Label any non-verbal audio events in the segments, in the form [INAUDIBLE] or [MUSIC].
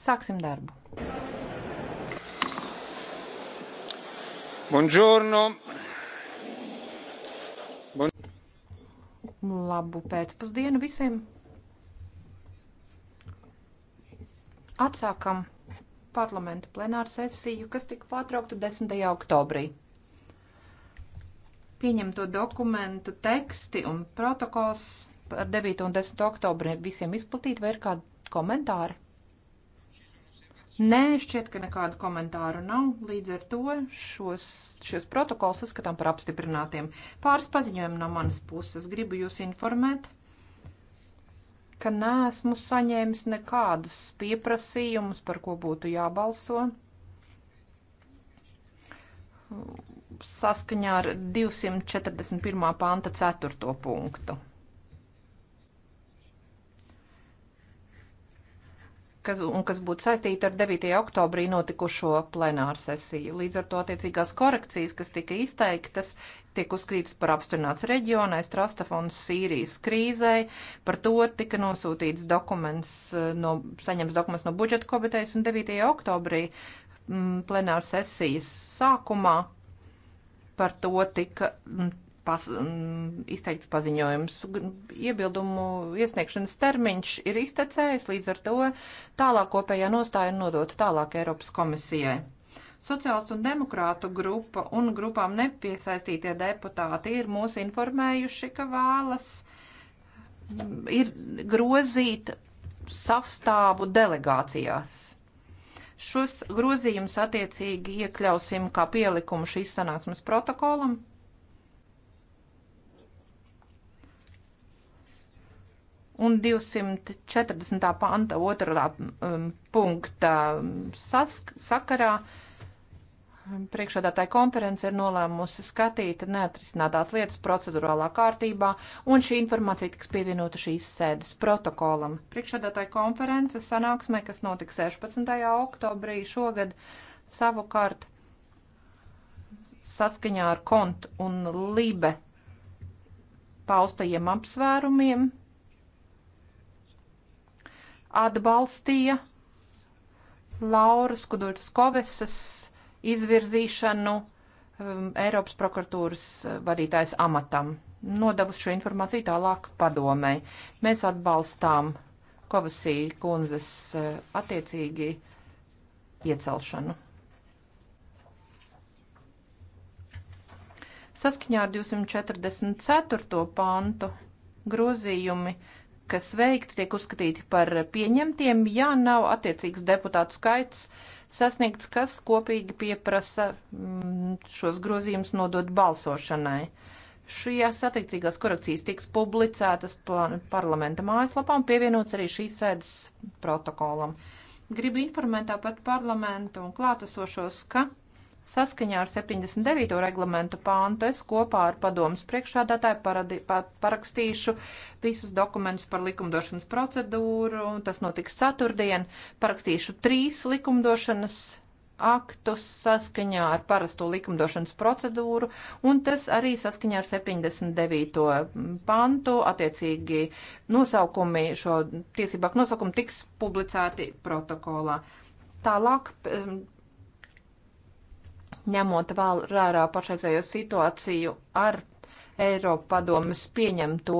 Sāksim darbu. Buongiorno. Bon... Labu pēcpusdienu visiem. Atsākam parlamenta plenāru sesiju, kas tika pārtraukta 10. oktobrī. Pieņemto dokumentu teksti un protokols par 9. un 10. oktobri visiem izplatīt, vai ir kādi komentāri? Nē, šķiet, ka nekādu komentāru nav. Līdz ar to šos, šos protokols uzskatām par apstiprinātiem. Pāris paziņojumi no manas puses. Gribu jūs informēt, ka neesmu saņēmis nekādus pieprasījumus, par ko būtu jābalso saskaņā ar 241. panta 4. punktu. kas, un kas būtu saistīta ar 9. oktobrī notikušo plenāru sesiju. Līdz ar to attiecīgās korekcijas, kas tika izteiktas, tiek uzskatītas par apstiprināts reģionais trastafons Sīrijas krīzei. Par to tika nosūtīts dokuments, eh, no, saņems dokuments no budžeta komitejas un 9. oktobrī mm, plenāru sesijas sākumā par to tika mm, pas, mm, izteikts paziņojums. Iebildumu iesniegšanas termiņš ir iztecējis, līdz ar to tālāk kopējā nostāja ir nodota tālāk Eiropas komisijai. Sociālistu un demokrātu grupa un grupām nepiesaistītie deputāti ir mūs informējuši, ka vēlas mm, ir grozīt sastāvu delegācijās. Šos grozījumus attiecīgi iekļausim kā pielikumu šīs sanāksmes protokolam. un 240. panta otrā um, punkta sask sakarā priekšādātāja konference ir nolēmusi skatīt neatrisinātās lietas procedurālā kārtībā, un šī informācija tiks pievienota šīs sēdes protokolam. Priekšādātāja konference sanāksmē, kas notiks 16. oktobrī šogad, savukārt saskaņā ar kont un libe paustajiem apsvērumiem atbalstīja Lauras Kudurtas Kovesas izvirzīšanu um, Eiropas prokuratūras uh, vadītājs amatam, nodavus šo informāciju tālāk padomē. Mēs atbalstām Kovasī kundzes uh, attiecīgi iecelšanu. Saskaņā ar 244. pantu grozījumi kas veikti, tiek uzskatīti par pieņemtiem, ja nav attiecīgs deputātu skaits sasniegts, kas kopīgi pieprasa mm, šos grozījumus nodot balsošanai. Šīs attiecīgās korekcijas tiks publicētas parlamenta mājaslapā un pievienots arī šīs sēdes protokolam. Gribu informēt tāpat parlamentu un klātesošos, ka Saskaņā ar 79. reglamentu pāntu es kopā ar padomus priekšādātāju paradi, pa, parakstīšu visus dokumentus par likumdošanas procedūru. Tas notiks ceturtdien. Parakstīšu trīs likumdošanas aktus saskaņā ar parasto likumdošanas procedūru, un tas arī saskaņā ar 79. pantu, attiecīgi nosaukumi, šo tiesībāk nosaukumi tiks publicēti protokolā. Tālāk ņemot vērā pašreizējo situāciju ar Eiropa padomas pieņemto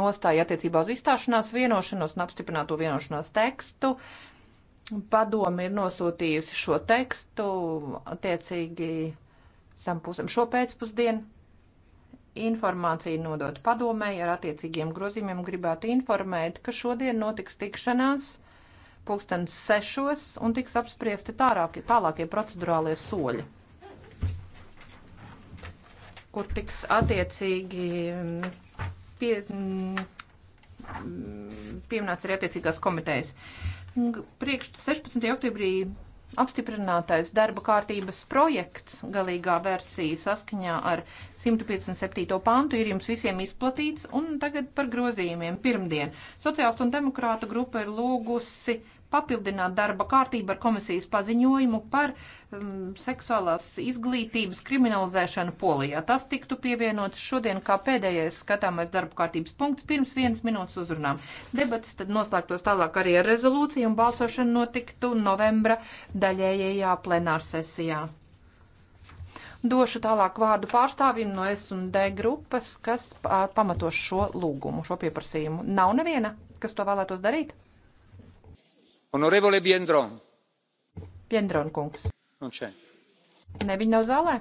nostāju attiecībā uz izstāšanās vienošanos un apstiprināto vienošanās tekstu. Padoma ir nosūtījusi šo tekstu attiecīgi sampusam šo pēcpusdienu. Informāciju nodot padomēji ar attiecīgiem grozījumiem gribētu informēt, ka šodien notiks tikšanās pulkstens sešos un tiks apspriesti tālākie, tālākie procedurālie soļi kur tiks attiecīgi mm, pie, mm, pieminēts arī attiecīgās komitejas. Mm, priekš 16. oktobrī apstiprinātais darba kārtības projekts galīgā versija saskaņā ar 157. pantu ir jums visiem izplatīts un tagad par grozījumiem pirmdien. Sociālistu un demokrātu grupa ir lūgusi papildināt darba kārtību ar komisijas paziņojumu par um, seksuālās izglītības kriminalizēšanu Polijā. Tas tiktu pievienots šodien kā pēdējais skatāmais darba kārtības punkts pirms vienas minūtes uzrunām. Debats tad noslēgtos tālāk arī ar rezolūciju un balsošana notiktu novembra daļējajā plenārsesijā. Došu tālāk vārdu pārstāvim no S&D grupas, kas pamatos šo lūgumu, šo pieprasījumu. Nav neviena, kas to vēlētos darīt? Honorevole Biendron. Biendron kungs. Un nu, šeit. Ne, viņa nav zālē.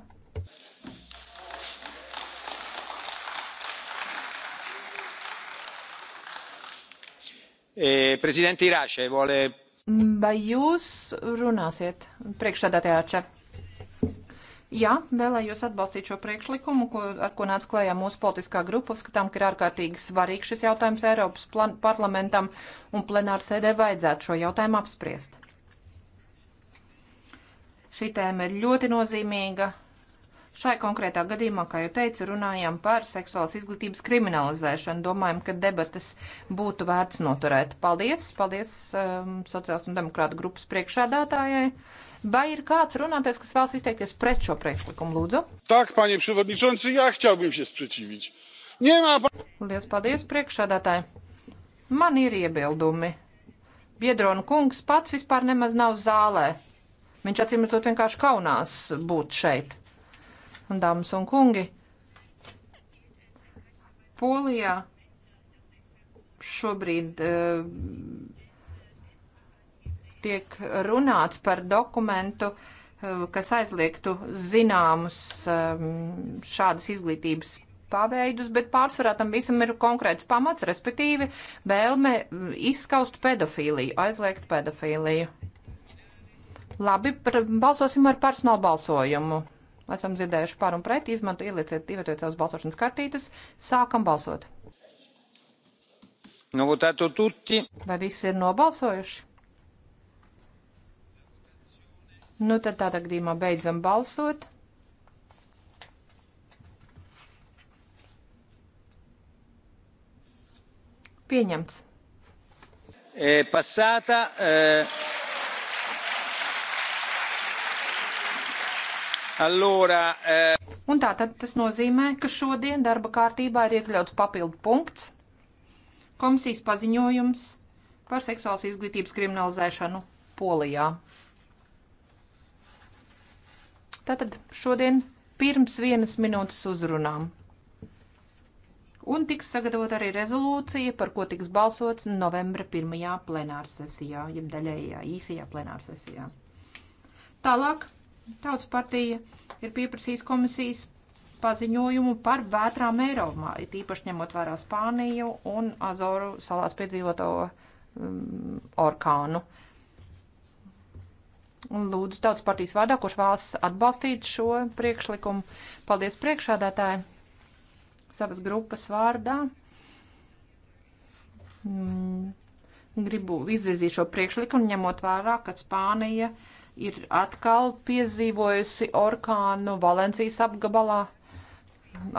E, Prezidente Irače, vole. Mm, vai jūs runāsiet priekšstādātajā čepā? Jā, vēlējos atbalstīt šo priekšlikumu, ko, ar ko nāca klējā mūsu politiskā grupa. Uzskatām, ka ir ārkārtīgi svarīgs šis jautājums Eiropas plan, parlamentam un plenārsēdē vajadzētu šo jautājumu apspriest. Šī tēma ir ļoti nozīmīga Šai konkrētā gadījumā, kā jau teicu, runājām par seksuālas izglītības kriminalizēšanu. Domājam, ka debatas būtu vērts noturēt. Paldies! Paldies um, sociālistu un demokrātu grupas priekšādātājai. Vai ir kāds runātais, kas vēlas izteikties pret šo priekšlikumu, lūdzu? Tak, paņem ševadničonci, jā, ķelbim šies prečīviņš. Ņemā pa... Lielas paldies, priekšādātāji. Man ir iebildumi. Biedrona kungs pats vispār nemaz nav zālē. Viņš acīm redzot vienkārši kaunās būt šeit un dāmas un kungi. Polijā šobrīd uh, tiek runāts par dokumentu, uh, kas aizliegtu zināmus um, šādas izglītības paveidus, bet pārsvarā tam visam ir konkrēts pamats, respektīvi vēlme izskaust pedofīliju, aizliegt pedofīliju. Labi, par, balsosim ar personālu balsojumu. Esam dzirdējuši par un pret, izmanto ielieciet, ievietojiet savas balsošanas kartītes, sākam balsot. Novotato nu, tutti. Vai visi ir nobalsojuši? Nu tad tādā gadījumā beidzam balsot. Pieņemts. E, passata, e... Allora, eh... Un tā tad tas nozīmē, ka šodien darba kārtībā ir iekļauts papildu punkts - komisijas paziņojums par seksuālas izglītības kriminalizēšanu Polijā. Tātad šodien pirms vienas minūtes uzrunām. Un tiks sagatavot arī rezolūcija, par ko tiks balsots novembra pirmajā plenārsesijā, jeb daļējā īsajā plenārsesijā. Tālāk Tautas partija ir pieprasījis komisijas paziņojumu par vētrām Eiropā, it īpaši ņemot vērā Spāniju un Azoru salās piedzīvoto um, orkānu. Un lūdzu tautas partijas vārdā, kurš vēlas atbalstīt šo priekšlikumu. Paldies priekšādātāji savas grupas vārdā. Mm, gribu izvirzīt šo priekšlikumu, ņemot vērā, ka Spānija uh, ir atkal piedzīvojusi orkānu Valencijas apgabalā.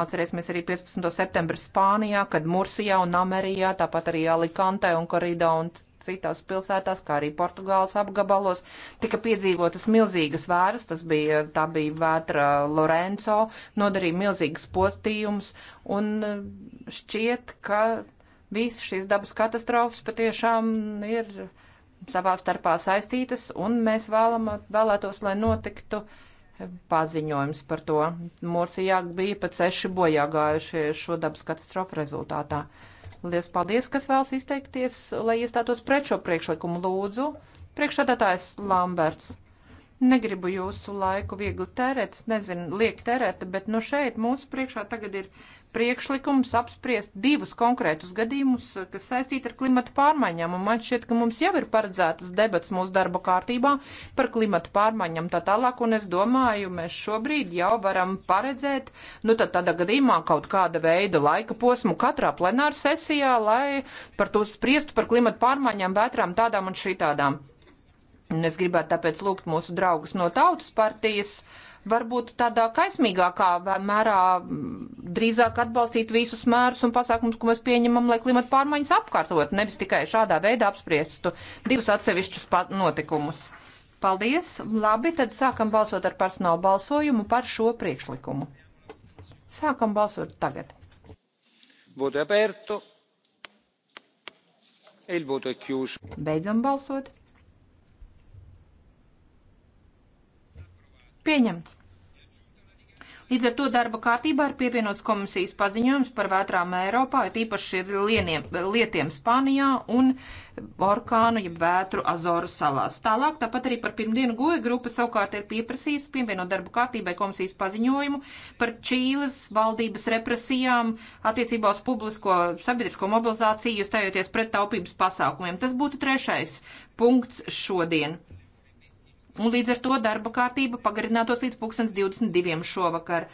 Atcerēsimies arī 15. septembra Spānijā, kad Mursijā un Amerijā, tāpat arī Alicante un Korido un citās pilsētās, kā arī Portugāles apgabalos, tika piedzīvotas milzīgas vēras, tas bija, tā bija vētra Lorenzo, nodarīja milzīgas postījumus un eh, šķiet, ka visas šīs dabas katastrofas patiešām ir savā starpā saistītas, un mēs vēlam, vēlētos, lai notiktu paziņojums par to. Morsijā bija pat seši bojā gājušie šo dabas katastrofu rezultātā. Lielas paldies, kas vēlas izteikties, lai iestātos pret šo priekšlikumu lūdzu. Priekšsēdētājs Lamberts. Negribu jūsu laiku viegli tērēt, nezinu, liek tērēt, bet nu šeit mūsu priekšā tagad ir priekšlikums apspriest divus konkrētus gadījumus, kas saistīti ar klimatu pārmaiņām. Un man šķiet, ka mums jau ir paredzētas debats mūsu darba kārtībā par klimatu pārmaiņām tā tālāk, un es domāju, mēs šobrīd jau varam paredzēt, nu tad tādā gadījumā kaut kāda veida laika posmu katrā plenāra sesijā, lai par to spriestu par klimatu pārmaiņām, vētrām tādām un šitādām. Un es gribētu tāpēc lūgt mūsu draugus no tautas partijas, uh, varbūt tādā kaismīgākā mērā mm, drīzāk atbalstīt visus mērus un pasākumus, ko mēs pieņemam, lai klimata pārmaiņas apkārtot, nevis tikai šādā veidā apspriestu divus atsevišķus notikumus. Paldies! Labi, tad sākam balsot ar personālu balsojumu par šo priekšlikumu. Sākam balsot tagad. Voto aperto. E il voto è chiuso. Beidzam balsot. Pieņemts. Līdz ar to darba kārtībā ir pievienots komisijas paziņojums par vētrām Eiropā, it īpaši ir lieniem, lietiem Spānijā un orkānu, jeb vētru Azoru salās. Tālāk, tāpat arī par pirmdienu goja grupa savukārt ir pieprasījusi pievienot darba kārtībai komisijas paziņojumu par Čīles valdības represijām attiecībā uz publisko sabiedrisko mobilizāciju, stājoties pret taupības pasākumiem. Tas būtu trešais punkts šodien. Un līdz ar to darba kārtība pagarinātos līdz 2022. šovakar.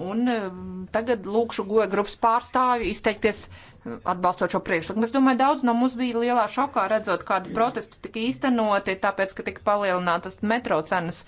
Un eh, tagad lūkšu goja grupas pārstāvi izteikties eh, atbalstot šo priekšlikumu. Es domāju, daudz no mums bija lielā šokā redzot, kādu protestu tika īstenoti, tāpēc, ka tika palielinātas metro cenas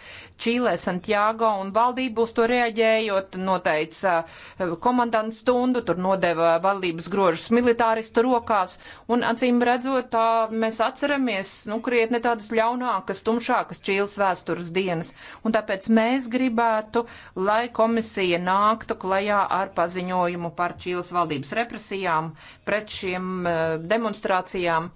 Čīlē, Santiago, un valdība uz to reaģējot, noteica eh, komandantu stundu, tur nodeva valdības grožus militāristu rokās, un acīm redzot, tā mēs atceramies, nu, krietni tādas ļaunākas, tumšākas Čīles vēstures dienas, un tāpēc mēs gribētu, lai komisija nāk nāktu klajā ar paziņojumu par Čīles valdības represijām pret šiem eh, demonstrācijām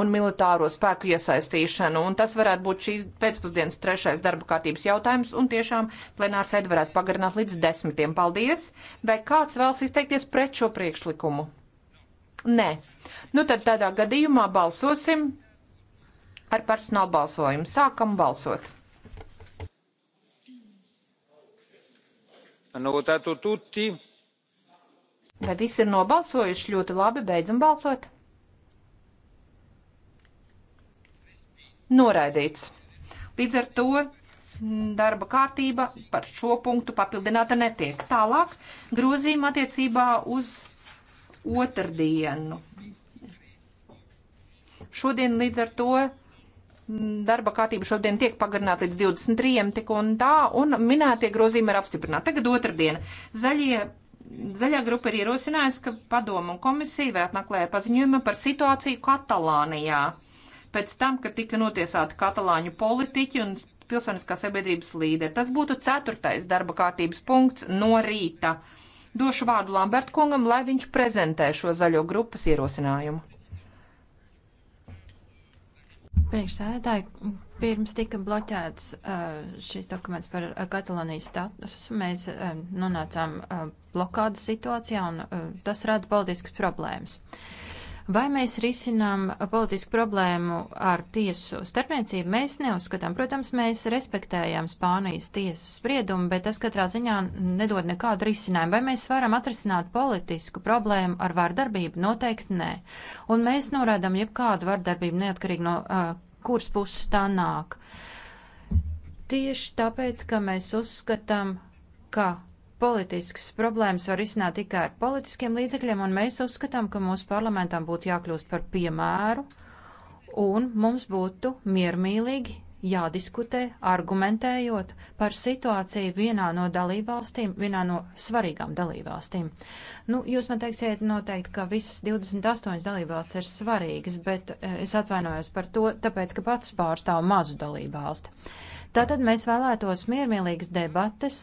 un militāro spēku iesaistīšanu. Un tas varētu būt šīs pēcpusdienas trešais darba kārtības jautājums, un tiešām plenārs sēdi varētu pagarināt līdz desmitiem. Paldies! Vai kāds vēlas izteikties pret šo priekšlikumu? Nē. Nu tad tādā gadījumā balsosim ar personālu balsojumu. Sākam balsot! Hanno votato tutti? Vai visi ir nobalsojuši? Ļoti labi, beidzam balsot. Noraidīts. Līdz ar to darba kārtība par šo punktu papildināta netiek. Tālāk grozījuma attiecībā uz otrdienu. Šodien līdz ar to darba kārtība šodien tiek pagarināta līdz 23. tik un tā, un minētie grozījumi ir apstiprināti. Tagad otrdiena. Zaļie, zaļā grupa ir ierosinājusi, ka padomu un komisija vēl atnaklēja paziņojumu par situāciju Katalānijā. Pēc tam, kad tika notiesāti katalāņu politiķi un pilsoniskā sabiedrības līderi. Tas būtu ceturtais darba kārtības punkts no rīta. Došu vārdu Lambertkungam, lai viņš prezentē šo zaļo grupas ierosinājumu. Priekšsēdētāji, pirms tika bloķēts uh, šis dokuments par uh, Katalonijas statusu, mēs um, nonācām uh, blokādas situācijā un tas rada politiskas problēmas. Vai mēs risinām politisku problēmu ar tiesu starpniecību? Mēs neuzskatām. Protams, mēs respektējam Spānijas tiesas spriedumu, bet tas katrā ziņā nedod nekādu risinājumu. Vai mēs varam atrisināt politisku problēmu ar vardarbību? Noteikti nē. Un mēs norādām jebkādu vardarbību neatkarīgi no uh, kuras puses tā nāk. Tieši tāpēc, ka mēs uzskatām, ka politiskas problēmas var izsnāt tikai ar politiskiem līdzekļiem, un mēs uzskatām, ka mūsu parlamentam būtu jākļūst par piemēru, un mums būtu miermīlīgi jādiskutē, argumentējot par situāciju vienā no dalībvalstīm, vienā no svarīgām dalībvalstīm. Nu, jūs man teiksiet noteikti, ka visas 28 dalībvalsts ir svarīgas, bet eh, es atvainojos par to, tāpēc, ka pats pārstāvu mazu dalībvalstu. Tātad mēs vēlētos miermīlīgas debates,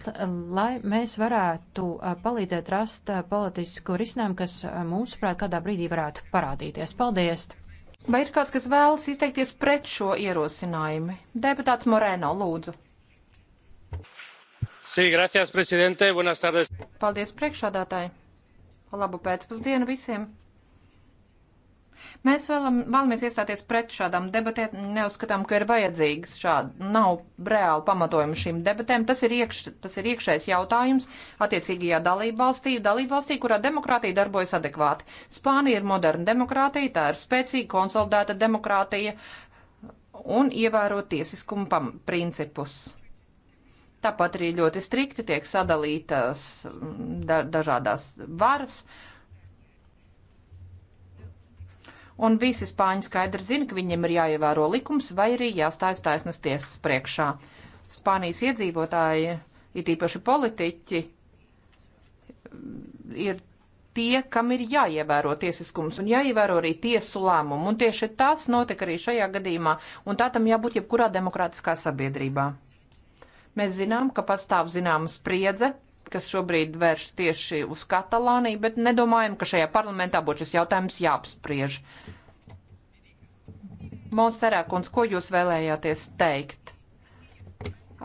lai mēs varētu eh, palīdzēt rast eh, politisku risinājumu, kas mūsuprāt kādā brīdī varētu parādīties. Paldies! Vai ir kāds, kas vēlas izteikties pret šo ierosinājumu? Deputāts Moreno, lūdzu. Sí, gracias, presidente. Buenas tardes. Paldies, priekšādātāji. Labu pēcpusdienu visiem. Mēs vēlam, vēlamies iestāties pret šādām debatēm, neuzskatām, ka ir vajadzīgs šādi, nav reāli pamatojumi šīm debatēm. Tas ir, iekš, tas ir iekšējs jautājums attiecīgajā dalībvalstī, dalībvalstī, kurā demokrātija darbojas adekvāti. Spānija ir moderna demokrātija, tā ir spēcīga, konsolidēta demokrātija un ievēro tiesiskuma principus. Tāpat arī ļoti strikti tiek sadalītas da dažādās varas. Uh, un visi spāņi skaidri zina, ka viņiem ir jāievēro likums vai arī jāstājas taisnas tiesas priekšā. Spānijas iedzīvotāji, ir īpaši politiķi, ir tie, kam ir jāievēro tiesiskums un jāievēro arī tiesu lēmumu. Un tieši tas notika arī šajā gadījumā, un tā tam jābūt jebkurā demokrātiskā sabiedrībā. Mēs zinām, ka pastāv zināma spriedze kas šobrīd vērš tieši uz Katalāniju, bet nedomājam, ka šajā parlamentā būtu šis jautājums jāapspriež. Mons Serēkons, ko jūs vēlējāties teikt?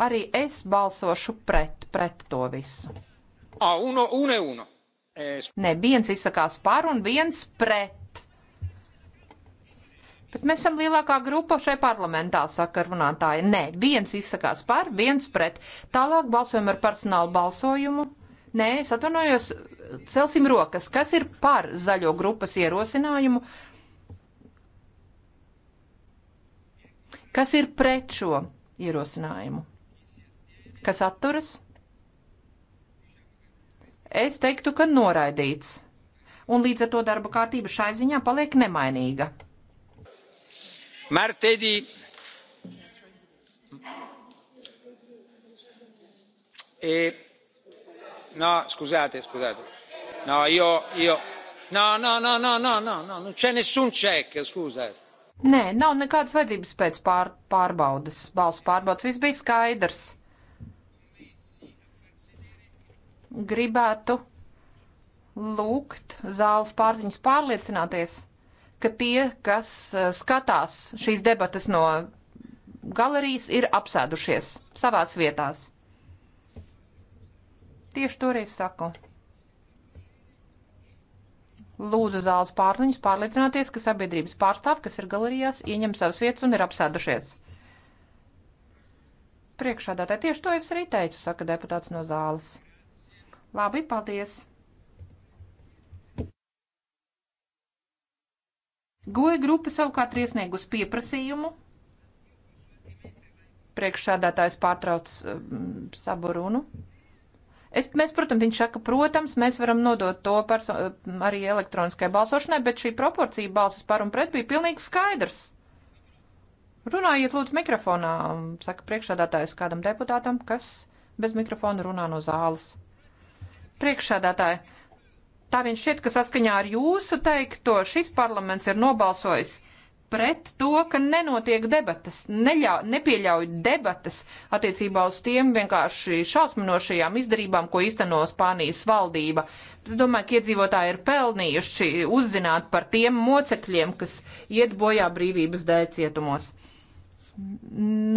Arī es balsošu pret, pret to visu. A, ah, uno, une, uno. Es... Nē, viens izsakās par un viens pret. Bet mēs esam lielākā grupa šai parlamentā, saka runātāja. Nē, viens izsakās par, viens pret. Tālāk balsojam ar personālu balsojumu. Nē, es atvainojos, celsim rokas. Kas ir par zaļo grupas ierosinājumu? Kas ir pret šo ierosinājumu? Kas atturas? Es teiktu, ka noraidīts. Un līdz ar to darba kārtība šai ziņā paliek nemainīga martedì e no scusate scusate no io io no no no no no no no non c'è nessun check scusate Nē, nav nekādas vajadzības pēc pār, pārbaudas, balsu pārbaudas. Viss bija skaidrs. Gribētu lūgt zāles pārziņas pārliecināties, ka tie, kas eh, skatās šīs debatas no galerijas, ir apsēdušies savās vietās. Tieši toreiz saku. Lūdzu zāles pārliņus pārliecināties, ka sabiedrības pārstāv, kas ir galerijās, ieņem savas vietas un ir apsēdušies. Priekšādātāji tieši to jau es arī teicu, saka deputāts no zāles. Labi, paldies! Goja grupa savukārt ir iesniegusi pieprasījumu. Priekšsādātājs pārtrauc um, savu runu. Es, mēs, protams, viņš saka, protams, mēs varam nodot to mm, arī elektroniskai balsošanai, bet šī proporcija balsis par un pret bija pilnīgi skaidrs. Runājiet lūdzu mikrofonā, saka priekšsādātājs kādam deputātam, kas bez mikrofona runā no zāles. Priekšsādātāji, Tā viņš šķiet, ka saskaņā ar jūsu teikto šis parlaments ir nobalsojis pret to, ka nenotiek debatas, neļau, nepieļauj debatas attiecībā uz tiem vienkārši šausminošajām izdarībām, ko izteno Spānijas valdība. Es domāju, ka iedzīvotāji ir pelnījuši uzzināt par tiem mocekļiem, kas iet bojā brīvības dēļ cietumos.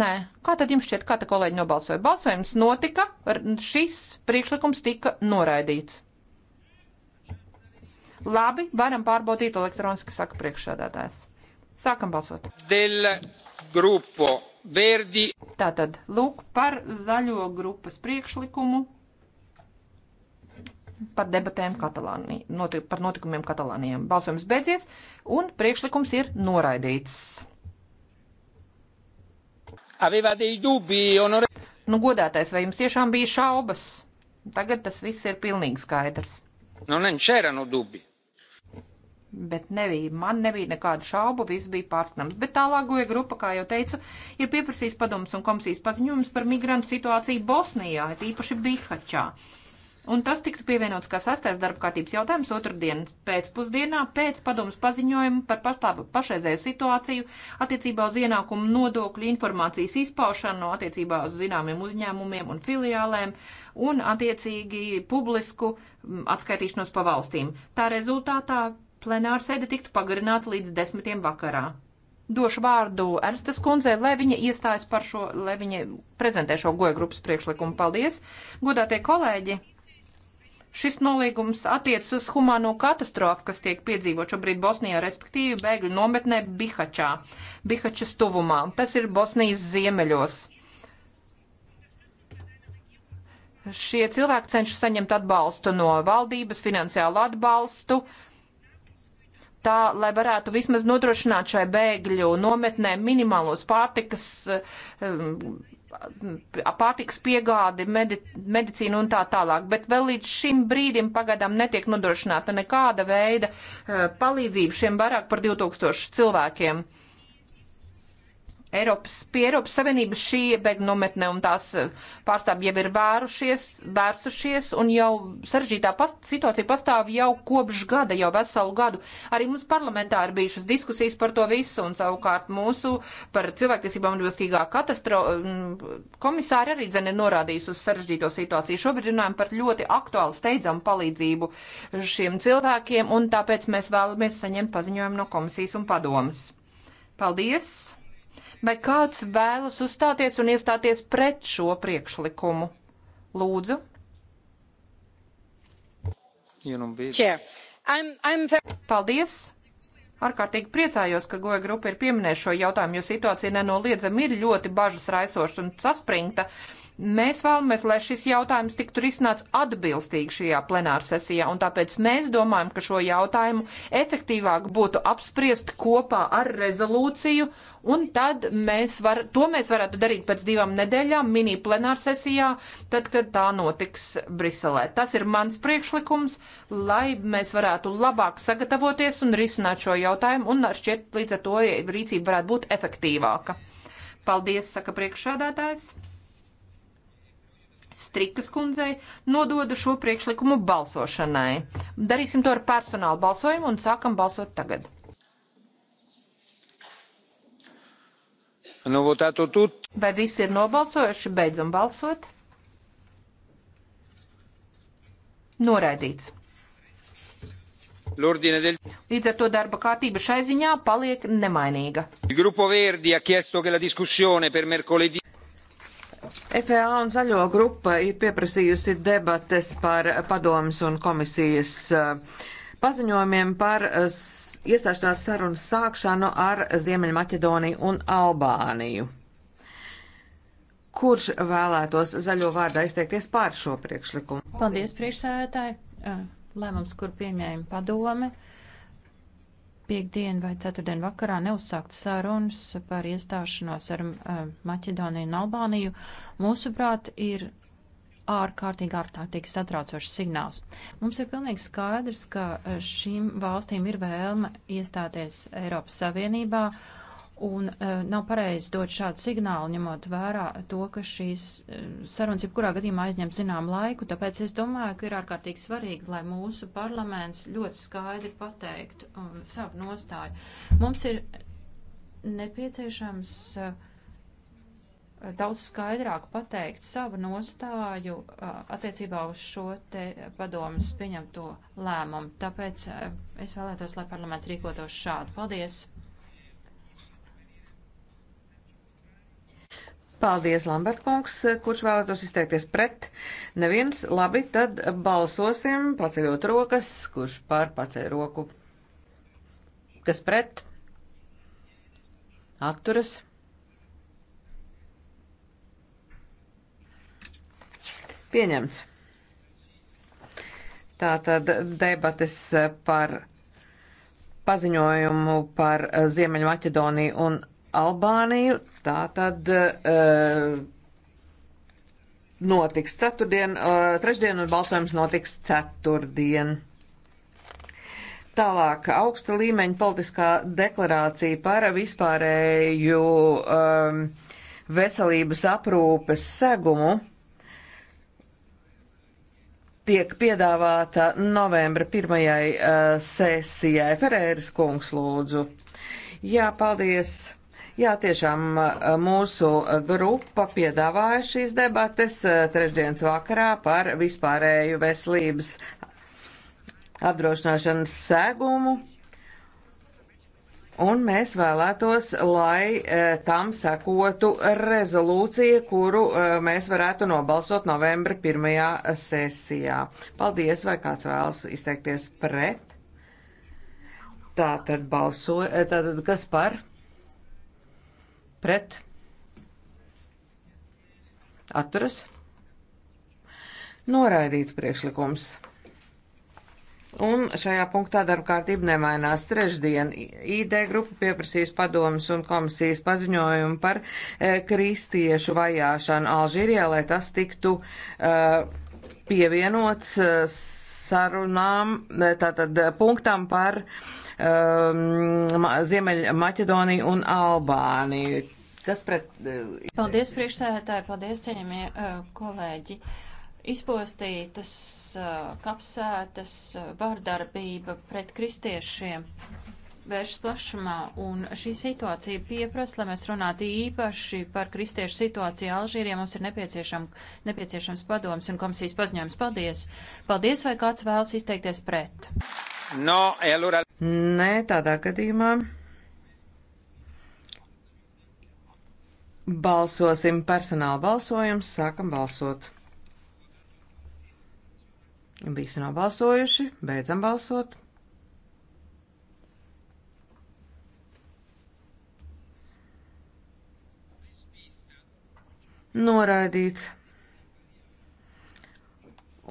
Nē. Kā tad jums šķiet, kā te kolēģi nobalsoja? Balsojums notika, šis priekšlikums tika noraidīts. Labi, varam pārbaudīt elektroniski, saka priekšsēdētājs. Sākam balsot. Del grupo Verdi. Tātad, lūk, par zaļo grupas priekšlikumu par debatēm Katalānijā, notik, par notikumiem Katalānijā. Balsojums beidzies un priekšlikums ir noraidīts. Dubi, onore... Nu, godātais, vai jums tiešām bija šaubas? Tagad tas viss ir pilnīgi skaidrs. Nu, ne, c'erano dubbi. Bet nebija, man nebija nekādu šaubu, viss bija pārskatāms. Bet tālāk goja grupa, kā jau teicu, ir pieprasījis padomus un komisijas paziņojums par migrantu situāciju Bosnijā, tīpaši Bihačā. Un tas tiktu pievienots kā sastais darba kārtības jautājums otrdienas pēcpusdienā pēc padomus paziņojuma par pastāvu pašreizēju situāciju attiecībā uz ienākumu nodokļu informācijas izpaušanu attiecībā uz zināmiem uzņēmumiem un filiālēm un attiecīgi publisku mm, atskaitīšanos pa valstīm. Tā rezultātā plenāra sēde tiktu pagarināta līdz desmitiem vakarā. Došu vārdu Ernstas kundzei, lai viņa iestājas par šo, lai viņa prezentē šo goja grupas priekšlikumu. Paldies, godātie kolēģi! Šis nolīgums attiecas uz humāno katastrofu, kas tiek piedzīvot šobrīd Bosnijā, respektīvi bēgļu nometnē Bihačā, Bihačas tuvumā. Tas ir Bosnijas ziemeļos. Šie cilvēki cenšas saņemt atbalstu no valdības, finansiālu atbalstu, uh, tā, lai varētu vismaz nodrošināt šai bēgļu nometnē minimālos pārtikas, um, pārtikas piegādi, medi, medicīnu un tā tālāk. Bet vēl līdz šim brīdim pagaidām netiek nodrošināta nekāda veida uh, palīdzība šiem vairāk par 2000 cilvēkiem. Eiropas, pie Eiropas Savienības šī bēgļu nometne un tās eh, pārstāvji jau ir vērušies, vērsušies, un jau sarežģītā past, situācija pastāv jau kopš gada, jau veselu gadu. Arī mums parlamentā ir bijušas diskusijas par to visu, un savukārt mūsu par cilvēktiesībām atbilstīgā katastro mm, komisāri arī dzene norādījusi uz sarežģīto situāciju. Šobrīd runājam par ļoti aktuālu steidzamu palīdzību šiem cilvēkiem, un tāpēc mēs vēlamies saņemt paziņojumu no komisijas un padomas. Paldies! Vai kāds vēlas uzstāties un iestāties pret šo priekšlikumu? Lūdzu. Nu Paldies! Ārkārtīgi priecājos, ka goja grupa ir pieminējuši šo jautājumu, jo situācija nenoliedzami ir ļoti bažas raisoša un saspringta. Mēs vēlamies, lai šis jautājums tiktu risināts atbilstīgi šajā plenāra sesijā, un tāpēc mēs domājam, ka šo jautājumu efektīvāk būtu apspriest kopā ar rezolūciju, un tad mēs var, to mēs varētu darīt pēc divām nedēļām mini plenāra sesijā, tad, kad tā notiks Briselē. Tas ir mans priekšlikums, lai mēs varētu labāk sagatavoties un risināt šo jautājumu, un šķiet līdz ar to rīcība varētu būt efektīvāka. Paldies, saka priekšsādātājs. Strikas kundzei nododu šo priekšlikumu balsošanai. Darīsim to ar personālu balsojumu un sākam balsot tagad. Nu, Vai visi ir nobalsojuši? Beidzam balsot. Noraidīts. Līdz ar to darba kārtība šai ziņā paliek nemainīga. EPA un zaļo grupa ir pieprasījusi debates par padomas un komisijas eh, paziņojumiem par eh, iestāšanās sarunas sākšanu ar Ziemeļmaķedoniju un Albāniju. Kurš vēlētos zaļo vārdā izteikties pār šo priekšlikumu? Paldies, priekšsēdētāji! Eh, lēmums, kur pieņēma padome piekdien vai ceturtdien vakarā neuzsākt sarunas par iestāšanos ar eh, Maķedoniju un Albāniju, mūsuprāt, ir ārkārtīgi, ārkārtīgi satraucošs signāls. Mums ir pilnīgi skaidrs, ka eh, šīm valstīm ir vēlme iestāties Eiropas Savienībā Un uh, nav pareizi dot šādu signālu, ņemot vērā to, ka šīs uh, sarunas jebkurā gadījumā aizņem zinām laiku, tāpēc es domāju, ka ir ārkārtīgi svarīgi, lai mūsu parlaments ļoti skaidri pateikt um, savu nostāju. Mums ir nepieciešams uh, daudz skaidrāk pateikt savu nostāju uh, attiecībā uz šo te padomas pieņemto lēmumu. Tāpēc uh, es vēlētos, lai parlaments rīkotos šādi. Paldies! Paldies, Lambert kungs, kurš vēlētos izteikties pret. Neviens, labi, tad balsosim, paceļot rokas, kurš pār paceļ roku. Kas pret? Akturas. Pieņemts. Tātad debates par paziņojumu par Ziemeļmaķedoniju un Albāniju. Tā tad uh, notiks ceturtdien, uh, trešdien un balsojums notiks ceturtdien. Tālāk augsta līmeņa politiskā deklarācija par vispārēju um, veselības aprūpes segumu tiek piedāvāta novembra pirmajai uh, sesijai. Ferēras kungs lūdzu. Jā, paldies. Jā, tiešām eh, mūsu grupa piedāvāja šīs debates eh, trešdienas vakarā par vispārēju veselības apdrošināšanas segumu. Un mēs vēlētos, lai eh, tam sekotu rezolūcija, kuru mēs varētu nobalsot novembra pirmajā sesijā. Paldies, vai kāds vēlas izteikties pret? Tātad balso, tātad kas par? pret, atturas, noraidīts priekšlikums. Un šajā punktā darba kārtība nemainās. Trešdien ID grupa pieprasīs padomus un komisijas paziņojumu par e, kristiešu vajāšanu Alžīrijā, lai tas tiktu e, pievienots e, sarunām, e, tātad e, punktam par e, um, Ziemeļa Maķedoniju un Albāniju. Kas pret. Uh, paldies, priekšsēdētāji, paldies, cienījamie uh, kolēģi. Izpostītas uh, kapsētas, uh, vardarbība pret kristiešiem vēršas plašumā, un šī situācija pieprasa, lai mēs runātu īpaši par kristiešu situāciju Alžīrijā. Mums ir nepieciešam, nepieciešams padoms un komisijas paziņojums. Paldies! Paldies, vai kāds vēlas izteikties pret? No, elura. Nē, tādā gadījumā. Balsosim personāla balsojums, sākam balsot. Visi nobalsojuši, beidzam balsot. Noraidīts.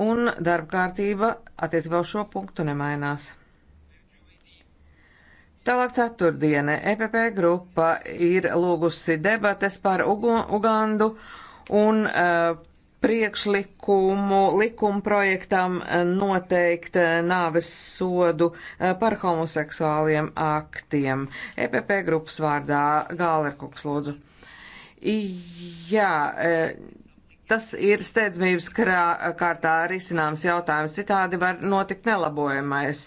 Un darba kārtība attiecībā uz šo punktu nemainās. Tālāk ceturtdiena EPP grupa ir lūgusi debates par Ugu Ugandu un uh, priekšlikumu likumprojektam eh, noteikt eh, nāves sodu par homoseksuāliem aktiem. EPP grupas vārdā Gālerkuks lūdzu. Jā, e, tas ir steidzamības krā, kārtā risināms jautājums, citādi var notikt nelabojamais.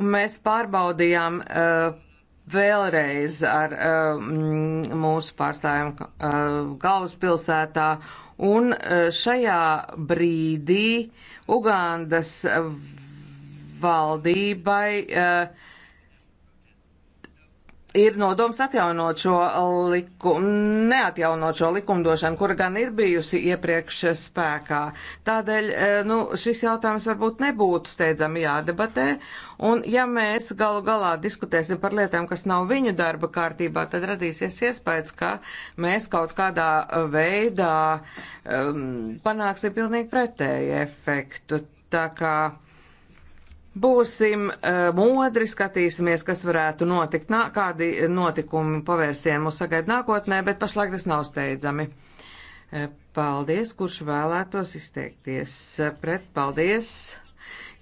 Un mēs pārbaudījām e, vēlreiz ar e, mūsu pārstāvjumu galvaspilsētā, un šajā brīdī Ugandas valdībai uh, ir nodoms atjaunot šo likumu, neatjaunot šo likumdošanu, kur gan ir bijusi iepriekš spēkā. Tādēļ, e, nu, šis jautājums varbūt nebūtu steidzami jādebatē, un ja mēs galu galā diskutēsim par lietām, kas nav viņu darba kārtībā, tad radīsies iespējas, ka mēs kaut kādā veidā um, panāksim pilnīgi pretēju efektu. Tā kā Būsim uh, modri, skatīsimies, kas varētu notikt, nā, kādi notikumi pavērsienu mūs sagaida nākotnē, bet pašlaik tas nav steidzami. Uh, paldies, kurš vēlētos izteikties uh, pret paldies.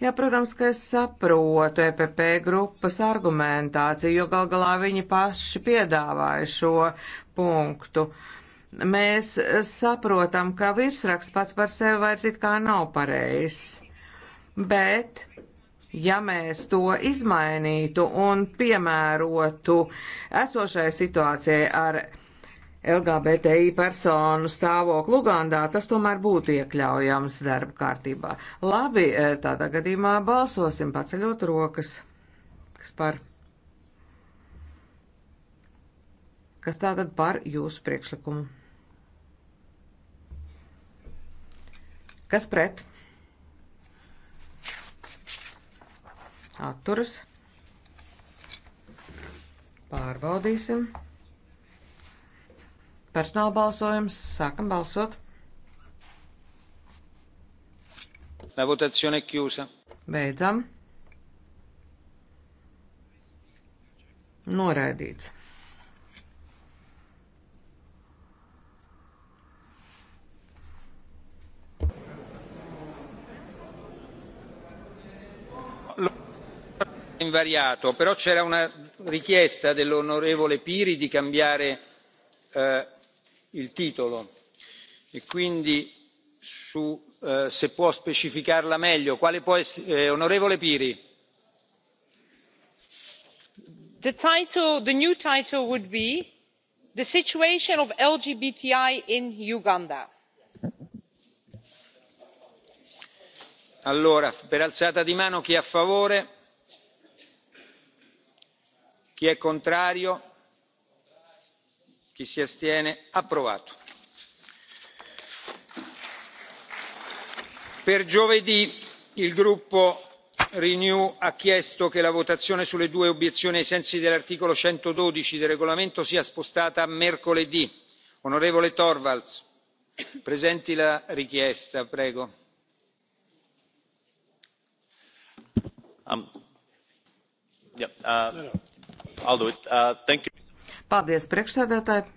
Jā, protams, ka es saprotu EPP grupas argumentāciju, jo gal galā viņi paši piedāvāja šo punktu. Mēs saprotam, ka virsraksts pats par sevi vairs it kā nav pareizs, bet ja mēs to izmainītu un piemērotu esošai situācijai ar LGBTI personu stāvokli Ugandā, tas tomēr būtu iekļaujams darba kārtībā. Labi, e, tādā gadījumā balsosim paceļot rokas. Kas par? Kas tātad par jūsu priekšlikumu? Kas pret? atturas. Pārbaudīsim. Personāla balsojums. Sākam balsot. La votazione è chiusa. Beidzam. Noraidīts. invariato però c'era una richiesta dell'onorevole piri di cambiare eh, il titolo e quindi su, eh, se può specificarla meglio quale può essere eh, onorevole piri the title the new title would be the situation of lgbti in uganda allora per alzata di mano chi è a favore chi è contrario? chi si astiene? approvato. per giovedì il gruppo renew ha chiesto che la votazione sulle due obiezioni ai sensi dell'articolo centododici del regolamento sia spostata a mercoledì. onorevole torvalds presenti la richiesta prego. Um, yeah, uh, I'll do it. Uh, thank you. Paldies, priekšsēdētāji.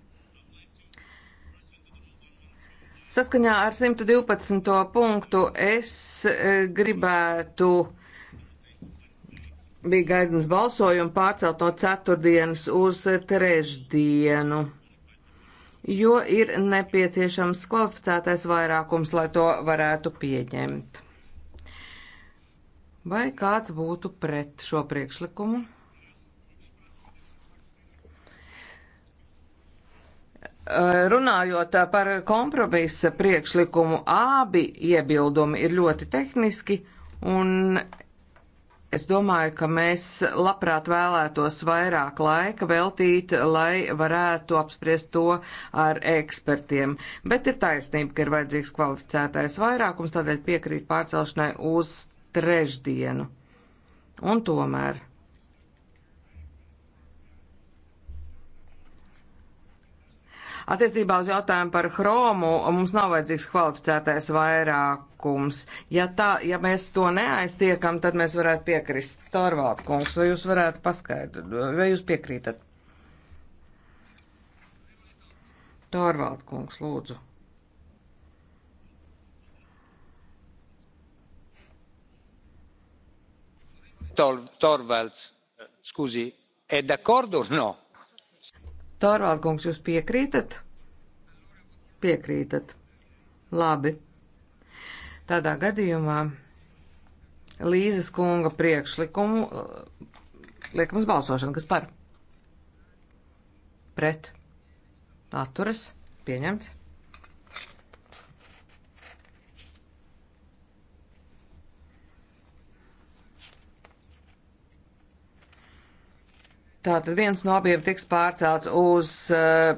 Saskaņā ar 112. punktu es eh, gribētu bija gaidāms balsojumu pārcelt no ceturtdienas uz trešdienu, jo ir nepieciešams kvalificētais vairākums, lai to varētu pieņemt. Vai kāds būtu pret šo priekšlikumu? Eh, runājot eh, par kompromisa priekšlikumu, abi iebildumi ir ļoti tehniski, un es domāju, ka mēs labprāt vēlētos vairāk laika veltīt, lai varētu apspriest to ar ekspertiem. Bet ir taisnība, ka ir vajadzīgs kvalificētais vairākums, tādēļ piekrīt pārcelšanai uz trešdienu. Un tomēr. Attiecībā uz jautājumu par chromu mums nav vajadzīgs kvalificētais vairākums. Ja, tā, ja mēs to neaiztiekam, tad mēs varētu piekrist. Torvald kungs, vai jūs varētu paskaidrot, vai jūs piekrītat? Torvald kungs, lūdzu. Tor, Torvalds, scusi, è d'accordo o no? Tārvaldkungs, jūs piekrītat? Piekrītat. Labi. Tādā gadījumā Līzes kunga priekšlikumu liekam uz balsošanu, kas par? Pret. Atturas. Pieņemts. Tātad viens no abiem tiks pārcelts uz uh,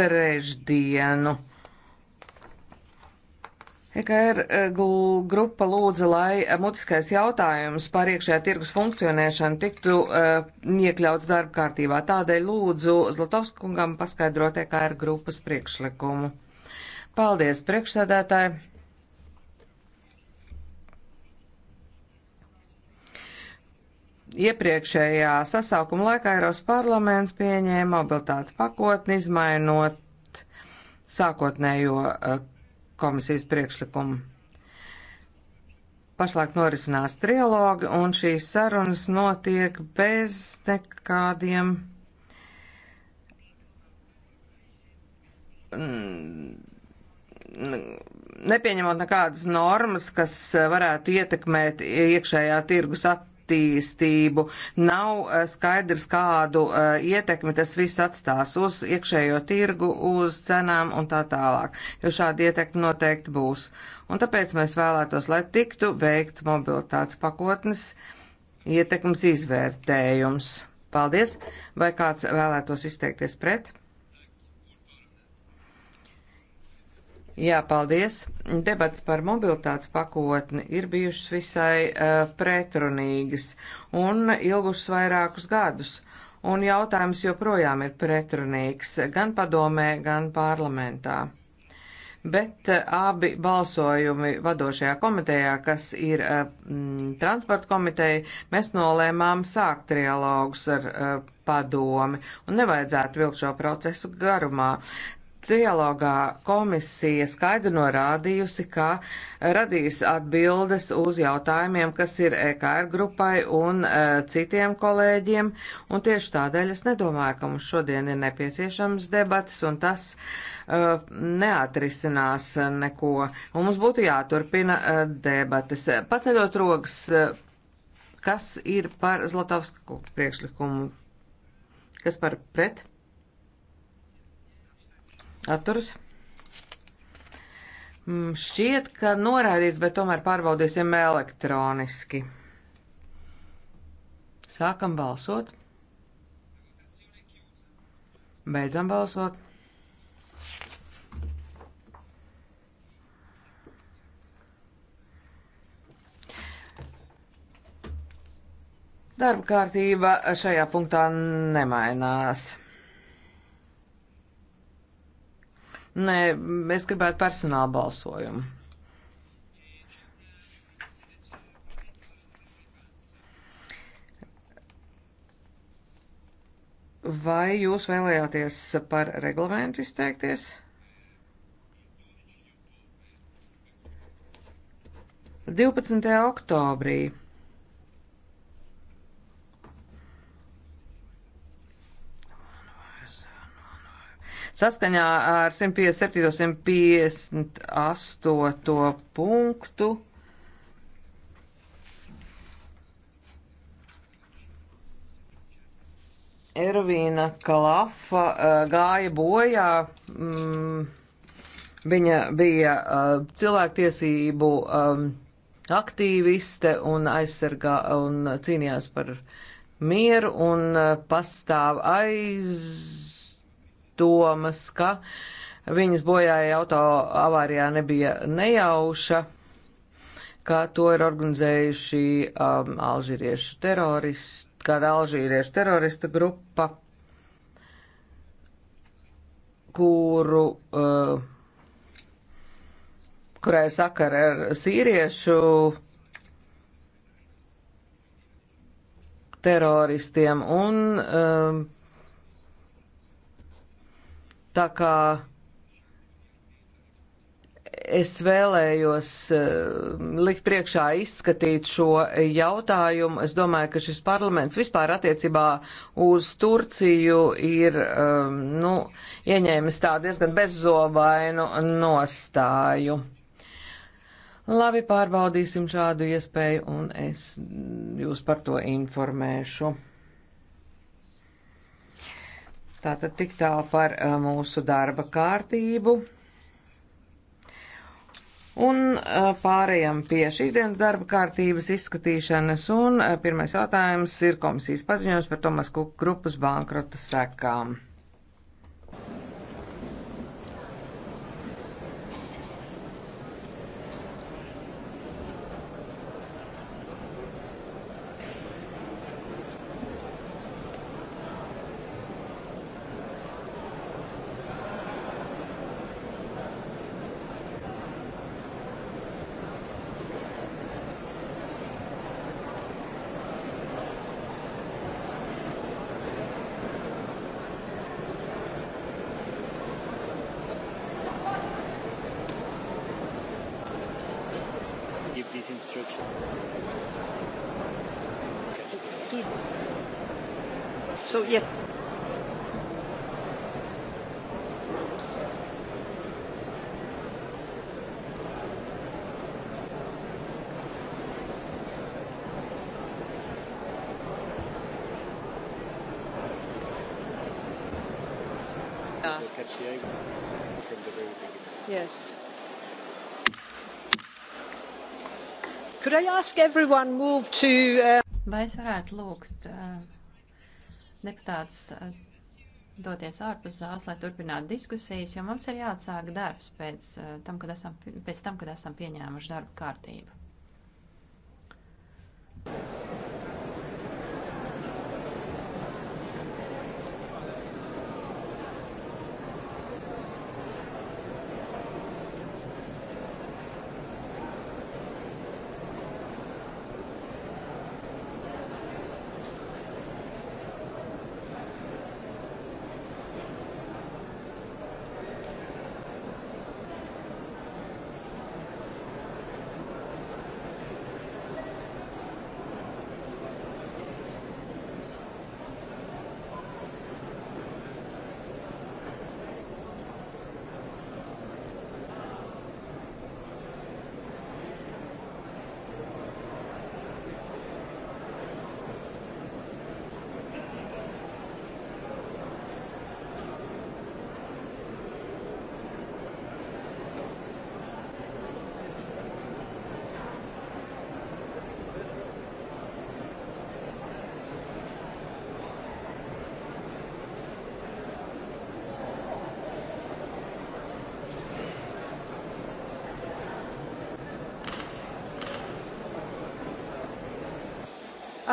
trešdienu. EKR er, eh, grupa lūdza, lai eh, mutiskais jautājums par iekšējā tirgus funkcionēšanu tiktu uh, iekļauts darba kārtībā. Tādēļ lūdzu Zlatovskungam paskaidrot EKR er grupas priekšlikumu. Paldies, priekšsēdētāji! Iepriekšējā sasaukuma laikā Eiropas parlaments pieņēma mobilitātes pakotni, izmainot sākotnējo eh, komisijas priekšlikumu. Pašlaik norisinās trilogi, un šīs sarunas notiek bez nekādiem mm, nepieņemot nekādas normas, kas varētu ietekmēt iekšējā tirgus attīstību attīstību, nav eh, skaidrs, kādu eh, ietekmi tas viss atstās uz iekšējo tirgu, uz cenām un tā tālāk, jo šāda ietekme noteikti būs. Un tāpēc mēs vēlētos, lai tiktu veikts mobilitātes pakotnes ietekmes izvērtējums. Paldies! Vai kāds vēlētos izteikties pret? Jā, paldies. Debats par mobilitātes pakotni ir bijušas visai uh, pretrunīgas un ilgušas vairākus gadus, un jautājums joprojām ir pretrunīgs gan padomē, gan parlamentā. Bet uh, abi balsojumi vadošajā komitejā, kas ir uh, m, transporta komiteja, mēs nolēmām sākt trialogus ar uh, padomi un nevajadzētu vilkt šo procesu garumā. Trialogā komisija skaidri norādījusi, ka radīs atbildes uz jautājumiem, kas ir EKR grupai un uh, citiem kolēģiem, un tieši tādēļ es nedomāju, ka mums šodien ir nepieciešams debats, un tas uh, neatrisinās neko. Un mums būtu jāturpina uh, debates. Paceļot rokas, uh, kas ir par Zlatovsku priekšlikumu? Kas par pret? Atturs. Mm, šķiet, ka noraidīts, bet tomēr pārbaudīsim elektroniski. Sākam balsot. Beidzam balsot. Darba kārtība šajā punktā nemainās. Nē, es gribētu personāla balsojumu. Vai jūs vēlējāties par reglamentu izteikties? 12. oktobrī Saskaņā ar 157. 158. punktu. Ervīna Kalafa uh, gāja bojā. Mm, viņa bija uh, cilvēktiesību um, aktīviste un aizsargā un cīnījās par mieru un uh, pastāv aiz aizdomas, ka viņas bojāja auto avārijā nebija nejauša, ka to ir organizējuši um, alžīriešu teroristi, kāda alžīriešu terorista grupa, kuru. Uh, kurai sakara ar sīriešu teroristiem un um, Tā kā es vēlējos eh, likt priekšā izskatīt šo jautājumu. Es domāju, ka šis parlaments vispār attiecībā uz Turciju ir eh, nu, ieņēmis tādu diezgan bezobainu nostāju. Labi, pārbaudīsim šādu iespēju un es jūs par to informēšu. Tātad tik tālu par uh, mūsu darba kārtību. Un uh, pārējām pie šīs dienas darba kārtības izskatīšanas, un uh, pirmais jautājums ir komisijas paziņojums par Tomas Kukas grupas bankrota sekām. To, uh... Vai es varētu lūgt uh, deputāts uh, doties ārpus zāles, lai turpinātu diskusijas, jo mums ir jāatsāk darbs pēc, uh, tam, kad esam, pēc tam, kad esam pieņēmuši darbu kārtību.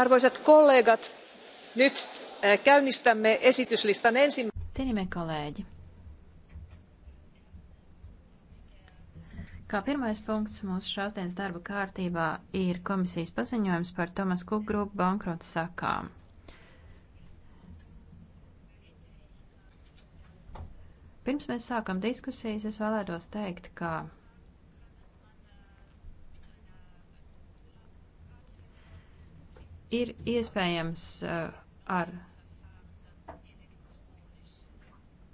Arvoisat kollegat, nyt äh, käynnistämme esityslistan ensimmäisen. Cienījamie kolēģi, Kā pirmais punkts mūsu šāsdienas darba kārtībā ir komisijas paziņojums par Tomas Kuk grupu bankrota sakām. Pirms mēs sākam diskusijas, es vēlētos teikt, ka ir iespējams uh, ar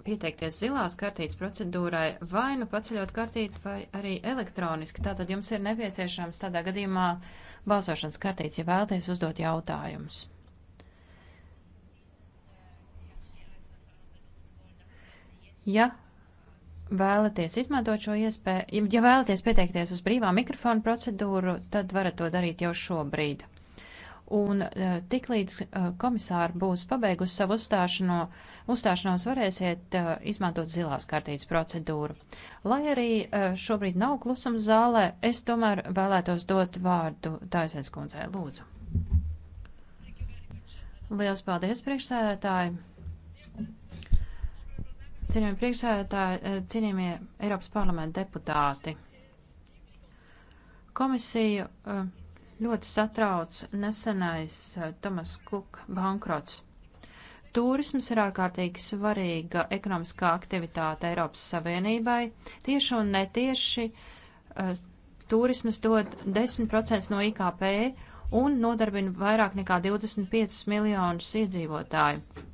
pieteikties zilās kartītes procedūrai vai nu paceļot kartīti vai arī elektroniski. Tātad jums ir nepieciešams tādā gadījumā balsošanas kartītes, ja vēlaties uzdot jautājumus. Ja vēlaties izmantot šo iespēju, ja vēlaties pieteikties uz brīvā mikrofona procedūru, tad varat to darīt jau šobrīd. Un eh, tiklīdz eh, komisāra būs pabeigusi savu uzstāšano, uzstāšanos, varēsiet eh, izmantot zilās kartītes procedūru. Lai arī šobrīd nav klusums zālē, es tomēr vēlētos dot vārdu Taisens kundzei. Lūdzu. Liels paldies, priekšsēdētāji! Cienījamie priekšsēdētāji, cienījamie Eiropas parlamenta deputāti! Komisija uh, ļoti satrauc nesenais eh, Tomas Kuk bankrots. Tūrisms ir ārkārtīgi svarīga ekonomiskā aktivitāte Eiropas Savienībai. Tieši un netieši uh, turismas dod 10% no IKP un nodarbina vairāk nekā 25 miljonus iedzīvotāju.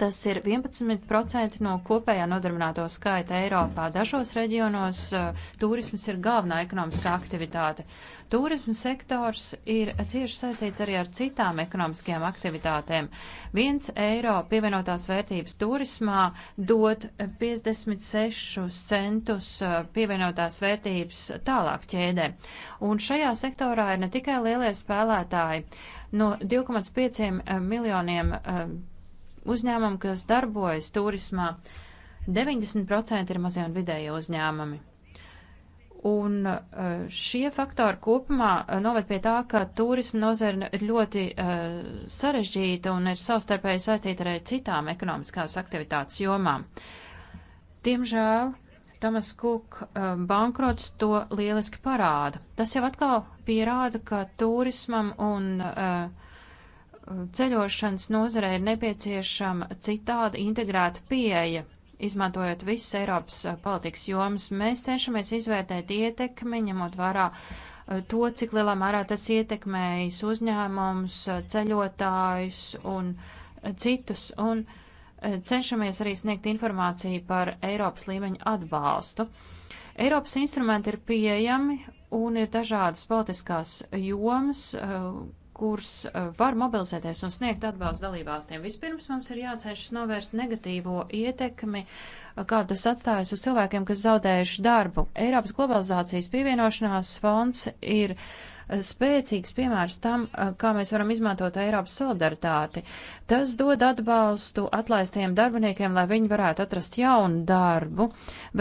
Tas ir 11% no kopējā nodarbināto skaita Eiropā. Dažos reģionos eh, turisms ir galvenā ekonomiskā aktivitāte. Turisma sektors ir cieši saistīts arī ar citām ekonomiskajām aktivitātēm. Viens eiro pievienotās vērtības turismā dod 56 centus eh, pievienotās vērtības tālāk ķēdē. Un šajā sektorā ir ne tikai lielie spēlētāji. No 2,5 miljoniem eh, uzņēmumi, kas darbojas turismā. 90% ir mazie un vidēji uzņēmumi. Un eh, šie faktori kopumā eh, noved pie tā, ka turisma nozara ir ļoti uh, sarežģīta un ir savstarpēji saistīta arī citām ekonomiskās aktivitātes jomām. Diemžēl Tomas Kuk uh, bankrots to lieliski parāda. Tas jau atkal pierāda, ka turismam un uh, ceļošanas nozarei ir nepieciešama citāda integrēta pieeja, izmantojot visas Eiropas uh, politikas jomas. Mēs cenšamies izvērtēt ietekmi, ņemot vērā uh, to, cik lielā mērā tas ietekmējis uzņēmums, uh, ceļotājus un citus, un cenšamies arī sniegt informāciju par Eiropas līmeņa atbalstu. Eiropas instrumenti ir pieejami un ir dažādas politiskās jomas, kurs eh, var mobilizēties un sniegt atbalstu dalībvalstiem. Vispirms mums ir jācenšas novērst negatīvo ietekmi, eh, kādu tas atstājas uz cilvēkiem, kas zaudējuši darbu. Eiropas globalizācijas pievienošanās fonds ir eh, spēcīgs piemērs tam, kā mēs varam izmantot Eiropas solidaritāti. Tas dod atbalstu atlaistiem darbiniekiem, lai viņi varētu atrast jaunu darbu,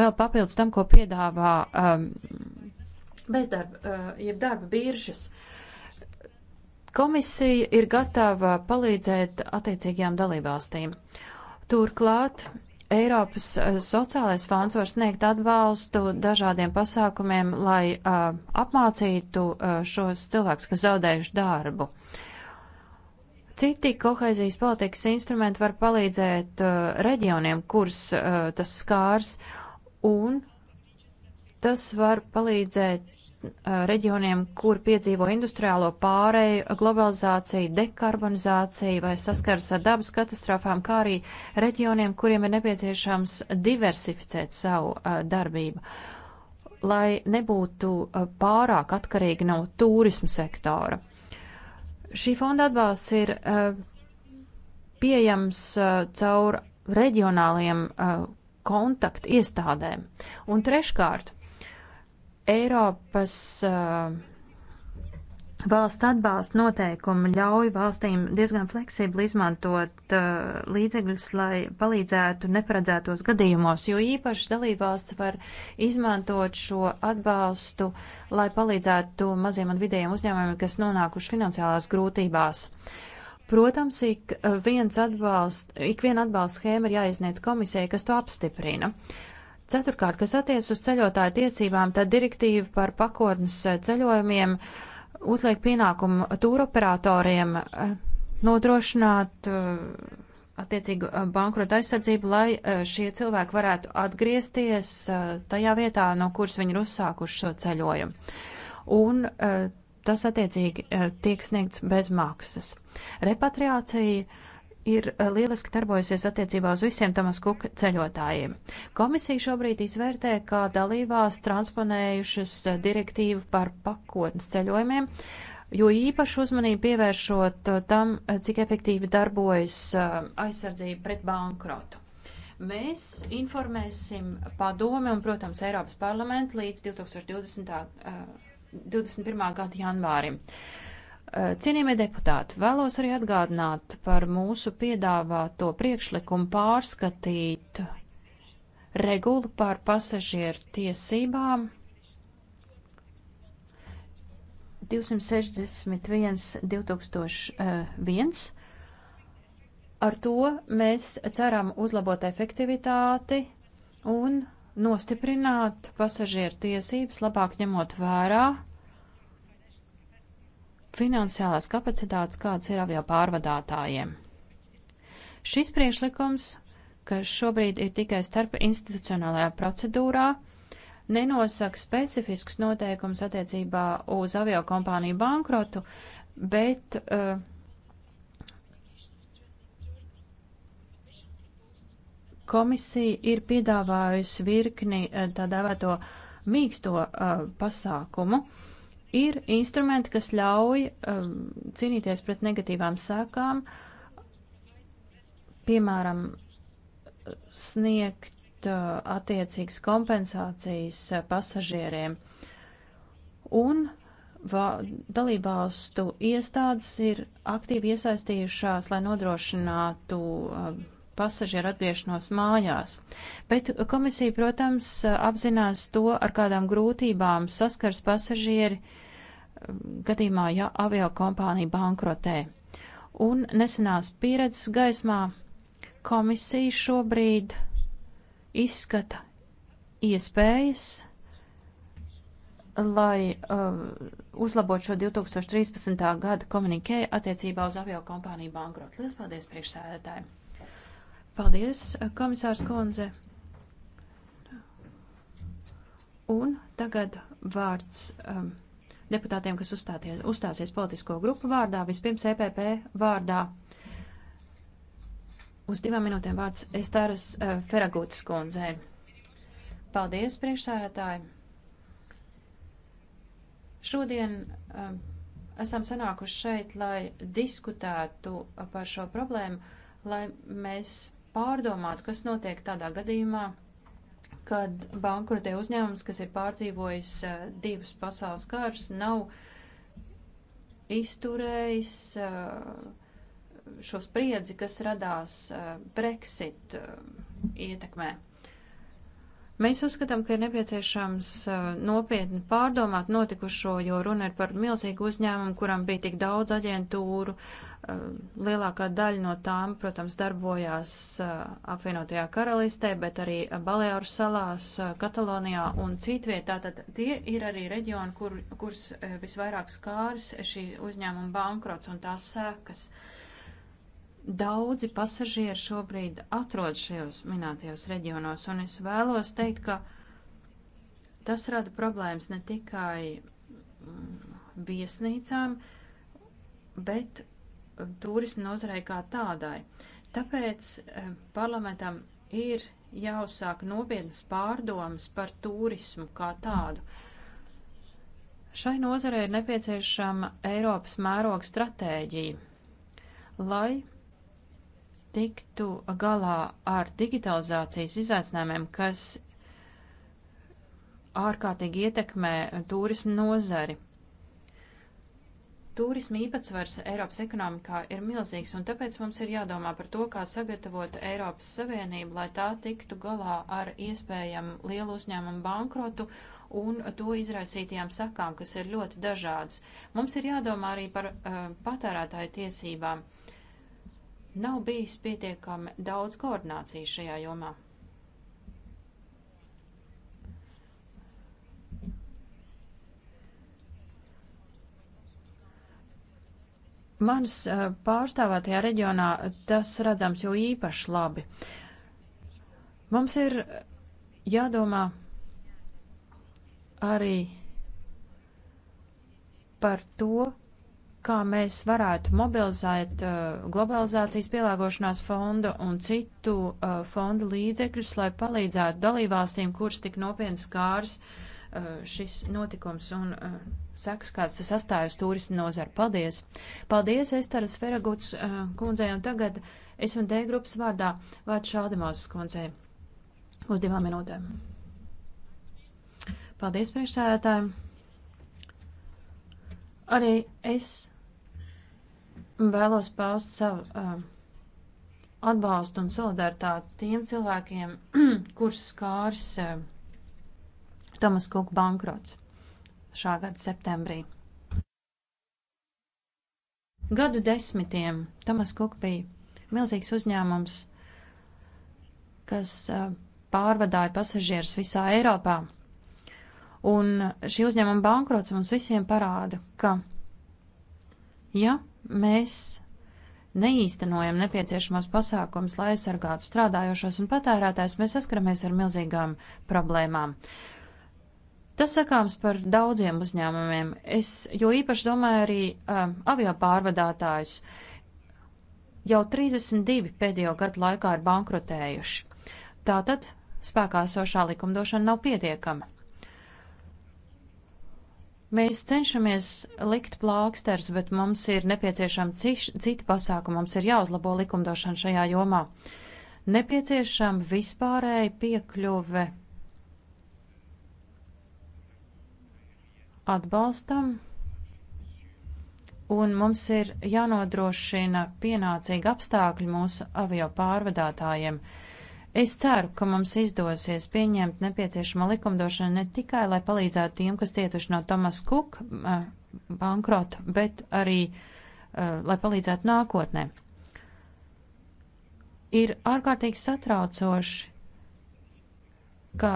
vēl papildus tam, ko piedāvā um, ehm, bezdarba, uh, jeb darba biržas. Uh, Komisija ir gatava palīdzēt attiecīgajām dalībvalstīm. Turklāt Eiropas eh, sociālais fonds var sniegt atbalstu dažādiem pasākumiem, lai uh, apmācītu uh, šos cilvēkus, kas zaudējuši darbu. Citi kohēzijas politikas instrumenti var palīdzēt uh, reģioniem, kurus uh, tas skārs, un tas var palīdzēt Uh, reģioniem, kur piedzīvo industriālo pārēju, globalizāciju, dekarbonizāciju vai saskaras ar dabas katastrofām, kā arī reģioniem, kuriem ir nepieciešams diversificēt savu uh, darbību, lai nebūtu uh, pārāk atkarīgi no turismu sektora. Šī fonda atbalsts ir pieejams caur reģionāliem kontaktu iestādēm. Un treškārt, Eiropas uh, valsts atbalsta noteikumi ļauj valstīm diezgan fleksibli izmantot uh, līdzekļus, lai palīdzētu neparedzētos gadījumos, jo īpaši dalībvalsts var izmantot šo atbalstu, lai palīdzētu maziem un vidējiem uzņēmumiem, kas nonākuši finansiālās grūtībās. Protams, ik viens atbalsts, ik viena atbalsta schēma ir jāizniec komisijai, kas to apstiprina. Uh, Ceturkārt, kas attiec uz ceļotāju tiesībām, tad direktīva par pakotnes eh, ceļojumiem uzliek pienākumu tūroperatoriem eh, nodrošināt eh, attiecīgu bankrota aizsardzību, lai šie cilvēki varētu atgriezties tajā vietā, no kuras viņi ir uzsākuši šo ceļojumu. Un tas attiecīgi tiek sniegts bez maksas. Repatriācija ir eh, lieliski darbojusies attiecībā uz visiem Tomas Kuka ceļotājiem. Komisija šobrīd izvērtē, kā dalībās transponējušas eh, direktīvu par pakotnes ceļojumiem, jo īpašu uzmanību pievēršot eh, tam, cik efektīvi darbojas aizsardzība pret bankrotu. Mēs informēsim padomi un, protams, Eiropas parlamentu līdz 2020. 21. gada janvārim. Uh, Eh, cienījamie deputāti, vēlos arī atgādināt par mūsu piedāvāto priekšlikumu pārskatīt regulu par pasažieru tiesībām 261.2001. Eh, Ar to mēs ceram uzlabot efektivitāti un nostiprināt pasažieru tiesības, labāk ņemot vērā finansiālās kapacitātes, kādas ir avio pārvadātājiem. Šis priešlikums, kas šobrīd ir tikai starp institucionālajā procedūrā, nenosaka specifiskus noteikumus attiecībā uz avio kompāniju bankrotu, bet uh, komisija ir piedāvājusi virkni eh, tā dēvēto mīksto uh, pasākumu. Uh, Ir instrumenti, kas ļauj um, cīnīties pret negatīvām sākām, piemēram, sniegt uh, attiecīgas kompensācijas uh, pasažieriem. Un dalībvalstu iestādes ir aktīvi iesaistījušās, lai nodrošinātu uh, pasažieru atgriešanos mājās. Bet komisija, protams, uh, apzinās to, ar kādām grūtībām saskars pasažieri, gadījumā, ja aviokompānija bankrotē. Un nesenās pieredzes gaismā komisija šobrīd izskata iespējas, lai uh, uzlabot šo 2013. gada komunikē attiecībā uz aviokompāniju bankrotu. Lielas paldies priekšsēdētājiem! Paldies, komisārs Konze! Un tagad vārds. Um, deputātiem, kas uzstāsies politisko grupu vārdā. Vispirms EPP vārdā. Uz divām minūtēm vārds Estāras uh, eh, Feragūtas kundzei. Paldies, priekšsēdētāji! Šodien uh, esam sanākuši šeit, lai diskutētu par šo problēmu, lai mēs pārdomātu, kas notiek tādā gadījumā, kad bankrotē uzņēmums, kas ir pārdzīvojis eh, divus pasaules kārš, nav izturējis eh, šo spriedzi, kas radās eh, Brexit ietekmē. Mēs uzskatām, ka ir nepieciešams uh, nopietni pārdomāt notikušo, jo runa ir par milzīgu uzņēmumu, kuram bija tik daudz aģentūru. Uh, lielākā daļa no tām, protams, darbojās uh, apvienotajā karalistē, bet arī Baleāru salās, Katalonijā un citvietā. Tad tie ir arī reģioni, kur, kurus visvairāk skāris šī uzņēmuma bankrots un tās sēkas. Uh, Daudzi pasažieri šobrīd atrodas šajos minētajos reģionos, un es vēlos teikt, ka tas rada problēmas ne tikai mm, viesnīcām, bet turismu nozarei kā tādai. Tāpēc e, parlamentam ir jāuzsāk nopietnas pārdomas par turismu kā tādu. Šai nozarei ir nepieciešama Eiropas mēroga stratēģija, lai tiktu galā ar digitalizācijas izaicinājumiem, kas ārkārtīgi ietekmē turismu nozari. Turisma īpatsvars Eiropas ekonomikā ir milzīgs, un tāpēc mums ir jādomā par to, kā sagatavot Eiropas Savienību, lai tā tiktu galā ar iespējamu lielu uzņēmumu bankrotu un to izraisītajām sakām, kas ir ļoti dažādas. Mums ir jādomā arī par uh, patērētāju tiesībām. Uh, Nav bijis pietiekami daudz koordinācijas šajā jomā. Manas eh, pārstāvētajā reģionā tas redzams jau īpaši labi. Mums ir jādomā arī par to, kā mēs varētu mobilizēt uh, globalizācijas pielāgošanās fonda un citu uh, fondu līdzekļus, lai palīdzētu dalībvalstīm, kuras tik nopietni skārs uh, šis notikums un uh, saks, kāds tas astājas turismu nozara. Paldies! Paldies, Estaras Feraguts uh, kundzei, un tagad es un D grupas vārdā vārds Šaldemāzes kundzei uz divām minūtēm. Paldies, priekšsēdētājiem! Arī es Vēlos paust savu uh, atbalstu un solidaritāti tiem cilvēkiem, [CLEARS THROAT] kurus skārs uh, Tomas Kuka bankrots šā gada septembrī. Gadu desmitiem Tomas Kuka bija milzīgs uzņēmums, kas uh, pārvadāja pasažierus visā Eiropā. Un šī uzņēmuma bankrots mums visiem parāda, ka, ja mēs neīstenojam nepieciešamos pasākums, lai aizsargātu strādājošos un patērētājs, mēs saskaramies ar milzīgām problēmām. Tas sakāms par daudziem uzņēmumiem. Es jo īpaši domāju arī um, avio pārvadātājus. Jau 32 pēdējo gadu laikā ir bankrotējuši. Tātad spēkā sošā likumdošana nav pietiekama. Mēs cenšamies likt plāksters, bet mums ir nepieciešama cita pasākuma, mums ir jāuzlabo likumdošana šajā jomā. Nepieciešama vispārēja piekļuve atbalstam, un mums ir jānodrošina pienācīgi apstākļi mūsu avio pārvadātājiem. Uh, Es ceru, ka mums izdosies pieņemt nepieciešamo likumdošanu ne tikai, lai palīdzētu tiem, kas cietuši no Tomas Cook uh, bankrota, bet arī, uh, lai palīdzētu nākotnē. Ir ārkārtīgi satraucoši, ka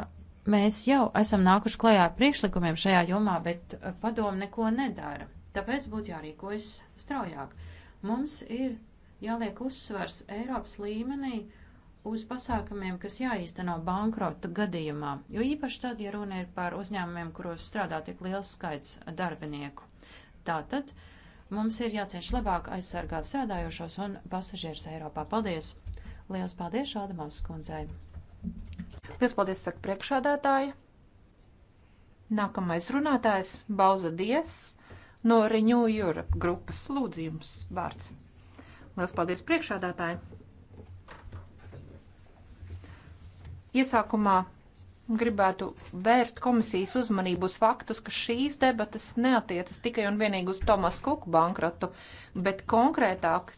mēs jau esam nākuši klajā ar priekšlikumiem šajā jomā, bet uh, padomu neko nedara. Tāpēc būtu jārīkojas straujāk. Mums ir jāliek uzsvars Eiropas līmenī uz pasākumiem, kas jāīsteno bankrota gadījumā, jo īpaši tad, ja runa ir par uzņēmumiem, kuros strādā tik liels skaits darbinieku. Tātad mums ir jācieš labāk aizsargāt strādājošos un pasažierus Eiropā. Paldies! Lielas paldies šāda mazas kundzei! Lielas paldies, saka priekšādātāji! Nākamais runātājs - Bauza Dies no Renew Europe grupas lūdzījums vārds. Lielas paldies priekšādātāji! Iesākumā gribētu vērst komisijas uzmanību uz faktus, ka šīs debatas neatiecas tikai un vienīgi uz Tomas Kuku bankratu, bet konkrētāk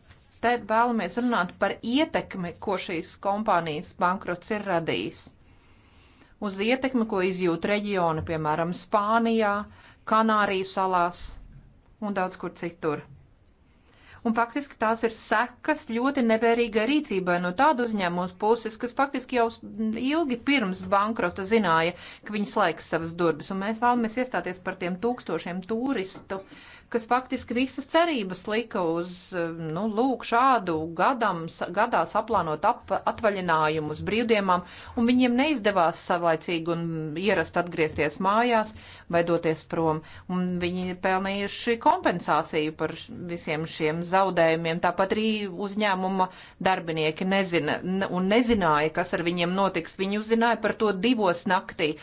te vēlamies runāt par ietekmi, ko šīs kompānijas bankrots ir radījis. Uz ietekmi, ko izjūt reģioni, piemēram, Spānijā, Kanāriju salās un daudz kur citur un faktiski tās ir sekas ļoti nevērīgai rīcībai no tādu uzņēmums puses, kas faktiski jau ilgi pirms bankrota zināja, ka viņi slēgs savas durvis, un mēs vēlamies iestāties par tiem tūkstošiem turistu, uh, kas faktiski visas cerības lika uz, eh, nu, lūk, šādu gadam, gadā saplānot ap, atvaļinājumu uz brīvdienām, un viņiem neizdevās savlaicīgi un ierast atgriezties mājās vai doties prom, un viņi ir pelnījuši kompensāciju par visiem šiem zaudējumiem. Tāpat arī uzņēmuma darbinieki nezina un nezināja, kas ar viņiem notiks. Viņi uzzināja par to divos naktī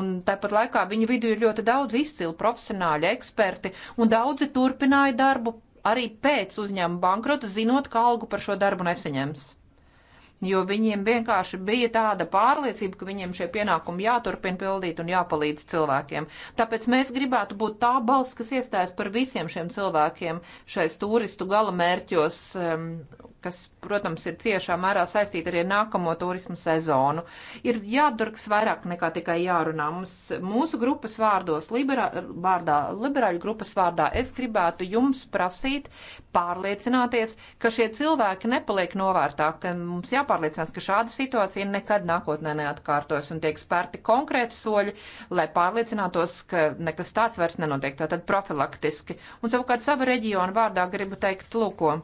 Un tāpat laikā viņu vidū ir ļoti daudz izcilu profesionāļu, eksperti, un daudzi turpināja darbu arī pēc uzņēmuma bankrota, zinot, ka algu par šo darbu neseņems jo viņiem vienkārši bija tāda pārliecība, ka viņiem šie pienākumi jāturpina pildīt un jāpalīdz cilvēkiem. Tāpēc mēs gribētu būt tā balss, kas iestājas par visiem šiem cilvēkiem šais turistu galamērķos, um, kas, protams, ir ciešā mērā saistīta arī ar nākamo turismu sezonu. Ir jādurgs vairāk nekā tikai jārunā. Mums, mūsu grupas vārdos, liberā, vārdā, liberāļu grupas vārdā, es gribētu jums prasīt pārliecināties, ka šie cilvēki nepaliek novērtā, ka mums jāpalīdz jāpārliecinās, ka šāda situācija nekad nākotnē neatkārtos un tiek spērti konkrēti soļi, lai pārliecinātos, ka nekas tāds vairs nenotiek, tātad profilaktiski. Un savukārt sava reģiona vārdā gribu teikt, lūko.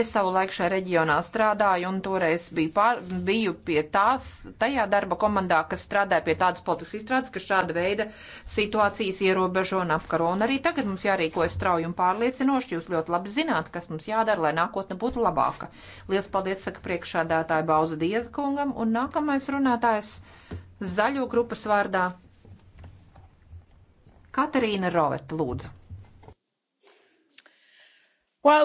Es savu laiku šajā reģionā strādāju un toreiz biju, pār, biju pie tās, tajā darba komandā, kas strādāja pie tādas politikas izstrādes, ka šāda veida situācijas ierobežo un apkaro. Un arī tagad mums jārīkojas strauji un pārliecinoši. Jūs ļoti labi zināt, kas mums jādara, lai nākotne būtu labāka. Lielas paldies, saka priekšādātāja Bauza Dieza kungam un nākamais runātājs zaļo grupas vārdā. Katerīna Roveta, lūdzu. Well,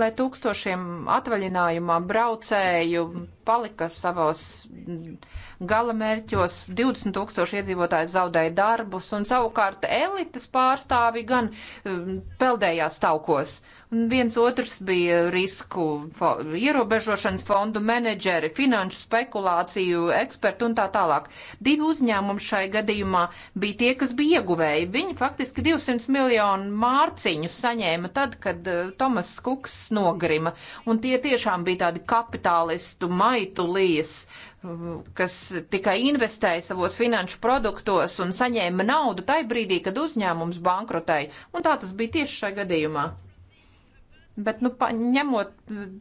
lai tūkstošiem atvaļinājumā braucēju palika savos galamērķos, 20 tūkstoši iedzīvotāji zaudēja darbus, un savukārt elites pārstāvi gan um, peldējās taukos. Viens otrs bija risku fo ierobežošanas fondu menedžeri, finanšu spekulāciju eksperti un tā tālāk. Divi uzņēmumi šai gadījumā bija tie, kas bija ieguvēji. Viņi faktiski 200 miljonu mārciņu saņēma tad, kad eh, Tomas Kuks nogrima. Un tie tiešām bija tādi kapitālistu maitulijas kas tikai investēja savos finanšu produktos un saņēma naudu tajā brīdī, kad uzņēmums bankrotēja. Un tā tas bija tieši šajā gadījumā. Bet, nu, pa, ņemot,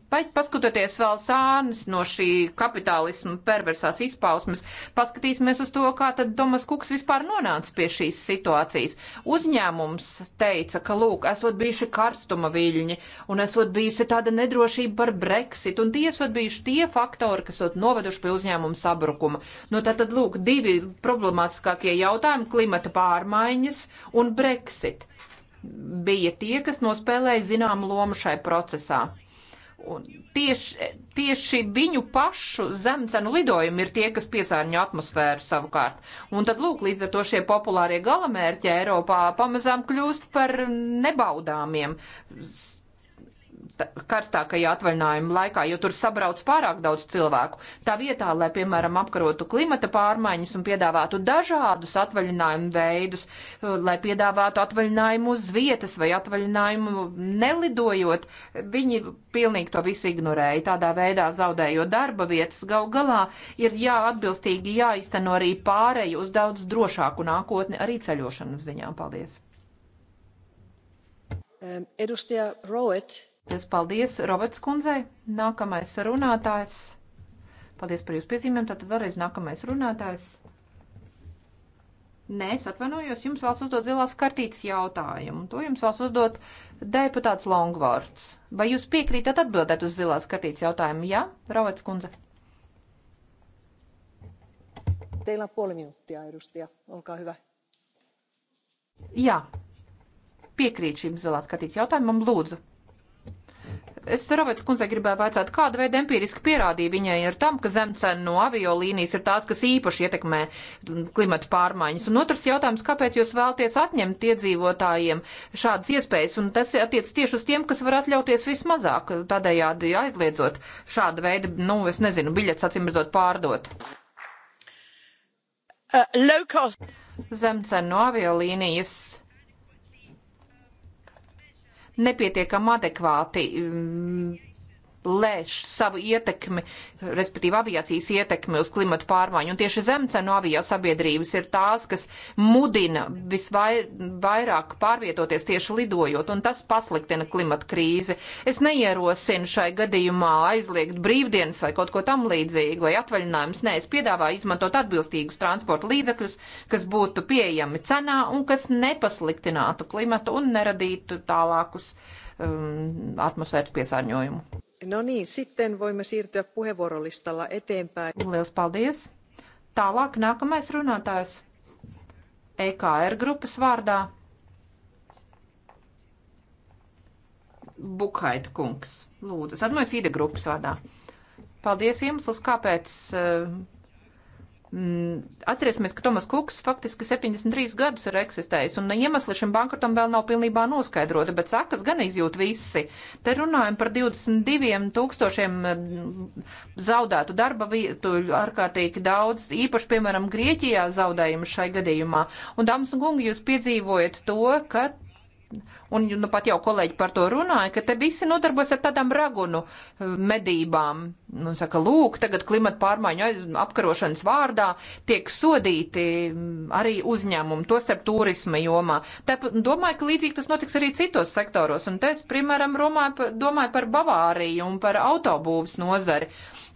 pa, paskatoties vēl sānus no šī kapitālisma perversās izpausmes, paskatīsimies uz to, kā tad Domas Kuks vispār nonāca pie šīs situācijas. Uzņēmums teica, ka, lūk, esot bijuši karstuma viļņi un esot bijusi tāda nedrošība par Brexit un tie esot bijuši tie faktori, kas esot noveduši pie uzņēmuma sabrukuma. Nu, tad, tad, lūk, divi problemātiskākie jautājumi - klimata pārmaiņas un Brexit bija tie, kas nospēlēja zināmu lomu šai procesā. Un tieši, tieši viņu pašu zemcenu lidojumi ir tie, kas piesārņo atmosfēru savukārt. Un tad, lūk, līdz ar to šie populārie galamērķi Eiropā pamazām kļūst par nebaudāmiem karstākajā atvaļinājuma laikā, jo tur sabrauc pārāk daudz cilvēku. Tā vietā, lai, piemēram, apkarotu klimata pārmaiņas un piedāvātu dažādus atvaļinājumu veidus, eh, lai piedāvātu atvaļinājumu uz vietas vai atvaļinājumu nelidojot, viņi pilnīgi to visu ignorēja. Tādā veidā zaudējot darba vietas, gal galā ir jāatbilstīgi jāizteno arī pārēju uz daudz drošāku nākotni arī ceļošanas ziņā. Paldies! Um, edustaja Rowett Liels paldies Rovets kundzei. Nākamais runātājs. Paldies par jūsu piezīmēm. Tātad vēlreiz nākamais runātājs. Nē, es atvainojos, jums vēl uzdot zilās kartītes jautājumu. To jums vēl uzdot deputāts Longvārds. Vai jūs piekrītat atbildēt uz zilās kartītes jautājumu? Jā, ja? Rovets kundze. Teillä on puoli minuuttia, edustaja. Olkaa hyvä. Jā, piekrīt šim zilās kartītes jautājumam, lūdzu. Es Rovets kundzei gribēju vaicāt, kāda veida empiriski pierādīja viņai ar tam, ka zemcena no aviolīnijas ir tās, kas īpaši ietekmē klimatu pārmaiņas. Un otrs jautājums, kāpēc jūs vēlties atņemt iedzīvotājiem šādas iespējas, un tas attiec tieši uz tiem, kas var atļauties vismazāk, tādējādi aizliedzot šāda veida, nu, es nezinu, biļets acīmredzot pārdot. Uh, Zemcena no aviolīnijas nepietiekami adekvāti mm, lēš savu ietekmi, respektīvi aviācijas ietekmi uz klimatu pārmaiņu. Un tieši zemcenu avio sabiedrības ir tās, kas mudina visvairāk pārvietoties tieši lidojot, un tas pasliktina klimatu krīzi. Es neierosinu šai gadījumā aizliegt brīvdienas vai kaut ko tam līdzīgu vai atvaļinājums. Nē, es piedāvāju izmantot atbilstīgus transporta līdzekļus, kas būtu pieejami cenā un kas nepasliktinātu klimatu un neradītu tālākus um, atmosfēras piesārņojumu. No niin, sitten voimme siirtyä puheenvuorolistalla eteenpäin. Lielas paldies! Tālāk nākamais runātājs EKR grupas vārdā Bukhaita kungs. Lūdzu, atmais īda grupas vārdā. Paldies iemesls, kāpēc eh, Mm, atcerēsimies, ka Tomas Kukas faktiski 73 gadus ir eksistējis, un iemesli šim bankrotam vēl nav pilnībā noskaidroti, bet sakas gan izjūt visi. Te runājam par 22 tūkstošiem mm, zaudētu darba vietu, ārkārtīgi daudz, īpaši, piemēram, Grieķijā zaudējumu šai gadījumā. Un, dāmas un kungi, jūs piedzīvojat to, ka un nu pat jau kolēģi par to runāja, ka te visi nodarbojas ar tādām ragunu eh, medībām. Nu, saka, lūk, tagad klimata pārmaiņu apkarošanas vārdā tiek sodīti mm, arī uzņēmumi, to starp turisma jomā. Tā, domāju, ka līdzīgi tas notiks arī citos sektoros, un te es, piemēram, domāju par Bavāriju un par autobūvas nozari.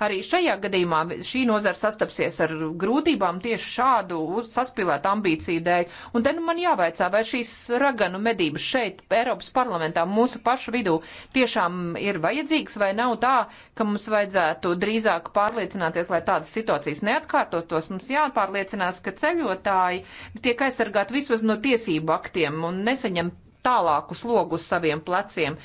Arī šajā gadījumā šī nozara sastapsies ar grūtībām tieši šādu saspilētu ambīciju dēļ. Un te nu man jāvaicā, vai šīs raganu medības šeit, Eiropas parlamentā, mūsu pašu vidū tiešām ir vajadzīgs, vai nav tā, ka mums vajadzētu drīzāk pārliecināties, lai tādas situācijas neatkārtotos. Mums jāpārliecinās, ka ceļotāji tiek aizsargāti vismaz no tiesību aktiem un nesaņem tālāku slogu uz saviem pleciem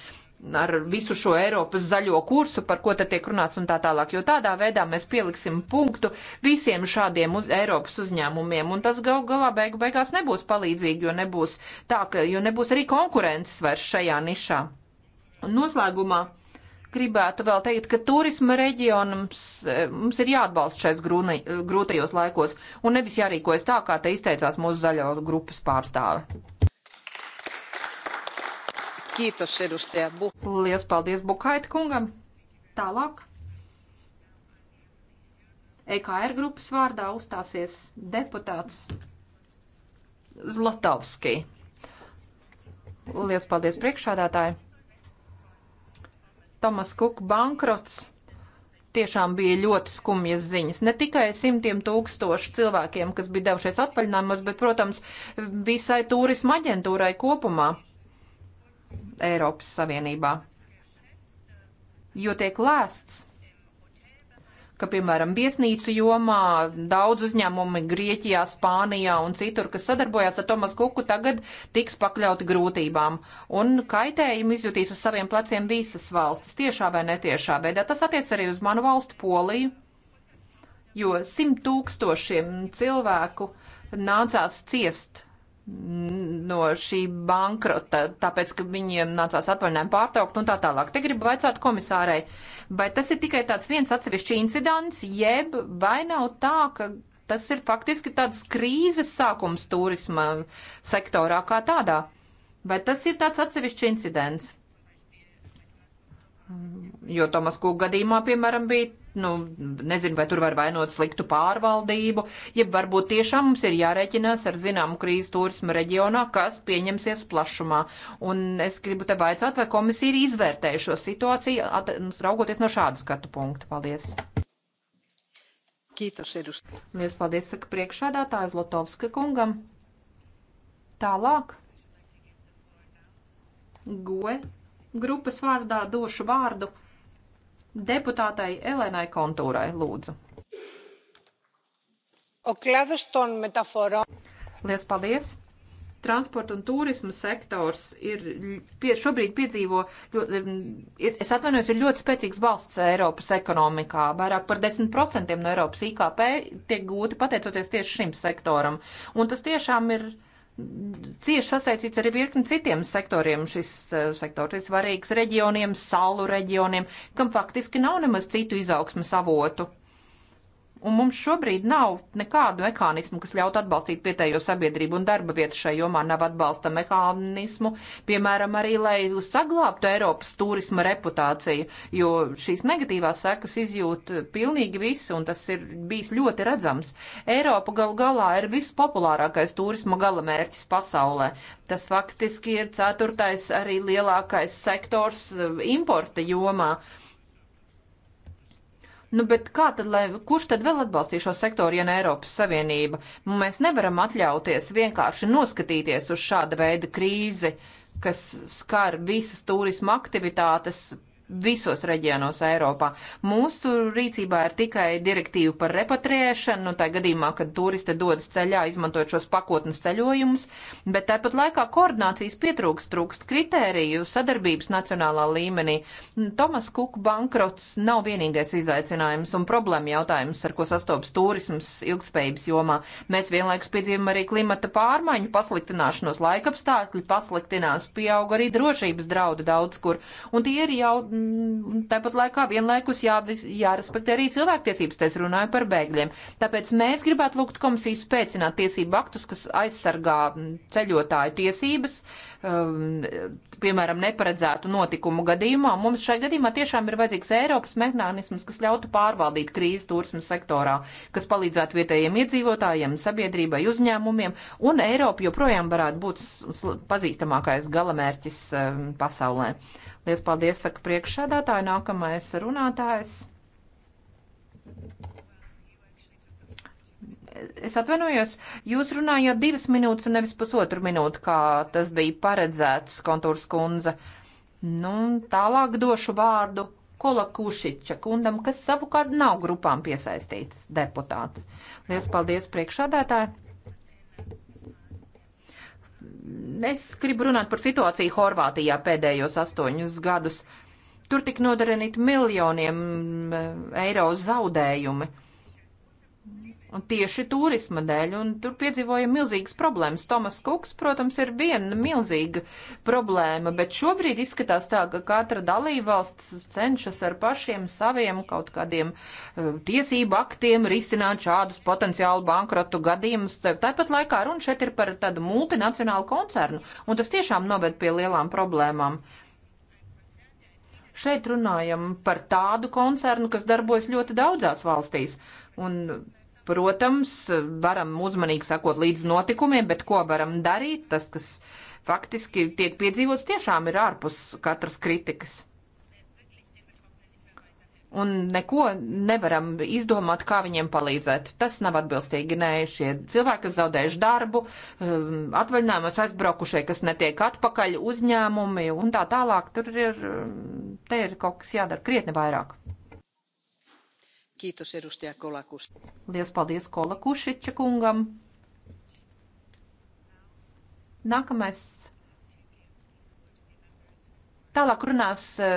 ar visu šo Eiropas zaļo kursu, par ko te tiek runāts un tā tālāk, jo tādā veidā mēs pieliksim punktu visiem šādiem uz Eiropas uzņēmumiem, un tas gal galā beigu beigās nebūs palīdzīgi, jo nebūs tā, ka, jo nebūs arī konkurences vairs šajā nišā. Un noslēgumā gribētu vēl teikt, ka turisma reģionams e, mums ir jāatbalsta šais grūne, grūtajos laikos, un nevis jārīkojas tā, kā te izteicās mūsu zaļo grupas pārstāve. Kītos, edustaja Buh. Lielas paldies Bukaita kungam. Tālāk. EKR grupas vārdā uzstāsies deputāts Zlatovski. Lielas paldies priekšādātāji. Tomas Kuka bankrots tiešām bija ļoti skumjas ziņas. Ne tikai simtiem tūkstošu cilvēkiem, kas bija devušies atvaļinājumos, bet, protams, visai turisma aģentūrai kopumā. Eiropas Savienībā. Jo tiek lēsts, ka, piemēram, viesnīcu jomā daudz uzņēmumi Grieķijā, Spānijā un citur, kas sadarbojās ar Tomas Kuku, tagad tiks pakļauti grūtībām. Un kaitējumu izjutīs uz saviem pleciem visas valstis, tiešā vai netiešā veidā. Tas attiec arī uz manu valstu Poliju, jo simt tūkstošiem cilvēku nācās ciest no šī bankrota, tāpēc, ka viņiem nācās atvaļinājumu pārtraukt un tā tālāk. Te gribu vaicāt komisārai, vai tas ir tikai tāds viens atsevišķi incidents, jeb vai nav tā, ka tas ir faktiski tāds krīzes sākums turisma sektorā kā tādā? Vai tas ir tāds atsevišķi incidents? Jo Tomas Kūka gadījumā, piemēram, bija, nu, nezinu, vai tur var vainot sliktu pārvaldību, ja varbūt tiešām mums ir jārēķinās ar zināmu krīzes turisma reģionā, kas pieņemsies plašumā. Un es gribu te vaicāt, vai komisija ir izvērtējuši šo situāciju, at, raugoties no šāda skatu punkta. Paldies! Kītos ir uz. Lies paldies, saka priekšādātājs Lotovska kungam. Tālāk. Goe grupas vārdā došu vārdu deputātai Elenai Kontūrai, lūdzu. Lielas paldies! transporta un turisma sektors ir pie, šobrīd piedzīvo, ir, es atvainojos, ir ļoti spēcīgs valsts Eiropas ekonomikā. Vairāk par 10% no Eiropas IKP tiek gūti pateicoties tieši šim sektoram. Un tas tiešām ir cieši sasaistīts arī virkni citiem sektoriem. Šis eh, sektors ir svarīgs reģioniem, salu reģioniem, kam faktiski nav nemaz citu izaugsmas avotu. Un mums šobrīd nav nekādu mehānismu, kas ļautu atbalstīt vietējo sabiedrību un darba vietu šai jomā. Nav atbalsta mehānismu, piemēram, arī, lai saglābtu Eiropas turisma reputāciju, jo šīs negatīvās sekas izjūt pilnīgi visi, un tas ir bijis ļoti redzams. Eiropa gal galā ir vispopulārākais turisma galamērķis pasaulē. Tas faktiski ir ceturtais arī lielākais sektors eh, importa jomā. Uh, Nu, bet kā tad, lai, kurš tad vēl atbalstīs šo sektoru, ja ne Eiropas Savienība? Mēs nevaram atļauties vienkārši noskatīties uz šāda veida krīzi, kas skar visas turisma aktivitātes visos reģionos Eiropā. Mūsu rīcībā ir tikai direktīva par repatriēšanu, nu, tā gadījumā, kad turisti dodas ceļā, izmantojot šos pakotnes ceļojumus, bet tāpat laikā koordinācijas pietrūkst, trūkst kritēriju sadarbības nacionālā līmenī. Tomas Kuk bankrots nav vienīgais izaicinājums un problēma jautājums, ar ko sastopas turisms ilgspējības jomā. Mēs vienlaikus piedzīvam arī klimata pārmaiņu pasliktināšanos, laika apstākļi pasliktinās, pieaug arī drošības draudu daudz kur, un tie ir jau un tāpat laikā vienlaikus jā, jārespektē arī cilvēktiesības, es runāju par bēgļiem. Tāpēc mēs gribētu lūgt komisiju spēcināt tiesību aktus, kas aizsargā ceļotāju tiesības, um, piemēram, neparedzētu notikumu gadījumā. Mums šai gadījumā tiešām ir vajadzīgs Eiropas mehānisms, kas ļautu pārvaldīt krīzes turismu sektorā, kas palīdzētu vietējiem iedzīvotājiem, sabiedrībai, uzņēmumiem, un Eiropa joprojām varētu būt pazīstamākais galamērķis um, pasaulē. Lies paldies, saka priekšsēdētāji, nākamais runātājs. Es atvainojos, jūs runājāt divas minūtes un nevis pusotru minūtu, kā tas bija paredzēts, kontūrs kundze. Nu, tālāk došu vārdu Kola Kušiča kundam, kas savukārt nav grupām piesaistīts deputāts. Lies paldies priekšādētāji! Es gribu runāt par situāciju Horvātijā pēdējos astoņus gadus. Tur tik nodarīti miljoniem mm, eiro zaudējumi. Un tieši turisma dēļ, un tur piedzīvoja milzīgas problēmas. Tomas Kuks, protams, ir viena milzīga problēma, bet šobrīd izskatās tā, ka katra dalībvalsts cenšas ar pašiem saviem kaut kādiem uh, tiesību aktiem risināt šādus potenciālu bankrotu gadījumus. Tāpat laikā runa šeit ir par tādu multinacionālu koncernu, un tas tiešām noved pie lielām problēmām. Šeit runājam par tādu koncernu, kas darbojas ļoti daudzās valstīs. Un Protams, varam uzmanīgi sakot līdz notikumiem, bet ko varam darīt, tas, kas faktiski tiek piedzīvots, tiešām ir ārpus katras kritikas. Un neko nevaram izdomāt, kā viņiem palīdzēt. Tas nav atbilstīgi. Nē, šie cilvēki, kas zaudējuši darbu, um, atvaļinājumos aizbraukušie, kas netiek atpakaļ uzņēmumi un tā tālāk, tur ir, um, te ir kaut kas jādara krietni vairāk. Kītus, edustaja Kolakus. Lielas paldies Kolakušiča kungam. Nākamais. Tālāk runās eh,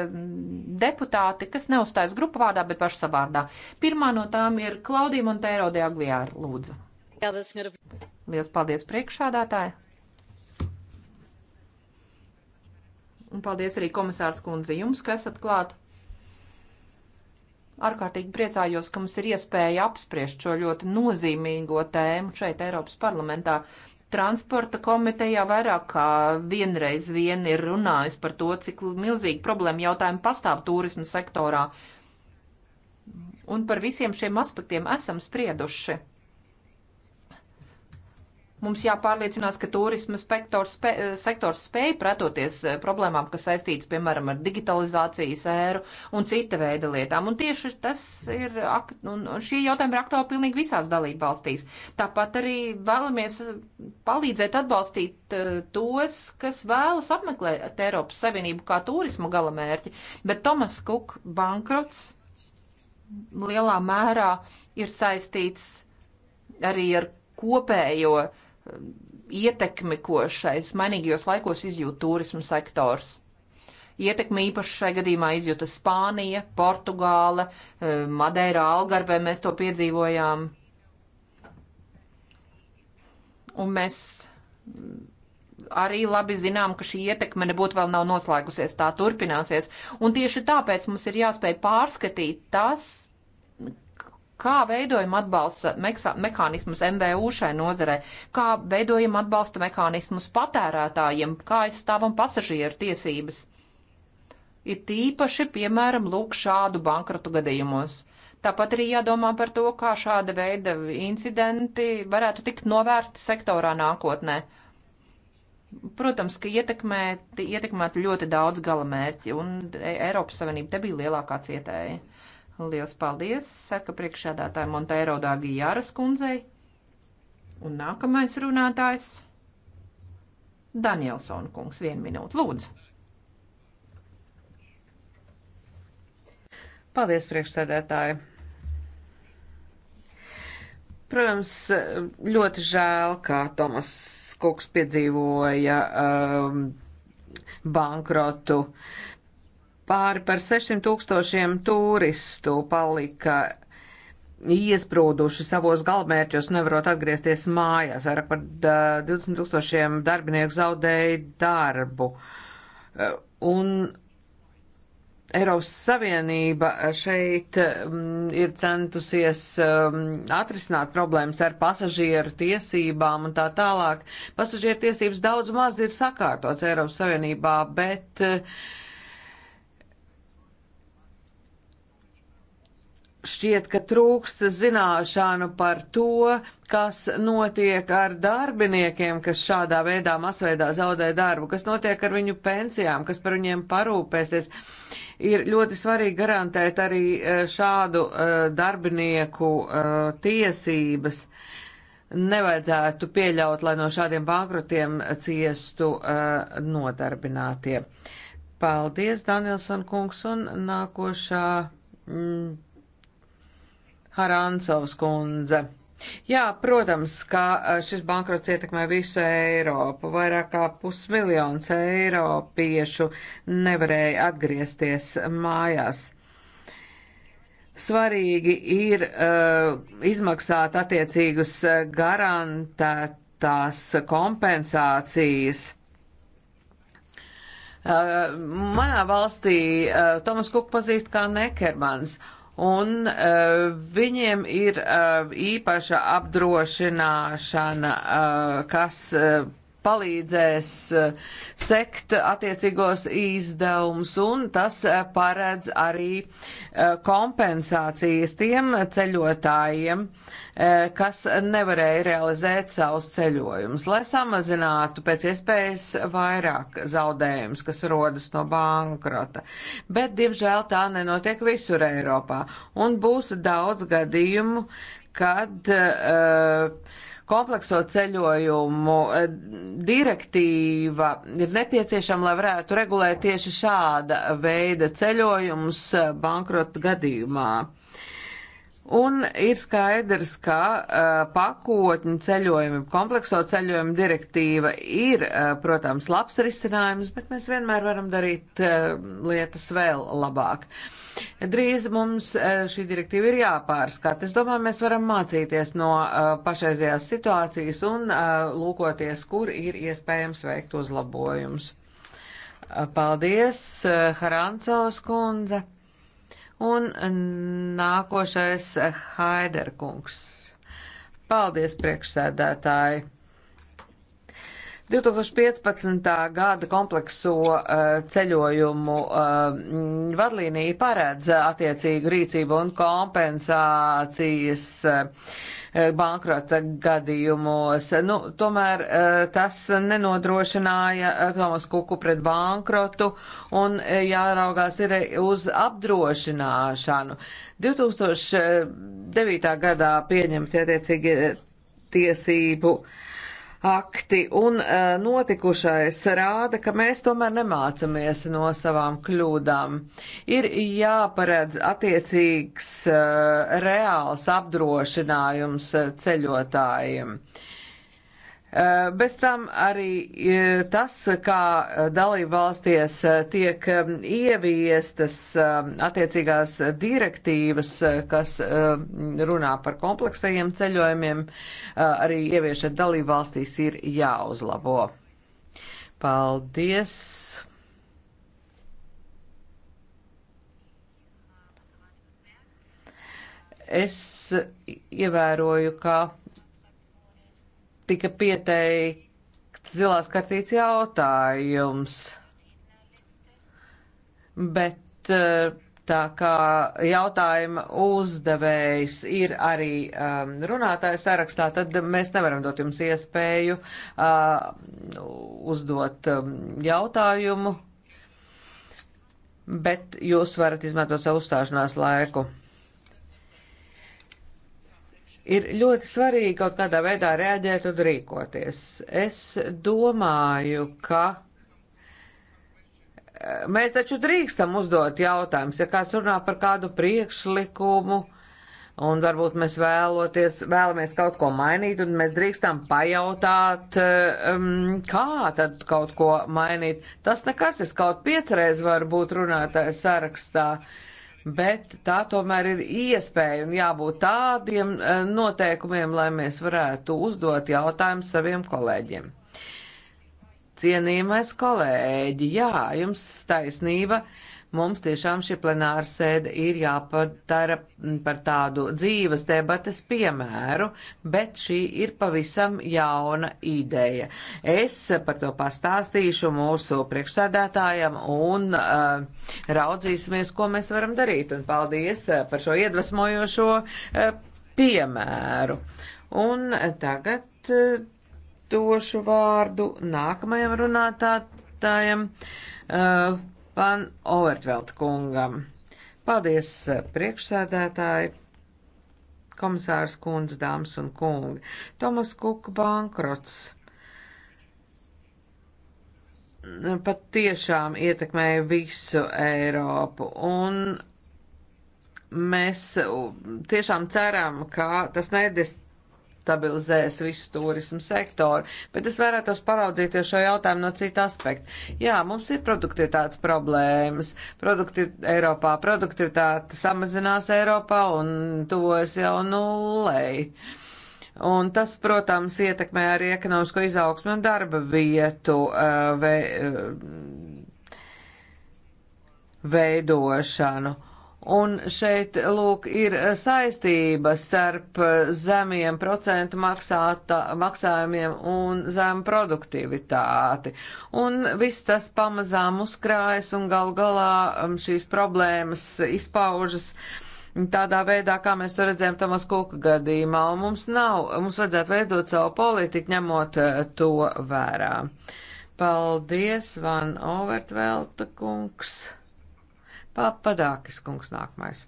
deputāti, kas neuzstājas grupu vārdā, bet pašu savārdā. Pirmā no tām ir Klaudija Monteiro de Aguiar, lūdzu. Lielas paldies priekšādātāji. Un paldies arī komisārs kundze jums, kas esat klāt. Ārkārtīgi priecājos, ka mums ir iespēja apspriest šo ļoti nozīmīgo tēmu šeit Eiropas parlamentā. Transporta komitejā vairāk kā vienreiz vien ir runājis par to, cik milzīgi problēma jautājumi pastāv turismu sektorā. Un par visiem šiem aspektiem esam sprieduši. Mums jāpārliecinās, ka turisma spektors, spē, sektors spēj pretoties eh, problēmām, kas saistītas, piemēram, ar digitalizācijas ēru un cita veida lietām. Un tieši tas ir, un šie jautājumi ir aktuāli pilnīgi visās dalību valstīs. Tāpat arī vēlamies palīdzēt atbalstīt eh, tos, kas vēlas apmeklēt Eiropas Savienību kā turismu galamērķi. Bet Tomas Kuk bankrots lielā mērā ir saistīts arī ar kopējo uh, ietekmi, ko šais mainīgajos laikos izjūt turismu sektors. Ietekmi īpaši šai gadījumā izjūta Spānija, Portugāle, eh, Madeira, Algarve, mēs to piedzīvojām. Un mēs arī labi zinām, ka šī ietekme nebūtu vēl nav noslēgusies, tā turpināsies. Un tieši tāpēc mums ir jāspēj pārskatīt tas, Kā veidojam atbalsta mehānismus MVU šai nozarē? Kā veidojam atbalsta mehānismus patērētājiem? Kā aizstāvam pasažieru tiesības? Ir tīpaši, piemēram, lūk šādu bankratu gadījumos. Tāpat arī jādomā par to, kā šāda veida incidenti varētu tikt novērsti sektorā nākotnē. Protams, ka ietekmēt, ietekmēt ļoti daudz galamērķi, un e- Eiropas Savienība te bija lielākā cietēja. Liels paldies, saka priekšsēdētāja Monteiro Dāgi Jāras kundzei. Un nākamais runātājs - Danielsona kungs, vienu minūtu, lūdzu. Paldies, priekšsēdētāji! Protams, ļoti žēl, kā Tomas Kuks piedzīvoja um, bankrotu. Uh, Pāri par 600 tūkstošiem turistu palika iesprūduši savos galvmērķos, nevarot atgriezties mājās. Vairāk par 20 tūkstošiem darbinieku zaudēja darbu. Un Eiropas Savienība šeit um, ir centusies um, atrisināt problēmas ar pasažieru tiesībām un tā tālāk. Pasažieru tiesības daudz maz ir sakārtots Eiropas Savienībā, bet uh, šķiet, ka trūkst zināšanu par to, kas notiek ar darbiniekiem, kas šādā veidā masveidā zaudē darbu, kas notiek ar viņu pensijām, kas par viņiem parūpēsies. Ir ļoti svarīgi garantēt arī eh, šādu eh, darbinieku eh, tiesības. Nevajadzētu pieļaut, lai no šādiem bankrotiem ciestu nodarbinātie. Paldies, Danielson kungs, un nākošā mm, Harantsovs kundze. Jā, protams, ka e, šis bankrots ietekmē visu Eiropu. Vairāk kā pusmiljons eiropiešu nevarēja atgriezties mājās. Svarīgi ir uh, izmaksāt attiecīgus garantētās kompensācijas. Uh, manā valstī uh, Tomas Kuk pazīst kā Nekermans, uh, un uh, viņiem ir uh, īpaša apdrošināšana, uh, kas uh, palīdzēs uh, sekt attiecīgos izdevumus, un tas uh, paredz arī uh, kompensācijas tiem ceļotājiem, uh, Eh, kas nevarēja realizēt savus ceļojumus, lai samazinātu pēc iespējas vairāk zaudējumus, kas rodas no bankrota. Bet, diemžēl, tā nenotiek visur Eiropā, un būs daudz gadījumu, kad uh, komplekso ceļojumu eh, direktīva ir nepieciešama, lai varētu regulēt tieši šāda veida ceļojumus bankrota gadījumā. Un ir skaidrs, ka uh, pakotņu ceļojumi, komplekso ceļojumu direktīva ir, uh, protams, labs risinājums, bet mēs vienmēr varam darīt uh, lietas vēl labāk. Drīz mums uh, šī direktīva ir jāpārskata. Es domāju, mēs varam mācīties no uh, pašreizējās situācijas un uh, lūkoties, kur ir iespējams veikt uzlabojumus. Uh, paldies, uh, Harancaus kundze! Un nākošais Haiderkungs. Paldies, priekšsēdētāji! 2015. gada komplekso eh, ceļojumu eh, vadlīnija paredz eh, attiecīgu rīcību un kompensācijas Eh, bankrota gadījumos. Nu, tomēr eh, tas nenodrošināja eh, Tomas Kuku pret bankrotu un jāraugās ir uz apdrošināšanu. 2009. gadā pieņemti attiecīgi tiesību akti un e, notikušais rāda, ka mēs tomēr nemācamies no savām kļūdām. Ir jāparedz attiecīgs e, reāls apdrošinājums e, ceļotājiem. Eh, bez tam arī eh, tas, kā dalībvalsties eh, tiek ieviestas attiecīgās direktīvas, kas runā par kompleksajiem ceļojumiem, arī ieviešana dalībvalstīs ir jāuzlabo. Paldies! Es ievēroju, ka tika pieteikts zilās kartīts jautājums, bet eh, tā kā jautājuma uzdevējs ir arī um, runātājs sarakstā, tad mēs nevaram dot jums iespēju uh, uzdot um, jautājumu, bet jūs varat izmantot savu uzstāšanās laiku ir ļoti svarīgi kaut kādā veidā reaģēt un rīkoties. Es domāju, ka eh, mēs taču drīkstam uzdot jautājumus, ja kāds runā par kādu priekšlikumu. Un varbūt mēs vēloties, vēlamies kaut ko mainīt, un mēs drīkstam pajautāt, um, kā tad kaut ko mainīt. Tas nekas, es kaut piecreiz varu būt runātāju sarakstā. Uh, bet tā tomēr ir iespēja un jābūt tādiem eh, noteikumiem, lai mēs varētu uzdot jautājumu saviem kolēģiem. Cienījamais kolēģi, jā, jums taisnība. Uh, Mums tiešām šī plenāra sēde ir jāpadara par tādu dzīves debates piemēru, bet šī ir pavisam jauna ideja. Es par to pastāstīšu mūsu priekšsēdētājam un uh, raudzīsimies, ko mēs varam darīt. Un paldies uh, par šo iedvesmojošo uh, piemēru. Un tagad. Uh, došu vārdu nākamajam runātājam, uh, Van Overtvelt kungam. Paldies, eh, priekšsēdētāji, komisārs kundze, dāmas un kungi. Tomas Kuka bankrots pat tiešām ietekmēja visu Eiropu, un mēs tiešām ceram, ka tas nedis stabilizēs visu turismu sektoru, bet es vēlētos paraudzīties šo jautājumu no cita aspekta. Jā, mums ir produktivitātes problēmas. Produkti Eiropā produktivitāte samazinās Eiropā un tuvojas jau nulēji. Un tas, protams, ietekmē arī ekonomisko izaugsmu un darba vietu uh, ve, uh, veidošanu. Uh, Un šeit, lūk, ir saistība starp zemiem procentu maksāta, maksājumiem un zemu produktivitāti. Un viss tas pamazām uzkrājas un gal galā um, šīs problēmas izpaužas tādā veidā, kā mēs to redzējām Tomas Kuka gadījumā. Un mums nav, mums vajadzētu veidot savu politiku, ņemot uh, to vērā. Paldies, Van Overtvelta kungs. Papadākis kungs nākamais.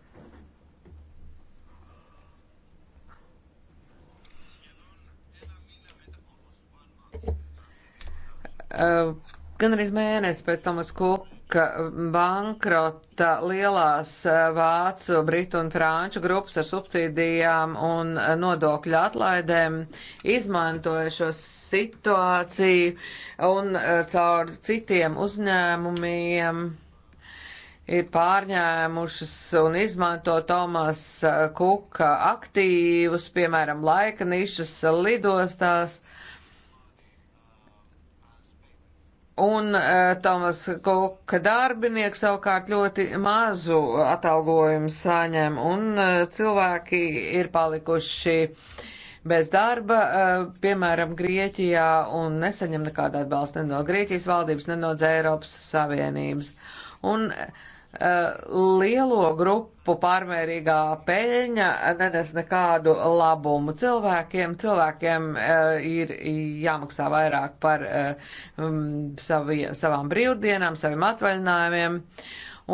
Uh, gan arī mēnesis pēc Tomas Kuka bankrota lielās uh, vācu, britu un franču grupas ar subsīdijām un uh, nodokļu atlaidēm izmantoja šo situāciju un uh, caur citiem uzņēmumiem ir pārņēmušas un izmanto Tomas Kuka aktīvus, piemēram, laika nišas lidostās. Un uh, Tomas Kuka darbinieks savukārt ļoti mazu atalgojumu saņem, un uh, cilvēki ir palikuši bez darba, uh, piemēram, Grieķijā, un nesaņem nekādu atbalstu ne no Grieķijas valdības, ne no Eiropas Savienības. Un uh, Eh, lielo grupu pārmērīgā peļņa nenes nekādu labumu cilvēkiem. Cilvēkiem eh, ir jāmaksā vairāk par eh, savi, savām brīvdienām, saviem atvaļinājumiem.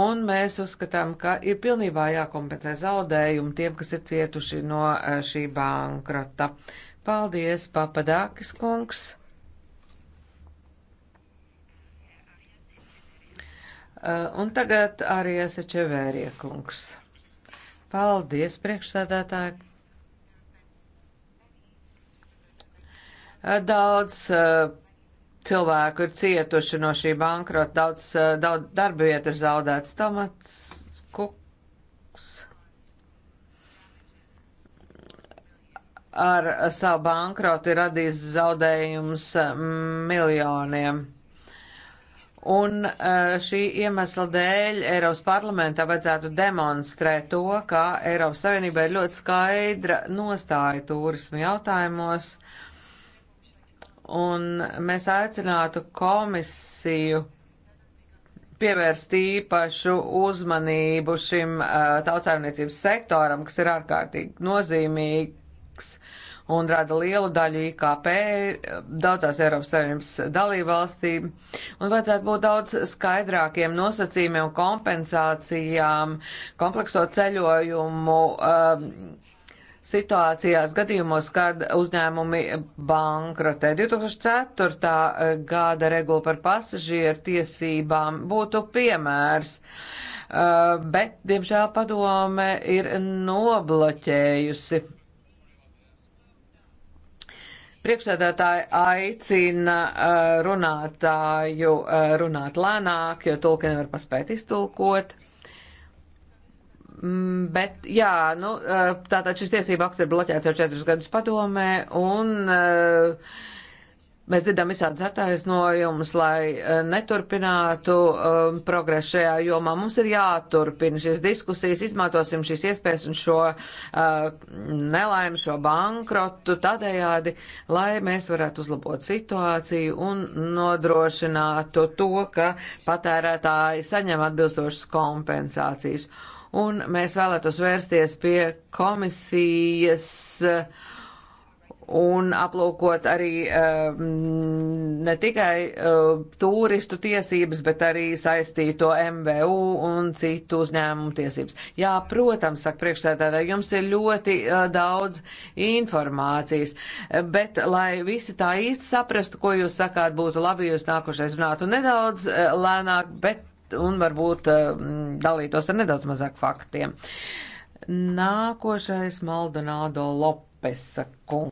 Un mēs uzskatām, ka ir pilnībā jākompensē zaudējumi tiem, kas ir cietuši no šī bankrota. Paldies, Papadākis kungs! Uh, un tagad arī esi Čevērija kungs. Paldies, priekšsēdētāji. Uh, daudz uh, cilvēku ir cietuši no šī bankrota, daudz, daudz darba vietu ir zaudēts. Tomats Kuks ar savu bankrotu ir radījis zaudējumus miljoniem. Un eh, šī iemesla dēļ Eiropas parlamentā vajadzētu demonstrēt to, ka Eiropas Savienībā ir ļoti skaidra nostāja turismu jautājumos. Un mēs aicinātu komisiju pievērst īpašu uzmanību šim uh, eh, tautsājumniecības sektoram, kas ir ārkārtīgi nozīmīgs uh, un rada lielu daļu IKP daudzās Eiropas Savienības dalībvalstīm. Un vajadzētu būt daudz skaidrākiem nosacījumiem un kompensācijām komplekso ceļojumu. Um, situācijās, gadījumos, kad uzņēmumi bankrotē. 2004. gada regula par pasažieru tiesībām būtu piemērs, uh, bet, diemžēl, padome ir nobloķējusi Priekšsēdētāji aicina eh, runātāju eh, runāt lēnāk, jo tulki nevar paspēt iztulkot. Mm, bet, jā, nu, eh, tātad šis tiesība akts ir bloķēts jau četrus gadus padomē, un uh, Mēs dzirdam visādas attaisnojumus, lai eh, neturpinātu um, progresu šajā jomā. Mums ir jāturpina šīs diskusijas, izmantosim šīs iespējas un šo uh, eh, nelaimi, šo bankrotu tādējādi, lai mēs varētu uzlabot situāciju un nodrošinātu to, ka patērētāji saņem atbilstošas kompensācijas. Un mēs vēlētos vērsties pie komisijas. Uh, un aplūkot arī eh, ne tikai eh, turistu tiesības, bet arī saistīto MVU un citu uzņēmumu tiesības. Jā, protams, saka priekšsēdētāji, jums ir ļoti eh, daudz informācijas, bet lai visi tā īsti saprastu, ko jūs sakāt, būtu labi, jūs nākošais runātu nedaudz lēnāk, bet un varbūt dalītos ar nedaudz mazāk faktiem. Nākošais Maldonado Lopesa kungs.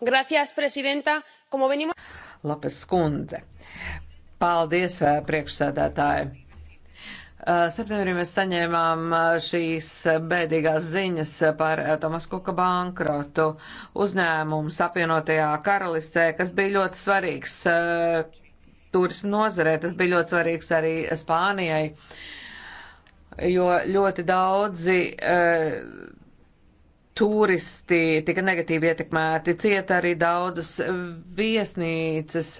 Gracias, presidenta. Como venimos... Lapes kundze. Paldies, eh, priekšsēdētāji. Eh, septembrī mēs saņēmām eh, šīs bēdīgās ziņas par Tomas Kuka bankrotu uzņēmums apvienotajā karalistē, kas bija ļoti svarīgs turismu nozarē, tas bija ļoti svarīgs arī Spānijai, jo ļoti daudzi turisti tika negatīvi ietekmēti, cieta arī daudzas viesnīcas,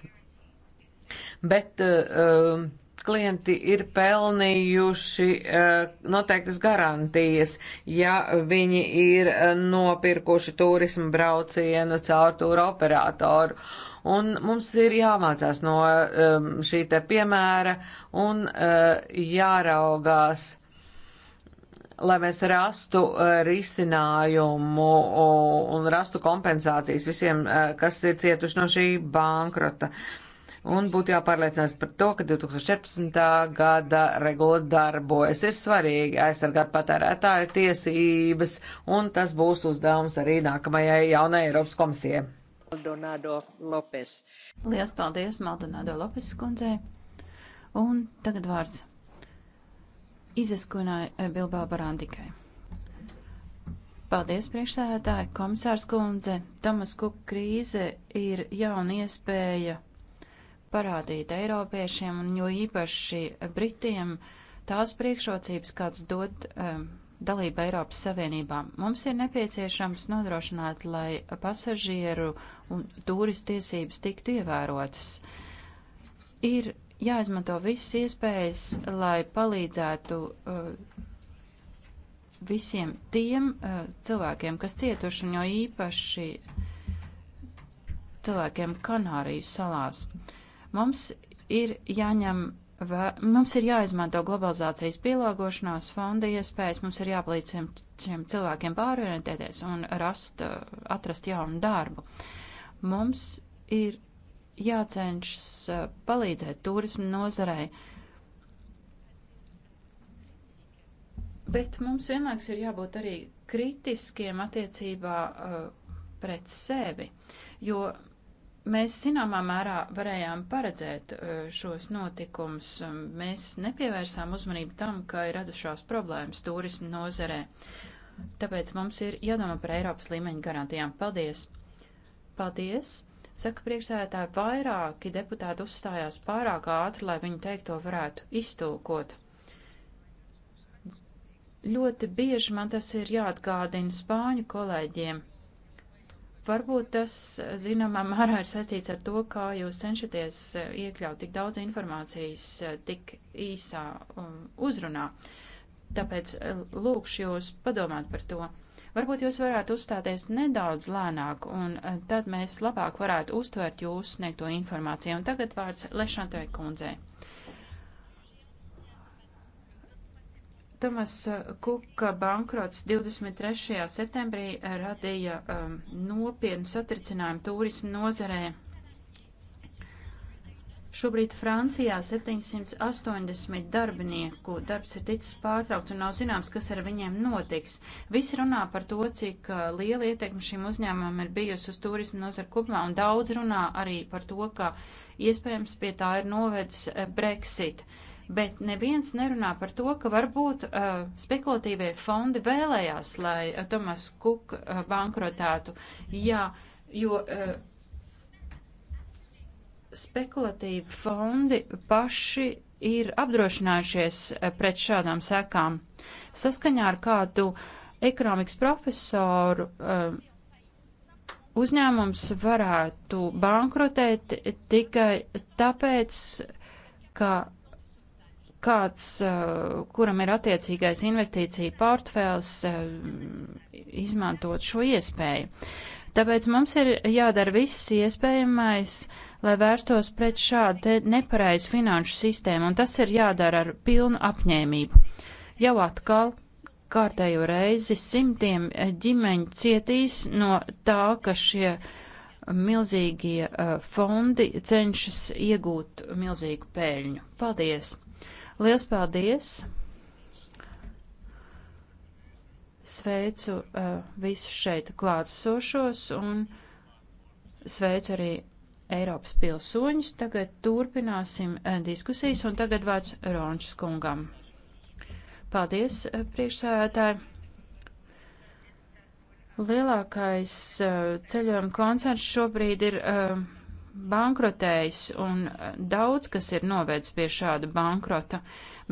bet uh, klienti ir pelnījuši uh, noteiktas garantijas, ja viņi ir uh, nopirkuši turismu braucienu caur tūru operatoru. Un mums ir jāmācās no um, šī te piemēra un uh, jāraugās lai mēs rastu eh, risinājumu un rastu kompensācijas visiem, eh, kas ir cietuši no šī bankrota. Un būtu jāpārliecinās par to, ka 2014. gada regula darbojas. Ir svarīgi aizsargāt patērētāju tiesības, un tas būs uzdevums arī nākamajai jaunajai Eiropas komisijai. Maldonado Lopes. Lielas paldies Maldonado Lopes kundzei. Un tagad vārds Izaskunai eh, Bilbao Barandikai. Paldies, priekšsēdētāji, komisārs kundze. Tomas Kuk krīze ir jauna iespēja parādīt eiropiešiem un jo īpaši Britiem tās priekšrocības, kāds dod um, dalība Eiropas Savienībā. Mums ir nepieciešams nodrošināt, lai pasažieru un turistu tiesības tiktu ievērotas. Ir jāizmanto visas iespējas, lai palīdzētu uh, visiem tiem uh, cilvēkiem, kas cietuši, un jo īpaši cilvēkiem Kanāriju salās. Mums ir jāņem, vē, mums ir jāizmanto globalizācijas pielāgošanās fonda iespējas, mums ir jāpalīdz šiem, šiem cilvēkiem pārorientēties un rast, uh, atrast jaunu darbu. Mums ir jācenšas eh, palīdzēt turismu nozarei. Bet mums vienlaiks ir jābūt arī kritiskiem attiecībā uh, pret sevi, jo mēs zināmā mērā varējām paredzēt uh, šos notikumus. Mēs nepievērsām uzmanību tam, ka ir radušās problēmas turismu nozarē. Tāpēc mums ir jādomā par Eiropas līmeņa garantijām. Paldies! Paldies! Saka priekšsēdētāji, vairāki deputāti uzstājās pārāk ātri, lai viņu teikto varētu iztūkot. Ļoti bieži man tas ir jāatgādina spāņu kolēģiem. Varbūt tas, zināmā mērā, ir saistīts ar to, kā jūs cenšaties eh, iekļaut tik daudz informācijas eh, tik īsā um, uzrunā. Tāpēc eh, lūkšu jūs padomāt par to. Varbūt jūs varētu uzstāties nedaudz lēnāk, un eh, tad mēs labāk varētu uztvert jūsu sniegto informāciju. Un tagad vārds Lešantai kundzē. Tomas eh, Kuka bankrots 23. septembrī radīja um, nopietnu satricinājumu turismu nozarē Šobrīd Francijā 780 darbinieku darbs ir ticis pārtraukts un nav zināms, kas ar viņiem notiks. Visi runā par to, cik uh, liela ietekme šim uzņēmumam ir bijusi uz turismu nozaru kopumā, un daudz runā arī par to, ka iespējams pie tā ir novedis uh, Brexit. Bet neviens nerunā par to, ka varbūt uh, spekulatīvie fondi vēlējās, lai uh, Tomas Kuk uh, bankrotētu. Jā, jo. Uh, spekulatīvi fondi paši ir apdrošinājušies eh, pret šādām sekām. Saskaņā ar kādu ekonomikas profesoru eh, uzņēmums varētu bankrotēt tikai tāpēc, ka kāds, eh, kuram ir attiecīgais investīcija portfēls, izmantot šo iespēju. Tāpēc mums ir jādara viss iespējamais, uh, lai vērstos pret šādu nepareizu finanšu sistēmu, un tas ir jādara ar pilnu apņēmību. Jau atkal kārtējo reizi simtiem ģimeņu cietīs no tā, ka šie milzīgie eh, fondi cenšas iegūt milzīgu pēļņu. Paldies! Liels paldies! Sveicu uh, visus šeit klātsošos un sveicu arī Eiropas pilsoņus. Tagad turpināsim eh, diskusijas un tagad vārds Rončs kungam. Paldies, eh, priekšsēdētāji! Lielākais eh, ceļojuma koncerns šobrīd ir bankrotējis un daudz, kas ir novēdz pie šāda bankrota.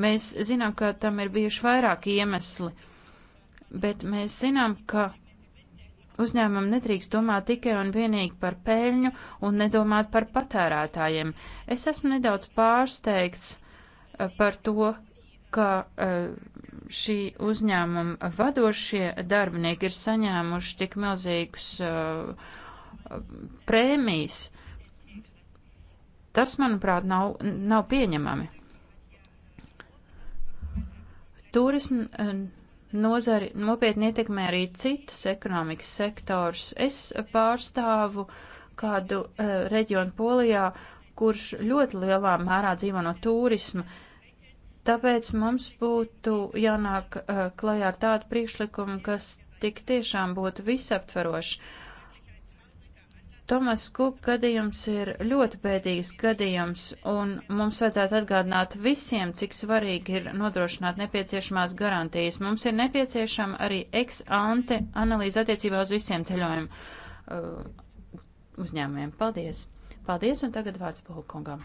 Mēs zinām, ka tam ir bijuši vairāki iemesli, bet mēs zinām, ka Uzņēmumam nedrīkst domāt tikai un vienīgi par peļņu un nedomāt par patērētājiem. Es esmu nedaudz pārsteigts eh, par to, ka eh, šī uzņēmuma vadošie darbinieki ir saņēmuši tik milzīgus eh, prēmijas. Tas, manuprāt, nav, nav pieņemami. Turisma nozari nopietni ietekmē arī citas ekonomikas sektors. Es pārstāvu kādu uh, reģionu Polijā, kurš ļoti lielā mērā dzīvo no turisma. Tāpēc mums būtu jānāk uh, klajā ar tādu priekšlikumu, kas tik tiešām būtu visaptverošs. Tomas Kuk gadījums ir ļoti pēdīgs gadījums, un mums vajadzētu atgādināt visiem, cik svarīgi ir nodrošināt nepieciešamās garantijas. Mums ir nepieciešama arī ex ante analīze attiecībā uz visiem ceļojumu uh, uzņēmumiem. Paldies! Paldies, un tagad vārds Polkungam.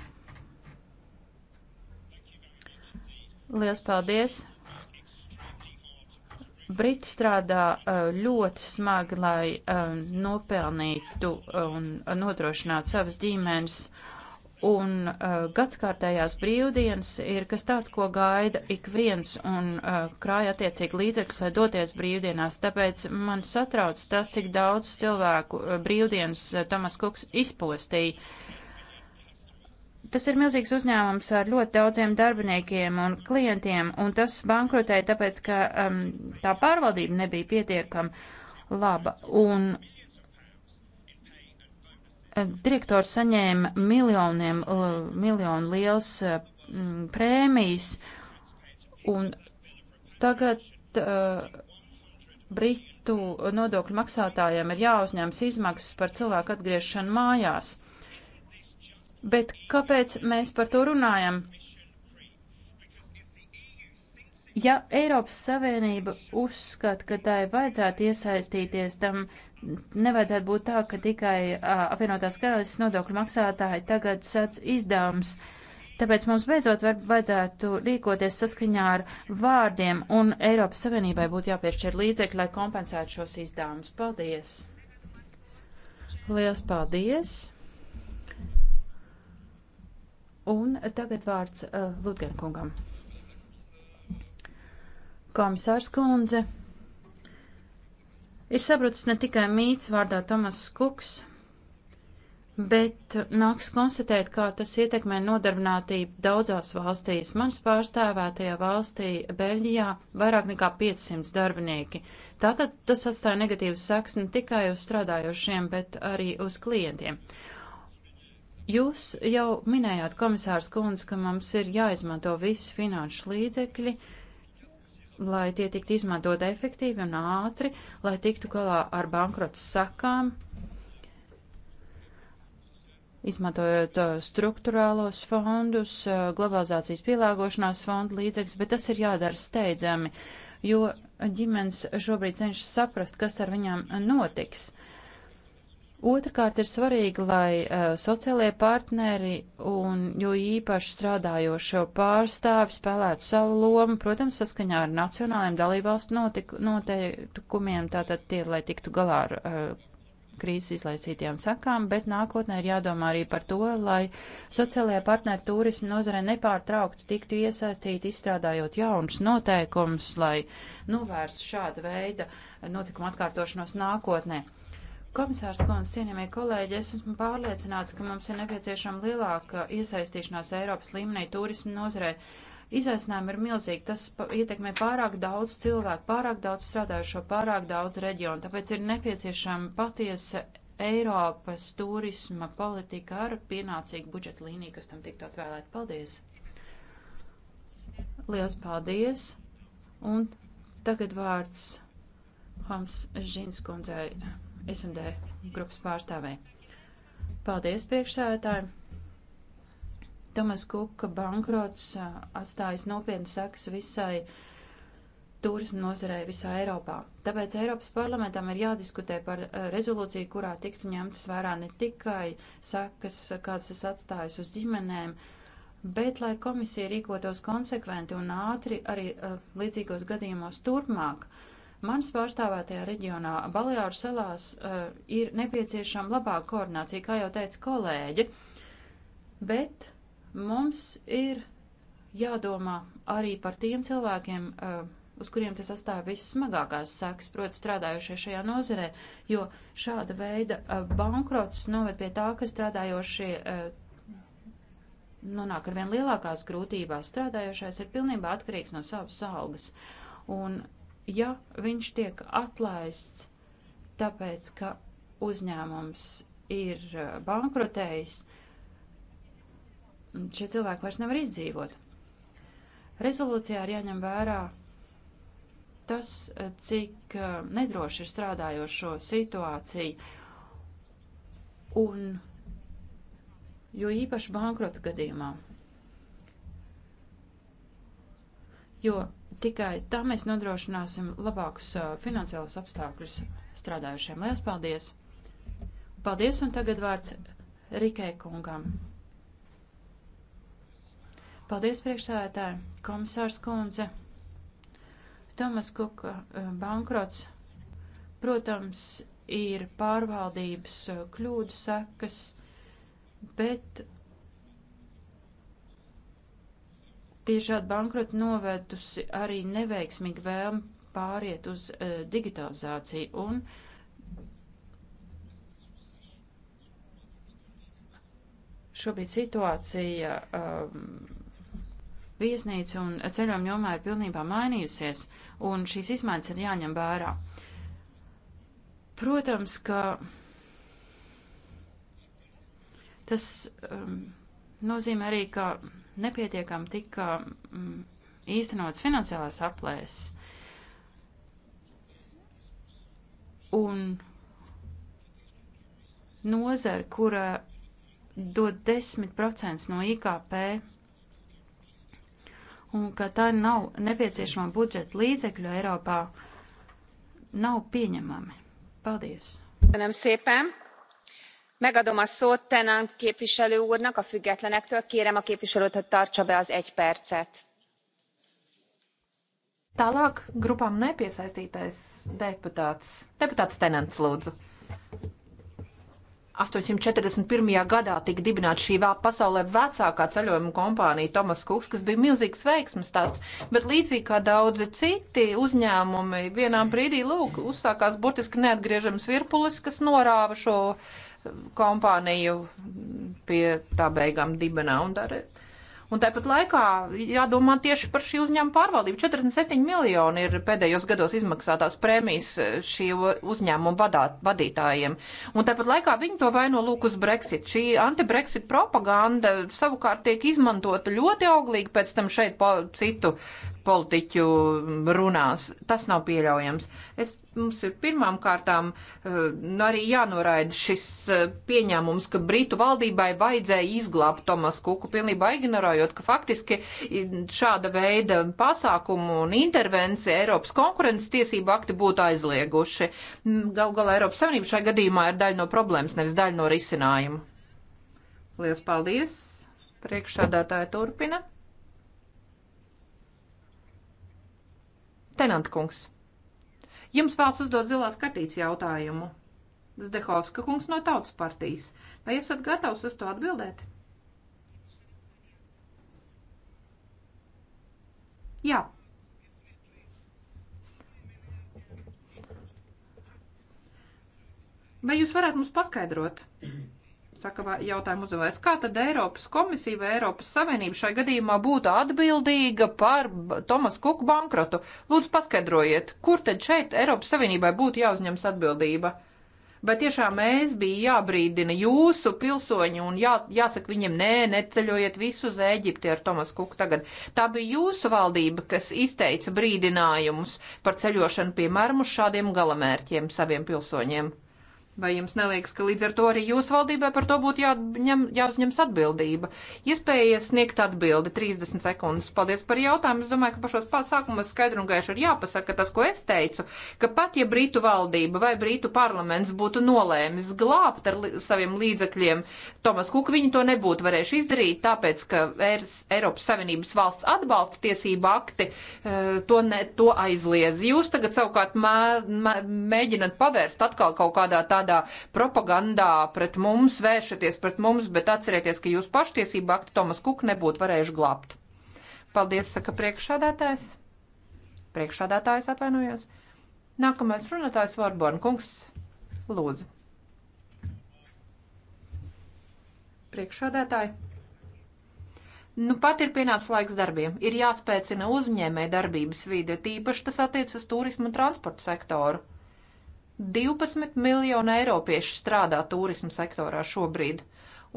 Liels paldies! Briti strādā eh, ļoti smagi, lai eh, nopelnītu eh, un nodrošinātu savas ģimenes. Un uh, gadskārtējās brīvdienas ir kas tāds, ko gaida ik viens un uh, krāja attiecīgi līdzekļus, lai doties brīvdienās. Tāpēc man satrauc tas, cik daudz cilvēku uh, brīvdienas uh, Tomas Kuks izpostīja. Uh, Tas ir milzīgs uzņēmums ar ļoti daudziem darbiniekiem un klientiem, un tas bankrotēja tāpēc, ka um, tā pārvaldība nebija pietiekama laba. Un eh, direktors saņēma miljoniem, miljonu liels um, prēmijas, un tagad. Uh, Britu nodokļu maksātājiem ir jāuzņems izmaksas par cilvēku atgriešanu mājās. Bet kāpēc mēs par to runājam? Ja Eiropas Savienība uzskata, ka tai vajadzētu iesaistīties, tam nevajadzētu būt tā, ka tikai uh, apvienotās karalistes nodokļu maksātāji tagad sac izdevums. Tāpēc mums beidzot var, vajadzētu rīkoties saskaņā ar vārdiem, un Eiropas Savienībai būtu jāpiešķir līdzekļi, lai kompensētu šos izdevumus. Paldies! Lielas paldies! Un tagad vārds uh, eh, Lutgenkungam. Komisārs kundze. Ir sapratis ne tikai mīts vārdā Tomas Kuks, bet nāks konstatēt, kā tas ietekmē nodarbinātību daudzās valstīs. Mans pārstāvētajā valstī, Beļģijā, vairāk nekā 500 darbinieki. Tātad tas atstāja negatīvas saks ne tikai uz strādājošiem, bet arī uz klientiem. Jūs jau minējāt, komisārs Kunz, ka mums ir jāizmanto visi finanšu līdzekļi, lai tie tiktu izmantot efektīvi un ātri, lai tiktu galā ar bankrotas sakām, izmantojot uh, struktūrālos fondus, uh, globalizācijas pielāgošanās fondu līdzekļus, bet tas ir jādara steidzami, jo ģimenes šobrīd cenšas saprast, kas ar viņām notiks. Otrakārt ir svarīgi, lai uh, sociālie partneri un jo īpaši strādājošo pārstāvi spēlētu savu lomu, protams, saskaņā ar nacionālajiem dalībvalstu noteikumiem, tātad tie, lai tiktu galā ar uh, krīzes izlaisītajām sakām, bet nākotnē ir jādomā arī par to, lai sociālajie partneri turismu nozarē nepārtraukti tiktu iesaistīti, izstrādājot jaunus noteikumus, lai novērstu šāda veida notikumu atkārtošanos nākotnē. Uh, Komisārs Kons, cienījamie kolēģi, es esmu pārliecināts, ka mums ir nepieciešama lielāka iesaistīšanās Eiropas līmenī turismu nozarē. Izaicinājumi ir milzīgi, tas ietekmē pārāk daudz cilvēku, pārāk daudz strādājušo, pārāk daudz reģionu, tāpēc ir nepieciešama patiesa Eiropas turisma politika ar pienācīgu budžeta līniju, kas tam tiktu atvēlēt. Paldies! Lielas paldies! Un tagad vārds Hams Žinskundzei. SMD grupas pārstāvē. Paldies priekšsēdētājiem! Tomas Kuka bankrots atstājas nopietnas sekas visai turismu nozarei visā Eiropā. Tāpēc Eiropas parlamentam ir jādiskutē par rezolūciju, kurā tiktu ņemtas vērā ne tikai sekas, kādas tas atstājas uz ģimenēm, bet lai komisija rīkotos konsekventi un ātri arī līdzīgos gadījumos turpmāk. Uh, Mans pārstāvētajā reģionā Baleāru salās uh, ir nepieciešama labāka koordinācija, kā jau teica kolēģi, bet mums ir jādomā arī par tiem cilvēkiem, uh, uz kuriem tas atstāja vissmagākās sekas, proti strādājošie šajā nozarē, jo šāda veida eh, bankrots noved pie tā, ka strādājošie nonāk ar vien lielākās grūtībās. Strādājošais ir pilnībā atkarīgs no savas algas. Un ja viņš tiek atlaists tāpēc, ka uzņēmums ir uh, bankrotējis, šie cilvēki vairs nevar izdzīvot. Rezolūcijā ir jāņem vērā tas, uh, cik uh, nedroši ir strādājošo situāciju, un jo īpaši bankrota gadījumā. Jo Tikai tā mēs nodrošināsim labākus finansiālus apstākļus strādājušiem. Lielas paldies! Paldies, un tagad vārds Rikai kungam. Paldies, priekšsēdētāji, komisārs kundze. Tomas Kuka bankrots, protams, ir pārvaldības kļūdu sekas, bet Pie šāda bankrota novedusi arī neveiksmīga vēlme pāriet uz uh, digitalizāciju un šobrīd situācija um, viesnīca un ceļojuma jomā ir pilnībā mainījusies, un šīs izmaiņas ir jāņem vērā. Protams, ka tas um, nozīmē arī, ka nepietiekam tika mm, īstenots finansiālās aplēses. Un nozara, kura dod 10% no IKP, un ka tā nav nepieciešama budžeta līdzekļu Eiropā, nav pieņemami. Paldies! Köszönöm szépen! megadom a szót tannant képviselő úrnak a függetlenektől kérem a képviselőt hogy tartsa be az egy percet. Tālāk grupām nepiesaistītais deputāts. Deputāts Tenants, lūdzu. 841. gadā tika dibināta šī vēl pasaulē vecākā ceļojuma kompānija Tomas Kuks, kas bija milzīgs veiksmes tās, bet līdzīgi kā daudzi citi uzņēmumi, vienā brīdī, lūk, uzsākās burtiski neatgriežams virpulis, kas norāva šo uh, kompāniju pie tā beigām dibenā un darīt. Un tāpat laikā jādomā tieši par šī uzņēmuma pārvaldību. 47 miljoni ir pēdējos gados izmaksātās prēmijas šī uzņēmuma vadāt, vadītājiem. Un tāpat laikā viņi to vaino lūk uz Brexit. Šī anti-Brexit propaganda savukārt tiek izmantota ļoti auglīgi pēc tam šeit pa citu politiķu runās. Tas nav pieļaujams. Es, mums ir pirmām kārtām nu, arī jānoraida šis eh, pieņēmums, ka Britu valdībai vajadzēja izglābt Tomas Kuku, pilnībā ignorējot, ka faktiski šāda veida pasākumu un intervencija Eiropas konkurences tiesību akti būtu aizlieguši. Gal galā Eiropas Savienība šai gadījumā ir daļa no problēmas, nevis daļa no risinājuma. Lielas paldies! Priekšsādātāja turpina. Tenant kungs, jums vēls uzdot zilās kartītes jautājumu. Zdehovska kungs no tautas partijas. Vai esat gatavs uz to atbildēt? Jā. Vai jūs varētu mums paskaidrot? saka jautājumu uzdevējs. Kā tad Eiropas komisija vai Eiropas Savienība šai gadījumā būtu atbildīga par Tomas Kuku bankrotu? Lūdzu, paskaidrojiet, kur tad šeit Eiropas Savienībai būtu jāuzņems atbildība? Vai tiešām mēs bija jābrīdina jūsu pilsoņi un jā, jāsaka viņiem, nē, neceļojiet visu uz Ēģipti ar Tomas Kuku tagad? Tā bija jūsu valdība, kas izteica brīdinājumus par ceļošanu, piemēram, uz šādiem galamērķiem saviem pilsoņiem. Vai jums neliekas, ka līdz ar to arī jūsu valdībai par to būtu jāņem, jāuzņems atbildība? Iespēja sniegt atbildi 30 sekundes. Paldies par jautājumu. Es domāju, ka pašos pasākumos skaidri un gaiši ir jāpasaka, ka tas, ko es teicu, ka pat ja Britu valdība vai Britu parlaments būtu nolēmis glābt ar li saviem līdzekļiem, Tomas Kuk viņi to nebūtu varējuši izdarīt, tāpēc, ka Eiropas Savienības valsts atbalsta tiesība akti eh, to, ne, to aizliedz. Jūs tagad savukārt mē, mē, mēģinat pavērst atkal kaut kādā tādā tādā propagandā pret mums, vēršaties pret mums, bet atcerieties, ka jūs paštiesība akti Tomas Kuk nebūtu varējuši glābt. Paldies, saka priekšādātājs. Priekšādātājs atvainojos. Nākamais runātājs Vārborn kungs. Lūdzu. Priekšādātāji. Nu, pat ir pienācis laiks darbiem. Ir jāspēcina uzņēmē darbības vide, tīpaši tas attiec uz turismu un transportu sektoru. 12 miljonu eiropiešu strādā turismu sektorā šobrīd.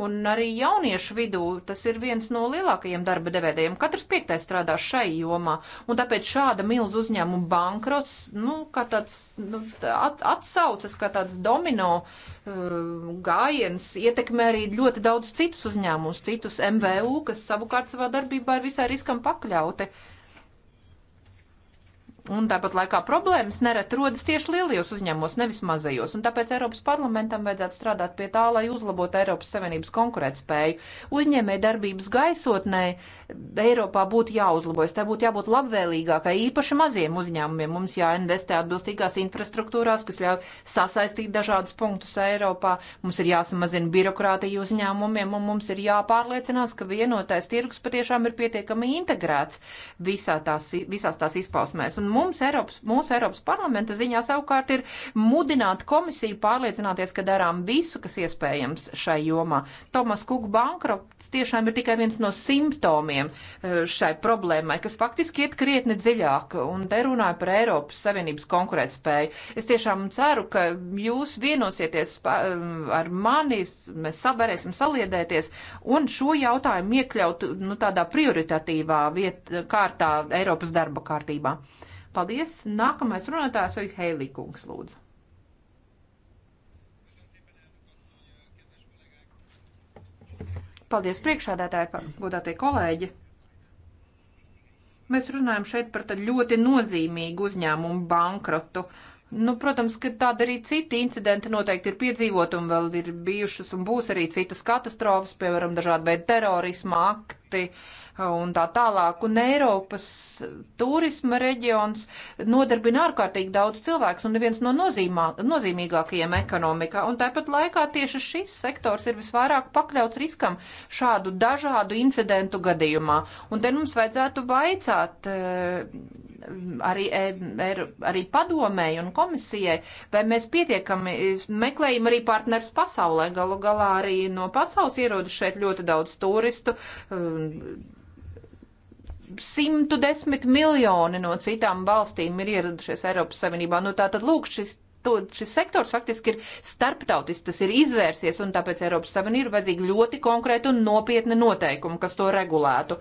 Un arī jauniešu vidū tas ir viens no lielākajiem darba devējiem. Katrs piektais strādā šai jomā, un tāpēc šāda milzu uzņēmuma bankrots, nu, kā tāds nu, at, atsaucas, kā tāds domino uh, gājiens, ietekmē arī ļoti daudz citus uzņēmumus, citus MVU, kas savukārt savā darbībā ir visai riskam pakļauti. Uh, Un tāpat laikā problēmas nereti rodas tieši lielajos uzņēmumos, nevis mazajos. Un tāpēc Eiropas parlamentam vajadzētu strādāt pie tā, lai uzlabotu Eiropas Savienības konkurētspēju. Uzņēmēji darbības gaisotnē Eiropā būtu jāuzlabojas, tai būtu jābūt labvēlīgākai, īpaši maziem uzņēmumiem. Mums jāinvestē atbilstīgās infrastruktūrās, kas ļauj sasaistīt dažādus punktus Eiropā. Mums ir jāsamazina birokrātija uzņēmumiem, un mums ir jāpārliecinās, ka vienotais tirgus patiešām ir pietiekami integrēts visā tās, visās tās izpausmēs. Un Mums, Eiropas, mūsu Eiropas parlamenta ziņā savukārt ir mudināt komisiju pārliecināties, ka darām visu, kas iespējams šai jomā. Tomas Kuka bankrots tiešām ir tikai viens no simptomiem eh, šai problēmai, kas faktiski iet krietni dziļāk un te runāja par Eiropas Savienības konkurētspēju. Es tiešām ceru, ka jūs vienosieties eh, ar mani, mēs savarēsim saliedēties un šo jautājumu iekļaut nu, tādā prioritatīvā viet, kārtā Eiropas darba kārtībā. Paldies! Nākamais runātājs vai Heilī kungs, lūdzu. Paldies priekšādātāji, godātie kolēģi! Mēs runājam šeit par ļoti nozīmīgu uzņēmumu bankrotu. Nu, protams, ka tāda arī citi incidenti noteikti ir piedzīvot un vēl ir bijušas un būs arī citas katastrofas, piemēram, dažādi veidi terorisma akti. Uh, un tā tālāk. Un Eiropas turisma reģions nodarbina ārkārtīgi daudz cilvēks un ir viens no nozīmā, nozīmīgākajiem ekonomikā. Un tāpat laikā tieši šis sektors ir visvairāk pakļauts riskam šādu dažādu incidentu gadījumā. Un te mums vajadzētu vaicāt eh, arī, eh, er, arī padomēji un komisijai, vai mēs pietiekami meklējam arī partnerus pasaulē. Galu galā arī no pasaules ierodas šeit ļoti daudz turistu. Eh, 110 miljoni no citām valstīm ir ieradušies Eiropas Savienībā. Nu, tā tad lūk, šis to, šis sektors faktiski ir starptautis, tas ir izvērsies, un tāpēc Eiropas Savienība ir vajadzīga ļoti konkrēta un nopietna noteikuma, kas to regulētu.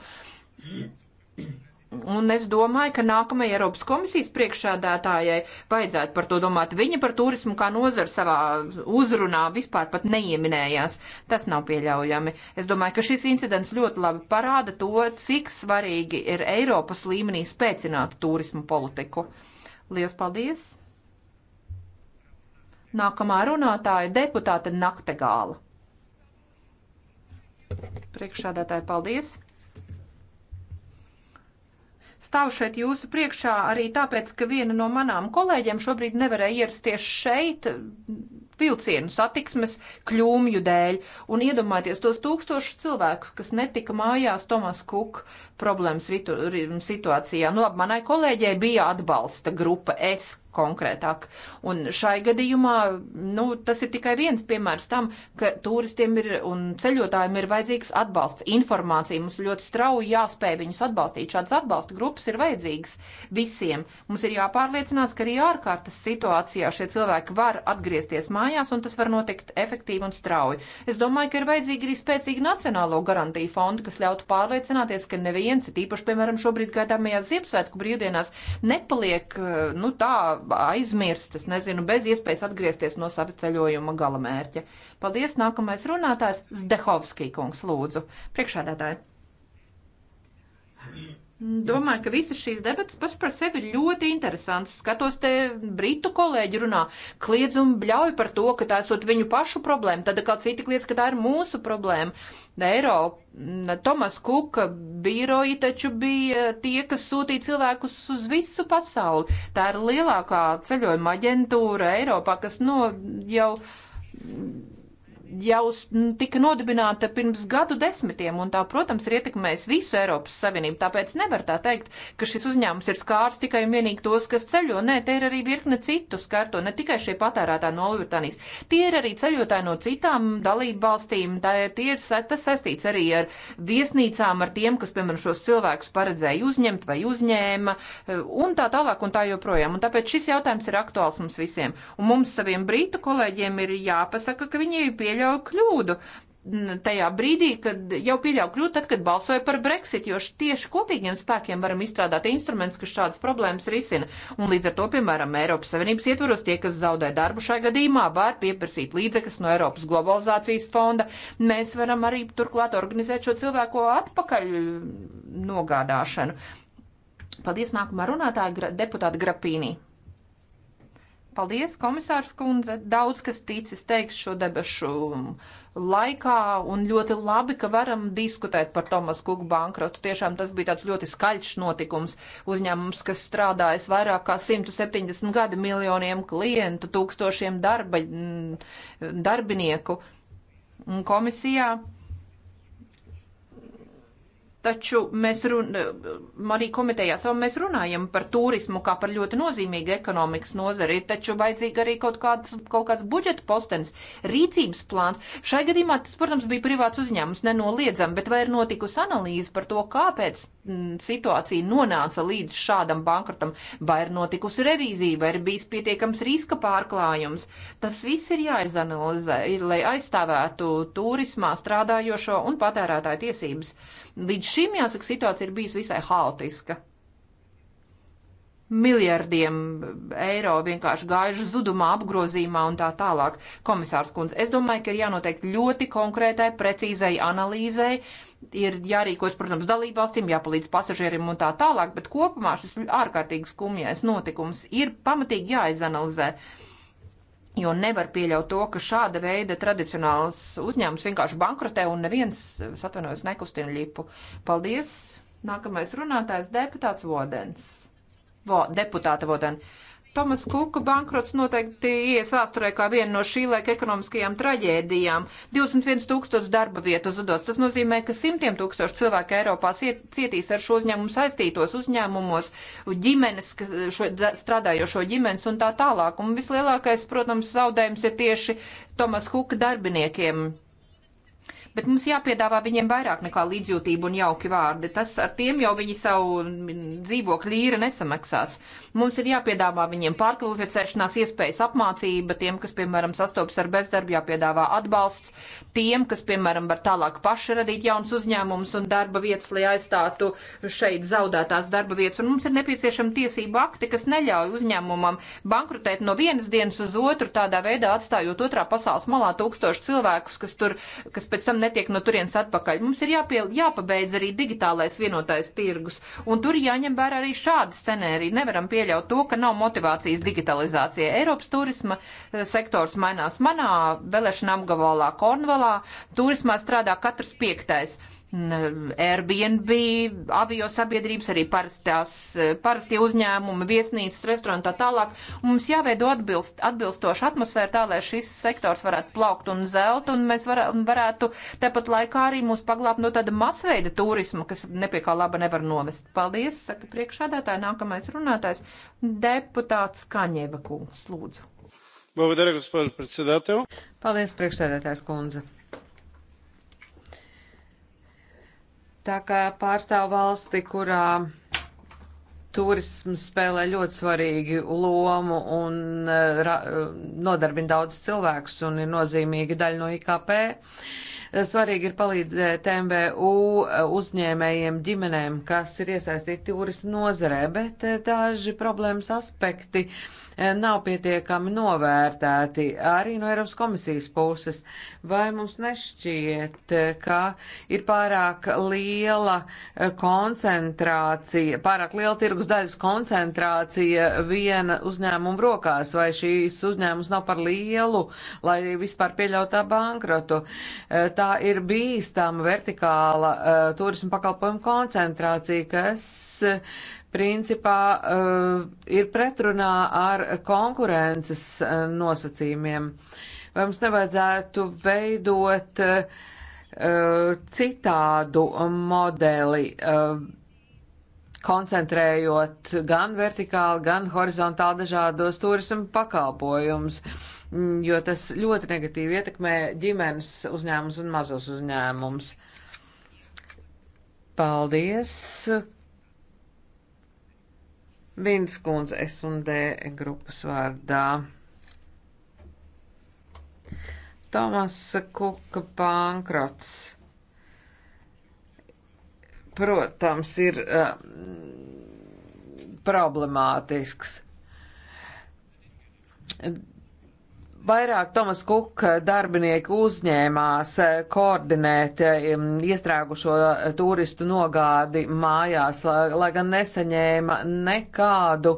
Un es domāju, ka nākamajai Eiropas komisijas priekšādātājai vajadzētu par to domāt. Viņa par turismu kā nozaru savā uzrunā vispār pat neieminējās. Tas nav pieļaujami. Es domāju, ka šis incidents ļoti labi parāda to, cik svarīgi ir Eiropas līmenī spēcināt turismu politiku. Lielas paldies! Nākamā runātāja deputāte Naktegāla. Priekšādātāji, paldies! Stāv šeit jūsu priekšā arī tāpēc, ka viena no manām kolēģiem šobrīd nevarēja ierasties šeit vilcienu satiksmes kļūmju dēļ. Un iedomājieties tos tūkstošus cilvēku, kas netika mājās Tomas Kuk problēmas ritu, situācijā. Nu, labi, manai kolēģei bija atbalsta grupa, es konkrētāk. Un šai gadījumā, nu, tas ir tikai viens piemērs tam, ka turistiem ir un ceļotājiem ir vajadzīgs atbalsts, informācija. Mums ļoti strauji jāspēj viņus atbalstīt. Šāds atbalsta grupas ir vajadzīgs visiem. Mums ir jāpārliecinās, ka arī ārkārtas situācijā šie cilvēki var atgriezties mājās mājās, un tas var notikt efektīvi un strauji. Es domāju, ka ir vajadzīgi arī spēcīgi nacionālo garantiju fondi, kas ļautu pārliecināties, ka neviens, tīpaši, piemēram, šobrīd gaidāmajā Ziemassvētku brīvdienās, nepaliek, eh, nu tā, aizmirstas, nezinu, bez iespējas atgriezties no sava ceļojuma galamērķa. Paldies, nākamais runātājs Zdehovskij kungs, lūdzu. Priekšādātāji. Domāju, ka visas šīs debatas pats par sevi ir ļoti interesantas. Skatos, te britu kolēģi runā, kliedz un bļauj par to, ka tā esot viņu pašu problēma, tad kā citi kliedz, ka tā ir mūsu problēma. Eiro, Tomas Kuka biroji taču bija tie, kas sūtīja cilvēkus uz visu pasauli. Tā ir lielākā ceļojuma aģentūra Eiropā, kas no jau jau tika nodibināta pirms gadu desmitiem, un tā, protams, ir ietekmējis visu Eiropas Savienību. Tāpēc nevar tā teikt, ka šis uzņēmums ir skārs tikai un vienīgi tos, kas ceļo. Nē, te ir arī virkne citu skārto, ne tikai šie patērētāji no Lielbritānijas. Tie ir arī ceļotāji no citām dalību valstīm. Tā, tie ir tas saistīts arī ar viesnīcām, ar tiem, kas, piemēram, šos cilvēkus paredzēja uzņemt vai uzņēma, e, un tā tālāk un tā joprojām. Un tāpēc šis jautājums ir aktuāls mums visiem. Un mums saviem brītu kolēģiem ir jāpasaka, ka viņi pie pieļauj kļūdu tajā brīdī, kad jau pieļauj kļūdu, tad, kad balsoja par Brexit, jo tieši kopīgiem spēkiem varam izstrādāt instruments, kas šādas problēmas risina. Un līdz ar to, piemēram, Eiropas Savienības ietvaros tie, kas zaudē darbu šai gadījumā, var pieprasīt līdzekļus no Eiropas globalizācijas fonda. Mēs varam arī turklāt organizēt šo cilvēku atpakaļ mm, nogādāšanu. Paldies nākamā runātāja deputāta Grapīnī. Paldies, komisārs kundze. Daudz kas ticis teiks šo debašu laikā, un ļoti labi, ka varam diskutēt par Tomas Kuku bankrotu. Tiešām tas bija tāds ļoti skaļš notikums. Uzņēmums, kas strādājas vairāk kā 170 gadi miljoniem klientu, tūkstošiem darba, darbinieku. Un komisijā Taču mēs run, arī komitejā savam mēs runājam par turismu kā par ļoti nozīmīgu ekonomikas nozari, taču vajadzīga arī kaut kāds, kaut kāds budžeta postens, rīcības plāns. Šai gadījumā tas, protams, bija privāts uzņēmums, nenoliedzam, bet vai ir notikusi analīze par to, kāpēc m, mm, situācija nonāca līdz šādam bankrotam, vai ir notikusi revīzija, vai ir bijis pietiekams riska pārklājums. Tas viss ir jāizanalizē, lai aizstāvētu turismā strādājošo un patērētāju tiesības. Līdz šim, jāsaka, situācija ir bijusi visai haotiska. Miljardiem eiro vienkārši gājuši zudumā, apgrozījumā un tā tālāk. Komisārs Kundze, es domāju, ka ir jānotiek ļoti konkrētai, precīzai analīzei, ir jārīkojas, protams, dalībvalstīm, jāpalīdz pasažierim un tā tālāk, bet kopumā šis ārkārtīgi skumjais notikums ir pamatīgi jāizanalizē. Uh, Jo nevar pieļaut to, ka šāda veida tradicionāls uzņēmums vienkārši bankrotē un neviens, es atvainojos, nekustina lipu. Paldies! Nākamais runātājs deputāts Vodens. Vo, deputāta Vodens. Tomas Kuka bankrots noteikti ies vēsturē kā viena no šī laika ekonomiskajām traģēdijām. 21 tūkstoši darba vietu zudots. Tas nozīmē, ka simtiem tūkstoši cilvēku Eiropā cietīs ar šo uzņēmumu saistītos uzņēmumos, ģimenes, šo, da, strādājošo ģimenes un tā tālāk. Un vislielākais, protams, zaudējums ir tieši Tomas Kuka darbiniekiem bet mums jāpiedāvā viņiem vairāk nekā līdzjūtība un jauki vārdi. Tas ar tiem jau viņi savu dzīvokļu īri nesamaksās. Mums ir jāpiedāvā viņiem pārkvalificēšanās iespējas apmācība, tiem, kas, piemēram, sastopas ar bezdarbu, jāpiedāvā atbalsts, tiem, kas, piemēram, var tālāk paši radīt jaunas uzņēmumus un darba vietas, lai aizstātu šeit zaudētās darba vietas. Un mums ir nepieciešama tiesība akti, kas neļauj uzņēmumam bankrutēt no vienas dienas uz otru, tādā veidā atstājot otrā pasaules malā tūkstošu cilvēkus, kas, tur, kas pēc tam netiek no turienes atpakaļ. Mums ir jāpie, jāpabeidz arī digitālais vienotais tirgus, un tur jāņem vērā arī šādi scenēriji. Nevaram pieļaut to, ka nav motivācijas digitalizācijai. Eiropas turisma eh, sektors mainās manā vēlēšana apgabalā Kornvalā galā turismā strādā katrs piektais. Airbnb, avio sabiedrības, arī parastās, eh, parastie uzņēmumi, viesnīcas, restorāni tā tālāk. Mums jāveido atbilst, atbilstoša atmosfēra tā, lai šis sektors varētu plaukt un zelt, un mēs var, varētu tepat laikā arī mūs paglābt no tāda masveida turisma, kas nepie kā laba nevar novest. Paldies, saka priekšādātāja, nākamais runātājs, deputāts Kaņeva kungs, lūdzu. Благодаря, госпожо председател. Paldies, priekšsēdētājs kundze. Tā kā pārstāv valsti, kurā turisms spēlē ļoti svarīgu lomu un eh, ra, eh, nodarbina daudz cilvēkus un ir nozīmīga daļa no IKP. Eh, svarīgi ir palīdzēt MVU uzņēmējiem, ģimenēm, kas ir iesaistīti turismu nozarē, bet daži problēmas aspekti uh, Eh, nav pietiekami novērtēti arī no Eiropas komisijas puses. Vai mums nešķiet, eh, ka ir pārāk liela eh, koncentrācija, pārāk liela tirgus daļas koncentrācija viena uzņēmuma rokās, vai šīs uzņēmums nav par lielu, lai vispār pieļautā bankrotu? Tā ir bīstama vertikāla turismu pakalpojumu koncentrācija, kas principā eh, ir pretrunā ar konkurences eh, nosacījumiem. Vai mums nevajadzētu veidot eh, citādu modeli, koncentrējot gan vertikāli, gan horizontāli dažādos turismu pakalpojumus, jo tas ļoti negatīvi ietekmē ģimenes uzņēmums un mazos uzņēmums. Paldies, Vins kundze S&D grupas vārdā. Tomas Kuka bankrots. Protams, ir uh, problemātisks Vairāk Tomas Kuka darbinieki uzņēmās koordinēt iestrēgušo turistu nogādi mājās, lai gan nesaņēma nekādu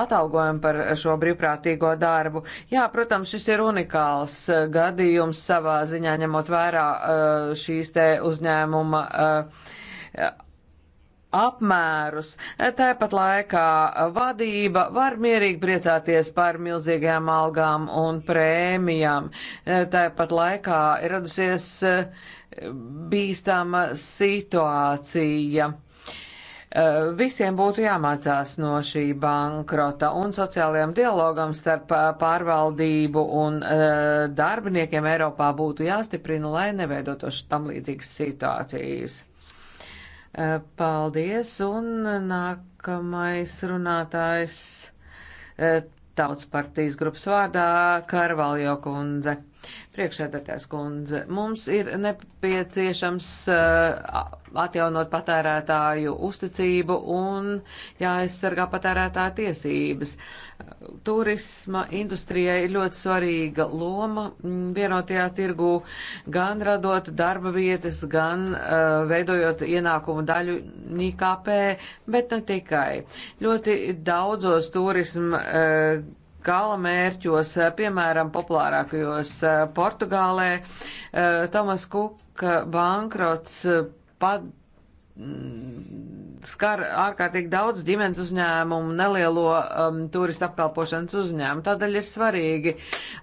atalgojumu par šo brīvprātīgo darbu. Jā, protams, šis ir unikāls gadījums savā ziņā, ņemot vērā eh, šīs te uzņēmuma eh, apmērus. Tāpat laikā vadība var mierīgi priecāties par milzīgām algām un prēmijām. Tāpat laikā ir radusies eh, bīstama situācija. Eh, visiem būtu jāmācās no šī bankrota un sociālajiem dialogam starp eh, pārvaldību un darbiniekiem Eiropā būtu jāstiprina, lai neveidotos tam līdzīgas situācijas. Eh, paldies, un nākamais runātājs eh, tautas partijas grupas vārdā Karvaljo kundze. Priekšsēdētājs kundze, mums ir nepieciešams uh, atjaunot patērētāju uzticību un jāaizsargā patērētāja tiesības. Turisma industrijai ir ļoti svarīga loma mm, vienotajā tirgū, gan radot darba vietas, gan uh, veidojot ienākumu daļu IKP, bet ne tikai. Ļoti daudzos turisma uh, gala mērķos, eh, piemēram, populārākajos eh, Portugālē. Eh, Tomas Kuka bankrots pad mm, skar ārkārtīgi daudz ģimenes uzņēmumu, nelielo um, turistu apkalpošanas uzņēmumu. Tādēļ ir svarīgi,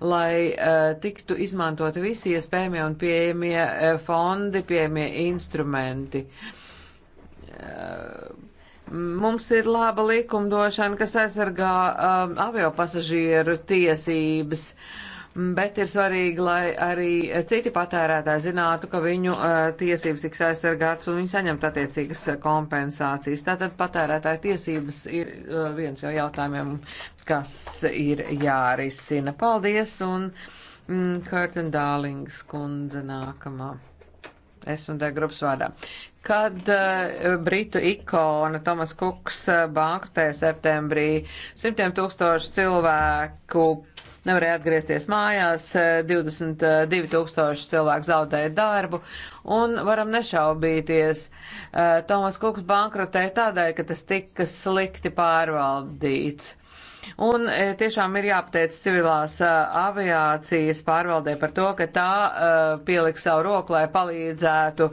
lai uh, tiktu izmantoti visi iespējamie un pieejamie uh, fondi, pieejamie instrumenti. Uh, Mums ir laba likumdošana, kas aizsargā um, avio pasažieru tiesības, bet ir svarīgi, lai arī citi patērētāji zinātu, ka viņu uh, tiesības tiks aizsargāts un viņi saņemt attiecīgas kompensācijas. Tātad patērētāja tiesības ir uh, viens no jautājumiem, kas ir jārisina. Paldies un mm, Curtin Dārlings kundze nākamā. Es un D grupas vārdā kad uh, Britu ikona Tomas Kuks uh, eh, bankrotēja septembrī. Simtiem tūkstoši cilvēku nevarēja atgriezties mājās, uh, eh, 22 tūkstoši cilvēku zaudēja darbu un varam nešaubīties. Uh, Tomas Kuks bankrotēja tādēļ, ka tas tika slikti pārvaldīts. Un e, tiešām ir jāpateic civilās e, aviācijas pārvaldē par to, ka tā e, pieliks savu roku, lai palīdzētu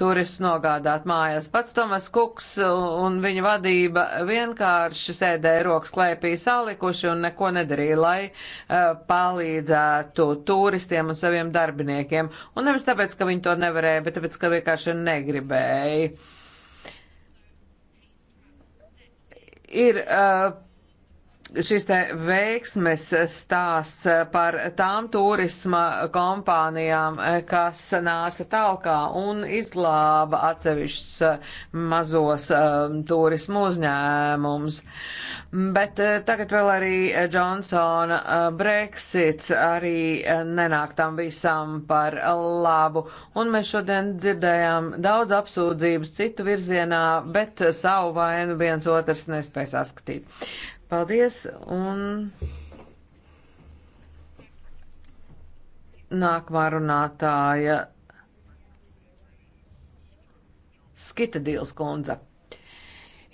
turistus nogādāt mājās. Pats Tomas Kuks un viņa vadība vienkārši sēdēja rokas klēpī salikuši un neko nedarīja, lai palīdzētu turistiem un saviem darbiniekiem. Un nevis tāpēc, ka viņi to nevarēja, bet tāpēc, ka vienkārši negribēja. Ir uh, šis te veiksmes stāsts par tām turisma kompānijām, kas nāca talkā un izglāba atsevišķus mazos um, turismu uzņēmumus. Bet uh, tagad vēl arī Johnsona uh, Brexits arī uh, nenāk tam visam par labu. Un mēs šodien dzirdējām daudz apsūdzības citu virzienā, bet savu vainu viens otrs nespēja saskatīt. Paldies un nākamā runātāja Skita Dīls kundze.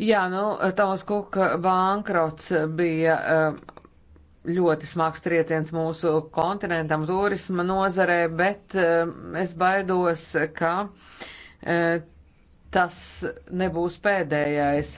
Jā, nu, Tavas Kuka bankrots bija eh, ļoti smags trieciens mūsu kontinentam, turisma nozarē, bet eh, es baidos, ka eh, tas nebūs pēdējais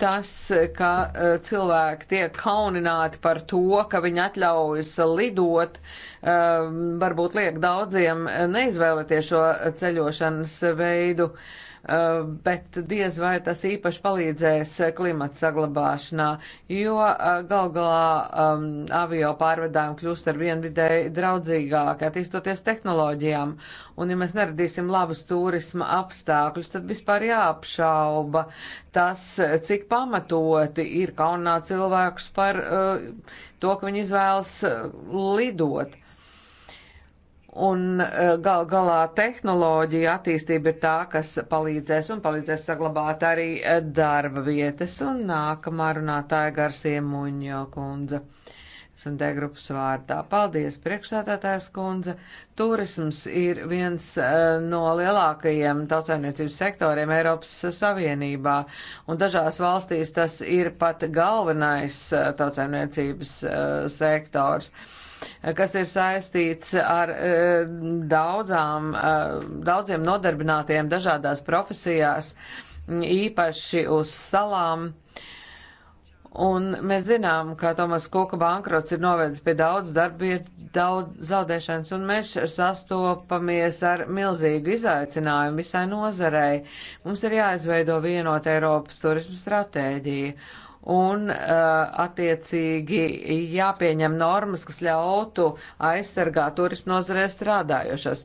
tas, ka eh, cilvēki tiek kaunināti par to, ka viņi atļaujas lidot, eh, varbūt liek daudziem eh, neizvēlēties šo ceļošanas veidu. Uh, Uh, bet diez vai tas īpaši palīdzēs klimata saglabāšanā, jo uh, gal galā um, avio pārvadājumi kļūst ar vien vidēji draudzīgāk, attīstoties tehnoloģijām, un ja mēs neradīsim labus turisma apstākļus, tad vispār jāapšauba tas, cik pamatoti ir kaunā cilvēkus par uh, to, ka viņi izvēlas uh, lidot. Un eh, gal galā tehnoloģija attīstība ir tā, kas palīdzēs un palīdzēs saglabāt arī eh, darba vietas. Un nākamā runātāja Garsie Muņo kundze. SND grupas vārdā. Paldies, priekšsētātājs kundze. Turisms ir viens eh, no lielākajiem tautsēmniecības sektoriem Eiropas Savienībā, un dažās valstīs tas ir pat galvenais tautsēmniecības sektors. Uh, kas ir saistīts ar e, daudzām, e, daudziem nodarbinātiem dažādās profesijās, īpaši uz salām. Un mēs zinām, ka Tomas Kuka bankrots ir novedis pie daudz darbietu, daudz zaudēšanas, un mēs sastopamies ar milzīgu izaicinājumu visai nozarei. Mums ir jāizveido vienota Eiropas turismu stratēģija, un eh, attiecīgi jāpieņem normas, kas ļautu aizsargāt turismu nozarē strādājošos.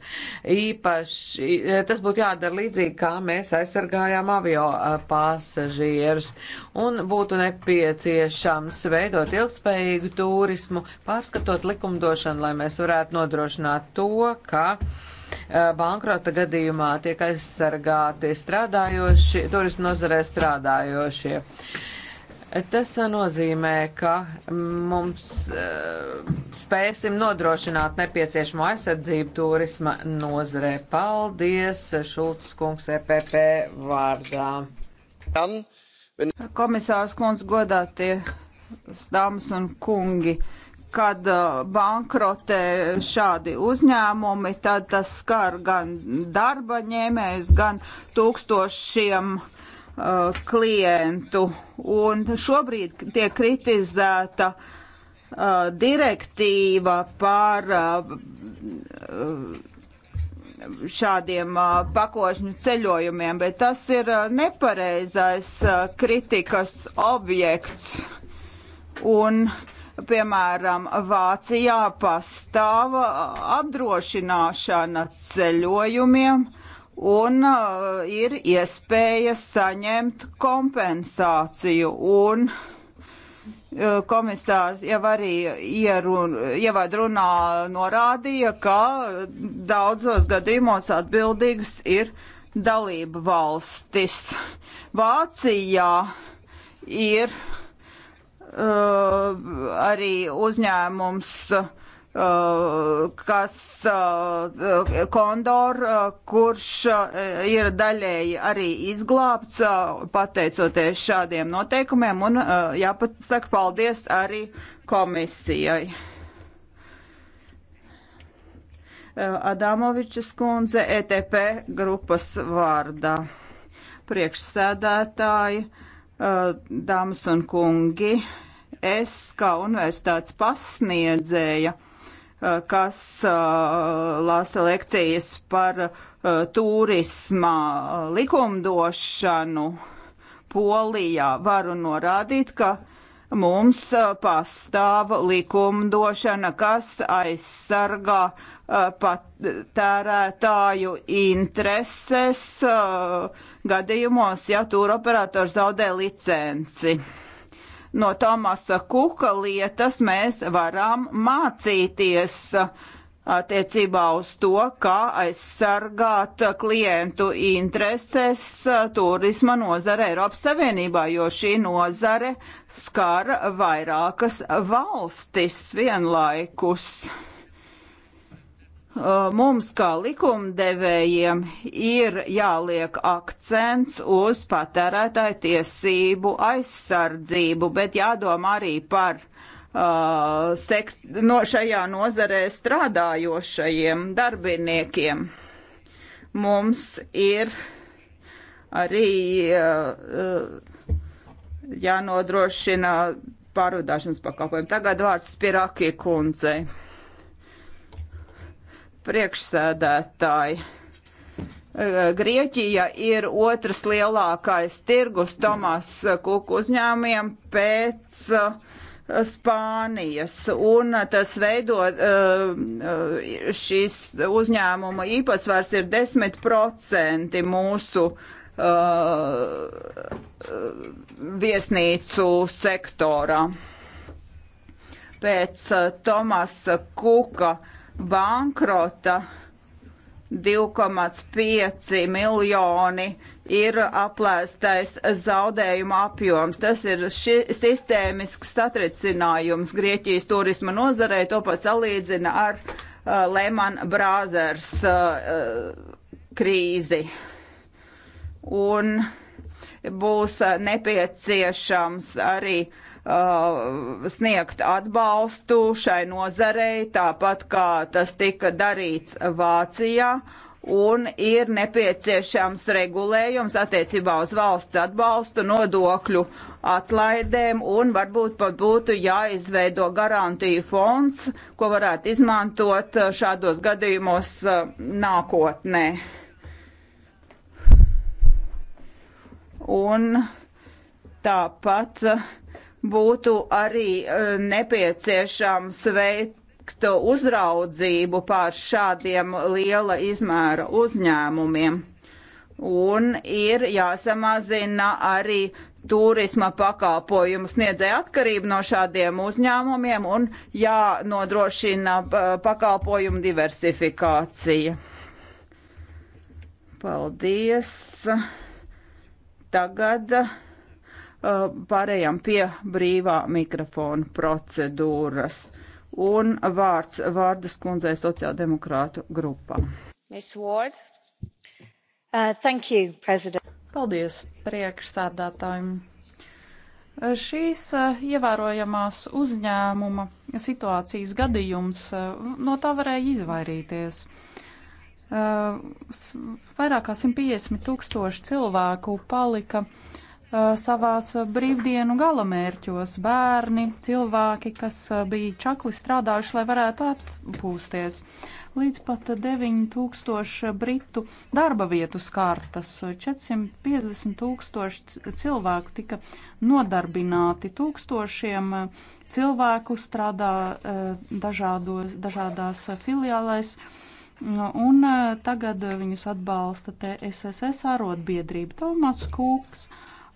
Īpaši eh, tas būtu jādara līdzīgi, kā mēs aizsargājām avio eh, pasažierus, un būtu nepieciešams veidot ilgspējīgu turismu, pārskatot likumdošanu, lai mēs varētu nodrošināt to, ka bankrota gadījumā tiek aizsargāti strādājošie, turismu nozarē strādājošie. Uh, Tas nozīmē, ka mums uh, spēsim nodrošināt nepieciešamo aizsardzību turisma nozarē. Paldies, Šulcs kungs, EPP vārdā. Komisārs kundz godātie dāmas un kungi. Kad uh, bankrotē šādi uzņēmumi, tad tas skar gan darba ņēmējus, gan tūkstošiem uh, Uh, klientu. Un šobrīd tiek kritizēta uh, direktīva par uh, šādiem pakošņu ceļojumiem, bet tas ir nepareizais kritikas objekts. Un, piemēram, Vācijā pastāv apdrošināšana ceļojumiem, un uh, ir iespēja saņemt kompensāciju. Un uh, komisārs jau arī ievadrunā norādīja, ka daudzos gadījumos atbildīgas ir dalība valstis. Vācijā ir uh, arī uzņēmums uh, Uh, kas uh, kondor, uh, kurš ir daļēji arī izglābts pateicoties šādiem noteikumiem un jāpasaka paldies arī komisijai. Adamovičs kundze ETP grupas vārdā. Priekšsēdētāji, dāmas un kungi, es kā universitātes pasniedzēja kas lasa lekcijas par turisma likumdošanu Polijā, varu norādīt, ka mums pastāv likumdošana, kas aizsargā patērētāju intereses gadījumos, ja tūroperators zaudē licenci no Tomasa Kuka lietas mēs varam mācīties attiecībā uz to, kā aizsargāt klientu intereses turisma nozare Eiropas Savienībā, jo šī nozare skar vairākas valstis vienlaikus. Eh, mums, kā likumdevējiem, ir jāliek akcents uz patērētāju tiesību aizsardzību, bet jādomā arī par uh, sekt, no šajā nozarē strādājošajiem darbiniekiem. Mums ir arī uh, jānodrošina pārvadāšanas pakalpojumi. Tagad vārds Spirakī kundzei priekšsēdētāji. Grieķija ir otrs lielākais tirgus Tomas Kuk uzņēmumiem pēc Spānijas, un tas veido šīs uzņēmuma īpatsvars ir 10% mūsu viesnīcu sektorā. Pēc Tomasa Kuka uh, bankrota 2,5 miljoni ir aplēstais zaudējuma apjoms. Tas ir ši, sistēmisks satricinājums Grieķijas turisma nozarei. To pat salīdzina ar uh, Lehman Brothers uh, uh krīzi. Un būs nepieciešams arī uh, uh, sniegt atbalstu šai nozarei, tāpat kā tas tika darīts Vācijā, un ir nepieciešams regulējums attiecībā uz valsts atbalstu, nodokļu atlaidēm, un varbūt pat būtu jāizveido garantiju fonds, ko varētu izmantot uh, šādos gadījumos uh, nākotnē. Un tāpat uh, būtu arī eh, nepieciešams veikt uzraudzību pār šādiem liela izmēra uzņēmumiem. Un ir jāsamazina arī turisma pakalpojumu sniedzēja atkarību no šādiem uzņēmumiem un jānodrošina eh, pakalpojumu diversifikācija. Paldies! Tagad Uh, pārējām pie brīvā mikrofona procedūras. Un vārds Vārdas kundzei sociāldemokrātu grupā. Miss Ward. Uh, thank you, President. Paldies priekšsādātājiem. Uh, šīs uh, ievērojamās uzņēmuma situācijas gadījums no tā varēja izvairīties. Vairāk kā 150 tūkstoši cilvēku palika uh, Uh, savās brīvdienu galamērķos bērni, cilvēki, kas uh, bija čakli strādājuši, lai varētu atpūsties. Līdz pat 9000 britu darba vietu skārtas, 450 tūkstoši cilvēku tika nodarbināti, tūkstošiem uh, cilvēku strādā dažādos, dažādās filiālēs. Un tagad viņus atbalsta TSSS arotbiedrība Tomas Kūks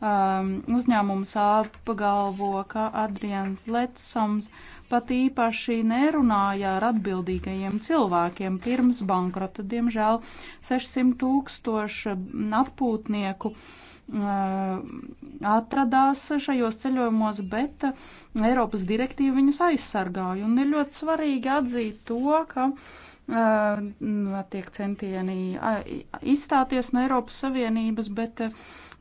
um, uzņēmums apgalvo, ka Adrians Letsons pat īpaši nerunāja ar atbildīgajiem cilvēkiem pirms bankrota. Diemžēl 600 tūkstoši atpūtnieku uh, atradās šajos ceļojumos, bet Eiropas direktīva viņus aizsargāja. Un ir ļoti svarīgi atzīt to, ka uh, tiek centieni uh, izstāties no Eiropas Savienības, bet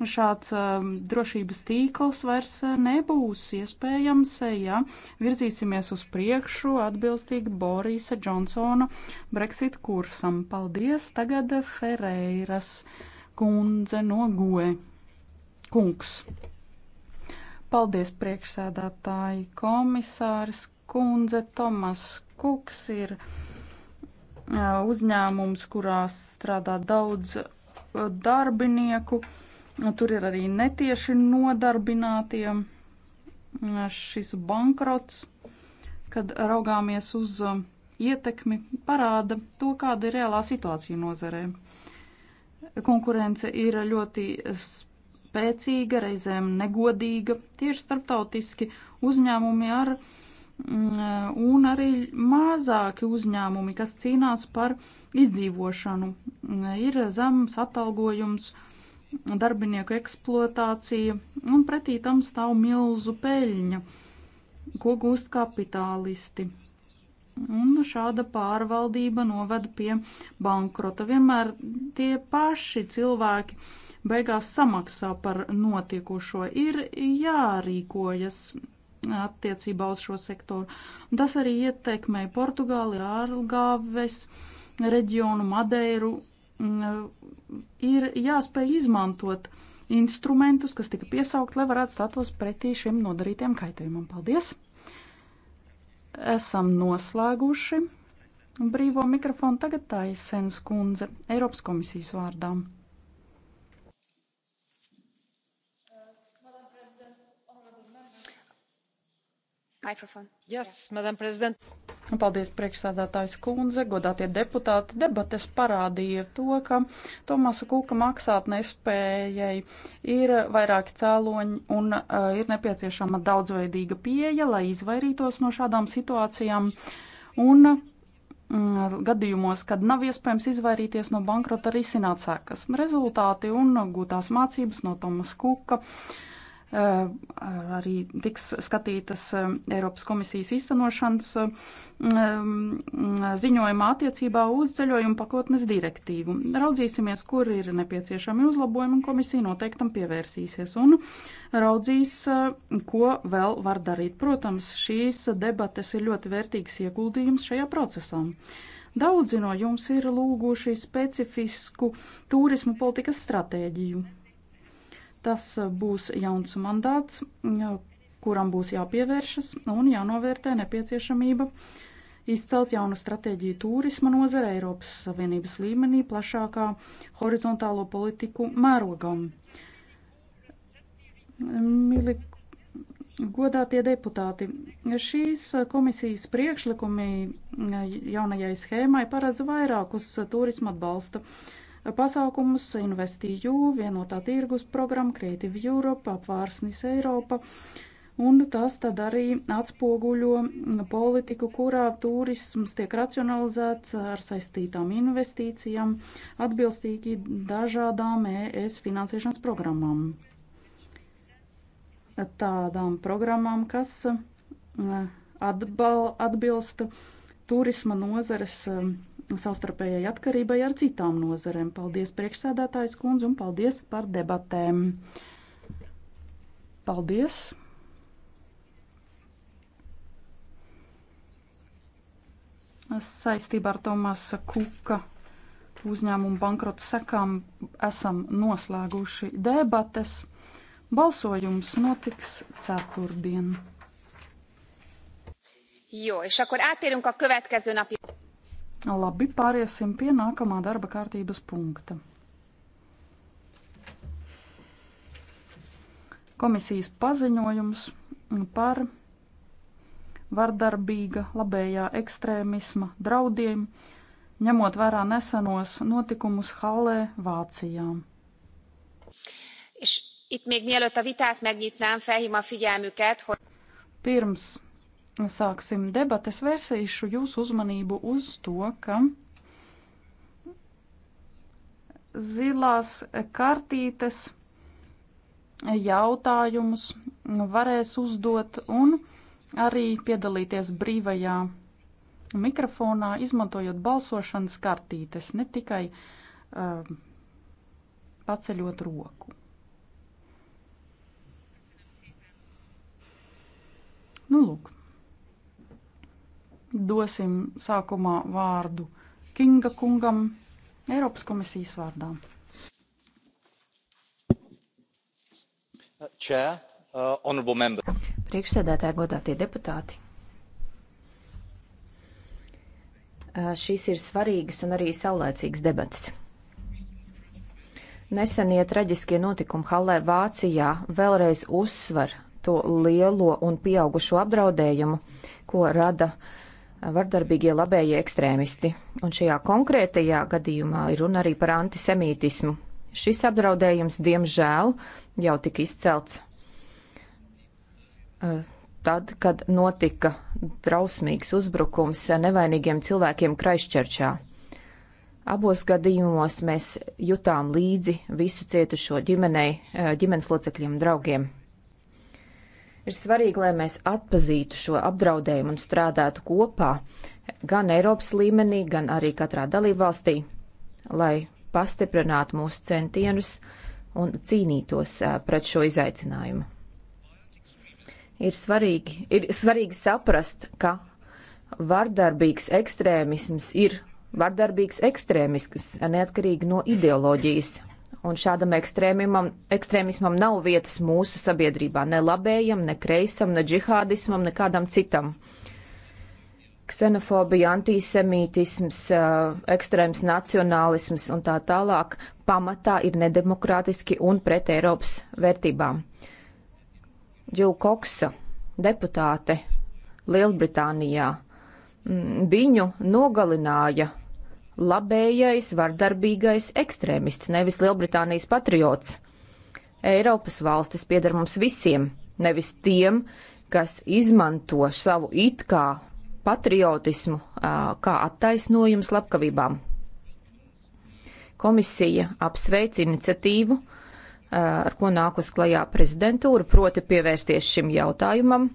Nu, šāds um, drošības tīkls vairs uh, nebūs iespējams, uh, ja virzīsimies uz priekšu atbilstīgi Borisa Džonsona Brexit kursam. Paldies tagad Ferreiras kundze no Goe. Kungs. Paldies priekšsēdātāji komisārs kundze Tomas Kuks ir uh, uzņēmums, kurā strādā daudz darbinieku. Tur ir arī netieši nodarbinātie šis bankrots, kad raugāmies uz uh, ietekmi, parāda to, kāda ir reālā situācija nozarē. Konkurence ir ļoti spēcīga, reizēm negodīga, tieši starptautiski uzņēmumi ar mm, uh, un arī mazāki uzņēmumi, kas cīnās par izdzīvošanu. Mm, ir zems atalgojums, uh, darbinieku eksploatācija, un pretī tam stāv milzu peļņa, ko gūst kapitālisti. Un šāda pārvaldība novada pie bankrota. Vienmēr tie paši cilvēki beigās samaksā par notiekošo. Ir jārīkojas attiecībā uz šo sektoru. Tas arī ietekmēja Portugāli, Ārgāves reģionu, Madeiru ir jāspēj izmantot instrumentus, kas tika piesaukt, lai varētu stātos pretī šiem nodarītiem kaitējumam. Paldies! Esam noslēguši brīvo mikrofonu tagad taisens kundze Eiropas komisijas vārdām. Yes, Paldies, priekšsādātājs kundze, godātie deputāti. Debates parādīja to, ka Tomasa Kuka maksātne spējai ir vairāki cēloņi un uh, ir nepieciešama daudzveidīga pieeja, lai izvairītos no šādām situācijām. Un mm, gadījumos, kad nav iespējams izvairīties no bankrota, arī sināt sekas. Rezultāti un gūtās mācības no Tomasa Kuka. Uh, arī tiks skatītas Eiropas komisijas īstenošanas ziņojumā attiecībā uz ceļojumu pakotnes direktīvu. Raudzīsimies, kur ir nepieciešami uzlabojumi, un komisija noteikti tam pievērsīsies un raudzīs, ko vēl var darīt. Protams, šīs debates ir ļoti vērtīgs ieguldījums šajā procesā. Daudzi no jums ir lūguši specifisku turismu politikas stratēģiju. Tas eh, būs jauns mandāts, eh, kuram būs jāpievēršas un jānovērtē nepieciešamība izcelt jaunu stratēģiju turisma nozare Eiropas Savienības līmenī plašākā horizontālo politiku mērogam. Mili, godātie deputāti, šīs komisijas priekšlikumi eh, jaunajai schēmai paredz vairākus turisma atbalsta uh, pasākumus InvestEU, vienotā tirgus programma, Creative Europe, apvārsnis Eiropa. Un tas tad arī atspoguļo politiku, kurā turisms tiek racionalizēts ar saistītām investīcijām, atbilstīgi dažādām ES finansēšanas programmām. Tādām programmām, kas eh, atbal, atbilst turisma nozares eh, savstarpējai atkarībai ar citām nozarēm. Paldies priekšsēdētājs kundze un paldies par debatēm. Paldies! Saistībā ar Tomasa Kuka uzņēmumu bankrota sekām esam noslēguši debates. Balsojums notiks ceturtdien. Jó, és akkor átérünk a következő napi. Labi, pāriesim pie nākamā darba kārtības punkta. Komisijas paziņojums par vardarbīga labējā ekstrēmisma draudiem, ņemot vērā nesenos notikumus Hallē, Vācijā. Pirms sāksim debates, vērsīšu jūsu uzmanību uz to, ka zilās kartītes jautājumus varēs uzdot un arī piedalīties brīvajā mikrofonā, izmantojot balsošanas kartītes, ne tikai uh, paceļot roku. Nu, lūk. Dosim sākumā vārdu Kinga kungam Eiropas komisijas vārdā. Uh, chair, uh, honorable member. Priekšsēdētāji, godātie deputāti. Uh, šīs ir svarīgas un arī saulēcīgas debats. Nesenie traģiskie notikumi Hallē Vācijā vēlreiz uzsver to lielo un pieaugušo apdraudējumu, ko rada uh, vardarbīgie labējie ekstrēmisti. Un šajā konkrētajā gadījumā ir runa arī par antisemītismu. Šis apdraudējums, diemžēl, jau tika izcelts eh, tad, kad notika drausmīgs uzbrukums nevainīgiem cilvēkiem Kraisčerčā. Abos gadījumos mēs jutām līdzi visu cietušo ģimenei, eh, ģimenes locekļiem un draugiem. Ir svarīgi, lai mēs atpazītu šo apdraudējumu un strādātu kopā gan Eiropas līmenī, gan arī katrā dalībvalstī, lai pastiprinātu mūsu centienus un cīnītos pret šo izaicinājumu. Ir svarīgi, ir svarīgi saprast, ka vardarbīgs ekstrēmisms ir vardarbīgs ekstrēmisms, neatkarīgi no ideoloģijas un šādam ekstrēmismam nav vietas mūsu sabiedrībā, ne labējam, ne kreisam, ne džihādismam, ne kādam citam. Ksenofobija, antisemītisms, ekstrēms nacionālisms un tā tālāk pamatā ir nedemokrātiski un pret Eiropas vērtībām. Džil Koksa, deputāte Lielbritānijā, viņu nogalināja labējais, vardarbīgais ekstrēmists, nevis Lielbritānijas patriots. Eiropas valstis pieder mums visiem, nevis tiem, kas izmanto savu it kā patriotismu kā attaisnojumu slepkavībām. Komisija apsveic iniciatīvu, ar ko nākus klajā prezidentūra, proti pievērsties šim jautājumam,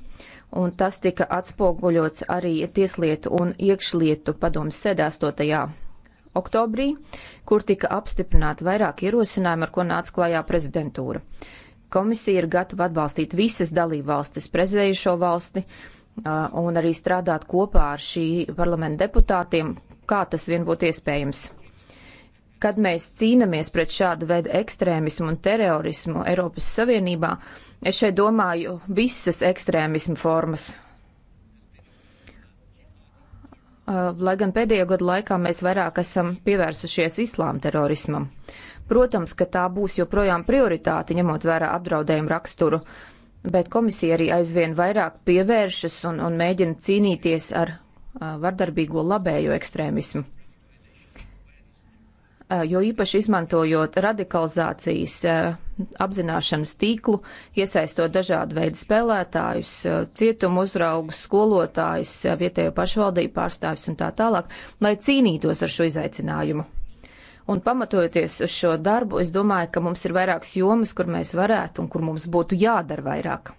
un tas tika atspoguļots arī Tieslietu un iekšlietu padomas sēdē 8 oktobrī, kur tika apstiprināti vairāki ierosinājumi, ar ko nāca klajā prezidentūra. Komisija ir gatava atbalstīt visas dalībvalstis, prezidējušo valsti un arī strādāt kopā ar šī parlamenta deputātiem, kā tas vien būtu iespējams. Kad mēs cīnāmies pret šādu veidu ekstrēmismu un terorismu Eiropas Savienībā, es šeit domāju visas ekstrēmismu formas, Eh, lai gan pēdējo gadu laikā mēs vairāk esam pievērsušies islām terorismam. Protams, ka tā būs joprojām prioritāte, ņemot vērā apdraudējumu raksturu, bet komisija arī aizvien vairāk pievēršas un, un mēģina cīnīties ar eh, vardarbīgo labējo ekstrēmismu. Eh, jo īpaši izmantojot radikalizācijas eh, apzināšanas tīklu, iesaistot dažādu veidu spēlētājus, eh, cietumu uzraugus, skolotājus, vietējo pašvaldību pārstāvis un tā tālāk, lai cīnītos ar šo izaicinājumu. Un pamatojoties uz šo darbu, es domāju, ka mums ir vairākas jomas, kur mēs varētu un kur mums būtu jādara vairāk.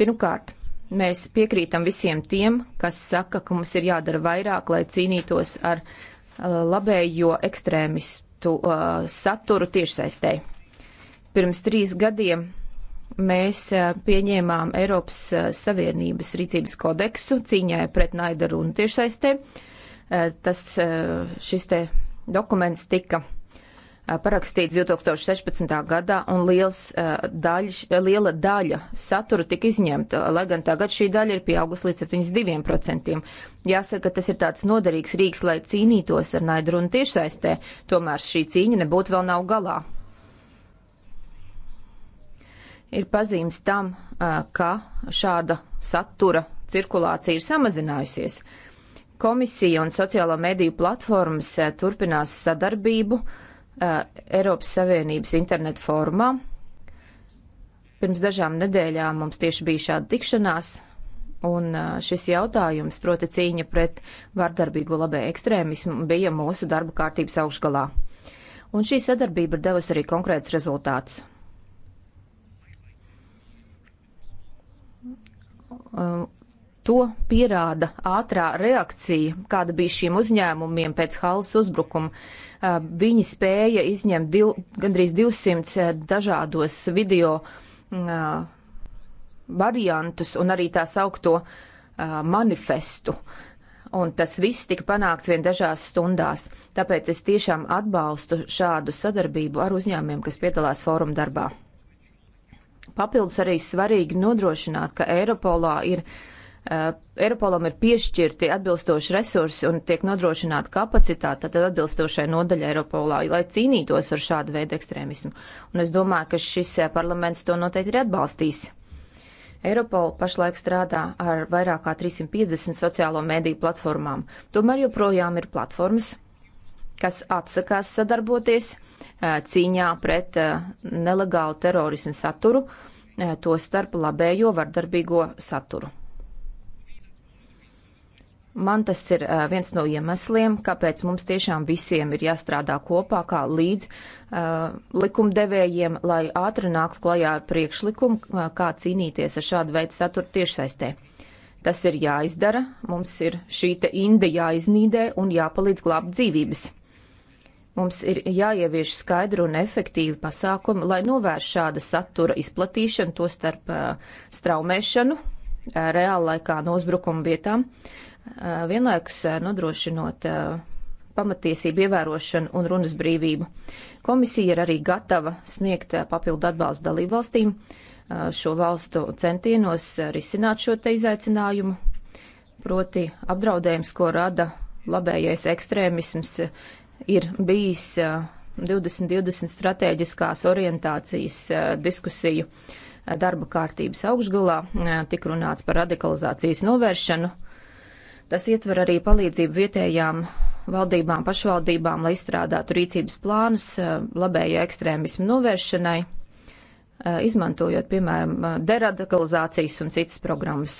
Pirmkārt, mēs piekrītam visiem tiem, kas saka, ka mums ir jādara vairāk, lai cīnītos ar uh, Uh, labējo ekstrēmistu uh, saturu tiešsaistē. Pirms trīs gadiem mēs uh, pieņēmām Eiropas Savienības rīcības kodeksu cīņai pret naidaru un tiešsaistē. Tas šis te dokuments tika parakstīts 2016. gadā, un liels, daļš, liela daļa satura tika izņemta, lai gan tagad šī daļa ir pieaugusi līdz 72%. Jāsaka, tas ir tāds noderīgs rīks, lai cīnītos ar naidru un tiešsaistē, tomēr šī cīņa nebūtu vēl nav galā. Ir pazīmes tam, ka šāda satura cirkulācija ir samazinājusies. Komisija un sociālo mediju platformas turpinās sadarbību, uh, Uh, Eiropas Savienības internetu formā. Pirms dažām nedēļām mums tieši bija šāda tikšanās, Un uh, šis jautājums, proti cīņa pret vardarbīgo labē ekstrēmismu, bija mūsu darba kārtības augšgalā. Un šī sadarbība ir devusi arī konkrēts rezultāts. Uh, To pierāda ātrā reakcija, kāda bija šiem uzņēmumiem pēc halas uzbrukuma. Uh, viņi spēja izņemt div, gandrīz 200 uh, dažādos video uh, variantus un arī tās augto manifestu. Un tas viss tika panākts vien dažās stundās. Tāpēc es tiešām atbalstu šādu sadarbību ar uzņēmumiem, kas piedalās fóruma darbā. Papildus arī svarīgi nodrošināt, ka Eiropolā ir uh, Eh, Eiropolam ir piešķirti atbilstoši resursi un tiek nodrošināta kapacitāte tad atbilstošai nodaļai Eiropolā, lai cīnītos ar šādu veidu ekstrēmismu. Un es domāju, ka šis eh, parlaments to noteikti arī atbalstīs. Eiropola pašlaik strādā ar vairāk kā 350 sociālo mediju platformām. Tomēr joprojām ir platformas, kas atsakās sadarboties eh, cīņā pret nelegālu terorismu saturu, to starp labējo vardarbīgo saturu. Man tas ir viens no iemesliem, kāpēc mums tiešām visiem ir jāstrādā kopā kā līdz uh, likumdevējiem, lai ātri nāktu klajā ar priekšlikumu, kā cīnīties ar šādu veidu saturu tiešsaistē. Tas ir jāizdara, mums ir šī te inde jāiznīdē un jāpalīdz glābt dzīvības. Mums ir jāievieš skaidru un efektīvu pasākumu, lai novērš šāda satura izplatīšanu, to starp uh, straumēšanu, reāla laikā no uzbrukuma vietām. Eh, vienlaikus eh, nodrošinot eh, pamatiesību ievērošanu un runas brīvību. Komisija ir arī gatava sniegt papildu atbalstu dalībvalstīm šo valstu centienos risināt šo te izaicinājumu, proti apdraudējums, ko rada labējais ekstrēmisms, ir bijis 2020 stratēģiskās orientācijas diskusiju darba kārtības augšgalā, tik runāts par radikalizācijas novēršanu Tas ietver arī palīdzību vietējām valdībām, pašvaldībām, lai izstrādātu rīcības plānus eh, labējo ekstrēmismu novēršanai, eh, izmantojot, piemēram, eh, deradikalizācijas un citas programmas.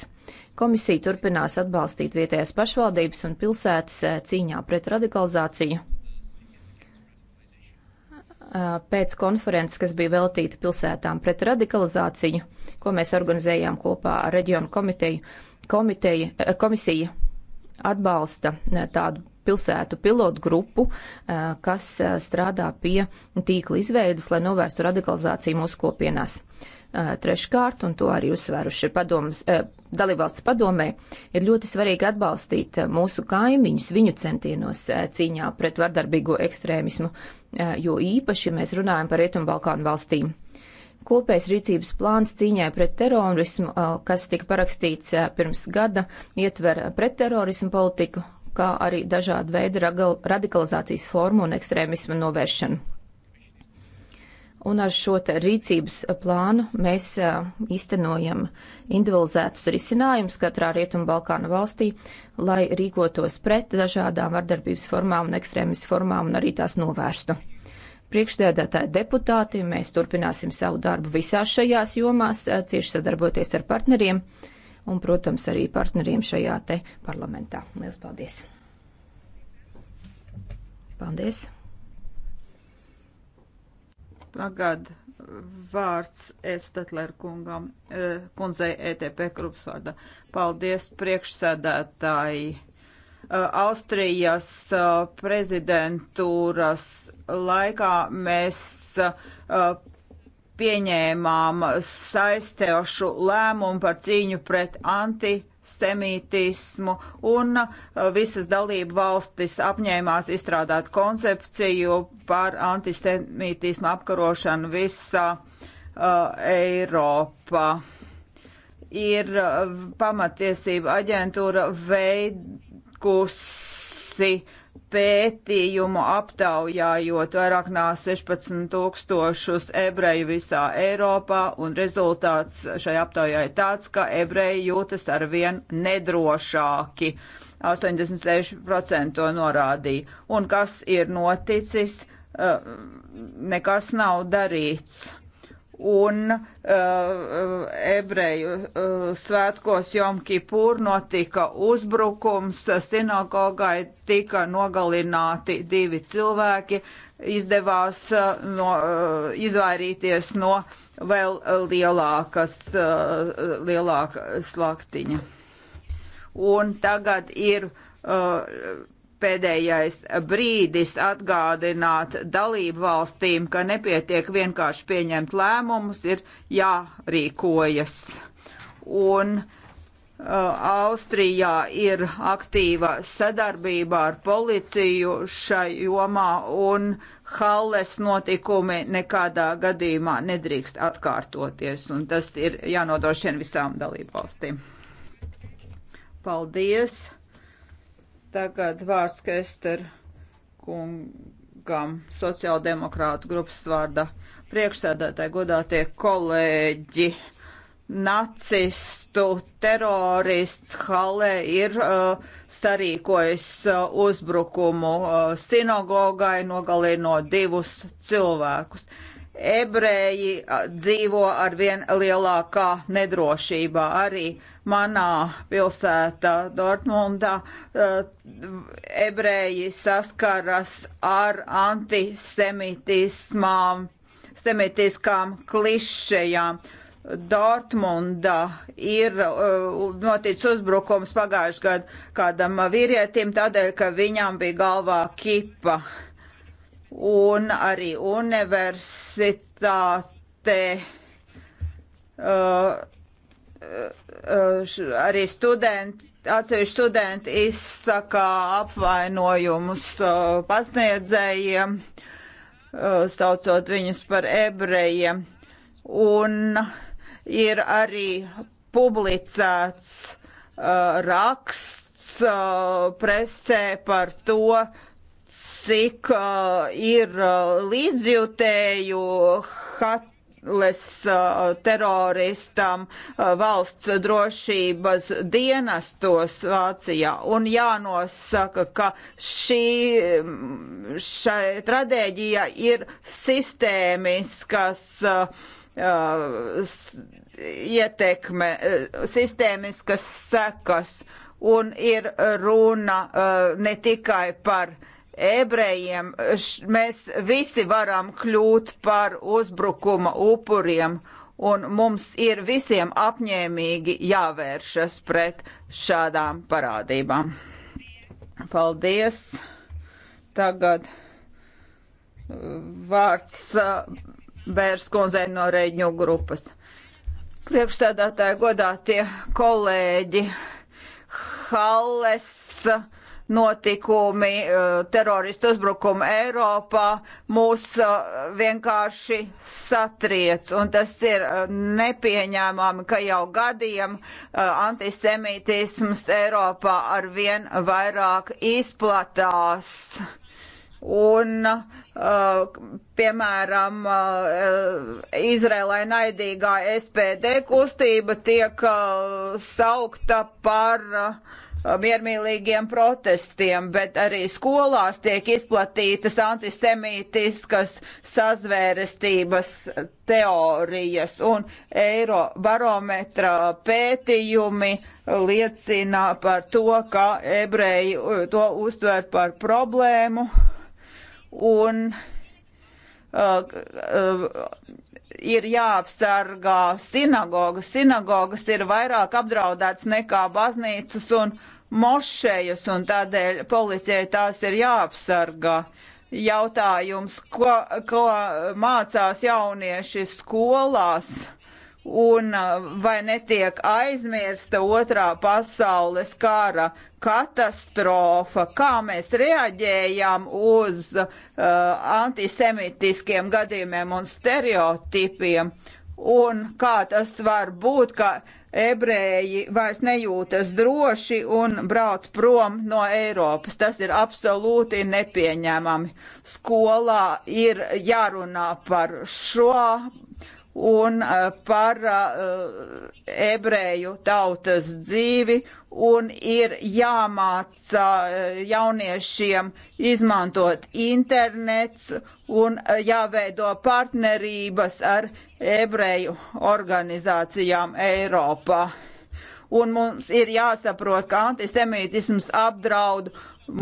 Komisija turpinās atbalstīt vietējās pašvaldības un pilsētas cīņā pret radikalizāciju. Pēc konferences, kas bija veltīta pilsētām pret radikalizāciju, ko mēs organizējām kopā ar reģionu komiteju, komiteja, komisija atbalsta eh, tādu pilsētu pilotu grupu, eh, kas eh, strādā pie tīkla izveidas, lai novērstu radikalizāciju mūsu kopienās. Treškārt, un to arī uzsvēruši padomas, dalībvalsts padomē, ir ļoti svarīgi atbalstīt mūsu kaimiņus viņu centienos cīņā pret vardarbīgo ekstrēmismu, jo īpaši mēs runājam par Rietumbalkānu valstīm. Kopējs rīcības plāns cīņai pret terorismu, kas tika parakstīts pirms gada, ietver pretterorismu politiku, kā arī dažādu veidu radikalizācijas formu un ekstrēmismu novēršanu. Un ar šo rīcības plānu mēs īstenojam individualizētus risinājumus katrā Rietumu Balkānu valstī, lai rīkotos pret dažādām vardarbības formām un ekstrēmismu formām un arī tās novērstu priekšstādātāji deputāti, mēs turpināsim savu darbu visās šajās jomās, eh, cieši sadarboties ar partneriem un, protams, arī partneriem šajā te parlamentā. Lielas paldies! Paldies! Tagad vārds Estetler kungam, eh, kundzei ETP grupas vārdā. Paldies priekšsēdētāji! Eh, Austrijas eh, prezidentūras laikā mēs eh, pieņēmām saistējošu lēmumu par cīņu pret anti semītismu, un visas dalību valstis apņēmās izstrādāt koncepciju par antisemītismu apkarošanu visā uh, Eiropā. Ir uh, pamatiesība aģentūra veid, veikusi pētījumu aptaujājot vairāk nā 16 tūkstošus ebreju visā Eiropā, un rezultāts šai aptaujā ir tāds, ka ebreji jūtas arvien nedrošāki. 86% to norādīja. Un kas ir noticis? Eh, nekas nav darīts un uh, ebreju uh, svētkos Jomkipūr notika uzbrukums, sinagogai tika nogalināti divi cilvēki, izdevās uh, no, uh, izvairīties no vēl lielākas, uh, lielāka slaktiņa. Un tagad ir uh, pēdējais brīdis atgādināt dalību valstīm, ka nepietiek vienkārši pieņemt lēmumus, ir jārīkojas. Un uh, Austrijā ir aktīva sadarbība ar policiju šai jomā, un Halles notikumi nekādā gadījumā nedrīkst atkārtoties, un tas ir jānodrošina visām dalību valstīm. Paldies! Tagad vārds Kester kungam, sociāldemokrātu grupas vārdā. Priekšsēdētāji, godātie kolēģi, nacistu terorists Hale ir uh, sarīkojis uh, uzbrukumu uh, sinagogai, nogalinot divus cilvēkus. Uh, ebreji dzīvo ar vien lielākā nedrošībā. Arī manā pilsētā Dortmundā ebreji saskaras ar antisemitismām, semitiskām klišejām. Dortmunda ir uh, noticis uzbrukums pagājušajā gadā kādam vīrietim, tādēļ, ka viņam bija galvā kipa. Uh, un arī universitāte. Uh, uh, arī studenti, atsevišķi studenti izsaka apvainojumus uh, pasniedzējiem, uh, saucot viņus par ebrejiem. Un ir arī publicēts uh, raksts uh, presē par to, cik uh, ir uh, līdzjūtēju Hatles uh, teroristam uh, valsts drošības dienestos Vācijā. Un jānosaka, ka šī stratēģija ir sistēmiskas. Uh, uh, ietekme, uh, sistēmiskas sekas, un ir runa uh, ne tikai par uh, ebrejiem š, mēs visi varam kļūt par uzbrukuma upuriem, un mums ir visiem apņēmīgi jāvēršas pret šādām parādībām. Paldies! Tagad uh, vārds uh, Bērskundzei no Reģņu grupas. Priekšstādātāji godā tie kolēģi Halles notikumi, eh, teroristu uzbrukumi Eiropā mūs eh, vienkārši satriec. Un tas ir eh, nepieņēmami, ka jau gadiem antisemītisms Eiropā arvien vairāk izplatās. Un, uh, piemēram, uh, Izrēlai naidīgā SPD kustība tiek uh, saukta par uh, miermīlīgiem protestiem, bet arī skolās tiek izplatītas antisemītiskas sazvērestības teorijas un eiro barometra pētījumi liecina par to, ka ebreji uh, to uztver par problēmu un uh, uh, ir jāapsargā sinagogas. Sinagogas ir vairāk apdraudētas nekā baznīcas un mošejas, un tādēļ policijai tās ir jāapsargā. Jautājums, ko, ko mācās jaunieši skolās? un vai netiek aizmirsta otrā pasaules kara katastrofa, kā mēs reaģējām uz uh, antisemitiskiem gadījumiem un stereotipiem, un kā tas var būt, ka ebreji vairs nejūtas droši un brauc prom no Eiropas. Tas ir absolūti nepieņēmami. Skolā ir jārunā par šo un eh, par eh, ebreju tautas dzīvi un ir jāmāca eh, jauniešiem izmantot internets un jāveido partnerības ar ebreju organizācijām Eiropā. Un mums ir jāsaprot, ka antisemītisms apdraud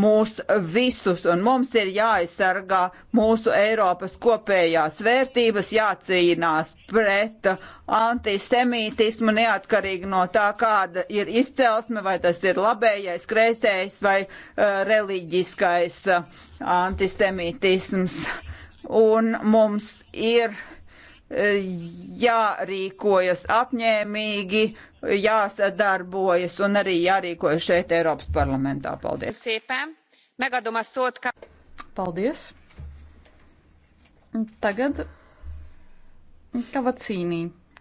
mūs visus, un mums ir jāaizsargā mūsu Eiropas kopējās vērtības, jācīnās pret antisemītismu, neatkarīgi no tā, kāda ir izcelsme, vai tas ir labējais, kreisējs vai uh, reliģiskais uh, antisemītisms. Un mums ir uh, jārīkojas apņēmīgi, jāsadarbojas un arī jārīkojas šeit Eiropas parlamentā. Paldies! Paldies! Tagad Kavacīnī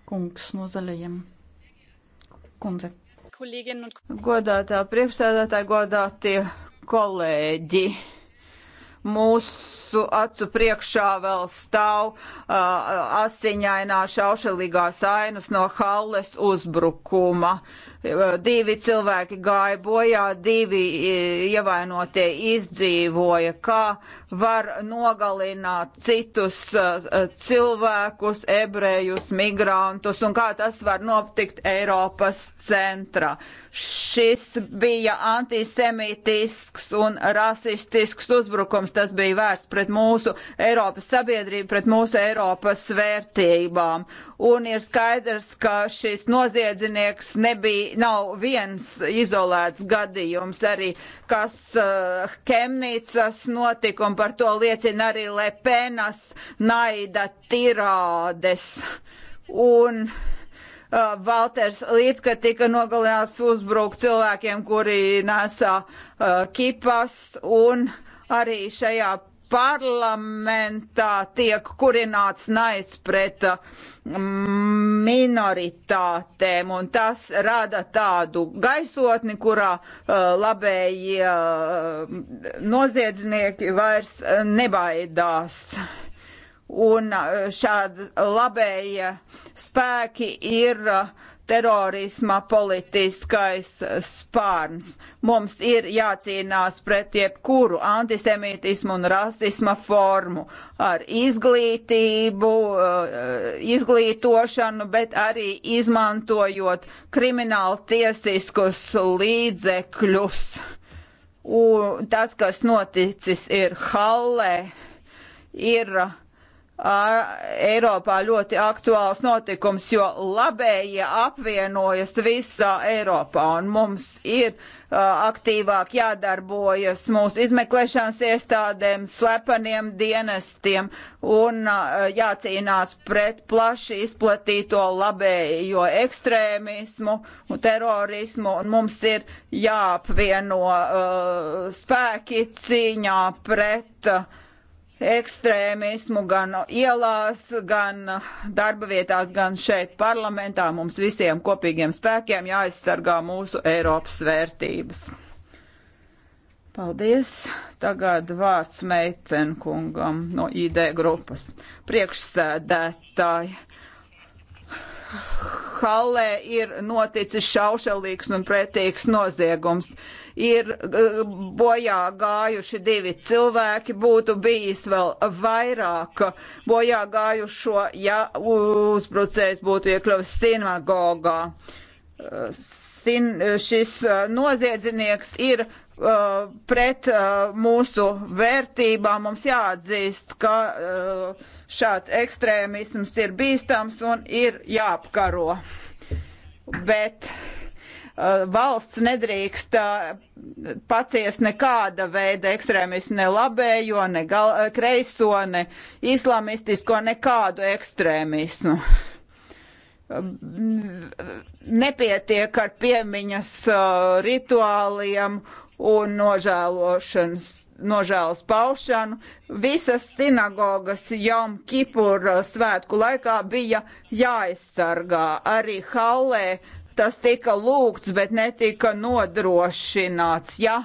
kungs no zaļajiem. Kundze. Godātā priekšsēdētāja, godātie kolēģi mūsu acu priekšā vēl stāv uh, asiņainā šaušalīgās ainas no Halles uzbrukuma. Uh, divi cilvēki gāja bojā, divi e, ievainotie izdzīvoja, kā var nogalināt citus e, e, cilvēkus, ebrejus, migrantus un kā tas var notikt Eiropas centrā. Šis bija antisemitisks un rasistisks uzbrukums, tas bija vērsts pret mūsu Eiropas sabiedrību, pret mūsu Eiropas vērtībām. Un ir skaidrs, ka šis noziedznieks nebija nav viens izolēts gadījums, arī kas uh, eh, Kemnīcas notikuma par to liecina arī Lepenas naida tirādes. Un uh, Valters Līpka tika nogalināts uzbrukt cilvēkiem, kuri nesā uh, eh, kipas un arī šajā parlamentā tiek kurināts naids pret uh, minoritātēm, un tas rada tādu gaisotni, kurā uh, labējie uh, noziedznieki vairs nebaidās. Un šādi labējie spēki ir uh, terorisma politiskais spārns. Mums ir jācīnās pret jebkuru antisemītismu un rasisma formu ar izglītību, eh, izglītošanu, bet arī izmantojot kriminālu tiesiskus līdzekļus. Un tas, kas noticis, ir Hallē, ir uh, Eiropā ļoti aktuāls notikums, jo labējie apvienojas visā Eiropā un mums ir uh, aktīvāk jādarbojas mūsu izmeklēšanas iestādēm, slepeniem dienestiem un uh, jācīnās pret plaši izplatīto labējo ekstrēmismu un terorismu un mums ir jāapvieno uh, spēki cīņā pret uh, ekstrēmismu gan ielās, gan darba vietās, gan šeit parlamentā. Mums visiem kopīgiem spēkiem jāaizsargā mūsu Eiropas vērtības. Paldies! Tagad vārds meitenkungam no ID grupas. Priekšsēdētāji Hallē ir noticis šaušalīgs un pretīgs noziegums. Ir eh, bojā gājuši divi cilvēki, būtu bijis vēl vairāk bojā gājušo, ja uzbrucējs būtu iekļuvis sinagogā. Eh, sin, šis eh, noziedznieks ir Eh, pret eh, mūsu vērtībām. Mums jāatzīst, ka eh, šāds ekstrēmisms ir bīstams un ir jāapkaro. Bet valsts nedrīkst paciest nekāda veida ekstrēmismu, ne labējo, ne kreiso, ne islamistisko, nekādu ekstrēmismu nepietiek ar piemiņas uh, rituāliem un nožēlošanas nožēlas paušanu. Visas sinagogas Jom Kipur svētku laikā bija jāaizsargā. Arī Hallē tas tika lūgts, bet netika nodrošināts. Ja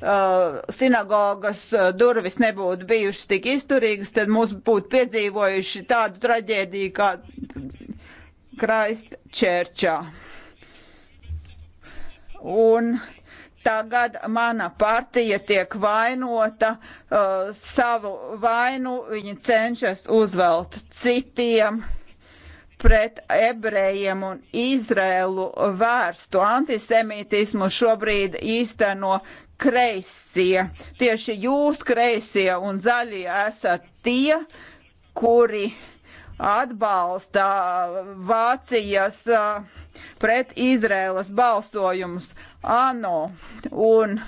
uh, sinagogas uh, durvis nebūtu bijušas tik izturīgas, tad mūs būtu piedzīvojuši tādu traģēdiju kā Kraist Čērčā. Un uh, Tagad mana partija tiek vainota uh, savu vainu, viņi cenšas uzvelt citiem pret ebrejiem un Izrēlu vērstu antisemītismu šobrīd īsteno kreisie. Tieši jūs, kreisie un zaļie, esat tie, kuri atbalsta Vācijas uh, pret Izrēlas balsojumus. ANO. Un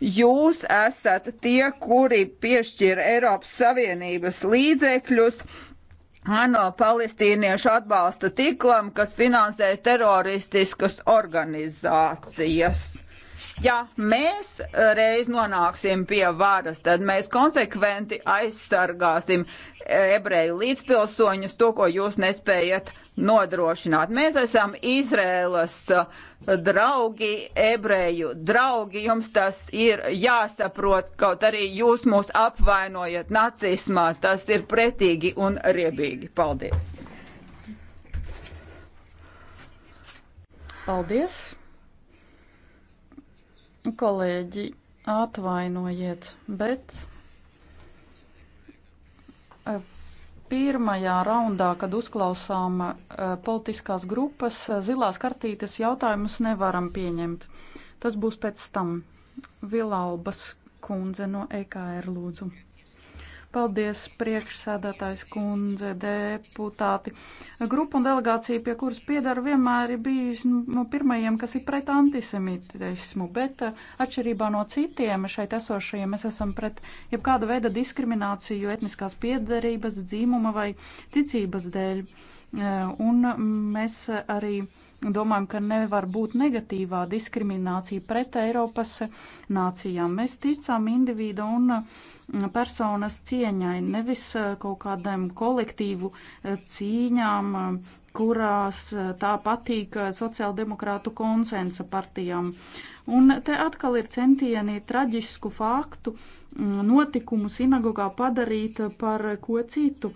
jūs esat tie, kuri piešķir Eiropas Savienības līdzekļus ANO palestīniešu atbalsta tiklam, kas finansē teroristiskas organizācijas. Ja mēs eh, reiz nonāksim pie varas, tad mēs konsekventi aizsargāsim eh, ebreju līdzpilsoņus, to, ko jūs nespējat nodrošināt. Mēs esam Izrēlas eh, draugi, ebreju draugi, jums tas ir jāsaprot, kaut arī jūs mūs apvainojat nacismā, tas ir pretīgi un riebīgi. Paldies! Paldies! Kolēģi, atvainojiet, bet eh, pirmajā raundā, kad uzklausām eh, politiskās grupas, eh, zilās kartītes jautājumus nevaram pieņemt. Tas būs pēc tam. Vilalbas kundze no EKR lūdzu. Paldies, priekšsēdētājs kundze, deputāti. Grupa un delegācija, pie kuras piedara, vienmēr ir bijusi no nu, pirmajiem, kas ir pret antisemītismu, bet eh, atšķirībā no citiem šeit esošajiem mēs esam pret jebkāda veida diskrimināciju etniskās piedarības, dzīmuma vai ticības dēļ. Eh, un mēs arī domājam, ka nevar būt negatīvā diskriminācija pret Eiropas nācijām. Mēs ticam individu un personas cieņai, nevis eh, kaut kādam kolektīvu eh, cīņām, eh, kurās tā patīk sociāldemokrātu konsensa partijām. Un te atkal ir centieni traģisku faktu mm, notikumu sinagogā padarīt par ko citu.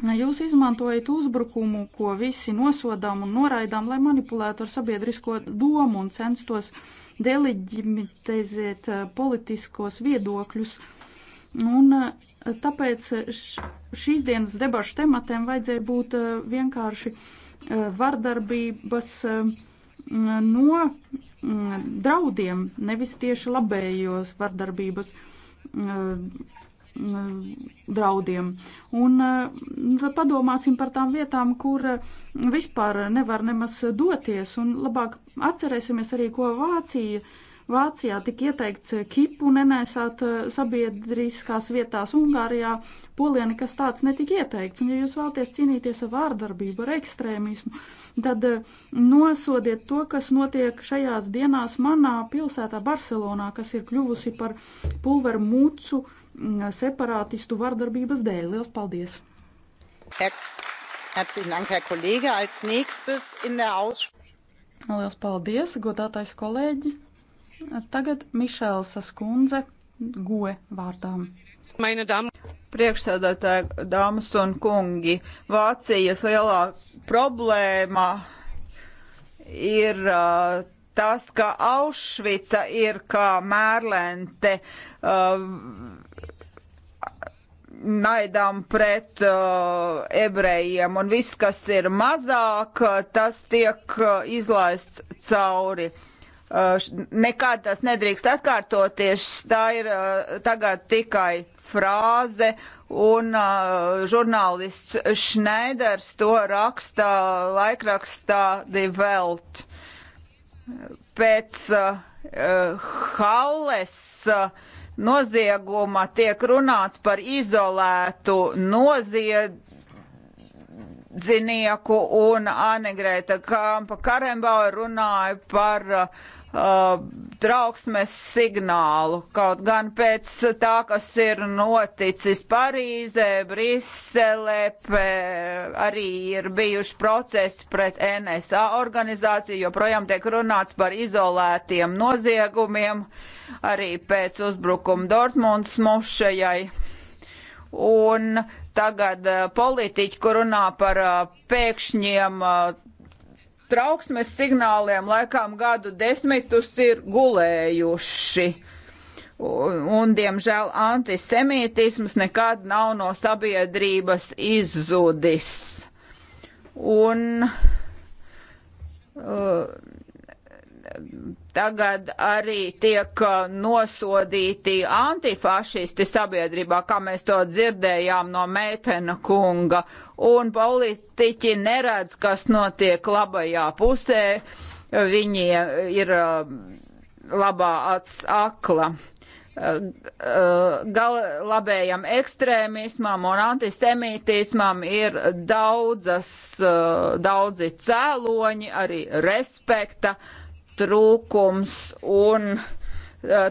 Jūs izmantojat uzbrukumu, ko visi nosodām un noraidām, lai manipulētu ar sabiedrisko domu un censtos deleģimitizēt politiskos viedokļus uh, Un eh, tāpēc eh, šīs dienas debašu tematiem vajadzēja būt eh, vienkārši vardarbības no mm, draudiem, nevis tieši labējos vardarbības mm, draudiem. Un nu, tad padomāsim par tām vietām, kur vispār nevar nemaz doties, un labāk atcerēsimies arī, ko Vācija Vācijā tika ieteikts eh, kipu nenēsāt eh, sabiedriskās vietās, Ungārijā polijā nekas tāds netika ieteikts. Un, ja jūs vēlaties cīnīties ar vārdarbību, ar ekstrēmismu, tad eh, nosodiet to, kas notiek šajās dienās manā pilsētā Barcelonā, kas ir kļuvusi par pulveru mucu mm, separātistu vardarbības dēļ. Lielas paldies! Herzlichen Dank, Herr Kollege. Als nächstes in der Aussprache. Lielas paldies, godātais kolēģi! Tagad Mišēlsa skundze goe vārdām. Priekšsēdētāji, dāmas un kungi, Vācijas lielā problēma ir uh, tas, ka Aušvica ir kā mērlente uh, naidām pret uh, ebrejiem, un viss, kas ir mazāk, tas tiek uh, izlaists cauri. Nekad tas nedrīkst atkārtoties, tā ir tagad tikai frāze, un žurnālists Šneiders to rakstā laikrakstā Divelt. Pēc uh, Halles uh, nozieguma tiek runāts par izolētu noziedzinieku un Anegrēta Kampa Karembauer runāja par uh, trauksmes uh, signālu, kaut gan pēc tā, kas ir noticis Parīzē, Briselē, arī ir bijuši procesi pret NSA organizāciju, joprojām tiek runāts par izolētiem noziegumiem, arī pēc uzbrukuma Dortmunds mušajai. Un tagad uh, politiķi, kur runā par uh, pēkšņiem trauksmes signāliem laikām gadu desmitus ir gulējuši. Un, un diemžēl, antisemītisms nekad nav no sabiedrības izzudis. Un, uh, tagad arī tiek uh, nosodīti antifašisti sabiedrībā, kā mēs to dzirdējām no Mētena kunga, un politiķi neredz, kas notiek labajā pusē, viņi uh, ir uh, labā acs akla. Gal, labējam ekstrēmismam un antisemītismam ir daudzas, daudzi cēloņi, arī respekta uh, trūkums un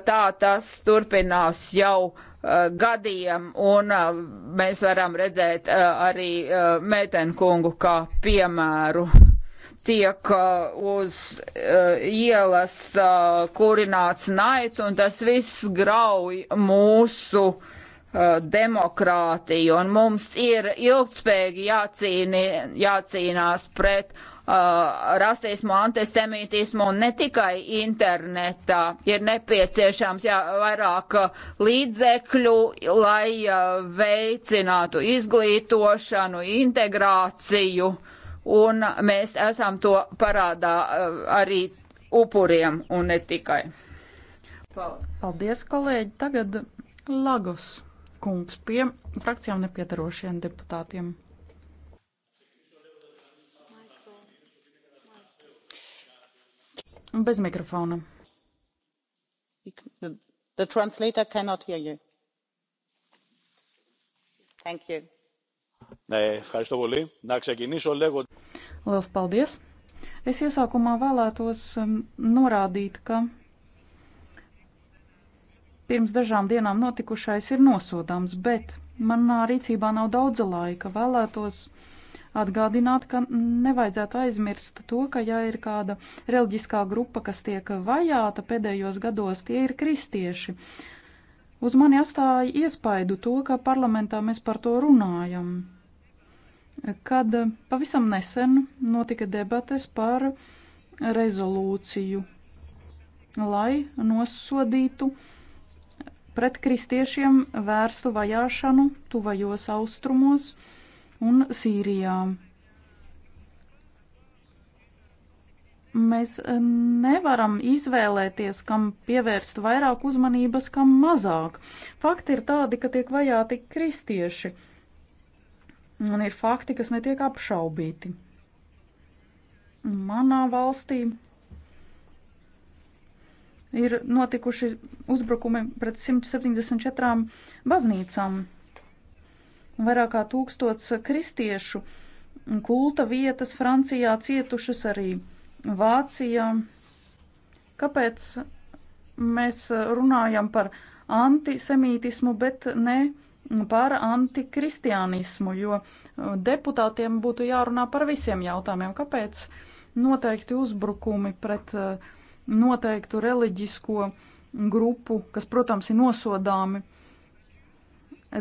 tā tas turpinās jau uh, gadiem, un uh, mēs varam redzēt uh, arī Meitenkungu kā piemēru. Tiek uz ielas kurināts naids, un tas viss grauj mūsu demokrātiju, un mums ir ilgspējīgi jācīni, jācīnās pret Uh, rasismu, antisemītismu un ne tikai internetā. Ir nepieciešams jā, vairāk uh, līdzekļu, lai uh, veicinātu izglītošanu, integrāciju, un mēs esam to parādā arī upuriem un ne tikai. Paldies, kolēģi! Tagad Lagos kungs pie frakcijām nepiedarošiem deputātiem. Bez mikrofona. The, the translator cannot hear you. Thank you. Ναι, ευχαριστώ πολύ. Να ξεκινήσω λέγοντας... Liels paldies! Es iesākumā vēlētos um, norādīt, ka pirms dažām dienām notikušais ir nosodāms, bet manā rīcībā nav daudz laika. Vēlētos uh, atgādināt, ka nevajadzētu aizmirst to, ka ja ir kāda reliģiskā grupa, kas tiek vajāta pēdējos gados, tie ir kristieši. Uz mani atstāja iespaidu to, ka parlamentā mēs par to runājam. Kad pavisam nesen notika debates par rezolūciju, lai nosodītu pret kristiešiem vērstu vajāšanu tuvajos austrumos, uh, un Sīrijā. Mēs eh, nevaram izvēlēties, kam pievērst vairāk uzmanības, kam mazāk. Fakti ir tādi, ka tiek vajāti kristieši, un ir fakti, kas netiek apšaubīti. Manā valstī ir notikuši uzbrukumi pret 174 baznīcām Vairāk kā tūkstots kristiešu kulta vietas Francijā cietušas arī Vācijā. Kāpēc mēs runājam par antisemītismu, bet ne par antikristianismu, jo deputātiem būtu jārunā par visiem jautājumiem. Kāpēc noteikti uzbrukumi pret eh, noteiktu reliģisko grupu, kas, protams, ir nosodāmi,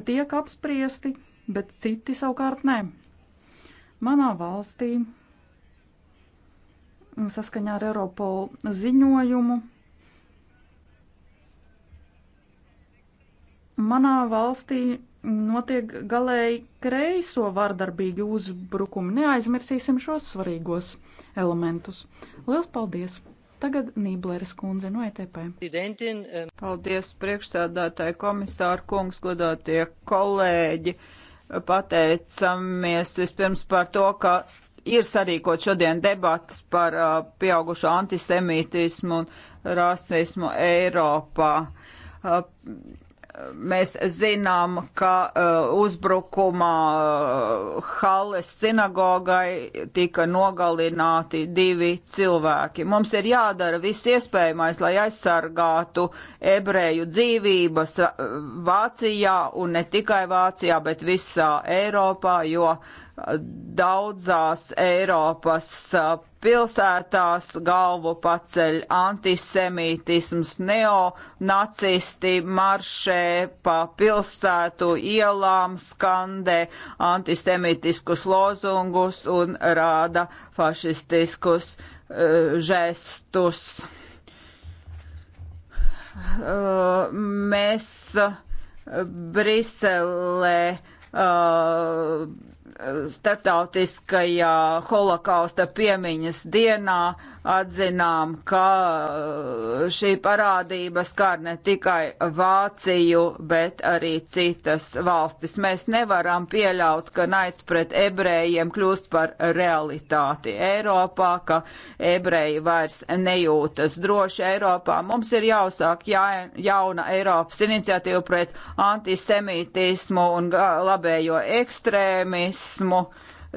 tiek apspriesti, bet citi savukārt nē. Manā valstī saskaņā ar Eiropolu ziņojumu manā valstī notiek galēji kreiso vardarbīgi uzbrukumi. Neaizmirsīsim šos svarīgos elementus. Lielas paldies! Tagad Nībleres kundze no ETP. Paldies priekšsādātāji komisāru kungs, godātie kolēģi. Pateicamies vispirms par to, ka ir sarīkot šodien debatas par uh, pieaugušo antisemītismu un rasismu Eiropā. Uh, Mēs zinām, ka uh, uzbrukumā uh, Halles sinagogai tika nogalināti divi cilvēki. Mums ir jādara viss iespējamais, lai aizsargātu ebreju dzīvības uh, Vācijā un ne tikai Vācijā, bet visā Eiropā, jo uh, daudzās Eiropas uh, pilsētās galvu paceļ antisemītisms, neonacisti maršē pa pilsētu ielām, skandē antisemītiskus lozungus un rāda fašistiskus uh, žestus. Uh, mēs uh, Briselē uh, starptautiskajā holokausta piemiņas dienā atzinām, ka uh, šī parādība skar ne tikai Vāciju, bet arī citas valstis. Mēs nevaram pieļaut, ka naids pret ebrejiem kļūst par realitāti Eiropā, ka ebreji vairs nejūtas droši Eiropā. Mums ir jāuzsāk jauna Eiropas iniciatīva pret antisemītismu un labējo ekstrēmismu terorismu.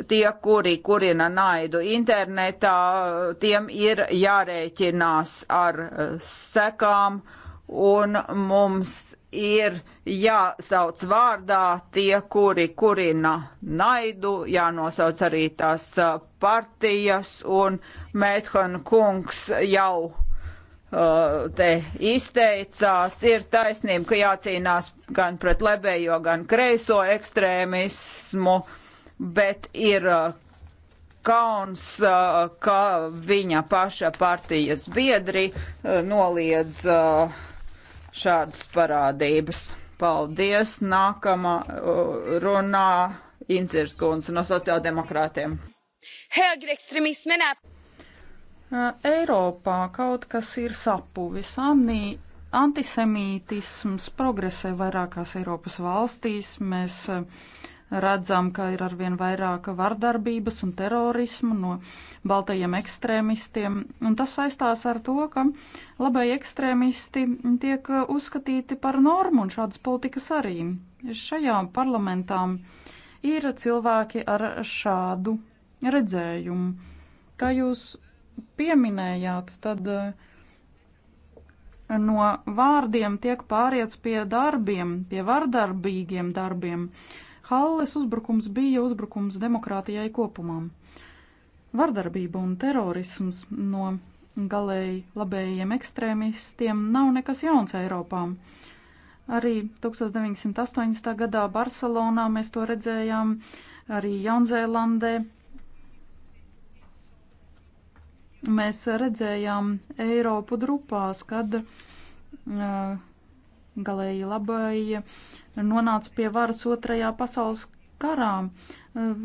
Tie, kuri kurina naidu internetā, tiem ir jārēķinās ar eh, sekām, un mums ir jāsauc vārdā tie, kuri kurina naidu, jānosauc arī tās eh, partijas, un Mēthana kungs jau uh, te izteicās, ir taisnība, ka jācīnās gan pret lebējo, gan kreiso ekstrēmismu. Uh, bet ir uh, kauns, uh, ka viņa paša partijas biedri uh, noliedz šādas parādības. Paldies! Nākamā runā Inzirs Kunze no sociāldemokrātiem. Högerekstremismen är... Eiropā kaut kas ir sapuvis. Anī, antisemītisms progresē vairākās Eiropas valstīs. Mēs uh, redzam, ka ir arvien vairāk vardarbības un terorismu no baltajiem ekstrēmistiem. Un tas saistās ar to, ka labai ekstrēmisti tiek uh, uzskatīti par normu un šādas politikas arī. Šajā parlamentā ir cilvēki ar šādu redzējumu. Kā jūs pieminējāt, tad uh, no vārdiem tiek pāriets pie darbiem, pie vardarbīgiem darbiem. Halles uzbrukums bija uzbrukums demokrātijai kopumā. Vardarbība un terorisms no galēji labējiem ekstrēmistiem nav nekas jauns Eiropā. Arī 1980. gadā Barcelonā mēs to redzējām, arī Jaunzēlandē. Mēs redzējām Eiropu drupās, kad uh, galēji labējie nonāca pie varas otrajā pasaules karā.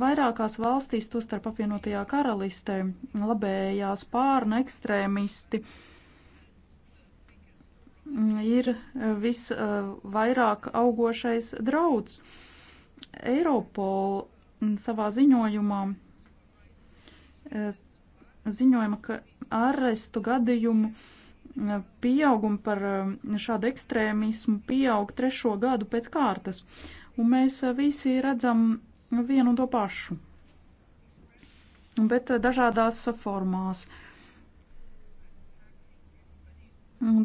Vairākās valstīs, tostarp apvienotajā karalistē, labējās pārna ekstrēmisti ir visvairāk augošais draudz. Eiropol savā ziņojumā eh, ziņojuma, ka arestu gadījumu pieauguma par eh, šādu ekstrēmismu pieaug trešo gadu pēc kārtas, un mēs eh, visi redzam vienu un to pašu, bet eh, dažādās formās.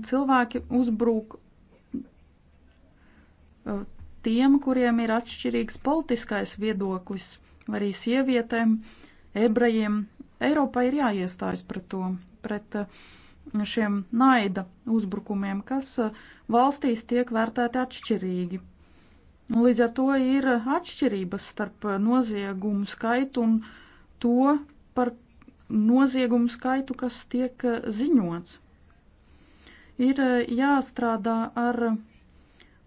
Cilvēki uzbrūk tiem, kuriem ir atšķirīgs politiskais viedoklis, vai arī sievietēm, ebrejiem. Eiropai ir jāiestājas pret to, pret uh, šiem naida uzbrukumiem, kas uh, valstīs tiek vērtēti atšķirīgi. Līdz ar to ir atšķirības starp uh, noziegumu skaitu un to par noziegumu skaitu, kas tiek uh, ziņots. Ir jāstrādā ar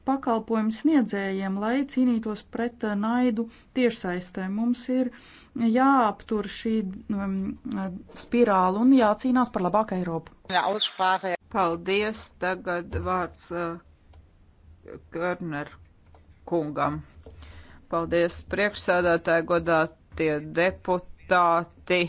pakalpojumu sniedzējiem, lai cīnītos pret naidu tiešsaistē. Mums ir jāaptur šī um, spirāla un jācīnās par labāku Eiropu. Paldies, tagad vārds uh, Körner kungam. Paldies priekšsēdētāji, godātie deputāti.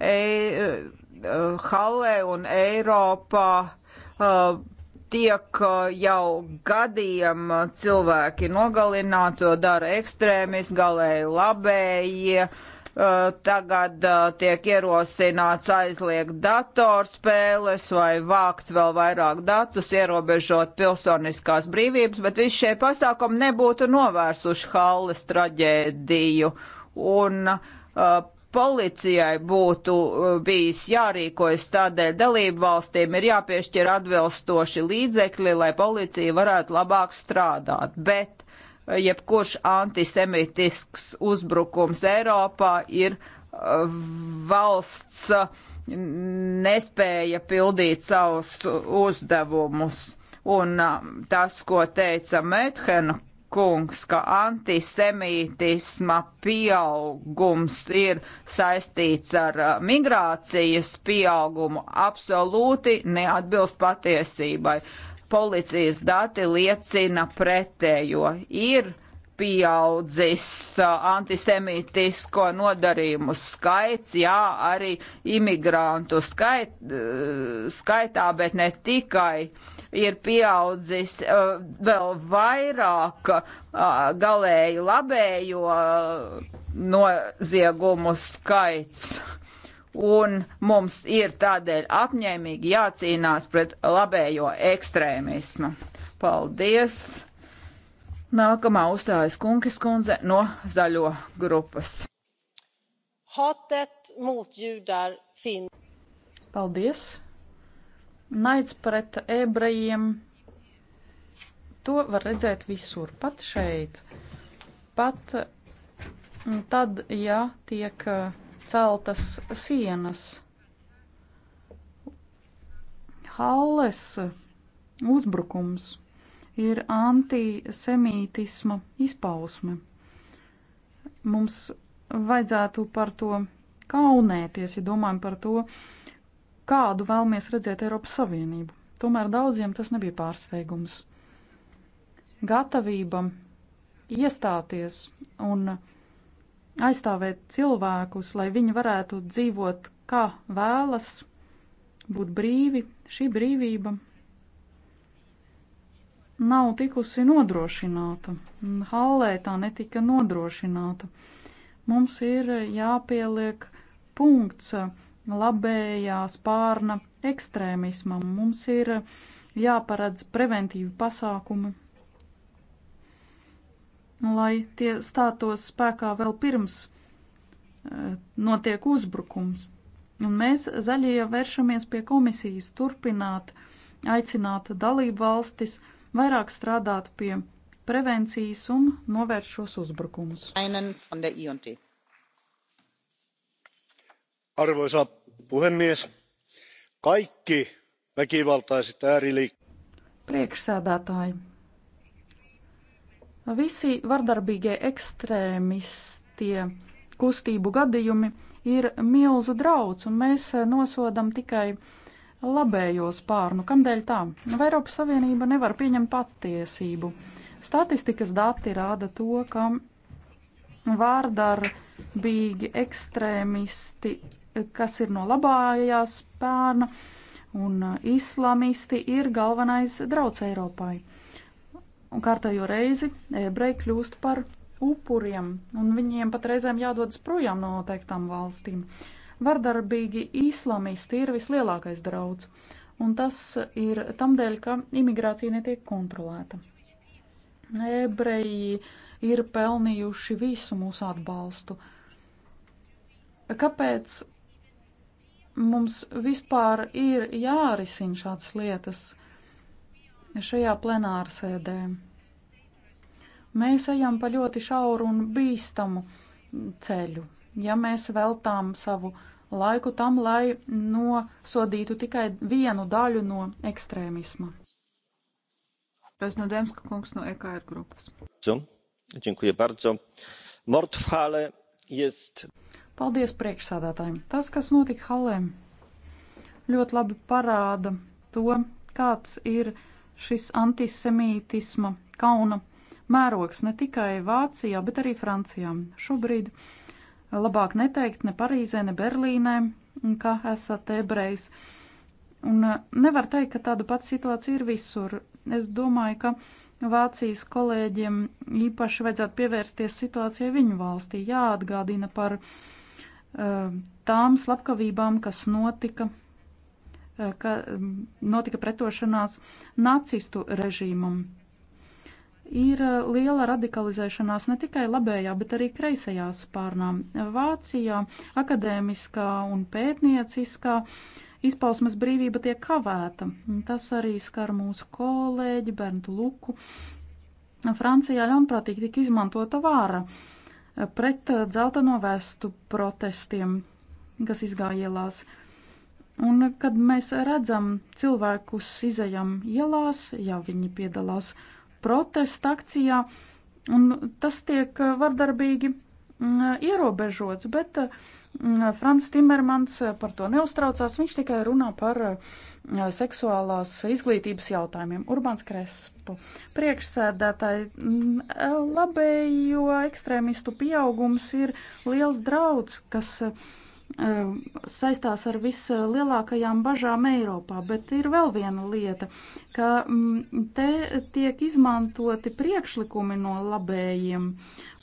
E, uh, Hale un Eiropā uh, tiek uh, jau gadiem uh, cilvēki nogalināti, to dara ekstrēmisti, galēji labējie. Uh, tagad tiek ierosināts aizliegt datorspēles vai vākt vēl vairāk datus, ierobežot pilsoniskās brīvības, bet visi šie pasākumi nebūtu novērsuši Halles traģēdiju. Un uh, policijai būtu uh, bijis jārīkojas tādēļ dalību valstīm ir jāpiešķir atbilstoši līdzekļi, lai policija varētu labāk strādāt. Bet uh, jebkurš antisemitisks uzbrukums Eiropā ir uh, valsts nespēja pildīt savus uzdevumus. Un um, tas, ko teica Methena kungs, ka antisemītisma pieaugums ir saistīts ar uh, migrācijas pieaugumu, absolūti neatbilst patiesībai. Policijas dati liecina pretējo. Ir pieaudzis antisemītisko nodarījumu skaits, jā, arī imigrantu skait, skaitā, bet ne tikai ir pieaudzis vēl vairāk galēji labējo noziegumu skaits un mums ir tādēļ apņēmīgi jācīnās pret labējo ekstrēmismu. Paldies! Nākamā uzstājas Kunkis kundze no zaļo grupas. Hatet mot judar fin. Paldies. Naids pret ebrejiem. To var redzēt visur, pat šeit. Pat mm, tad, ja tiek eh, celtas sienas. Halles eh, uzbrukums ir antisemītisma izpausme. Mums vajadzētu par to kaunēties, ja domājam par to, kādu vēlamies redzēt Eiropas Savienību. Tomēr daudziem tas nebija pārsteigums. Gatavība iestāties un aizstāvēt cilvēkus, lai viņi varētu dzīvot kā vēlas, būt brīvi, šī brīvība nav tikusi nodrošināta. Hallē tā netika nodrošināta. Mums ir jāpieliek punkts labējā spārna ekstrēmismam. Mums ir jāparedz preventīvi pasākumi, lai tie stātos spēkā vēl pirms eh, notiek uzbrukums. Un mēs zaļie vēršamies pie komisijas turpināt aicināt dalību valstis, uh, vairāk strādāt pie prevencijas un novērš šos uzbrukumus. Arvoisa puhemies, kaikki väkivaltaiset ääriliikkeet. Priekšsēdētāji, visi vardarbīgie ekstrēmistie kustību gadījumi ir milzu drauds, un mēs nosodam tikai uh, labējo spārnu. Kamdēļ tā? Nu, vai Eiropas Savienība nevar pieņemt patiesību? Statistikas dati rāda to, ka vārdarbīgi ekstrēmisti, kas ir no labājā spārna, un islamisti ir galvenais drauds Eiropai. Un kārtējo reizi ebreji kļūst par upuriem, un viņiem pat reizēm jādodas projām no noteiktām valstīm. Uh, Vardarbīgi islamisti ir vislielākais draudz, un tas ir tamdēļ, ka imigrācija netiek kontrolēta. Ebreji ir pelnījuši visu mūsu atbalstu. Kāpēc mums vispār ir jārisina šādas lietas šajā plenāra sēdē? Mēs ejam pa ļoti šauru un bīstamu ceļu ja mēs veltām savu laiku tam, lai nosodītu tikai vienu daļu no ekstrēmisma. Preznodemska kungs no EKR grupas. Dziękuję bardzo. Mord w Hale jest. Paldies priekšsādātājiem. Tas, kas notika Halē, ļoti labi parāda to, kāds ir šis antisemītisma kauna mērogs ne tikai Vācijā, bet arī Francijā. Šobrīd uh, labāk neteikt ne Parīzē, ne Berlīnē, ka esat ebrejs. Un eh, nevar teikt, ka tāda pati situācija ir visur. Es domāju, ka Vācijas kolēģiem īpaši vajadzētu pievērsties situācijai viņu valstī, jāatgādina par uh, tām slepkavībām, kas notika, uh, ka mm, notika pretošanās nacistu režīmam ir eh, liela radikalizēšanās ne tikai labējā, bet arī kreisajā spārnā. Vācijā akadēmiskā un pētnieciskā izpausmes brīvība tiek kavēta. Tas arī skar mūsu kolēģi Berntu Luku. Francijā ļaunprātīgi tika izmantota vāra eh, pret eh, dzelteno vēstu protestiem, kas izgāja ielās. Un kad mēs redzam cilvēkus izējam ielās, ja viņi piedalās uh, protesta akcijā, un tas tiek eh, vardarbīgi mm, ierobežots, bet eh, mm, Frans Timermans eh, par to neuztraucās, viņš tikai runā par seksuālās izglītības jautājumiem. Urbāns Krespo, priekšsēdētāji, mm, labējo ekstrēmistu pieaugums ir liels draudz, kas Ehm, saistās ar vislielākajām bažām Eiropā, bet ir vēl viena lieta, ka mm, te tiek izmantoti priekšlikumi no labējiem,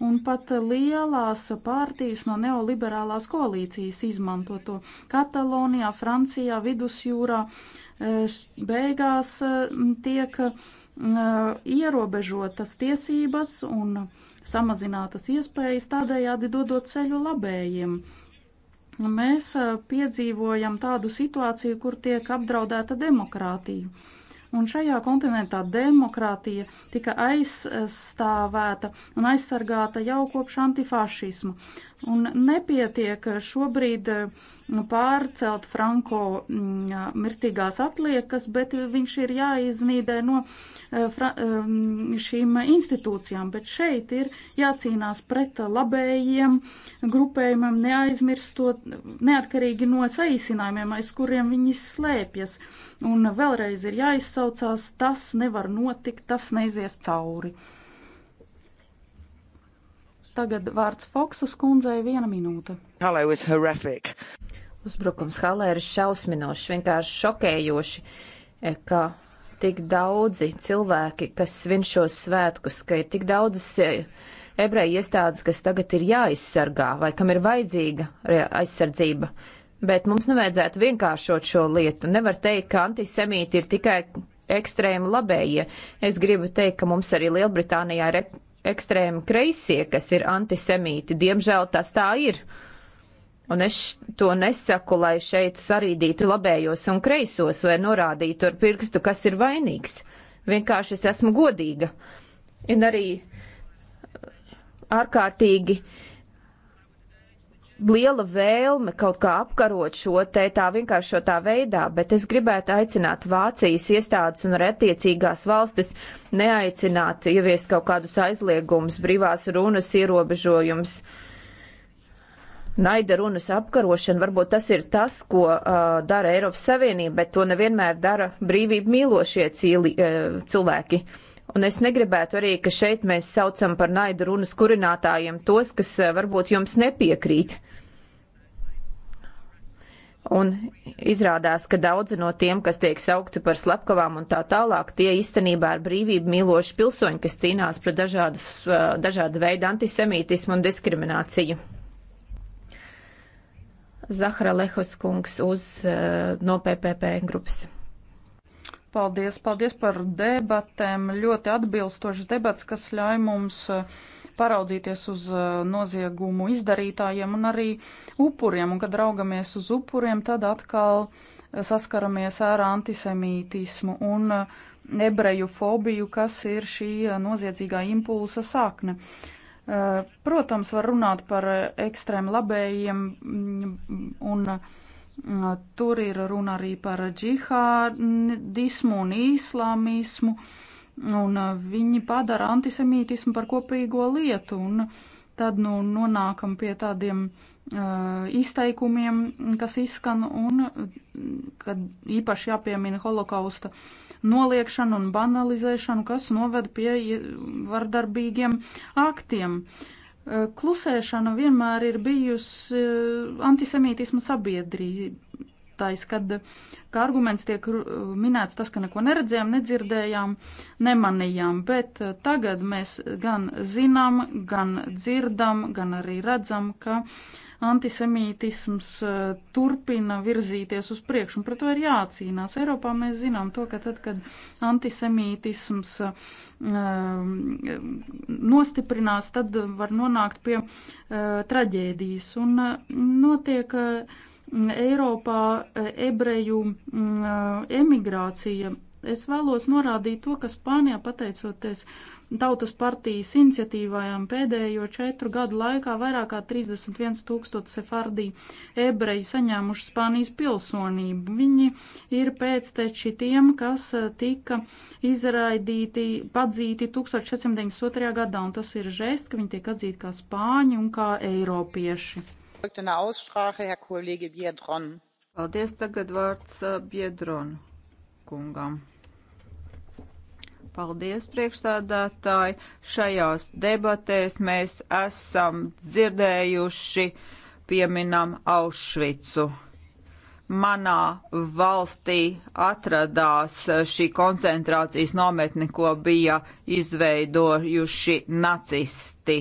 un pat lielās pārtīs no neoliberālās koalīcijas izmanto to Katalonijā, Francijā, Vidusjūrā. Eh, beigās eh, tiek mm, eh, ierobežotas tiesības un samazinātas iespējas, tādējādi dodot ceļu labējiem. Mēs eh, piedzīvojam tādu situāciju, kur tiek apdraudēta demokrātija. Un šajā kontinentā demokrātija tika aizstāvēta un aizsargāta jau kopš antifašismu. Un nepietiek šobrīd mm, pārcelt Franko mm, mirstīgās atliekas, bet viņš ir jāiznīdē no eh, mm, šīm institūcijām. Bet šeit ir jācīnās pret labējiem grupējumiem, neaizmirstot, neatkarīgi no saīsinājumiem, aiz kuriem viņi slēpjas. Uh, Un vēlreiz ir jāizsaucās, tas nevar notikt, tas neizies cauri. Tagad vārds Foksas kundzei viena minūte. Hallo is horrific. Uzbrukums Halē ir šausminošs, vienkārši šokējoši, e, ka tik daudzi cilvēki, kas svin šos svētkus, ka ir tik daudzas e, ebreju iestādes, kas tagad ir jāaizsargā vai kam ir vajadzīga aizsardzība. Bet mums nevajadzētu vienkāršot šo lietu. Nevar teikt, ka antisemīti ir tikai ekstrēmi labējie. Es gribu teikt, ka mums arī Lielbritānijā ir ekstrēmi kreisie, kas ir antisemīti. Diemžēl tas tā ir. Un es to nesaku, lai šeit sarīdītu labējos un kreisos vai norādītu ar pirkstu, kas ir vainīgs. Vienkārši es esmu godīga. Un arī ārkārtīgi uh, liela vēlme kaut kā apkarot šo te tā vienkāršotā veidā, bet es gribētu aicināt Vācijas iestādes un arī attiecīgās valstis neaicināt ieviest kaut kādus aizliegumus, brīvās runas ierobežojumus. Naida runas apkarošana, varbūt tas ir tas, ko uh, dara Eiropas Savienība, bet to nevienmēr dara brīvību mīlošie cīli, uh, cilvēki. Uh, Un es negribētu arī, ka šeit mēs saucam par naidu runas kurinātājiem tos, kas eh, varbūt jums nepiekrīt. Un izrādās, ka daudzi no tiem, kas tiek saukti par slepkavām un tā tālāk, tie īstenībā ir brīvību mīloši pilsoņi, kas cīnās pret dažādu, eh, dažādu veidu antisemītismu un diskrimināciju. Zahra Lehoskungs uz, eh, no PPP grupas. Paldies, paldies par debatēm, ļoti atbilstošas debats, kas ļauj mums eh, paraudzīties uz eh, noziegumu izdarītājiem un arī upuriem. Un, kad raugamies uz upuriem, tad atkal eh, saskaramies ar antisemītismu un ebreju fobiju, kas ir šī noziedzīgā impulsa sākne. Protams, var runāt par ekstrēm labējiem mm, un Mm, tur ir runa arī par džihādismu un islāmismu, un uh, viņi padara antisemītismu par kopīgo lietu, un tad nu nonākam pie tādiem uh, izteikumiem, kas izskan, un kad īpaši jāpiemina holokausta noliekšanu un banalizēšanu, kas noved pie vardarbīgiem aktiem. Uh, Klusēšana vienmēr ir bijusi eh, antisemītisma sabiedrītais, kad kā arguments tiek eh, minēts tas, ka neko neredzējām, nedzirdējām, nemanījām, bet eh, tagad mēs gan zinām, gan dzirdam, gan arī redzam, ka uh, antisemītisms eh, turpina virzīties uz priekšu, un pret to ir jācīnās. Eiropā mēs zinām to, ka tad, kad antisemītisms eh, nostiprinās, tad var nonākt pie eh, traģēdijas, un notiek Eiropā ebreju mm, emigrācija. Es vēlos norādīt to, ka Spānijā pateicoties uh, Tautas partijas iniciatīvām pēdējo četru gadu laikā vairāk kā 31 tūkstoši sefardī ebreju saņēmuši Spānijas pilsonību. Viņi ir pēcteči tiem, kas eh, tika izraidīti, padzīti 1492. gadā, un tas ir žēst, ka viņi tiek atzīti kā spāņi un kā eiropieši. Paldies, tagad vārds eh, Biedron kungam. Paldies, priekšstādātāji. Šajās debatēs mēs esam dzirdējuši pieminam Aušvicu. Manā valstī atradās šī koncentrācijas nometne, ko bija izveidojuši nacisti,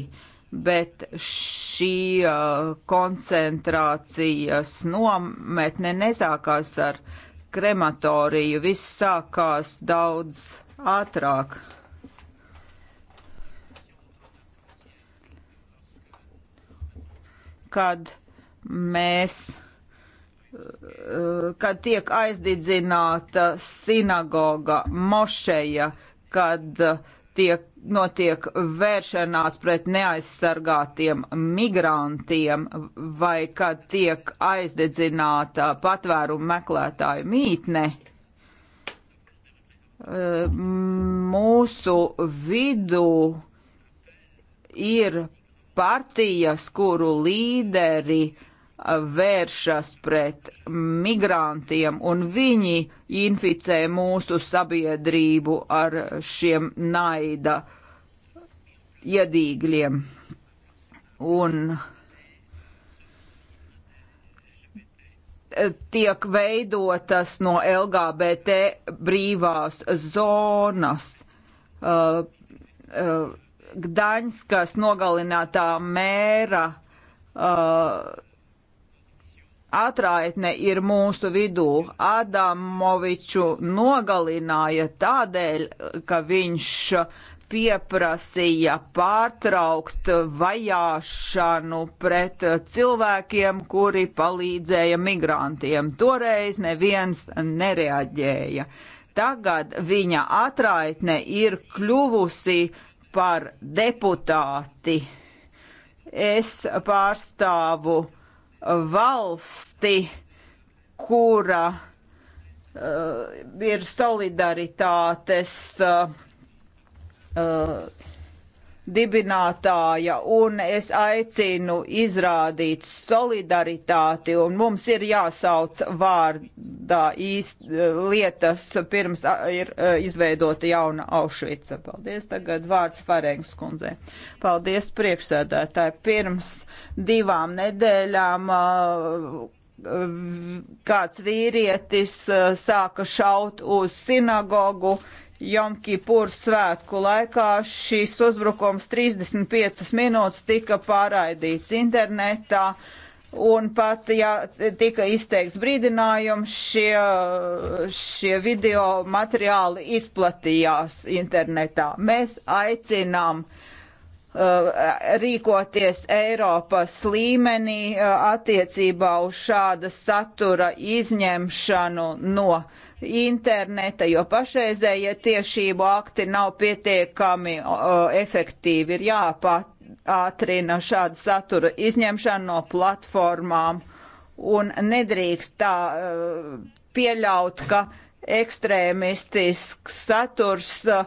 bet šī uh, koncentrācijas nometne nesākās ar krematoriju, viss sākās daudz ātrāk. Kad mēs, eh, kad tiek aizdedzināta sinagoga, mošeja, kad tiek notiek vēršanās pret neaizsargātiem migrantiem vai kad tiek aizdedzināta patvērumu meklētāju mītne mūsu vidū ir partijas, kuru līderi vēršas pret migrantiem, un viņi inficē mūsu sabiedrību ar šiem naida iedīgļiem. Un uh, tiek veidotas no LGBT brīvās zonas. Uh, uh, Gdaņskas nogalinātā mēra uh, atraitne ir mūsu vidū. Adamoviču nogalināja tādēļ, ka viņš uh, pieprasīja pārtraukt vajāšanu pret cilvēkiem, kuri palīdzēja migrantiem. Toreiz neviens nereaģēja. Tagad viņa atraitne ir kļuvusi par deputāti. Es pārstāvu valsti, kura uh, ir solidaritātes uh, uh, dibinātāja, un es aicinu izrādīt solidaritāti, un mums ir jāsauc vārdā īst uh, lietas, pirms ir uh, izveidota jauna Aušvica. Paldies, tagad vārds Farengs kundzē. Paldies, priekšsēdētāji. Pirms divām nedēļām uh, kāds vīrietis sāka šaut uz sinagogu, Jonkipur svētku laikā šīs uzbrukums 35 minūtes tika pārraidīts internetā. Un pat, ja tika izteikts brīdinājums, šie, šie video materiāli izplatījās internetā. Mēs aicinām uh, rīkoties Eiropas līmenī uh, attiecībā uz šāda satura izņemšanu no uh, interneta, jo pašreizējie ja tiešību akti nav pietiekami o, efektīvi. Ir jāpātrina šāda satura izņemšana no platformām un nedrīkst tā e, pieļaut, ka ekstrēmistisks saturs e,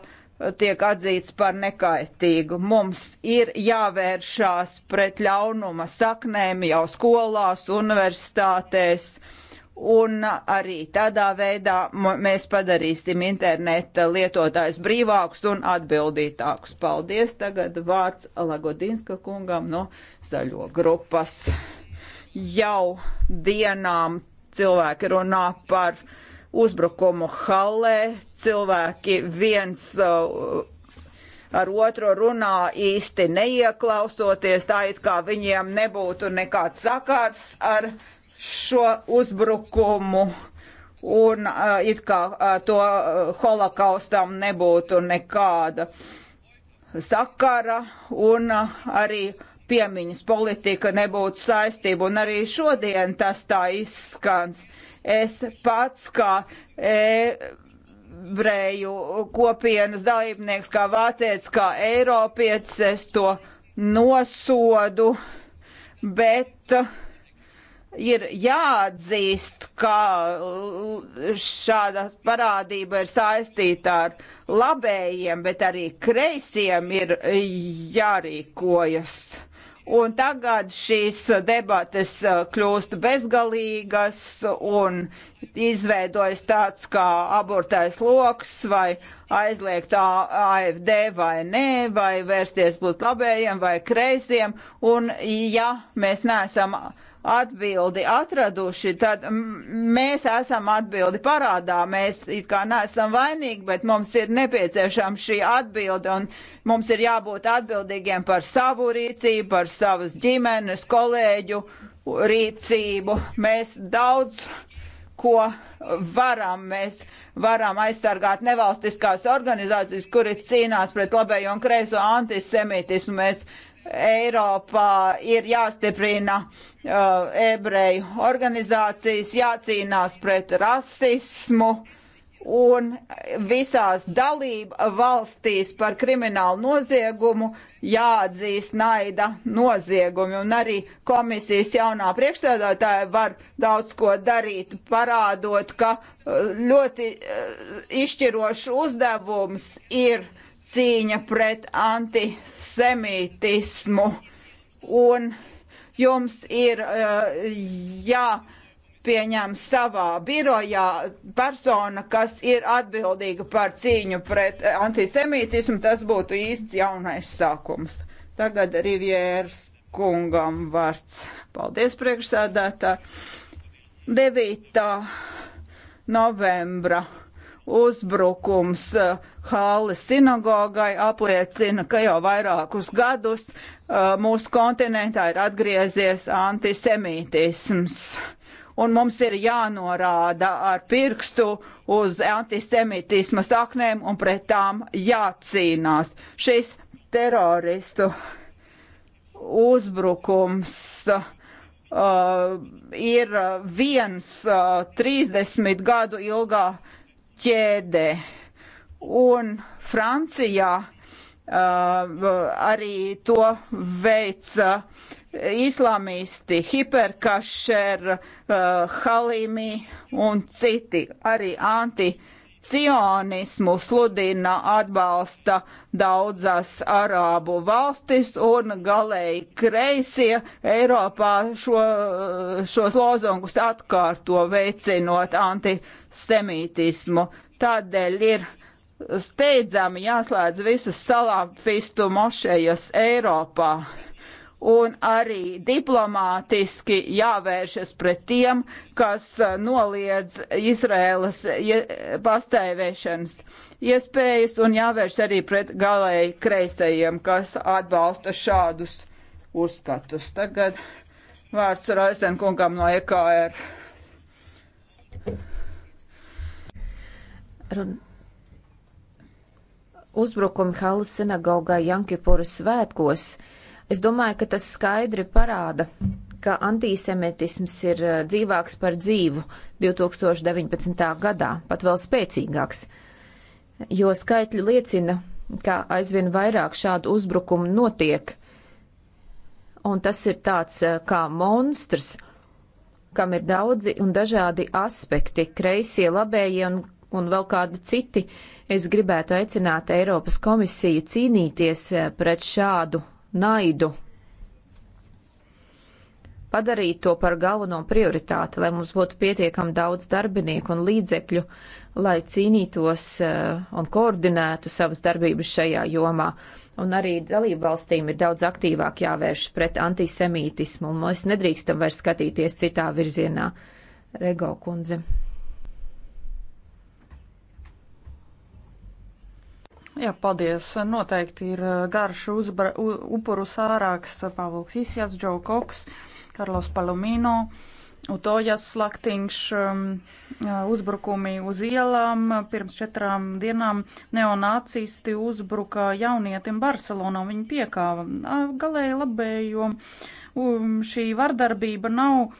tiek atzīts par nekaitīgu. Mums ir jāvēršās pret ļaunuma saknēm jau skolās, universitātēs Un arī tādā veidā mēs padarīsim interneta lietotājus brīvākus un atbildītākus. Paldies! Tagad vārds Lagodinska kungam no zaļo grupas. Jau dienām cilvēki runā par uzbrukumu Hallē, cilvēki viens uh, ar otru runā īsti neieklausoties, tā it kā viņiem nebūtu nekāds sakars ar šo uzbrukumu un uh, it kā uh, to holokaustam nebūtu nekāda sakara un uh, arī piemiņas politika nebūtu saistība, un arī šodien tas tā izskans. Es pats kā ebreju kopienas dalībnieks, kā vācietis, kā eiropietis, es to nosodu, bet uh, ir jāatzīst, ka šāda parādība ir saistīta ar labējiem, bet arī kreisiem ir jārīkojas. Un tagad šīs debates uh, kļūst bezgalīgas un izveidojas tāds kā aburtais loks, vai aizliegt AFD vai nē, vai vērsties būt labējiem vai kreisiem. Un ja mēs neesam uh, atbildi atraduši, tad mēs esam atbildi parādā. Mēs it kā neesam vainīgi, bet mums ir nepieciešama šī atbilde un mums ir jābūt atbildīgiem par savu rīcību, par savas ģimenes, kolēģu rīcību. Mēs daudz ko varam. Mēs varam aizsargāt nevalstiskās organizācijas, kuri cīnās pret labējo un kreiso antisemītismu. Mēs Eiropā ir jāstiprina uh, ebreju organizācijas, jācīnās pret rasismu un visās dalība valstīs par kriminālu noziegumu jāatzīst naida noziegumi. Un arī komisijas jaunā priekšstādātāja var daudz ko darīt, parādot, ka uh, ļoti uh, izšķirošs uzdevums ir cīņa pret antisemītismu. Un jums ir uh, jāpieņem savā birojā persona, kas ir atbildīga par cīņu pret eh, antisemītismu. Tas būtu īsts jaunais sākums. Tagad Rivjērs kungam vārds. Paldies priekšsēdētā. 9. novembra uzbrukums Hāles eh, sinagogai apliecina, ka jau vairākus gadus eh, mūsu kontinentā ir atgriezies antisemītisms. Un mums ir jānorāda ar pirkstu uz antisemītisma saknēm un pret tām jācīnās. Šis teroristu uzbrukums uh, Uh, ir viens uh, 30 gadu ilgā ķēdē. Un Francijā uh, arī to veica islamisti, hiperkašer, uh, halimi un citi, arī anti cionismu sludina atbalsta daudzas arābu valstis un galēji kreisie Eiropā šo, šos lozungus atkārto veicinot antisemītismu. Tādēļ ir steidzami jāslēdz visas salāfistu mošejas Eiropā un arī diplomātiski jāvēršas pret tiem, kas uh, noliedz Izraēlas pastāvēšanas iespējas, un jāvērš arī pret galēji kreisajiem, kas atbalsta šādus uzskatus. Tagad vārds Raisenkungam no EKR. Run uzbrukumi Halas sinagogai Jankipuras svētkos Es domāju, ka tas skaidri parāda, ka antisemitisms ir eh, dzīvāks par dzīvu 2019. gadā, pat vēl spēcīgāks, jo skaitļi liecina, ka aizvien vairāk šādu uzbrukumu notiek, un tas ir tāds eh, kā monstrs, kam ir daudzi un dažādi aspekti - kreisie, labējie un, un vēl kādi citi. Es gribētu aicināt Eiropas komisiju cīnīties eh, pret šādu naidu, padarīt to par galveno prioritāti, lai mums būtu pietiekami daudz darbinieku un līdzekļu, lai cīnītos eh, un koordinētu savas darbības šajā jomā. Un arī dalību valstīm ir daudz aktīvāk jāvēršas pret antisemītismu, un mēs nedrīkstam vairs skatīties citā virzienā. Rego kundze. Jā, paldies. Noteikti ir uh, garš uzbra, u, upuru sārāks uh, Pāvils Īsjāts, Džo Koks, Karlos Palomino, Utojas Slaktiņš, um, uh, uzbrukumi uz ielām. Pirms četrām dienām neonācisti uzbruka jaunietim Barcelonā, viņu piekāva galēji labējo šī vardarbība nav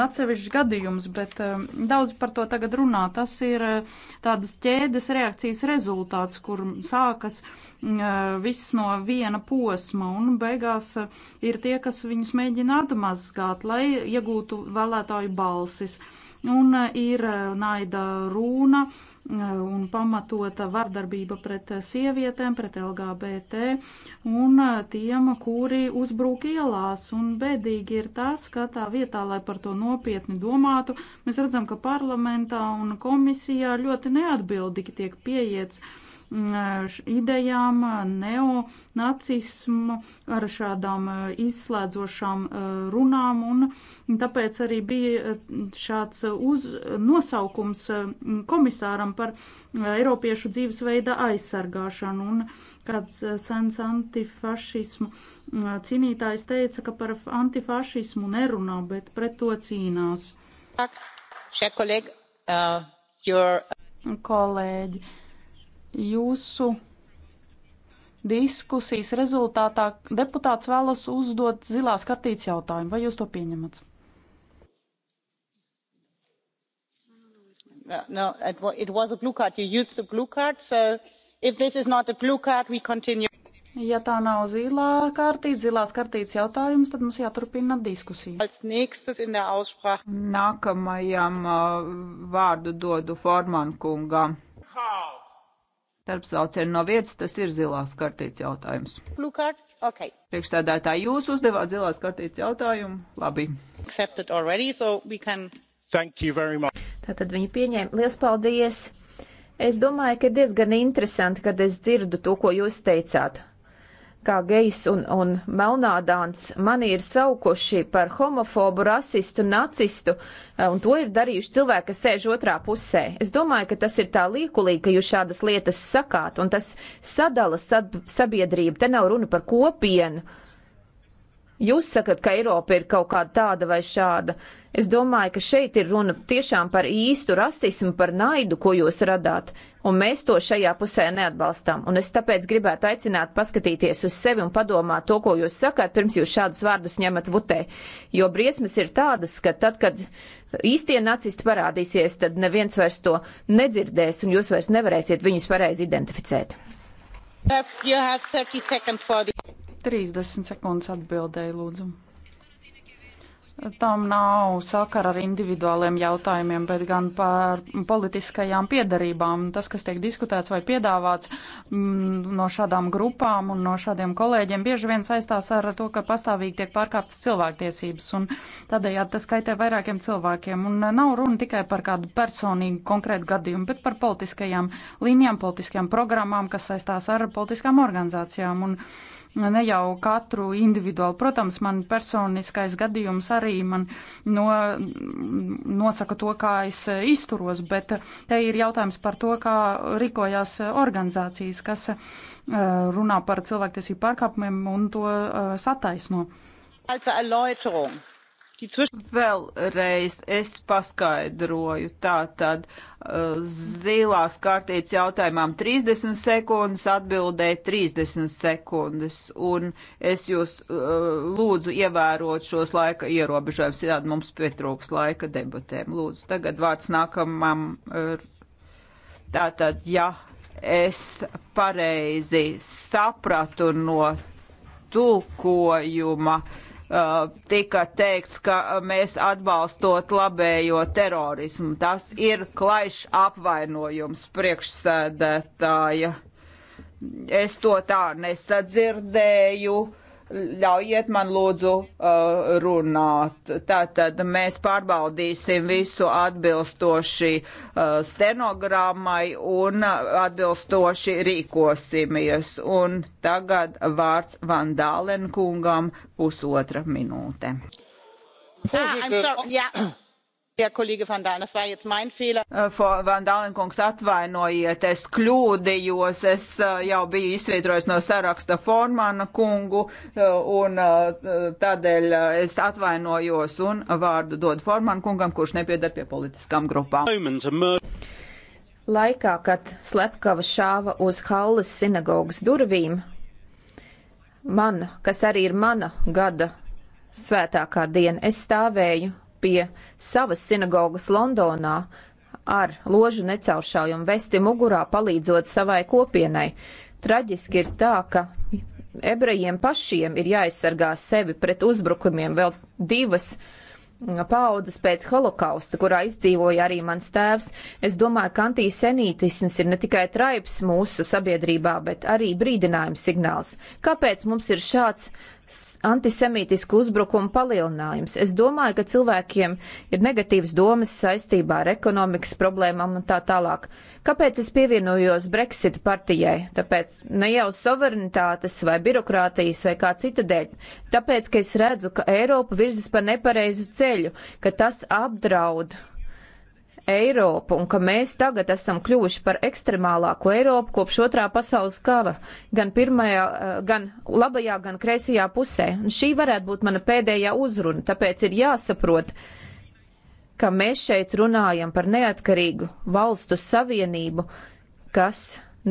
atsevišķs gadījums, bet e, daudz par to tagad runā. Tas ir e, tādas ķēdes reakcijas rezultāts, kur sākas e, viss no viena posma un beigās ir tie, kas viņus mēģina atmazgāt, lai iegūtu vēlētāju balsis. Un ir naida rūna, uh, un pamatota vardarbība pret sievietēm, pret LGBT un tiem, kuri uzbrūk ielās. Un bēdīgi ir tas, ka tā vietā, lai par to nopietni domātu, mēs redzam, ka parlamentā un komisijā ļoti neatbildīgi tiek pieiets idejām, neonacismu, ar šādām e, izslēdzošām e, runām, un tāpēc arī bija e, šāds uz, nosaukums komisāram par Eiropiešu dzīvesveida aizsargāšanu, un kāds sens antifašismu cīnītājs teica, ka par antifašismu nerunā, bet pret to cīnās. Euh, Kolēģi, Jūsu diskusijas rezultātā deputāts vēlas uzdot zilās kartītes jautājumu. Vai jūs to pieņemat? No, it was a blue card. You used the blue card, so if this is not a blue card, we continue. Ja tā nav zilā kartīte, zilās kartītes jautājums, tad mums jāturpina diskusija. Nākamajam uh, vārdu dodu Forman kungam. How? Tarpsaucieni no vietas, tas ir zilās kartītes jautājums. Lukārt, ok. Priekšstādātāji, jūs uzdevāt zilās kartītes jautājumu? Labi. Accepted already, so we can... Thank you very much. Tātad viņi pieņēma. Liels paldies! Es domāju, ka ir diezgan interesanti, kad es dzirdu to, ko jūs teicāt kā gejs un, un melnādāns mani ir saukuši par homofobu, rasistu, nacistu, eh, un to ir darījuši cilvēki, kas sēž otrā pusē. Es domāju, ka tas ir tā liekulīgi, ka jūs šādas lietas sakāt, un tas sadala sad, sabiedrību. Te nav runa par kopienu. Jūs sakat, ka Eiropa ir kaut kāda tāda vai šāda. Es domāju, ka šeit ir runa tiešām par īstu rasismu, par naidu, ko jūs radāt, un mēs to šajā pusē neatbalstām. Un es tāpēc gribētu aicināt paskatīties uz sevi un padomāt to, ko jūs sakāt, pirms jūs šādus vārdus ņemat vutē. Jo briesmas ir tādas, ka tad, kad īstie nacisti parādīsies, tad neviens vairs to nedzirdēs, un jūs vairs nevarēsiet viņus pareizi identificēt. The... 30 sekundes atbildēju, lūdzu. Tam nav sakara ar individuāliem jautājumiem, bet gan par politiskajām piedarībām. Tas, kas tiek diskutēts vai piedāvāts mm, no šādām grupām un no šādiem kolēģiem, bieži vien saistās ar to, ka pastāvīgi tiek pārkāptas cilvēktiesības, un tādējādi tas kaitē vairākiem cilvēkiem. Un eh, nav runa tikai par kādu personīgu konkrētu gadījumu, bet par politiskajām līnijām, politiskajām programmām, kas saistās ar politiskām organizācijām. Un, uh, ne jau katru individuāli. Protams, man personiskais gadījums arī man no, nosaka to, kā es izturos, bet te ir jautājums par to, kā rīkojās organizācijas, kas eh, runā par cilvēktiesību pārkāpumiem un to eh, sataisno. Also Erläuterung. Vēlreiz es paskaidroju. Tātad uh, zilās kārtītes jautājumām 30 sekundes, atbildēja 30 sekundes. Un es jūs uh, lūdzu ievērot šos laika ierobežojumus, citādi mums pietrūks laika debatēm. Lūdzu, tagad vārds nākamam. Uh, tātad, ja es pareizi sapratu no tulkojuma, uh, Eh, tika teikts, ka mēs atbalstot labējo terorismu. Tas ir klaišs apvainojums priekšsēdētāja. Es to tā nesadzirdēju. Uh, ļaujiet man lūdzu uh, runāt. Tātad mēs pārbaudīsim visu atbilstoši uh, stenogrammai un atbilstoši rīkosimies. Un tagad vārds Vandālenkungam pusotra minūte. Ah, Jā, kolēģi Van Dālen, tas bija jetzt mein Fehler. Äh, Van Dālen kungs atvainojiet, es kļūdījos, es äh, jau biju izsvītrojis no saraksta Formana kungu äh, un tādēļ es atvainojos un vārdu dod Formana kungam, kurš nepiedar pie politiskām grupām. Laikā, kad Slepkava šāva uz Halles sinagogas durvīm, man, kas arī ir mana gada svētākā diena, es stāvēju pie savas sinagogas Londonā ar ložu necauršaujumu vesti mugurā, palīdzot savai kopienai. Traģiski ir tā, ka ebrejiem pašiem ir jāaizsargā sevi pret uzbrukumiem vēl divas paudzes pēc holokausta, kurā izdzīvoja arī mans tēvs. Es domāju, ka antisemītisms ir ne tikai traips mūsu sabiedrībā, bet arī brīdinājums signāls. Kāpēc mums ir šāds antisemītisku uzbrukumu palielinājums. Es domāju, ka cilvēkiem ir negatīvas domas saistībā ar ekonomikas problēmām un tā tālāk. Kāpēc es pievienojos Brexit partijai? Tāpēc ne jau suverenitātes vai birokrātijas vai kā cita dēļ. Tāpēc, ka es redzu, ka Eiropa virzas pa nepareizu ceļu, ka tas apdraud Eiropu un ka mēs tagad esam kļuvuši par ekstremālāko Eiropu kopš otrā pasaules kara, gan pirmajā, eh, gan labajā, gan kreisajā pusē. Un šī varētu būt mana pēdējā uzruna, tāpēc ir jāsaprot, ka mēs šeit runājam par neatkarīgu valstu savienību, kas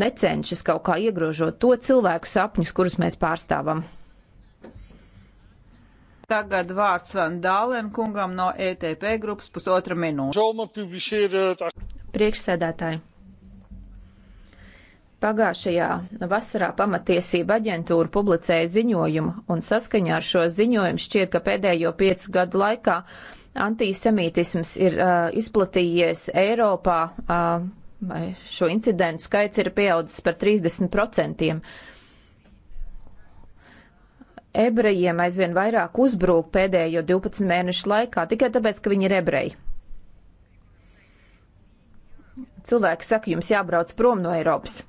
necenšas kaut kā iegrožot to cilvēku sapņus, kurus mēs pārstāvam. Tagad vārds Van Dālen kungam no ETP grupas pusotra minūte. Priekšsēdētāji. Pagājušajā vasarā pamatiesība aģentūra publicēja ziņojumu, un saskaņā ar šo ziņojumu šķiet, ka pēdējo piecu gadu laikā antisemītisms ir uh, izplatījies Eiropā, uh, šo incidentu skaits ir pieaudzis par 30% ebrejiem aizvien vairāk uzbrūk pēdējo 12 mēnešu laikā tikai tāpēc, ka viņi ir ebreji. Cilvēki saka, jums jābrauc prom no Eiropas.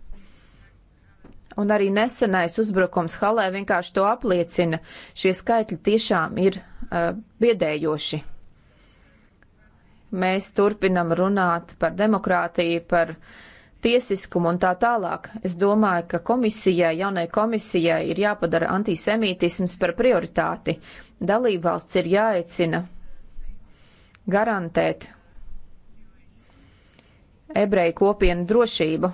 Un arī nesenais uzbrukums Halē vienkārši to apliecina. Šie skaitļi tiešām ir uh, biedējoši. Mēs turpinam runāt par demokrātiju, par uh, tiesiskumu un tā tālāk. Es domāju, ka komisijai, jaunai komisijai ir jāpadara antisemītisms par prioritāti. Dalībvalsts ir jāecina garantēt ebreju kopienu drošību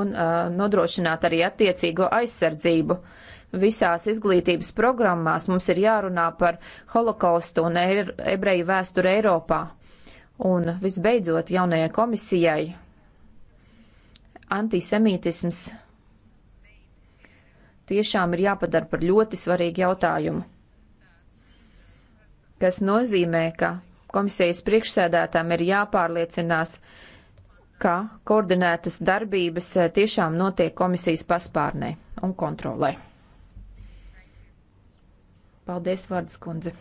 un uh, nodrošināt arī attiecīgo aizsardzību. Visās izglītības programmās mums ir jārunā par holokaustu un er, ebreju vēsturi Eiropā. Un visbeidzot, jaunajai komisijai antisemītisms tiešām ir jāpadara par ļoti svarīgu jautājumu, kas nozīmē, ka komisijas priekšsēdētām ir jāpārliecinās, ka koordinētas darbības eh, tiešām notiek komisijas paspārnē un kontrolē. Paldies, Vārdas kundze.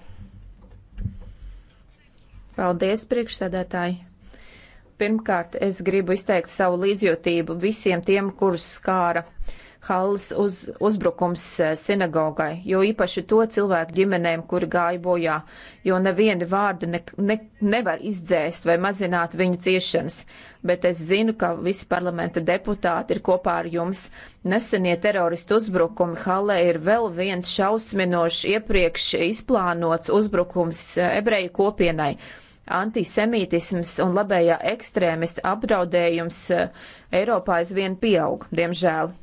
Paldies, priekšsēdētāji. Pirmkārt, es gribu izteikt savu līdzjūtību visiem tiem, kurus skāra Halles uz, uzbrukums eh, sinagogai, jo īpaši to cilvēku ģimenēm, kuri gāja bojā, jo neviena vārda ne, ne, nevar izdzēst vai mazināt viņu ciešanas. Bet es zinu, ka visi parlamenta deputāti ir kopā ar jums. Nesenie teroristu uzbrukumi Hallē ir vēl viens šausminošs iepriekš izplānots uzbrukums eh, ebreju kopienai antisemītisms un labējā ekstrēmista apdraudējums eh, Eiropā aizvien pieaug, diemžēl.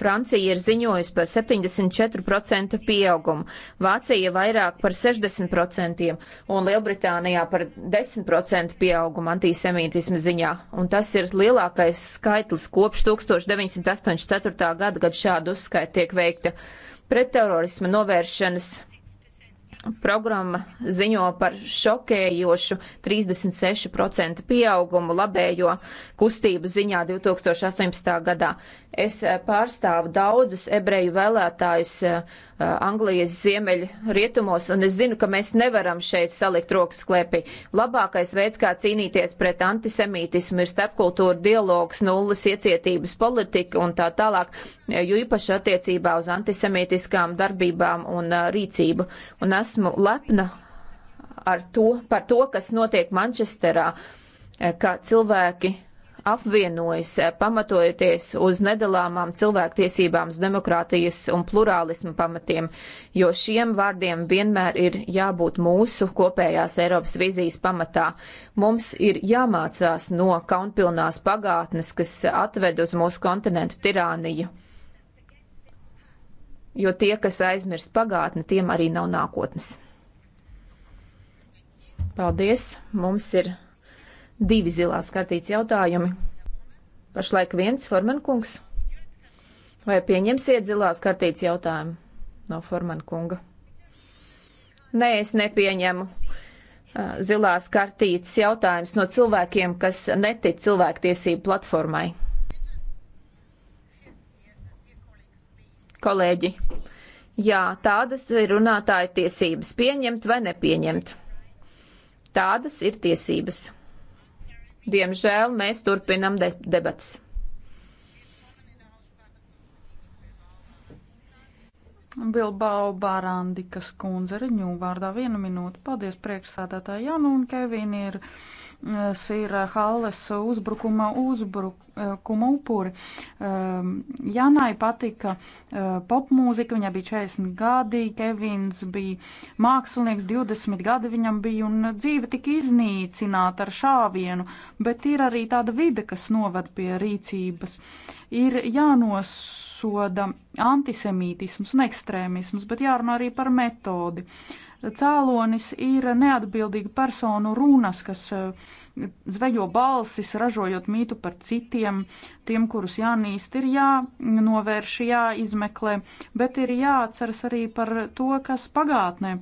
Francija ir ziņojusi par 74% pieaugumu, Vācija vairāk par 60% un Lielbritānijā par 10% pieaugumu antisemītismu ziņā. Un tas ir lielākais skaitlis kopš 1984. gada, kad šāda uzskaita tiek veikta. Pretterorisma novēršanas Programma ziņo par šokējošu 36% pieaugumu labējo kustību ziņā 2018. gadā. Es eh, pārstāvu daudzus ebreju vēlētājus eh, eh, Anglijas ziemeļu rietumos, un es zinu, ka mēs nevaram šeit salikt rokas klēpī. Labākais veids, kā cīnīties pret antisemītismu, ir starpkultūra dialogs, nulles iecietības politika un tā tālāk, jo īpaši attiecībā uz antisemītiskām darbībām un rīcību. Un esmu lepna to, par to, kas notiek Mančesterā, ka cilvēki apvienojas, eh, pamatojoties uz nedalāmām cilvēktiesībām, uz demokrātijas un plurālismu pamatiem, jo šiem vārdiem vienmēr ir jābūt mūsu kopējās Eiropas vīzijas pamatā. Mums ir jāmācās no kaunpilnās pagātnes, kas atved uz mūsu kontinentu tirāniju. Jo tie, kas aizmirst pagātni, tiem arī nav nākotnes. Paldies! Mums ir Divi zilās kartītes jautājumi. Pašlaik viens Formankungs. Vai pieņemsiet zilās kartītes jautājumu no Formankunga? Nē, es nepieņemu uh, zilās kartītes jautājums no cilvēkiem, kas netic cilvēktiesību platformai. Kolēģi, jā, tādas ir runātāja tiesības pieņemt vai nepieņemt. Tādas ir tiesības. Diemžēl mēs turpinam de debats. Bilbao Barandikas kundze riņū vārdā vienu minūtu. Paldies priekšsādātāji Janu un Kevīni ir ir eh, Halles uzbrukuma, uzbrukuma upuri. Ehm, Janai patika eh, popmūzika, viņai bija 40 gadi, Kevins bija mākslinieks, 20 gadi viņam bija un dzīve tika iznīcināta ar šāvienu, bet ir arī tāda vide, kas noved pie rīcības. Ir jānosoda antisemītisms un ekstrēmisms, bet jārunā arī par metodi. Uh, cēlonis ir neatbildīga personu runas, kas eh, zvejo balsis, ražojot mītu par citiem, tiem, kurus jānīst, ir jānovērš, jāizmeklē, bet ir jāatceras arī par to, kas pagātnē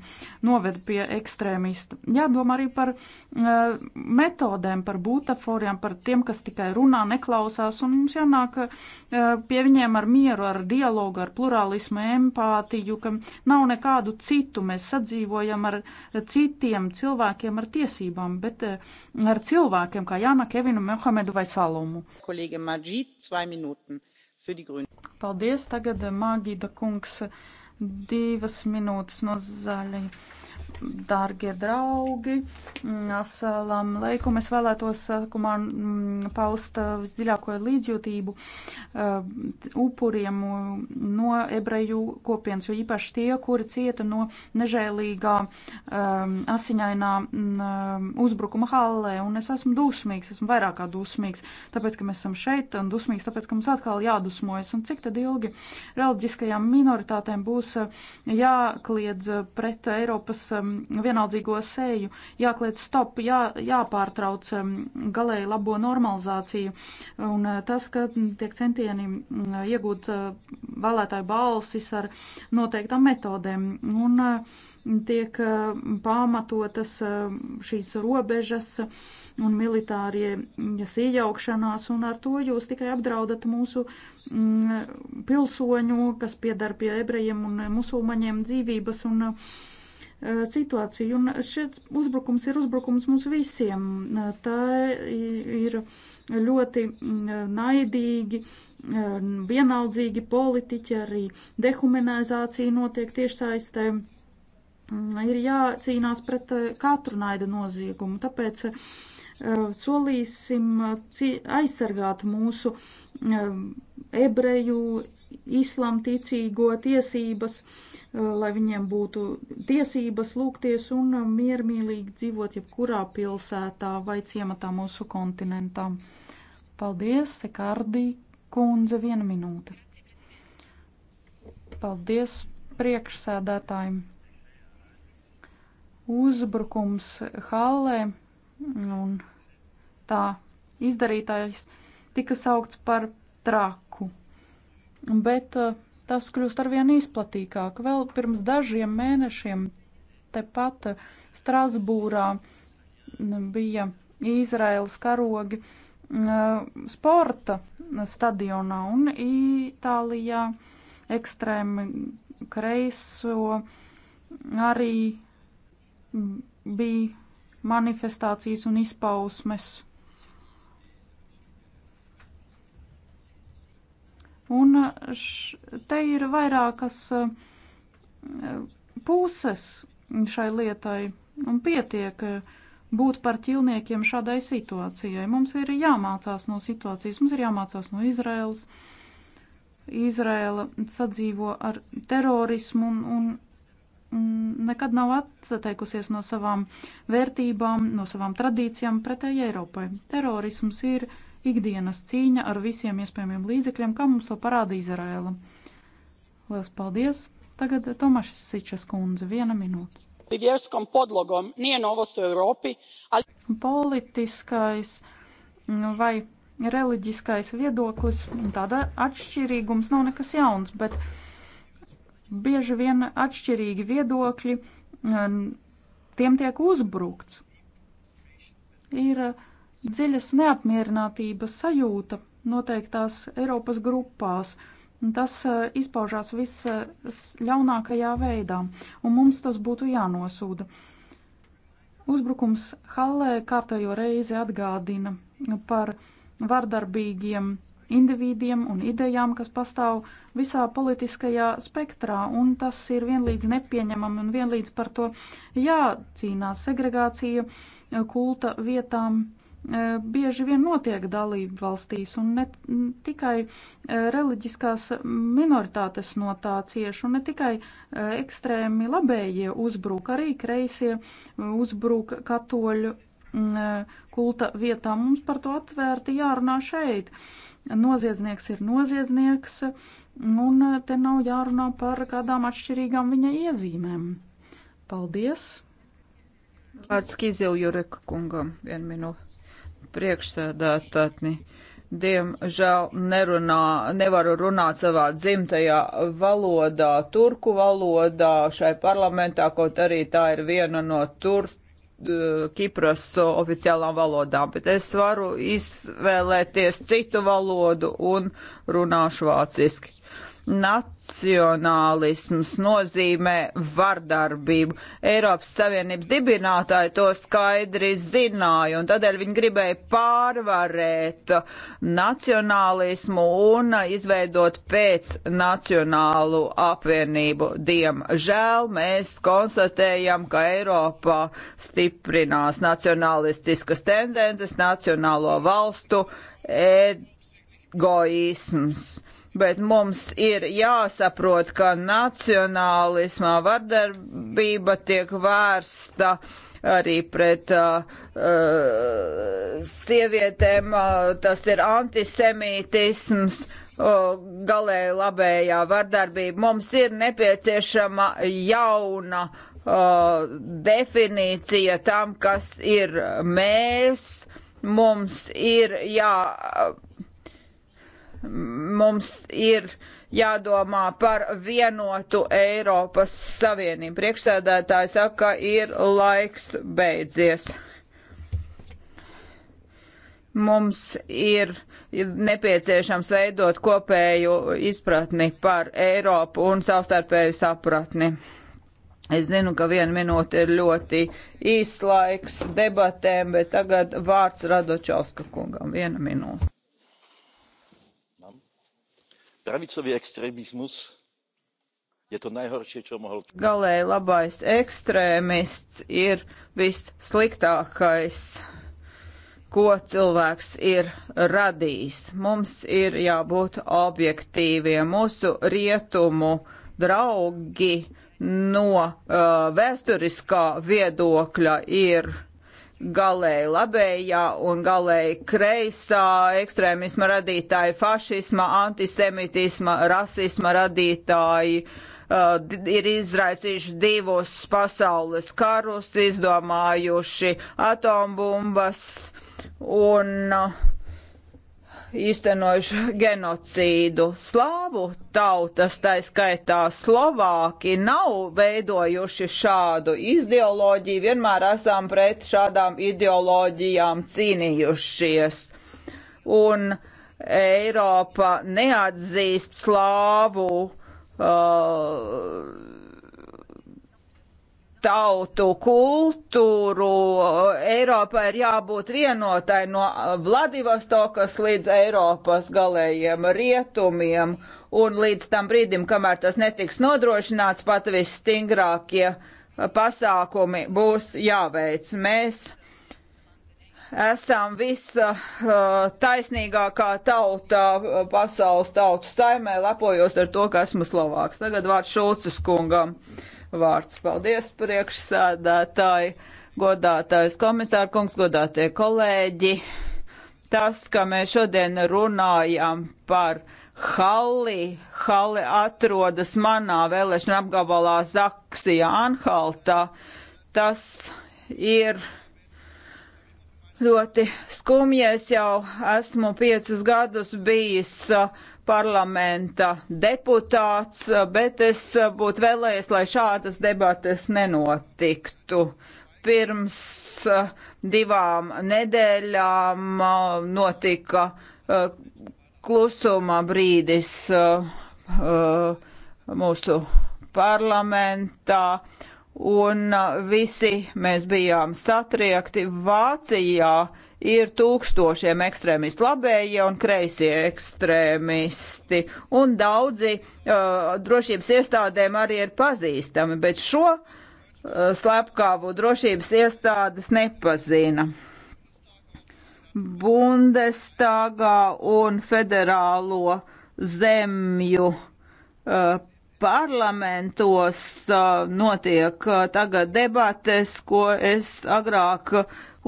noved pie ekstrēmista. Jādomā arī par uh, metodēm, par būtaforiem, par tiem, kas tikai runā, neklausās, un mums jānāk uh, pie viņiem ar mieru, ar dialogu, ar plurālismu, empātiju, ka nav nekādu citu, mēs sadzīvojam ar citiem cilvēkiem, ar tiesībām, bet uh, ar par cilvēkiem, kā Jāna Kevinu, Mohamedu vai Salumu. Kolēģi Maģīt, 2 minūtes. Paldies, tagad Māgīda kungs, divas minūtes no zaļajiem. Dārgie draugi, mm, asalam leikum, es vēlētos sākumā eh, mm, paust eh, visdziļāko līdzjūtību uh, upuriem no ebreju kopienas, jo īpaši tie, kuri cieta no nežēlīgā um, asiņainā um, uzbrukuma hallē, un es esmu dusmīgs, esmu vairāk kā dusmīgs, tāpēc, ka mēs esam šeit, un dusmīgs, tāpēc, ka mums atkal jādusmojas, un cik tad ilgi reliģiskajām minoritātēm būs jākliedz pret Eiropas um, vienaldzīgo seju, jākliet stop, jā, jāpārtrauc um, galēji labo normalizāciju. Un uh, tas, ka tiek centieni uh, iegūt uh, vēlētāju balsis ar noteiktām metodēm. Un, uh, tiek uh, pamatotas uh, šīs robežas un militārie mm, iejaukšanās, un ar to jūs tikai apdraudat mūsu mm, pilsoņu, kas piedar pie ebrejiem un musulmaņiem dzīvības un uh, Eh, situāciju. Un šis uzbrukums ir uzbrukums mums visiem. Eh, tā ir ļoti mm, eh, naidīgi, vienaldzīgi politiķi, arī dehumanizācija notiek tiešsaistē. Mm, ir jācīnās pret katru naida noziegumu, tāpēc solīsim aizsargāt mūsu ebreju, islam ticīgo tiesības, uh, Uh, lai viņiem būtu tiesības lūgties un miermīlīgi dzīvot jebkurā pilsētā vai ciematā mūsu kontinentā. Paldies, Sekārdī kundze, viena minūte. Paldies priekšsēdētājiem. Uzbrukums Hallē un tā izdarītājs tika saukts par traku. Bet uh, tas kļūst arvien izplatīgāk. Vēl pirms dažiem mēnešiem tepat Strasbūrā mm, bija Izraels karogi mm, sporta stadionā un Itālijā ekstrēmi kreiso arī mm, bija manifestācijas un izpausmes. Un eh, š, te ir vairākas eh, puses šai lietai un pietiek eh, būt par ķilniekiem šādai situācijai. Mums ir jāmācās no situācijas, mums ir jāmācās no Izraels. Izraela sadzīvo ar terorismu un, un nekad nav atteikusies no savām vērtībām, no savām tradīcijām pretēji Eiropai. Terorisms ir uh, ikdienas cīņa ar visiem iespējamiem līdzekļiem, kā mums to parāda Izraela. Lielas paldies! Tagad Tomašas Sičas kundze, viena minūte. Politiskais mm, vai reliģiskais viedoklis, tāda atšķirīgums nav nekas jauns, bet bieži vien atšķirīgi viedokļi mm, tiem tiek uzbrukts. Ir uh, dziļas neapmierinātības sajūta noteiktās Eiropas grupās. Tas e, izpaužās visļaunākajā e, veidā, un mums tas būtu jānosūda. Uzbrukums Hallē kārtējo reizi atgādina par vardarbīgiem individiem un idejām, kas pastāv visā politiskajā spektrā, un tas ir vienlīdz nepieņemami un vienlīdz par to jācīnās segregācija kulta vietām Eh, bieži vien notiek dalību valstīs, un ne tikai eh, reliģiskās minoritātes no tā cieši, un ne tikai eh, ekstrēmi labējie uzbruk, arī kreisie uzbruk katoļu mm, kulta vietā. Mums par to atvērti jārunā šeit. Noziedznieks ir noziedznieks, un te nav jārunā par kādām atšķirīgām viņa iezīmēm. Paldies! Vārds Kīziljureka kungam, vienu minūti priekšsēdētātni. Diemžēl nerunā, nevaru runāt savā dzimtajā valodā, turku valodā šai parlamentā, kaut arī tā ir viena no tur, e, Kipras oficiālām valodām, bet es varu izvēlēties citu valodu un runāšu vāciski nacionālisms nozīmē vardarbību. Eiropas Savienības dibinātāji to skaidri zināja, un tādēļ viņi gribēja pārvarēt nacionālismu un izveidot pēc nacionālu apvienību. Diemžēl mēs konstatējam, ka Eiropā stiprinās nacionalistiskas tendences, nacionālo valstu egoisms bet mums ir jāsaprot, ka nacionālismā vardarbība tiek vērsta arī pret uh, uh, sievietēm, uh, tas ir antisemītisms, uh, galēji labējā vardarbība. Mums ir nepieciešama jauna uh, definīcija tam, kas ir mēs. Mums ir jā. Uh, mums ir jādomā par vienotu Eiropas Savienību. Priekšsēdētāji saka, ka ir laiks beidzies. Mums ir nepieciešams veidot kopēju izpratni par Eiropu un savstarpēju sapratni. Es zinu, ka viena minūte ir ļoti īs laiks debatēm, bet tagad vārds Radočovska kungam. Viena minūte pravicový extrémizmus je to najhoršie, čo mohol. Galēji labais ekstrēmists ir vissliktākais, ko cilvēks ir radījis. Mums ir jābūt objektīviem. Mūsu rietumu draugi no uh, vēsturiskā viedokļa ir galēji labējā un galēji kreisā ekstrēmisma radītāji, fašisma, antisemitisma, rasisma radītāji uh, ir izraisījuši divus pasaules karus, izdomājuši atombumbas un uh, īstenojuši genocīdu. Slāvu tautas, tā skaitā Slovāki, nav veidojuši šādu ideoloģiju, vienmēr esam pret šādām ideoloģijām cīnījušies. Un Eiropa neatzīst slāvu. Uh, tautu kultūru. Eiropai ir jābūt vienotai no Vladivostokas līdz Eiropas galējiem rietumiem, un līdz tam brīdim, kamēr tas netiks nodrošināts, pat visstingrākie pasākumi būs jāveic. Mēs esam visa uh, taisnīgākā tauta uh, pasaules tautu saimē, lepojos ar to, ka esmu Slovāks. Tagad vārds Šulcas kungam. Uh, vārds. Paldies, priekšsēdētāji, godātājs komisārkungs, godātie kolēģi. Tas, ka mēs šodien runājam par Halli, Halli atrodas manā vēlēšana apgabalā Zaksija Anhaltā, tas ir ļoti skumjies jau esmu piecus gadus bijis uh, parlamenta deputāts, bet es būtu vēlējies, lai šādas debates nenotiktu. Pirms eh, divām nedēļām eh, notika eh, klusuma brīdis mūsu parlamentā, un visi mēs bijām satriekti Vācijā ir tūkstošiem ekstrēmistu labējie un kreisie ekstrēmisti, un daudzi uh, drošības iestādēm arī ir pazīstami, bet šo uh, slepkavu drošības iestādes nepazina. Bundestagā un federālo zemju uh, parlamentos uh, notiek uh, tagad debates, ko es agrāk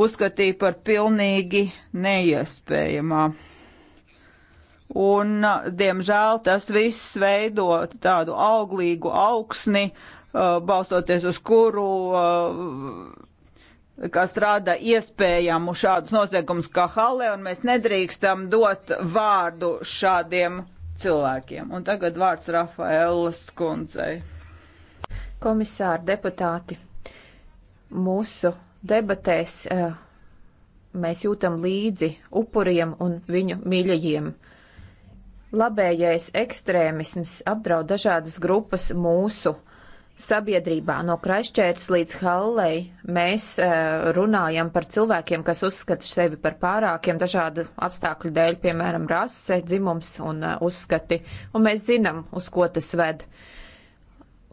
uzskatīja par pilnīgi neiespējamā. Un, diemžēl, tas viss veido tādu auglīgu augsni, balstoties uz kuru kas rada iespējamu šādus noziegumus kā halē, un mēs nedrīkstam dot vārdu šādiem cilvēkiem. Un tagad vārds Rafaēlas kundzei. Komisāri, deputāti, mūsu debatēs eh, mēs jūtam līdzi upuriem un viņu mīļajiem. Labējais ekstrēmisms apdraud dažādas grupas mūsu sabiedrībā. No Kraisčēras līdz Hallei mēs eh, runājam par cilvēkiem, kas uzskata sevi par pārākiem dažādu apstākļu dēļ, piemēram, rase, dzimums un eh, uzskati, un mēs zinām, uz ko tas ved. Uh,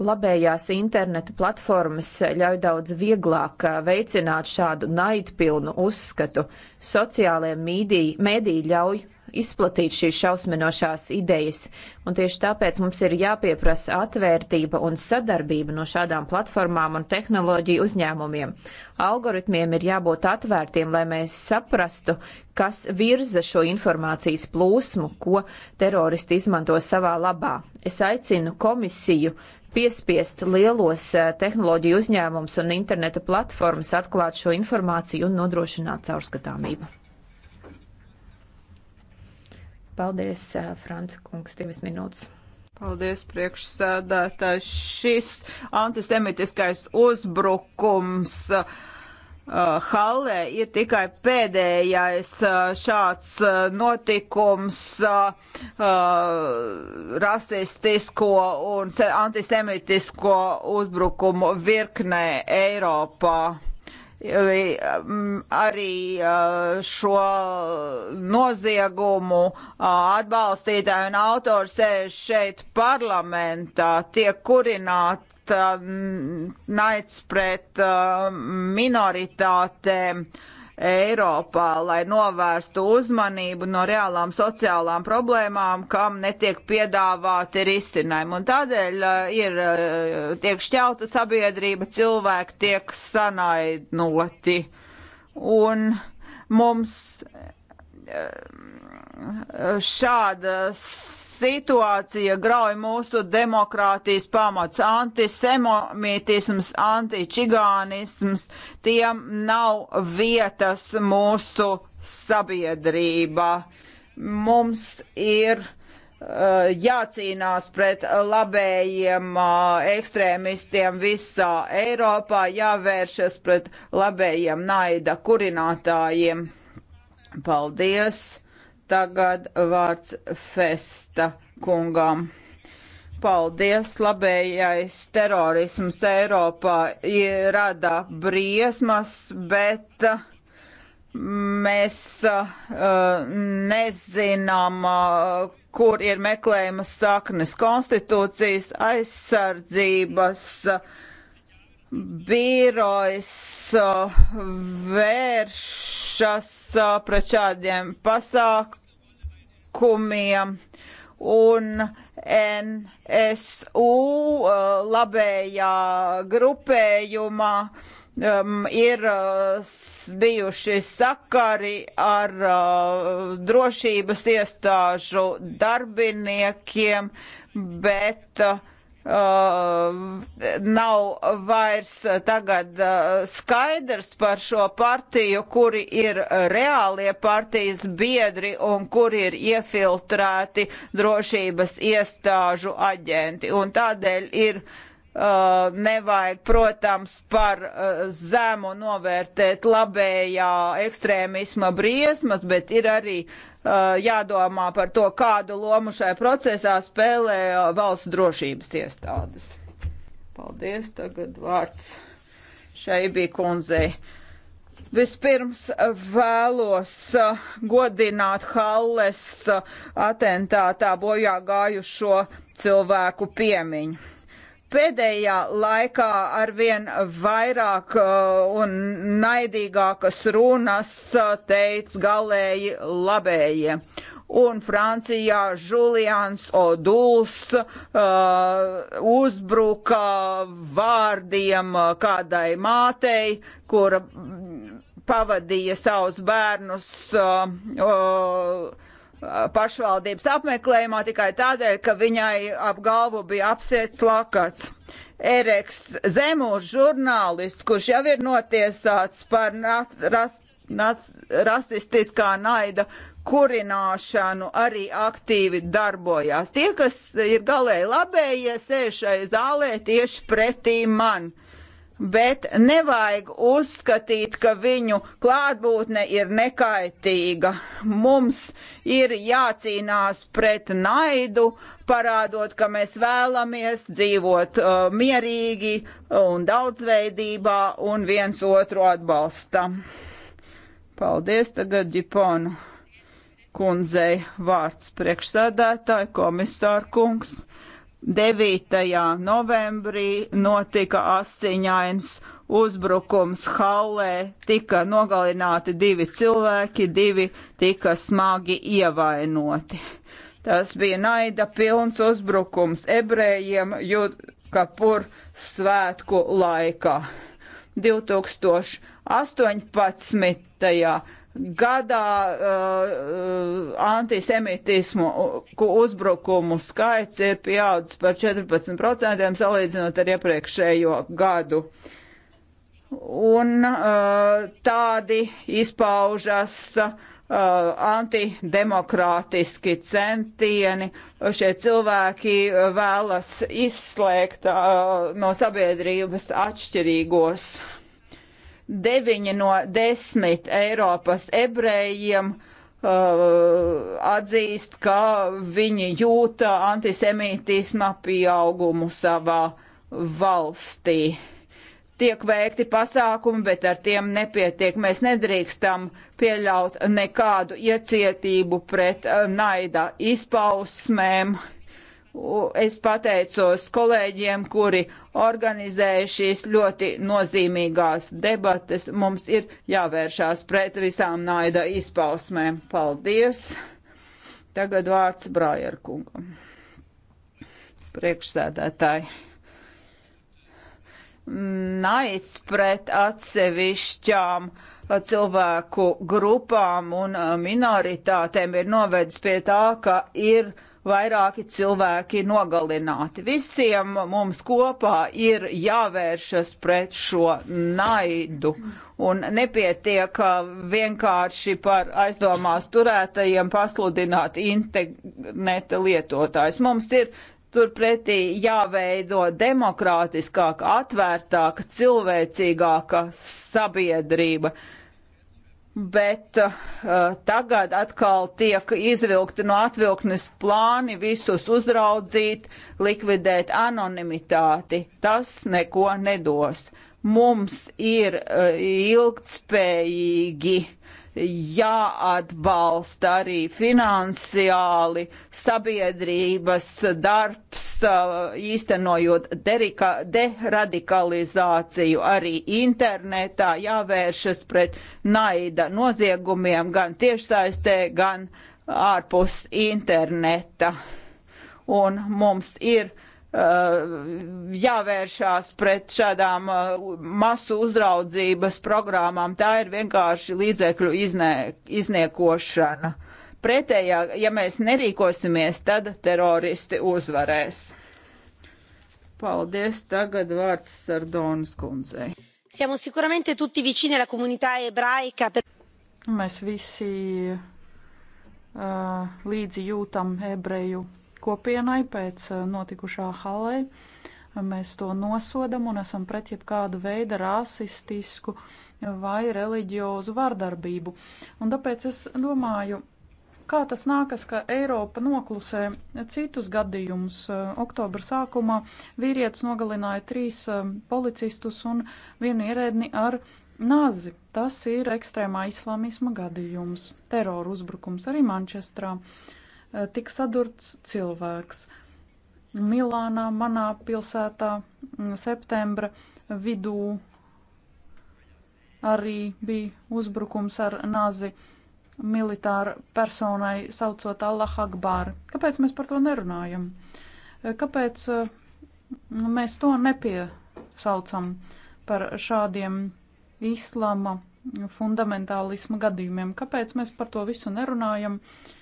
labējās interneta platformas ļauj daudz vieglāk veicināt šādu naidpilnu uzskatu. Sociālajie mēdīji ļauj izplatīt šīs šausminošās idejas, un tieši tāpēc mums ir jāpieprasa atvērtība un sadarbība no šādām platformām un tehnoloģiju uzņēmumiem. Algoritmiem ir jābūt atvērtiem, lai mēs saprastu, kas virza šo informācijas plūsmu, ko teroristi izmanto savā labā. Es aicinu komisiju uh, piespiest lielos eh, tehnoloģiju uzņēmums un interneta platformas atklāt šo informāciju un nodrošināt caurskatāmību. Paldies, eh, Franci kungs, divas minūtes. Paldies, priekšsēdētājs. Šis antisemitiskais uzbrukums. Uh, Eh, hallē ir tikai pēdējais eh, šāds eh, notikums rasistisko un antisemitisko uzbrukumu virknē Eiropā. Um, arī uh, šo noziegumu uh, atbalstītāju un autori sēž šeit parlamentā, tiek kurināta mm, naids pret uh, minoritātēm. Uh, Eiropā, lai novērstu uzmanību no reālām sociālām problēmām, kam netiek piedāvāti risinājumi. Un tādēļ uh, ir, uh, tiek šķelta sabiedrība, cilvēki tiek sanaidnoti. Un mums uh, šādas situācija grauj mūsu demokrātijas pamats. Antisemītisms, antičigānisms, tiem nav vietas mūsu sabiedrībā. Mums ir uh, jācīnās pret labējiem uh, ekstrēmistiem visā Eiropā, jāvēršas pret labējiem naida kurinātājiem. Paldies! Tagad vārds Festa kungam. Paldies, labējais terorisms Eiropā rada briesmas, bet uh, mēs uh, nezinām, uh, kur ir meklējamas saknes konstitūcijas aizsardzības uh, birojs uh, vērš vēršas pret šādiem pasākumiem un NSU labējā grupējumā um, ir uh, bijuši sakari ar uh, drošības iestāžu darbiniekiem, bet uh, Uh, nav vairs tagad uh, skaidrs par šo partiju, kuri ir reālie partijas biedri un kuri ir iefiltrēti drošības iestāžu aģenti. Un tādēļ ir uh, Uh, nevajag, protams, par uh, zemu novērtēt labējā ekstrēmisma briesmas, bet ir arī uh, jādomā par to, kādu lomu šai procesā spēlē uh, valsts drošības iestādes. Paldies, tagad vārds šai bija kundzei. Vispirms vēlos uh, godināt Halles uh, atentātā bojā gājušo cilvēku piemiņu pēdējā laikā arvien vairāk uh, un naidīgākas runas uh, teica galēji labējie. Un Francijā Žulians Oduls uh, uzbruka vārdiem uh, kādai mātei, kura pavadīja savus bērnus uh, uh, pašvaldības apmeklējumā tikai tādēļ, ka viņai ap galvu bija apsiets lakats. Ereks Zemūrs, žurnālists, kurš jau ir notiesāts par nat, ras, nat, rasistiskā naida kurināšanu, arī aktīvi darbojās. Tie, kas ir galēji labējie, sēž šai zālē tieši pretī man. Uh, bet nevajag uzskatīt, ka viņu klātbūtne ir nekaitīga. Mums ir jācīnās pret naidu, parādot, ka mēs vēlamies dzīvot uh, mierīgi un daudzveidībā un viens otru atbalstam. Paldies tagad Ģiponu kundzei vārds priekšsēdētāji, komisārkungs. kungs 9. novembrī notika asiņains uzbrukums Hallē, tika nogalināti divi cilvēki, divi tika smagi ievainoti. Tas bija naida pilns uzbrukums ebrejiem Jukapur svētku laikā. 2018 gadā uh, uh antisemitismu uzbrukumu skaits ir pieaudzis par 14% salīdzinot ar iepriekšējo gadu. Un uh, tādi izpaužas uh, antidemokrātiski centieni. Šie cilvēki uh, vēlas izslēgt uh, no sabiedrības atšķirīgos uh, 9 no 10 Eiropas ebrejiem uh, atzīst, ka viņi jūta antisemītisma pieaugumu savā valstī tiek veikti pasākumi, bet ar tiem nepietiek. Mēs nedrīkstam pieļaut nekādu iecietību pret naida izpausmēm. Uh, Es pateicos kolēģiem, kuri organizēja šīs ļoti nozīmīgās debates. Mums ir jāvēršās pret visām naida izpausmēm. Paldies! Tagad vārds Brājerkungam. Priekšsēdētāji. Naids pret atsevišķām cilvēku grupām un minoritātēm ir novedis pie tā, ka ir uh, vairāki cilvēki nogalināti. Visiem mums kopā ir jāvēršas pret šo naidu un nepietiek uh, vienkārši par aizdomās turētajiem pasludināt interneta lietotājs. Mums ir turpretī jāveido demokrātiskāka, atvērtāka, cilvēcīgāka sabiedrība bet uh, tagad atkal tiek izvilkti no atvilknes plāni visus uzraudzīt, likvidēt anonimitāti. Tas neko nedos. Mums ir uh, ilgtspējīgi uh, jāatbalsta arī finansiāli sabiedrības darbs, īstenojot derika, deradikalizāciju arī internetā, jāvēršas pret naida noziegumiem gan tiešsaistē, gan ārpus interneta. Un mums ir uh, Uh, jāvēršās pret šādām uh, masu uzraudzības programmām. Tā ir vienkārši līdzekļu iznie, izniekošana. Pretējā, ja mēs nerīkosimies, tad teroristi uzvarēs. Paldies, tagad vārds Sardonas kundzei. Siamo sicuramente tutti vicini alla comunità ebraica. Per... Mēs visi uh, līdzi jūtam ebreju kopienai pēc eh, notikušā halē. Mēs to nosodam un esam pret jebkādu veidu rasistisku vai reliģiozu vardarbību. Un tāpēc es domāju, kā tas nākas, ka Eiropa noklusē citus gadījumus. Eh, oktobra sākumā vīrietis nogalināja trīs eh, policistus un vienu ierēdni ar nazi. Tas ir ekstrēmā islāmisma gadījums, terora uzbrukums arī Mančestrā. Uh, Eh, tika sadurts cilvēks. Milānā, manā pilsētā, mm, septembra vidū arī bija uzbrukums ar nazi militāra personai, saucot Allah Akbar. Kāpēc mēs par to nerunājam? Eh, kāpēc eh, mēs to nepiesaucam par šādiem islama mm, fundamentālisma gadījumiem? Kāpēc mēs par to visu nerunājam? Uh,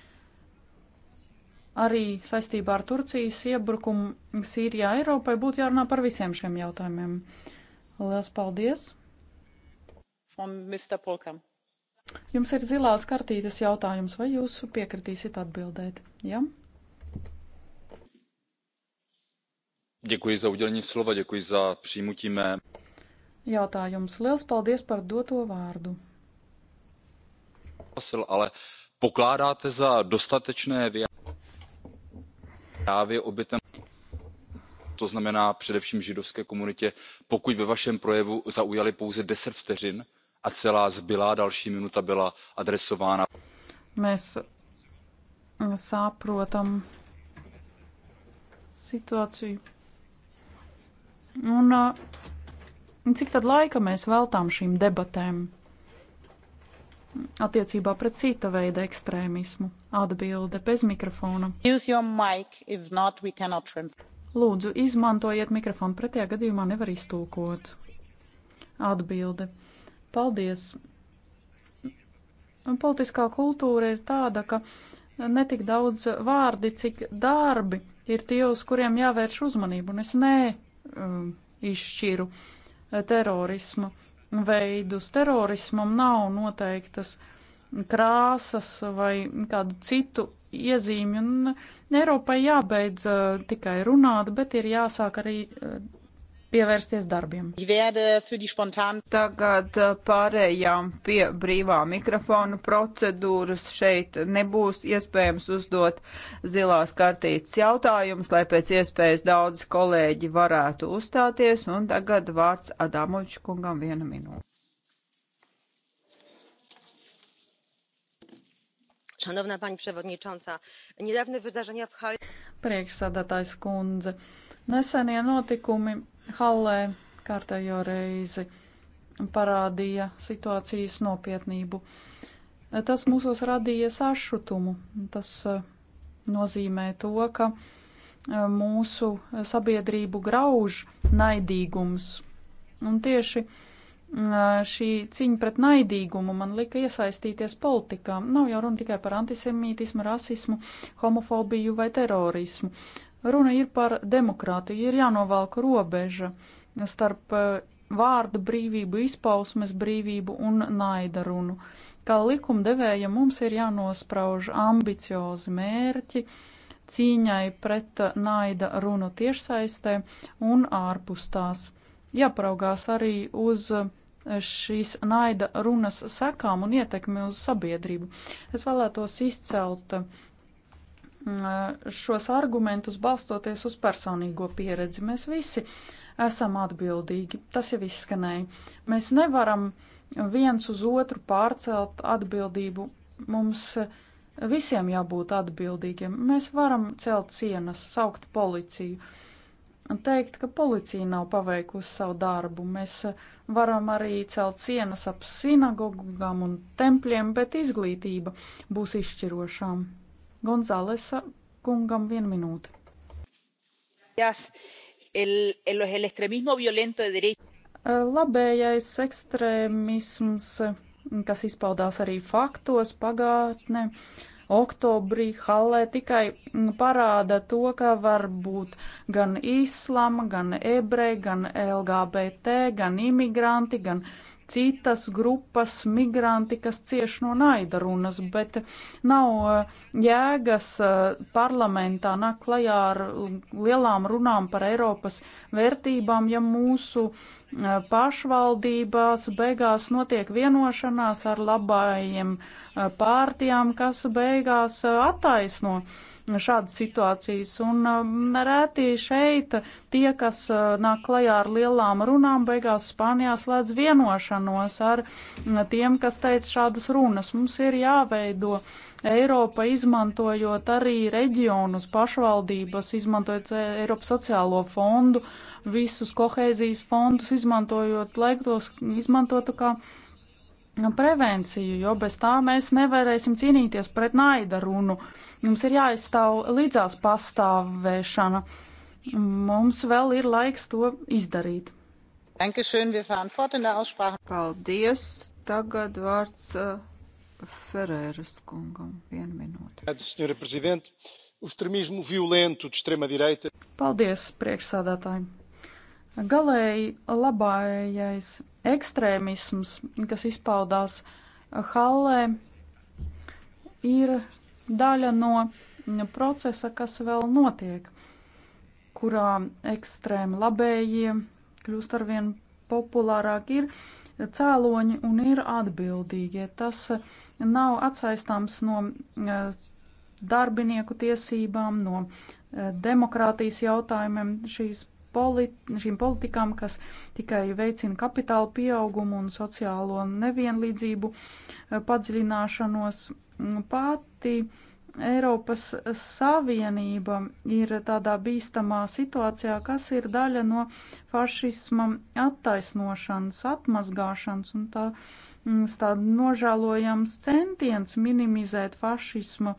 arī saistībā ar Turcijas iebrukumu Sīrijā Eiropai būtu jārunā par visiem šiem jautājumiem. Lielas paldies! Un Mr. Polkam. Jums ir zilās kartītes jautājums, vai jūs piekritīsiet atbildēt? Ja? Děkuji za udělení slova, děkuji za přijmutí mé. Jautājums. Liels paldies par doto vārdu. Ale pokládáte za dostatečné vyjádření? právě obětem to znamená především židovské komunitě pokud ve vašem projevu zaujaly pouze ten vteřin a celá zbylá další minuta byla adresována. Mēs eh, saprotam situāciju. Un eh, cik tad laika mēs veltām šīm debatēm? attiecībā pret cita veida ekstrēmismu. Atbilde bez mikrofona. Mic, not, Lūdzu, izmantojiet mikrofonu, pretējā gadījumā nevar iztulkot. Atbilde. Paldies. Politiskā kultūra ir tāda, ka netik daudz vārdi, cik darbi ir tie, uz kuriem jāvērš uzmanību, un es nē um, izšķiru eh, terorismu veidus. Terorismam nav noteiktas krāsas vai kādu citu iezīmi, un Eiropai jābeidz eh, tikai runāt, bet ir jāsāk arī eh, pievērsties darbiem. Tagad eh, pārējām pie brīvā mikrofona procedūras. Šeit nebūs iespējams uzdot zilās kartītes jautājumus, lai pēc iespējas daudz kolēģi varētu uzstāties. Un tagad vārds Adamovičs kungam viena minūte. Szanowna Pani Przewodnicząca, niedawne wydarzenia w Haiti. Priekšsādātājs kundze, nesenie notikumi Hallē kārtējo reizi parādīja situācijas nopietnību. Tas mūsos radīja sašutumu. Tas eh, nozīmē to, ka eh, mūsu sabiedrību grauž naidīgums. Un tieši eh, šī cīņa pret naidīgumu man lika iesaistīties politikā. Nav jau runa tikai par antisemītismu, rasismu, homofobiju vai terorismu. Runa ir par demokrātiju, ir jānovelk robeža starp eh, vārda brīvību, izpausmes brīvību un naida runu. Kā likumdevēja mums ir jānosprauž ambiciozi mērķi cīņai pret naida runu tiešsaistē un ārpus tās. Jāpraugās arī uz šīs naida runas sekām un ietekmi uz sabiedrību. Es vēlētos izcelt Mm, eh, šos argumentus balstoties uz personīgo pieredzi. Mēs visi esam atbildīgi. Tas jau izskanēja. Mēs nevaram viens uz otru pārcelt atbildību. Mums visiem jābūt atbildīgiem. Mēs varam celt sienas, saukt policiju, teikt, ka policija nav paveikusi savu darbu. Mēs varam arī celt sienas ap sinagogām un tempļiem, bet izglītība būs izšķirošām. Gonzālesa kungam vienu minūti. Yes. El, el, el extremismo violento de derecha. Eh, labējais ekstrēmisms, mm, kas izpaudās arī faktos pagātne, oktobrī Hallē tikai mm, parāda to, ka var būt gan islama, gan ebreji, gan LGBT, gan imigranti, gan citas grupas migranti, kas cieš no naida runas, bet nav eh, jēgas eh, parlamentā nāk klajā ar lielām runām par Eiropas vērtībām, ja mūsu pašvaldībās beigās notiek vienošanās ar labājiem pārtijām, kas beigās attaisno šādas situācijas. Un rētī šeit tie, kas nāk klajā ar lielām runām, beigās Spānijā slēdz vienošanos ar tiem, kas teica šādas runas. Mums ir jāveido Eiropa, izmantojot arī reģionus, pašvaldības, izmantojot Eiropas sociālo fondu visus kohēzijas fondus izmantojot, lai tos izmantotu kā prevenciju, jo bez tā mēs nevarēsim cīnīties pret naida runu. Mums ir jāizstāv līdzās pastāvēšana. Mums vēl ir laiks to izdarīt. Paldies! Tagad vārds uh, Ferēras kungam. Vienu minūti. Paldies, priekšsādātāji! Galēji labājais ekstrēmisms, kas izpaudās Hallē, ir daļa no procesa, kas vēl notiek, kurā ekstrēmi labējie kļūst arvien populārāk, ir cēloņi un ir atbildīgie. Tas nav atsaistāms no eh, darbinieku tiesībām, no eh, demokrātijas jautājumiem. Šīs polit šīm politikām, kas tikai veicina kapitāla pieaugumu un sociālo nevienlīdzību eh, padziļināšanos. Mm, pati Eiropas Savienība ir tādā bīstamā situācijā, kas ir daļa no fašisma attaisnošanas, atmazgāšanas un tā, mm, tāda nožēlojams centiens minimizēt fašisma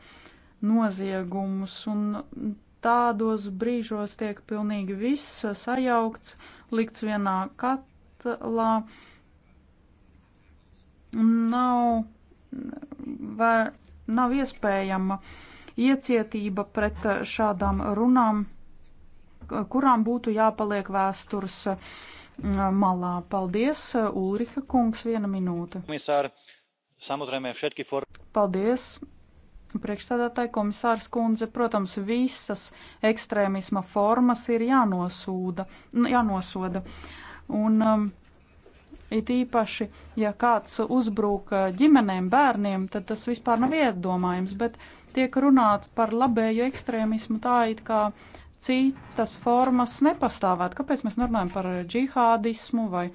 noziegumus un tādos brīžos tiek pilnīgi viss sajaukts, likts vienā katlā. Nav, var, nav iespējama iecietība pret šādām runām, kurām būtu jāpaliek vēstures malā. Paldies, Ulriha kungs, viena minūte. Paldies, Priekšsēdētāji komisārs kundze, protams, visas ekstrēmisma formas ir jānosūda, jānosoda. Un um, it īpaši, ja kāds uzbrūk uh, ģimenēm, bērniem, tad tas vispār nav iedomājams, bet tiek runāts par labējo ekstrēmismu tā it kā citas formas nepastāvēt. Kāpēc mēs runājam par džihādismu vai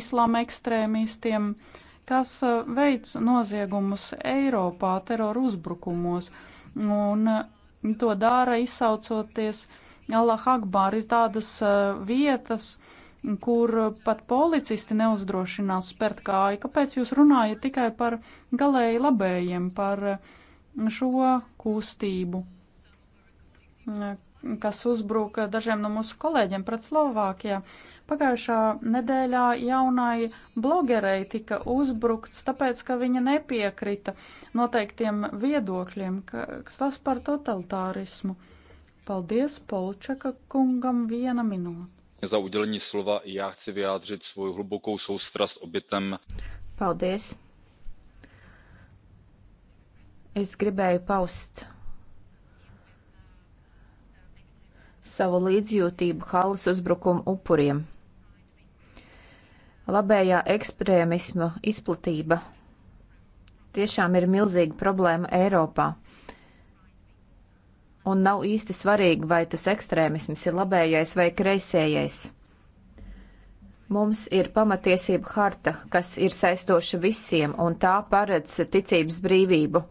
islāma ekstrēmistiem? Uh, kas uh, veic noziegumus Eiropā teroru uzbrukumos, un uh, to dara izsaucoties Allah Akbar. Ir tādas uh, vietas, kur pat policisti neuzdrošinās spērt kāju. Kāpēc jūs runājat tikai par galēji labējiem, par šo kustību, kas uzbruka dažiem no mūsu kolēģiem pret Slovākiju? Pagājušā nedēļā jaunai blogerei tika uzbrukts, tāpēc, ka viņa nepiekrita noteiktiem viedokļiem, kas tas par totalitārismu. Paldies Polčaka kungam viena minūte. Za udělení slova já chci vyjádřit svou hlubokou soustrast obětem. Paldies. Es gribēju paust savu līdzjūtību halas uzbrukuma upuriem labējā ekstrēmisma izplatība tiešām ir milzīga problēma Eiropā. Un nav īsti svarīgi, vai tas ekstrēmisms ir labējais vai kreisējais. Mums ir pamatiesība harta, kas ir saistoša visiem, un tā paredz ticības brīvību.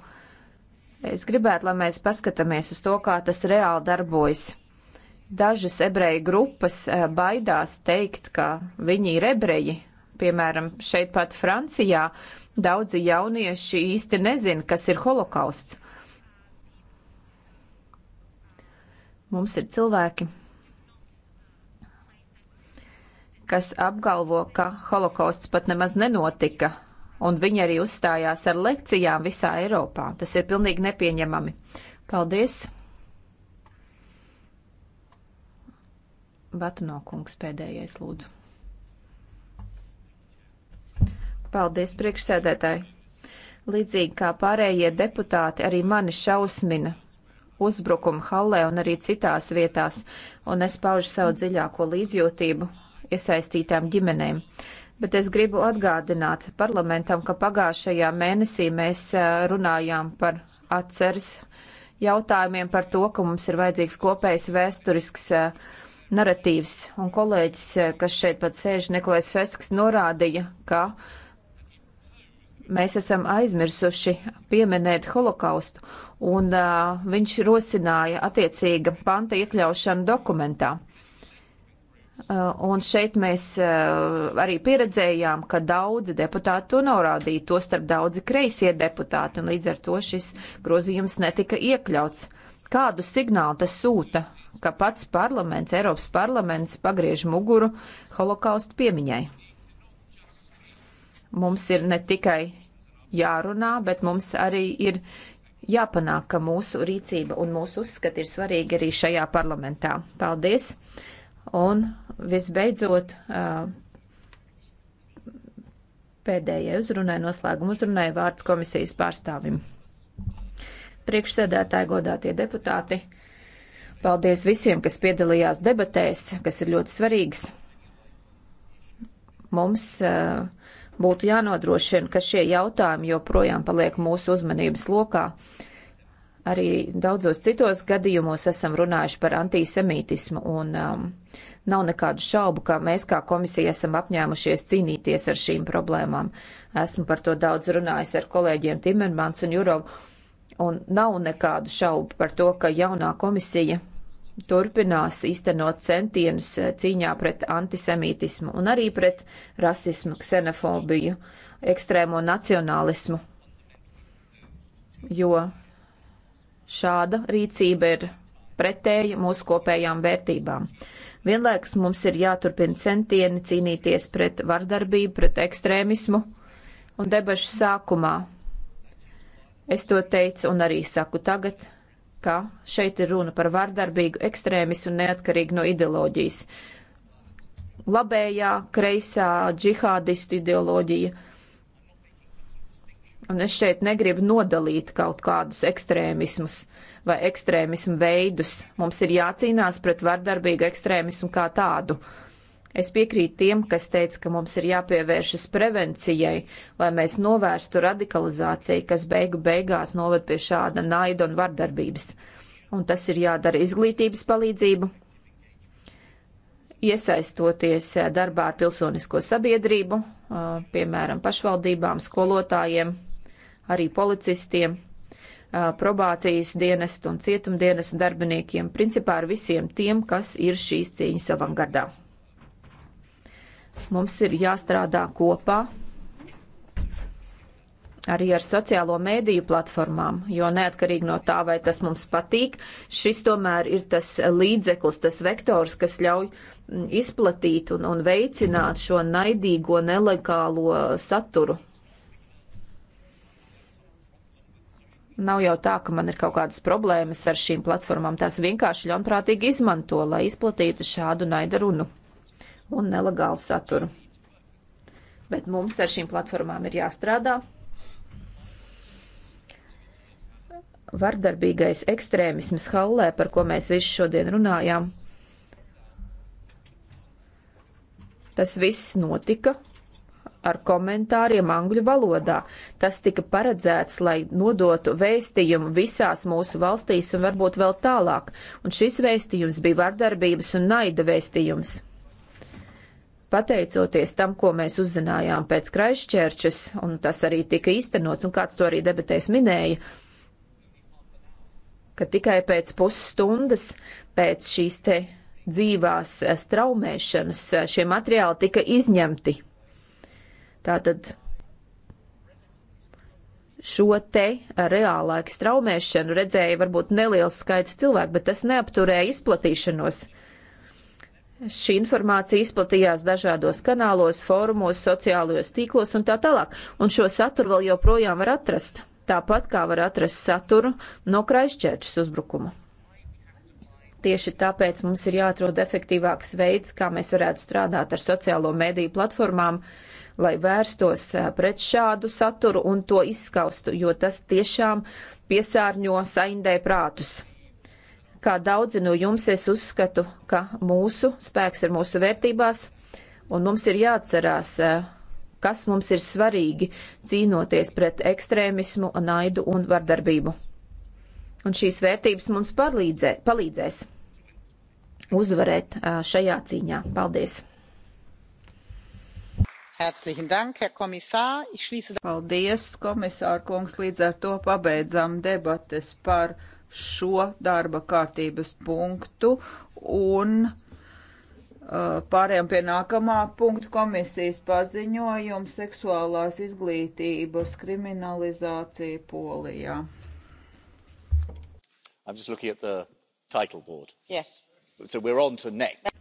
Es gribētu, lai mēs paskatāmies uz to, kā tas reāli darbojas. Dažas ebreju grupas eh, baidās teikt, ka viņi ir ebreji. Piemēram, šeit pat Francijā daudzi jaunieši īsti nezina, kas ir holokausts. Mums ir cilvēki, kas apgalvo, ka holokausts pat nemaz nenotika, un viņi arī uzstājās ar lekcijām visā Eiropā. Tas ir pilnīgi nepieņemami. Paldies! Vatno kungs pēdējais lūdzu. Paldies, priekšsēdētāji! Līdzīgi kā pārējie deputāti, arī mani šausmina uzbrukumi Hallē un arī citās vietās, un es paužu savu dziļāko līdzjūtību iesaistītām ģimenēm. Bet es gribu atgādināt parlamentam, ka pagājušajā mēnesī mēs runājām par atceres jautājumiem par to, ka mums ir vajadzīgs kopējs vēsturisks uh, naratīvs. Un kolēģis, eh, kas šeit pat sēž, Nikolais Fesks, norādīja, ka mēs esam aizmirsuši pieminēt holokaustu, un uh, viņš rosināja attiecīga panta iekļaušanu dokumentā. Uh, un šeit mēs uh, arī pieredzējām, ka daudzi deputāti to norādīja, to starp daudzi kreisie deputāti, un līdz ar to šis grozījums netika iekļauts. Kādu signālu tas sūta ka pats parlaments, Eiropas parlaments pagriež muguru holokaustu piemiņai. Mums ir ne tikai jārunā, bet mums arī ir jāpanāk, ka mūsu rīcība un mūsu uzskati ir svarīgi arī šajā parlamentā. Paldies! Un visbeidzot, pēdējai uzrunai, noslēguma uzrunai vārds komisijas pārstāvim. Priekšsēdētāji, godātie deputāti! Paldies visiem, kas piedalījās debatēs, kas ir ļoti svarīgs. Mums eh, būtu jānodrošina, ka šie jautājumi joprojām paliek mūsu uzmanības lokā. Arī daudzos citos gadījumos esam runājuši par antisemītismu un um, Nav nekādu šaubu, ka mēs kā komisija esam apņēmušies cīnīties ar šīm problēmām. Esmu par to daudz runājis ar kolēģiem Timermans un Jurovu, Un nav nekādu šaubu par to, ka jaunā komisija turpinās īstenot centienus cīņā pret antisemītismu un arī pret rasismu, ksenofobiju, ekstrēmo nacionālismu. Jo šāda rīcība ir pretēja mūsu kopējām vērtībām. Vienlaikus mums ir jāturpina centieni cīnīties pret vardarbību, pret ekstrēmismu, un debašu sākumā Es to teicu un arī saku tagad, ka šeit ir runa par vardarbīgu ekstrēmismu neatkarīgi no ideoloģijas. Labējā, kreisā, džihādistu ideoloģija. Un es šeit negribu nodalīt kaut kādus ekstrēmismus vai ekstrēmismu veidus. Mums ir jācīnās pret vardarbīgu ekstrēmismu kā tādu. Uh, Es piekrītu tiem, kas teica, ka mums ir jāpievēršas prevencijai, lai mēs novērstu radikalizāciju, kas beigu beigās noved pie šāda naida un vardarbības. Un tas ir jādara izglītības palīdzību, iesaistoties eh, darbā ar pilsonisko sabiedrību, eh, piemēram, pašvaldībām, skolotājiem, arī policistiem, eh, probācijas dienestu un cietumdienestu darbiniekiem, principā ar visiem tiem, kas ir šīs cīņas avangardā. Mums ir jāstrādā kopā arī ar sociālo mēdīju platformām, jo neatkarīgi no tā, vai tas mums patīk, šis tomēr ir tas līdzeklis, tas vektors, kas ļauj mm, izplatīt un, un veicināt šo naidīgo, nelegālo saturu. Nav jau tā, ka man ir kaut kādas problēmas ar šīm platformām. Tās vienkārši ļaunprātīgi izmanto, lai izplatītu šādu naida runu un nelegālu saturu. Bet mums ar šīm platformām ir jāstrādā. Vardarbīgais ekstrēmisms Hallē, par ko mēs visi šodien runājām, tas viss notika ar komentāriem angļu valodā. Tas tika paredzēts, lai nodotu vēstījumu visās mūsu valstīs un varbūt vēl tālāk, un šis vēstījums bija vardarbības un naida vēstījums pateicoties tam, ko mēs uzzinājām pēc Kraisčērčes, un tas arī tika īstenots, un kāds to arī debatēs minēja, ka tikai pēc pusstundas pēc šīs te dzīvās eh, straumēšanas eh, šie materiāli tika izņemti. Tātad šo te eh, reālāku straumēšanu redzēja varbūt neliels skaits cilvēku, bet tas neapturēja izplatīšanos. Šī informācija izplatījās dažādos kanālos, fórumos, sociālajos tīklos un tā tālāk, un šo saturu vēl joprojām var atrast, tāpat kā var atrast saturu no Kraisčērčas uzbrukuma. Tieši tāpēc mums ir jāatrod efektīvāks veids, kā mēs varētu strādāt ar sociālo mediju platformām, lai vērstos eh, pret šādu saturu un to izskaustu, jo tas tiešām piesārņo saindē prātus. Kā daudzi no jums, es uzskatu, ka mūsu spēks ir mūsu vērtībās, un mums ir jāatcerās, e, kas mums ir svarīgi cīnoties pret ekstrēmismu, naidu un vardarbību. Un šīs vērtības mums palīdzē, palīdzēs uzvarēt e, šajā cīņā. Paldies! Paldies, komisār kungs, līdz ar to pabeidzam debates par šo darba kārtības punktu un uh, Pārējām pie nākamā punkta komisijas paziņojuma seksuālās izglītības kriminalizācija Polijā. I'm just looking at the title board. Yes. So we're on to next.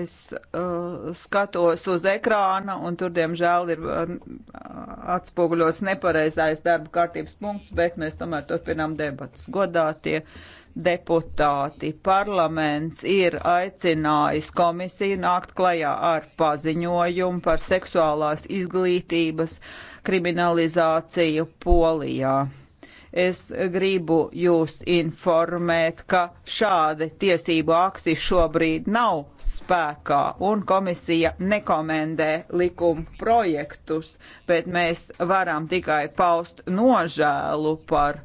Es uh, skatos uz ekrāna, un tur, diemžēl, ir uh, atspoguļots nepareizais darba kārtības punkts, bet mēs tomēr turpinām debatas. Godātie deputāti, parlaments ir aicinājis komisiju nākt klajā ar paziņojumu par seksuālās izglītības kriminalizāciju Polijā. Es gribu jūs informēt, ka šādi tiesību akti šobrīd nav spēkā un komisija nekomendē likuma projektus, bet mēs varam tikai paust nožēlu par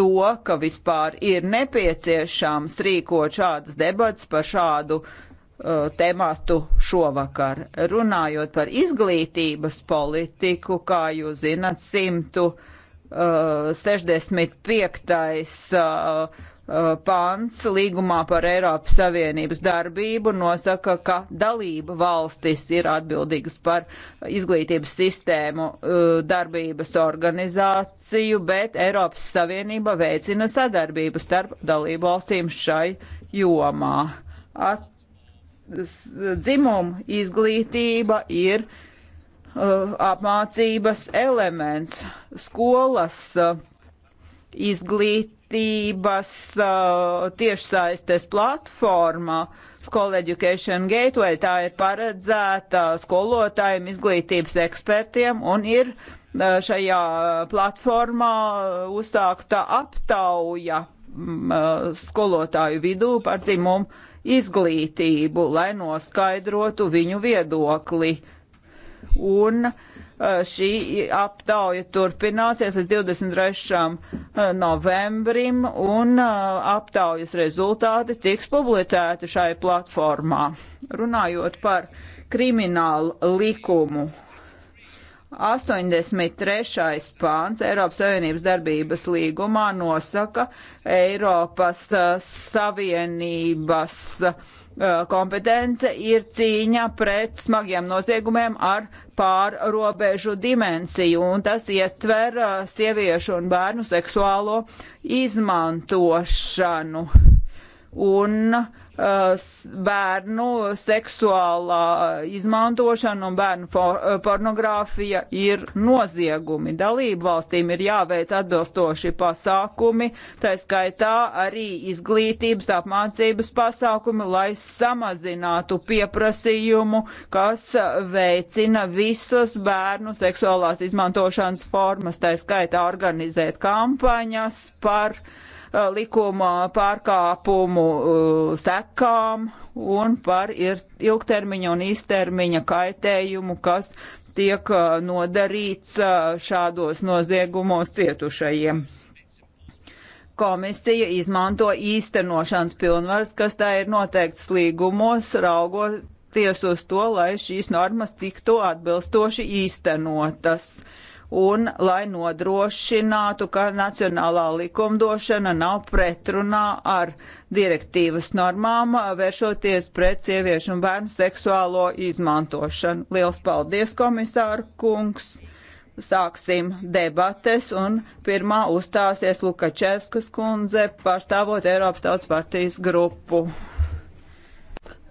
to, ka vispār ir nepieciešams rīkot šādas debats par šādu uh, tematu šovakar. Runājot par izglītības politiku, kā jūs zinat, 100 65 uh, pāns uh, uh, līgumā par Eiropas Savienības darbību nosaka, ka dalība valstis ir atbildīgas par izglītības sistēmu darbības organizāciju, bet Eiropas Savienība veicina sadarbību starp dalību valstīm šai jomā. At, dzimumu izglītība ir uh, Uh, apmācības elements. Skolas uh, izglītības uh, tiešsaistes platformā School Education Gateway tā ir paredzēta skolotājiem, izglītības ekspertiem un ir šajā platformā uzsākta aptauja mm, skolotāju vidū par dzimumu izglītību, lai noskaidrotu viņu viedokli. Uh, un uh, šī aptauja turpināsies līdz 23. Uh, novembrim, un uh, aptaujas rezultāti tiks publicēti šai platformā. Runājot par kriminālu likumu. 83. pāns Eiropas Savienības darbības līgumā nosaka Eiropas Savienības Eh, kompetence ir cīņa pret smagiem noziegumiem ar pārrobežu dimensiju, un tas ietver eh, sieviešu un bērnu seksuālo izmantošanu. Un uh, Uh, bērnu seksuālā izmantošana un bērnu uh, pornogrāfija ir noziegumi. Dalību valstīm ir jāveic atbilstoši pasākumi, tā skaitā arī izglītības apmācības pasākumi, lai samazinātu pieprasījumu, kas veicina visas bērnu seksuālās izmantošanas formas, tā skaitā organizēt kampaņas par uh, Uh, likuma pārkāpumu uh, sekām un par ilgtermiņa un īstermiņa kaitējumu, kas tiek uh, nodarīts šādos noziegumos cietušajiem komisija izmanto īstenošanas pilnvaras, kas tā ir noteikts līgumos, raugoties uz to, lai šīs normas tiktu atbilstoši īstenotas. Uh, un lai nodrošinātu, ka nacionālā likumdošana nav pretrunā ar direktīvas normām, vēršoties pret sieviešu un bērnu seksuālo izmantošanu. Liels paldies, komisāru kungs! Sāksim debates, un pirmā uzstāsies Lukačevskas kundze, pārstāvot Eiropas Tautas partijas grupu.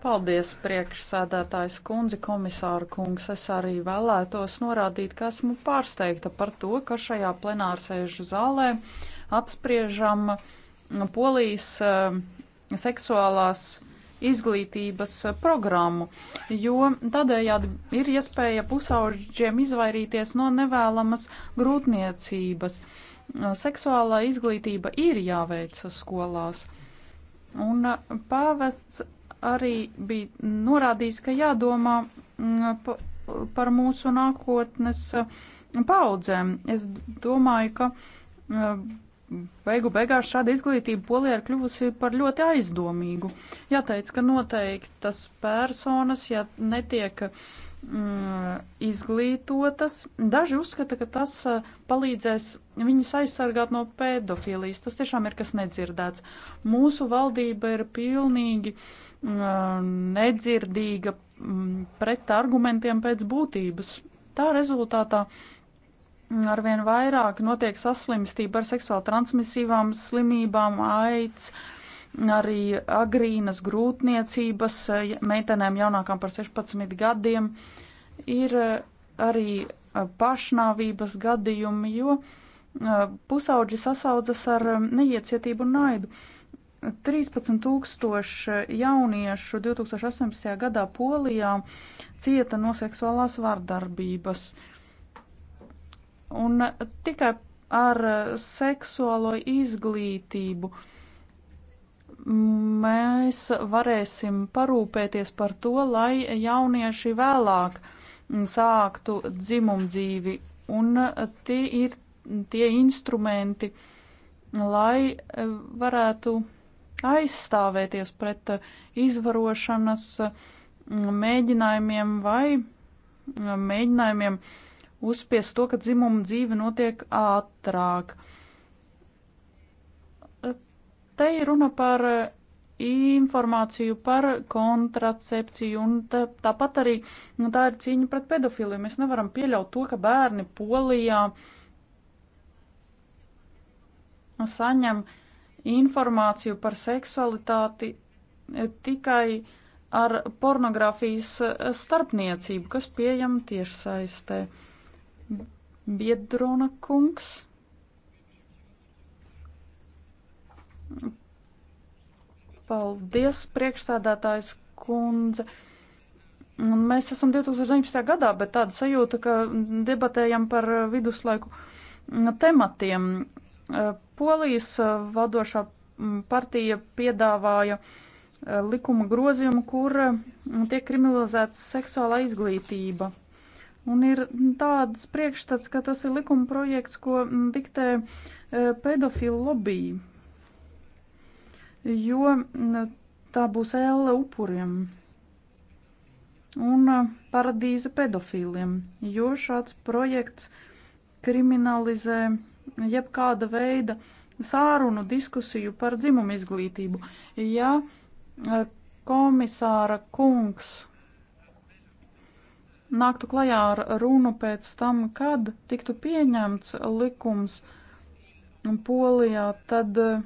Paldies, priekšsēdētājs kundze, komisāra kungs. Es arī vēlētos norādīt, ka esmu pārsteigta par to, ka šajā plenārsēžu zālē apspriežam polijas eh, seksuālās izglītības eh, programmu, jo tādējādi ir iespēja pusauģiem izvairīties no nevēlamas grūtniecības. Seksuālā izglītība ir jāveic skolās. Un eh, pāvests arī bija norādījis, ka jādomā mm, par mūsu nākotnes mm, paudzēm. Es domāju, ka mm, beigu beigās šāda izglītība polijā ir kļuvusi par ļoti aizdomīgu. Jāteic, ka noteiktas personas, ja netiek mm, izglītotas, daži uzskata, ka tas palīdzēs viņus aizsargāt no pedofilijas. Tas tiešām ir kas nedzirdēts. Mūsu valdība ir pilnīgi uh, Mm, nedzirdīga mm, pret argumentiem pēc būtības. Tā rezultātā mm, arvien vairāk notiek saslimstība ar seksuāli transmisīvām slimībām, aids, arī agrīnas grūtniecības eh, meitenēm jaunākām par 16 gadiem. Ir eh, arī eh, pašnāvības gadījumi, jo pusauģi sasaudzas ar neiecietību un naidu. 13,000 jauniešu 2018. gadā Polijā cieta no seksuālās vardarbības. Un tikai ar seksuālo izglītību mēs varēsim parūpēties par to, lai jaunieši vēlāk sāktu dzimumdzīvi. Un tie ir tie instrumenti, lai varētu aizstāvēties pret uh, izvarošanas mm, mēģinājumiem vai mm, mēģinājumiem uzspiest to, ka dzimuma dzīve notiek ātrāk. Uh, te ir runa par uh, informāciju par kontracepciju un tā, tāpat arī nu, tā ir cīņa pret pedofiliju. Mēs nevaram pieļaut to, ka bērni polijā saņem uh, informāciju par seksualitāti e, tikai ar pornogrāfijas e, starpniecību, kas pieejama tiešsaistē. Biedrona kungs. Paldies, priekšsēdētājs kundze. Un mēs esam 2019. gadā, bet tāda sajūta, ka debatējam par e, viduslaiku tematiem. Polijas eh, vadošā mm, partija piedāvāja eh, likuma grozījumu, kur mm, tiek kriminalizēts seksuālā izglītība. Un ir mm, tāds priekšstats, ka tas ir likuma projekts, ko diktē eh, pedofilu lobby, jo tā būs ēle upuriem un paradīze pedofīliem, jo šāds projekts kriminalizē jebkāda veida sārunu diskusiju par dzimumu izglītību. Ja eh, komisāra kungs nāktu klajā ar runu pēc tam, kad tiktu pieņemts likums Polijā, tad eh,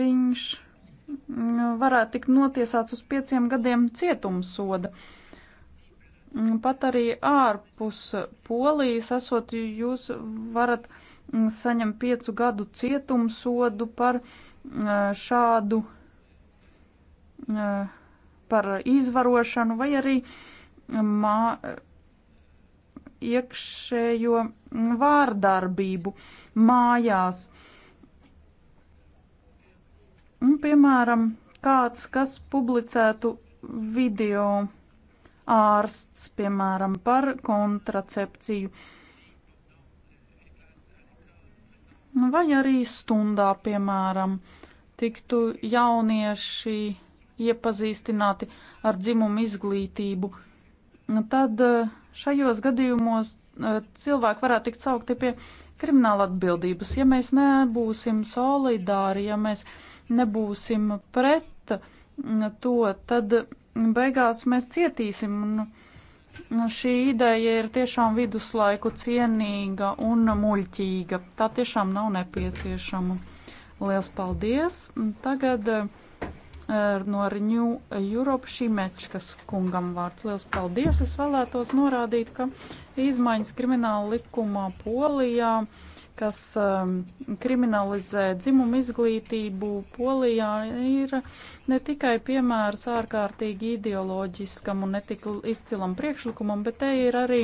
viņš mm, varētu tikt notiesāts uz pieciem gadiem cietumsoda. soda. Mm, pat arī ārpus polijas esot, jūs varat mm, saņemt piecu gadu cietumsodu par mm, šādu, par izvarošanu vai arī mā, iekšējo vārdarbību mājās. Un, piemēram, kāds, kas publicētu video ārsts, piemēram, par kontracepciju. Vai arī stundā, piemēram, tiktu jaunieši iepazīstināti ar dzimumu izglītību, tad eh, šajos gadījumos eh, cilvēki varētu tikt saukti pie krimināla atbildības. Ja mēs nebūsim solidāri, ja mēs nebūsim pret mm, to, tad beigās mēs cietīsim. Un nu, nu, šī ideja ir tiešām viduslaiku cienīga un muļķīga. Tā tiešām nav nepieciešama. Liels paldies! Tagad eh, no Riņu Europa šī mečkas kungam vārds. Liels paldies! Es vēlētos norādīt, ka izmaiņas krimināla likumā Polijā. Uh, kas um, kriminalizē dzimumu izglītību, Polijā ir ne tikai piemērs ārkārtīgi ideoloģiskam un netik izcilam priekšlikumam, bet te ir arī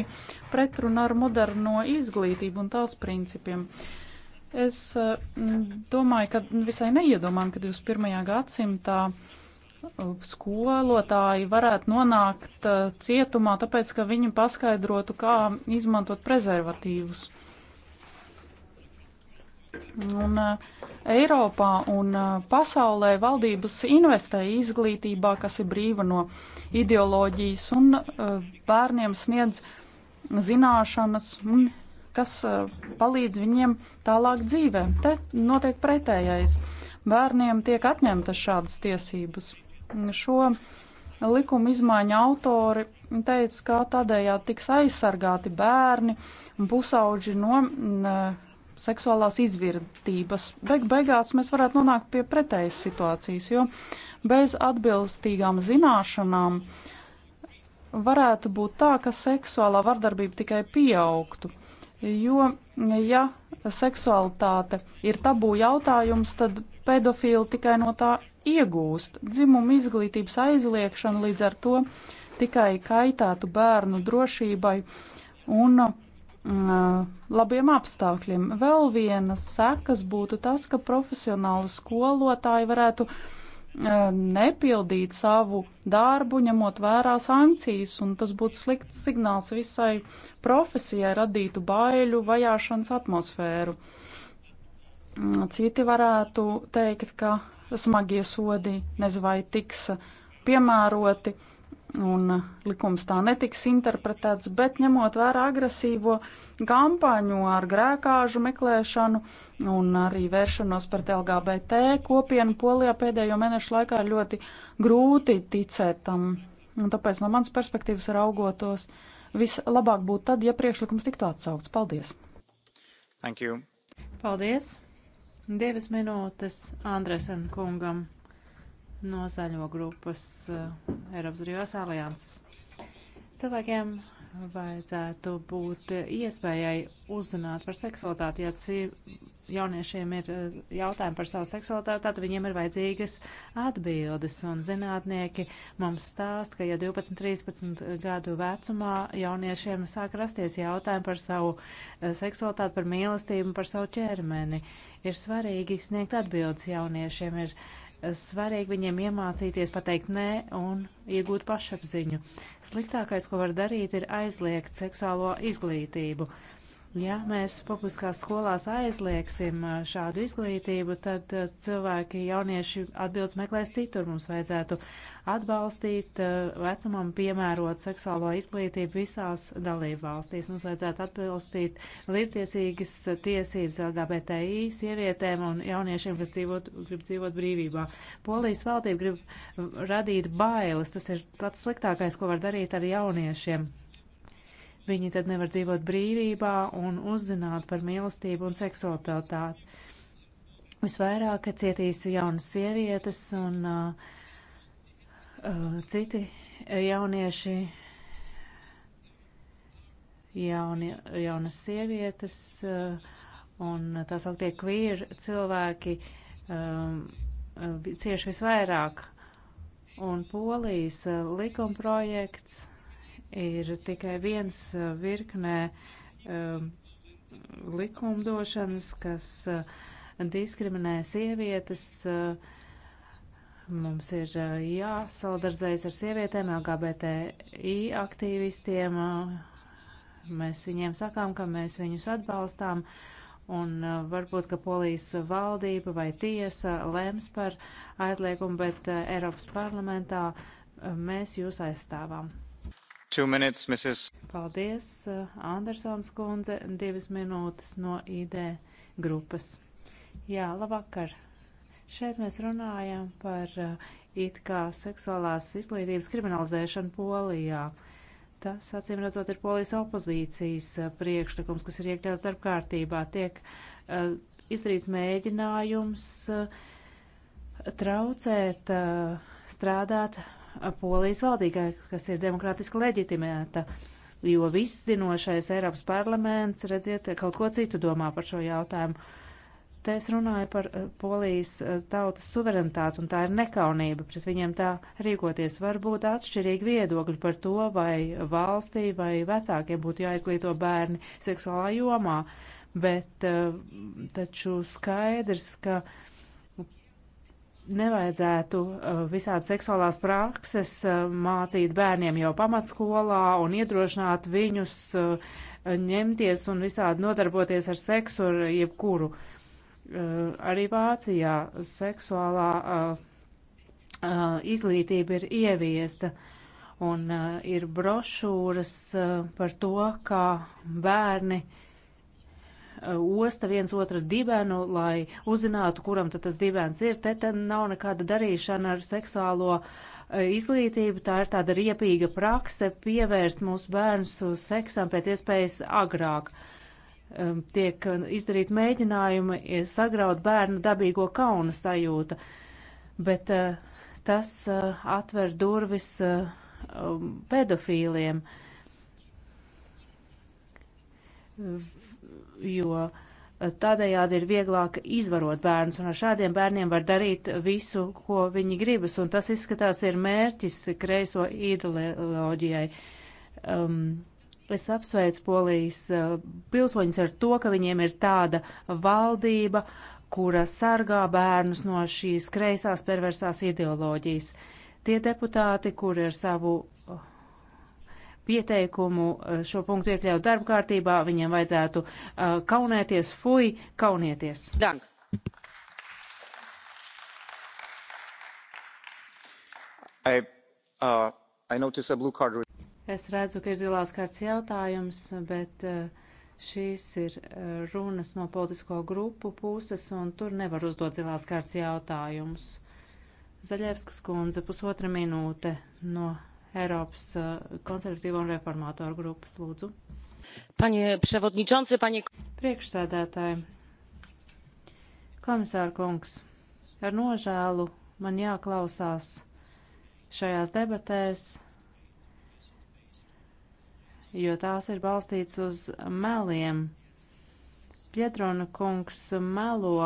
pretruna ar moderno izglītību un tās principiem. Es uh, domāju, ka visai neiedomājam, ka 21. gadsimtā uh, skolotāji varētu nonākt uh, cietumā, tāpēc, ka viņi paskaidrotu, kā izmantot prezervatīvus. Uh, Un eh, Eiropā un eh, pasaulē valdības investē izglītībā, kas ir brīva no ideoloģijas un eh, bērniem sniedz zināšanas un kas palīdz viņiem tālāk dzīvē. Te notiek pretējais. Bērniem tiek atņemtas šādas tiesības. Šo likuma izmaiņu autori teica, ka tādējādi tiks aizsargāti bērni un pusauģi no seksuālās izvirtības. Beig beigās mēs varētu nonākt pie pretējas situācijas, jo bez atbilstīgām zināšanām varētu būt tā, ka seksuālā vardarbība tikai pieaugtu. Jo, ja seksualitāte ir tabū jautājums, tad pedofili tikai no tā iegūst. Dzimuma izglītības aizliekšana līdz ar to tikai kaitētu bērnu drošībai un uh, labiem apstākļiem. Vēl viena sekas būtu tas, ka profesionāli skolotāji varētu nepildīt savu darbu, ņemot vērā sankcijas, un tas būtu slikts signāls visai profesijai, radītu baiļu, vajāšanas atmosfēru. Citi varētu teikt, ka smagie sodi nezvai tiks piemēroti un likums tā netiks interpretēts, bet ņemot vērā agresīvo kampaņu ar grēkāžu meklēšanu un arī vēršanos pret LGBT kopienu Polijā pēdējo mēnešu laikā ir ļoti grūti ticēt tam. Un tāpēc no manas perspektīvas raugotos vislabāk būtu tad, ja priekšlikums tiktu atsaukts. Paldies! Thank you! Paldies! Divas minūtes Andresen kungam no zaļo grupas eh, Eiropas brīvās alianses. Cilvēkiem vajadzētu būt iespējai uzzināt par seksualitāti. Ja jauniešiem ir eh, jautājumi par savu seksualitāti, tad viņiem ir vajadzīgas atbildes. Un zinātnieki mums stāsta, ka ja 12, 13 gadu vecumā jauniešiem sāk rasties jautājumi par savu eh, seksualitāti, par mīlestību, par savu ķermeni, ir svarīgi sniegt atbildes jauniešiem. Ir svarīgi viņiem iemācīties pateikt nē un iegūt pašapziņu. Sliktākais, ko var darīt, ir aizliegt seksuālo izglītību. Uh, Ja mēs publiskās skolās aizliegsim uh, šādu izglītību, tad uh, cilvēki, jaunieši atbildes meklēs citur. Mums vajadzētu atbalstīt uh, vecumam piemērot seksuālo izglītību visās dalību valstīs. Mums vajadzētu atbalstīt līdztiesīgas tiesības LGBTI sievietēm un jauniešiem, kas dzīvot, grib dzīvot brīvībā. Polijas valdība grib radīt bailes. Tas ir pats sliktākais, ko var darīt ar jauniešiem. Viņi tad nevar dzīvot brīvībā un uzzināt par mīlestību un seksualitāti. Visvairāk cietīs jaunas sievietes un uh, uh, citi jaunieši, jauni, jaunas sievietes uh, un tā sauktie queer cilvēki um, uh, cieši visvairāk. Un polijas uh, likumprojekts ir tikai viens uh, virknē um, likumdošanas, kas uh, diskriminē sievietes. Uh, Mums ir uh, jāsolidarizējas ar sievietēm, LGBTI aktīvistiem. Uh, mēs viņiem sakām, ka mēs viņus atbalstām, un varbūt, ka polijas valdība vai tiesa lems par aizliegumu, bet Eiropas parlamentā mēs jūs aizstāvām. Minutes, Mrs. Paldies, eh, Andersons kundze, divas minūtes no ID grupas. Jā, labvakar. Šeit mēs runājam par eh, it kā seksuālās izglītības kriminalizēšanu Polijā. Tas, acīm redzot, ir polijas opozīcijas eh, priekšlikums, kas ir iekļauts darba kārtībā. Tiek uh, izdarīts mēģinājums uh, traucēt uh, strādāt polijas valdībai, kas ir demokrātiski leģitimēta, jo viss zinošais Eiropas parlaments, redziet, kaut ko citu domā par šo jautājumu. Te es runāju par eh, polijas eh, tautas suverenitāti, un tā ir nekaunība pret viņiem tā rīkoties. Var būt atšķirīgi viedokļi par to, vai valstī vai vecākiem būtu jāizglīto bērni seksuālā jomā, bet eh, taču skaidrs, ka uh, nevajadzētu uh, visādi seksuālās prakses uh, mācīt bērniem jau pamatskolā un iedrošināt viņus uh, ņemties un visādi nodarboties ar seksu ar jebkuru. Arī Vācijā seksuālā izglītība ir ieviesta un ir brošūras par to, kā bērni uh, Uh, osta viens otru dibenu, lai uzzinātu, kuram tad tas dibens ir. Te, te nav nekāda darīšana ar seksuālo uh, izglītību, tā ir tāda riepīga prakse pievērst mūsu bērnus seksam pēc iespējas agrāk. Um, tiek izdarīt mēģinājumi sagraut bērnu dabīgo kauna sajūta, bet uh, tas atver durvis um, pedofīliem jo eh, tādējādi ir vieglāk izvarot bērnus, un ar šādiem bērniem var darīt visu, ko viņi gribas, un tas izskatās ir mērķis kreiso ideoloģijai. Um, es apsveicu polijas uh, pilsoņus ar to, ka viņiem ir tāda valdība, kura sargā bērnus no šīs kreisās perversās ideoloģijas. Tie deputāti, kuri ar savu pieteikumu eh, šo punktu iekļaut darba kārtībā, viņiem vajadzētu eh, kaunēties, fuj, kaunieties. Dank. I, uh, I notice a blue card. Es redzu, ka ir zilās kārtas jautājums, bet eh, šīs ir runas no politisko grupu puses, un tur nevar uzdot zilās kārtas jautājumus. Zaļevskas kundze, pusotra minūte no Eiropas uh, konservatīvo un reformātoru grupas. Lūdzu. Panie Prevodničonce, panie. Priekšsēdētāji, komisāra kungs, ar nožēlu man jāklausās šajās debatēs, jo tās ir balstītas uz meliem. Pietrona kungs melo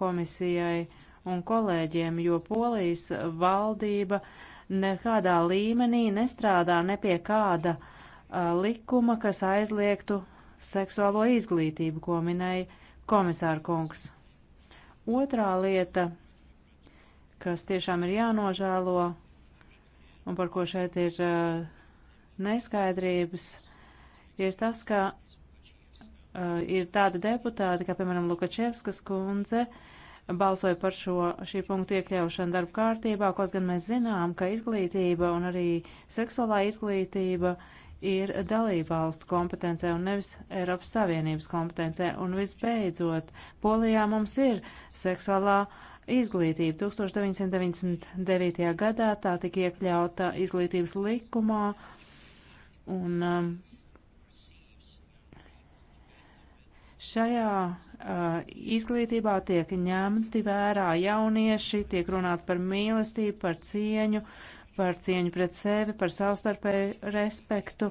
komisijai un kolēģiem, jo polijas valdība uh, nekādā līmenī nestrādā ne pie kāda uh, likuma, kas aizliegtu seksuālo izglītību, ko minēja komisāra kungs. Otrā lieta, kas tiešām ir jānožēlo un par ko šeit ir uh, neskaidrības, ir tas, ka uh, ir tādi deputāti, kā piemēram Lukačevskas kundze, uh, balsoja par šo šī punktu iekļaušanu darba kārtībā, kaut gan mēs zinām, ka izglītība un arī seksuālā izglītība ir dalībvalstu kompetencē un nevis Eiropas Savienības kompetencē. Un visbeidzot, Polijā mums ir seksuālā izglītība. 1999. gadā tā tika iekļauta izglītības likumā. Un um, Šajā uh, izglītībā tiek ņemti vērā jaunieši, tiek runāts par mīlestību, par cieņu, par cieņu pret sevi, par savstarpēju respektu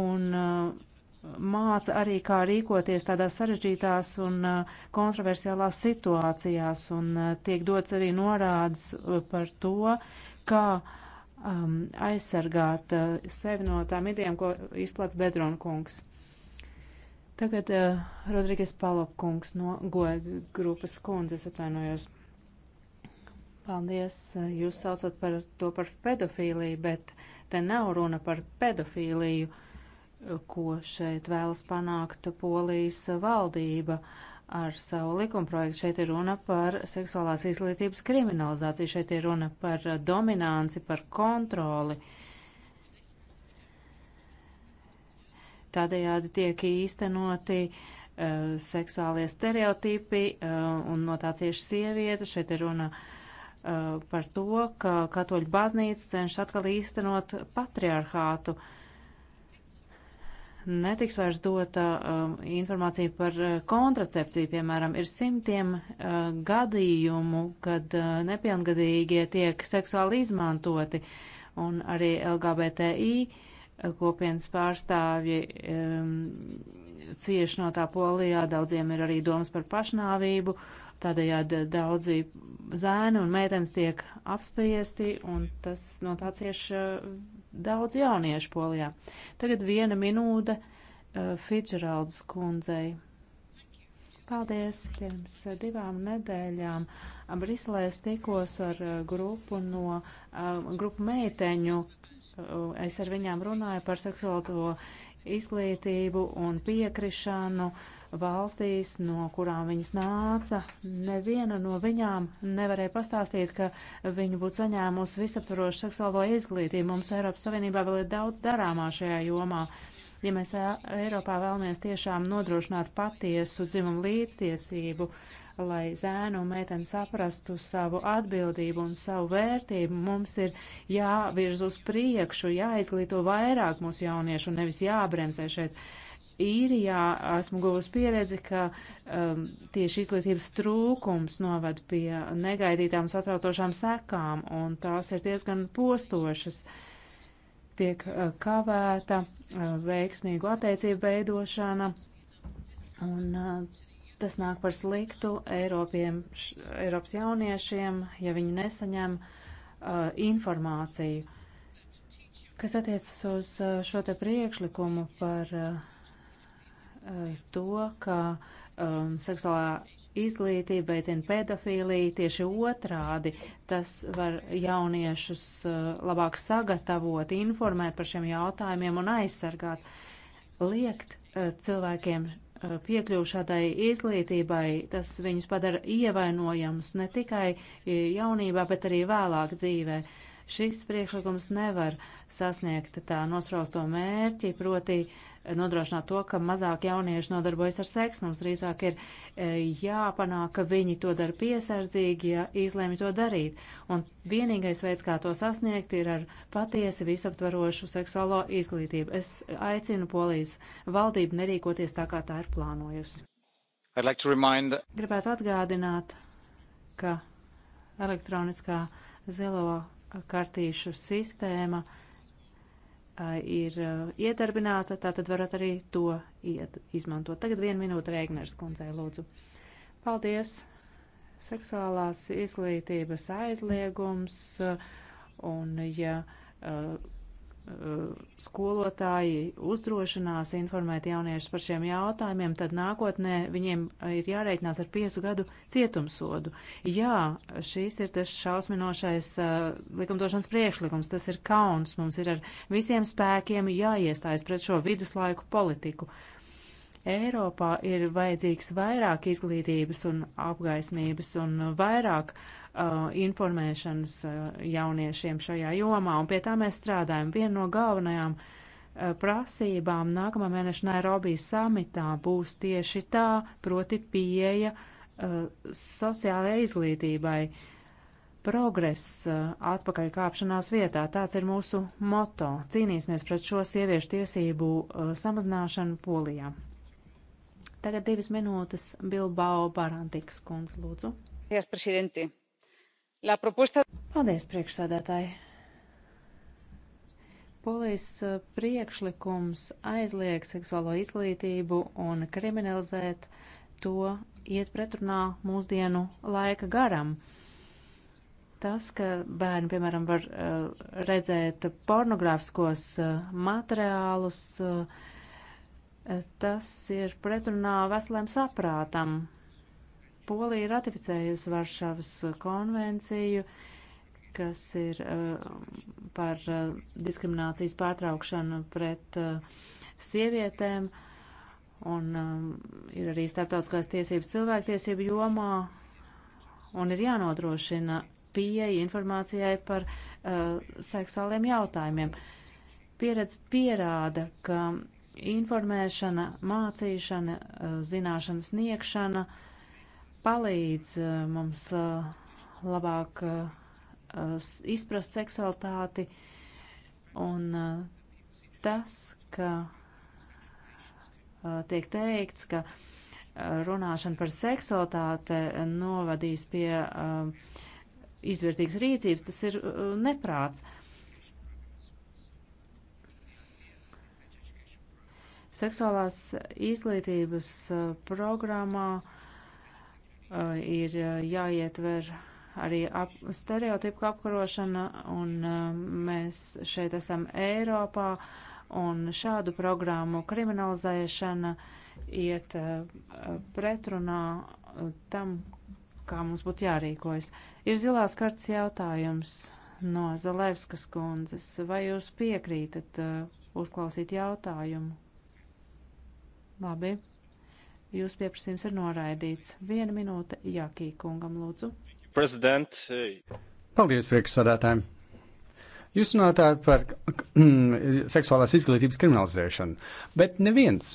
un uh, māca arī, kā rīkoties tādās sarežģītās un uh, kontroversiālās situācijās, un uh, tiek dots arī norādes uh, par to, kā um, aizsargāt sevi no tām idejām, ko izplata Bedronkungs. Tagad uh, Rodrīgas Palopkungs no goda grupas kundzes atvainojos. Paldies, eh, jūs saucat par to par pedofīliju, bet te nav runa par pedofīliju, eh, ko šeit vēlas panākt polijas valdība ar savu likumprojektu. Šeit ir runa par seksuālās izglītības kriminalizāciju, šeit ir runa par dominanci, par kontroli. Uh, Tādējādi tiek īstenoti uh, seksuālie stereotipi uh, un no tā cieši sievietes. Šeit ir runa uh, par to, ka katoļu baznīca cenšas atkal īstenot patriarchātu. Netiks vairs dota um, uh, informācija par uh, kontracepciju, piemēram, ir simtiem uh, gadījumu, kad uh, nepilngadīgie tiek seksuāli izmantoti, un arī LGBTI uh, kopienas pārstāvji um, cieši no tā polijā, daudziem ir arī domas par pašnāvību, tādējādi daudzi zēni un meitenes tiek apspiesti, un tas no tā cieši uh, eh, daudz jauniešu polijā. Tagad viena minūte uh, eh, Fitzgeraldas kundzei. Paldies! Pirms eh, divām nedēļām Briselēs tikos ar grupu no uh, grupu meiteņu, Uh, es ar viņām runāju par seksuālo izglītību un piekrišanu valstīs, no kurām viņas nāca. Neviena no viņām nevarēja pastāstīt, ka viņa būtu saņēmusi visaptvarošu seksuālo izglītību. Mums Eiropas Savienībā vēl ir daudz darāmā šajā jomā. Ja mēs Eiropā vēlamies tiešām nodrošināt patiesu dzimumu līdztiesību, uh, lai zēnu un meiteni saprastu savu atbildību un savu vērtību, mums ir jāvirz uz priekšu, jāizglīto vairāk mūsu jauniešu un nevis jābremzē šeit. Īrijā esmu guvusi pieredzi, ka um, tieši izglītības trūkums novad pie negaidītām satraucošām sekām, un tās ir diezgan postošas. Tiek uh, kavēta uh, veiksmīgu attiecību veidošana, un uh, Tas nāk par sliktu Eiropiem, š, Eiropas jauniešiem, ja viņi nesaņem uh, informāciju. Kas attiecas uz uh, šo te priekšlikumu par uh, uh, to, ka um, seksuālā izglītība veicina pedofīliju, tieši otrādi tas var jauniešus uh, labāk sagatavot, informēt par šiem jautājumiem un aizsargāt. Liekt uh, cilvēkiem Eh, piekļuvu šādai izglītībai, tas viņus padara ievainojamus ne tikai eh, jaunībā, bet arī vēlāk dzīvē. Šis priekšlikums nevar sasniegt tā nospraustu mērķi, proti uh, nodrošināt to, ka mazāk jaunieši nodarbojas ar seksu. Mums drīzāk ir e, jāpanāk, ka viņi to dara piesardzīgi, ja izlēmi to darīt. Un vienīgais veids, kā to sasniegt, ir ar patiesi visaptvarošu seksuālo izglītību. Es aicinu Polijas valdību nerīkoties tā, kā tā ir plānojusi. I'd like remind... Gribētu atgādināt, ka elektroniskā zilo kartīšu sistēma uh, Eh, ir eh, iedarbināta, tā tad varat arī to izmantot. Tagad vienu minūtu Rēgners kundzei lūdzu. Paldies! Seksuālās izglītības aizliegums eh, un ja Eh, skolotāji uzdrošinās informēt jauniešus par šiem jautājumiem, tad nākotnē viņiem ir jāreikinās ar piecu gadu cietumsodu. Jā, šīs ir tas šausminošais uh, likumdošanas priekšlikums, tas ir kauns, mums ir ar visiem spēkiem jāiestājas pret šo viduslaiku politiku. Eiropā ir vajadzīgs vairāk izglītības un apgaismības un vairāk uh, Uh, informēšanas uh, jauniešiem šajā jomā, un pie tā mēs strādājam. Viena no galvenajām uh, prasībām nākamā mēneša Nairobi samitā būs tieši tā, proti pieeja sociālajai izglītībai. Progress atpakaļ kāpšanās vietā, tāds ir mūsu moto. Cīnīsimies pret šo sieviešu tiesību samazināšanu polijā. Tagad divas minūtes Bilbao Barantikas kundze, lūdzu. Yes, Propuesta... Paldies, priekšsādātāji! Polijas eh, priekšlikums aizliegt seksuālo izglītību un kriminalizēt to iet pretrunā mūsdienu laika garam. Tas, ka bērni, piemēram, var uh, redzēt pornogrāfiskos uh, materiālus, uh, tas ir pretrunā veselēm saprātam. Polija ir ratificējusi Varšavas konvenciju, kas ir uh, par uh, diskriminācijas pārtraukšanu pret uh, sievietēm, un um, ir arī starptautiskās tiesības cilvēktiesību jomā, un ir jānodrošina pieeja informācijai par uh, seksuāliem jautājumiem. Pieredze pierāda, ka informēšana, mācīšana, uh, zināšanu sniegšana uh, palīdz eh, mums eh, labāk eh, izprast seksualitāti un tas, ka tiek teikts, ka runāšana par seksualitāte novadīs pie izvērtīgas rīcības, tas ir neprāts. Seksuālās izglītības programmā uh, Eh, ir eh, jāietver arī ap, stereotipu apkarošana, un eh, mēs šeit esam Eiropā, un šādu programmu kriminalizēšana iet pretrunā tam, kā mums būtu jārīkojas. Ir zilās kartas jautājums no Zalevskas kundzes. Vai jūs piekrītat uzklausīt jautājumu? Labi. Jūs pieprasījums ir noraidīts. Viena minūte Jākī kungam lūdzu. Prezident. Paldies, priekšsādātājiem. Jūs runājāt par [CLEARS THROAT] seksuālās izglītības kriminalizēšanu, bet neviens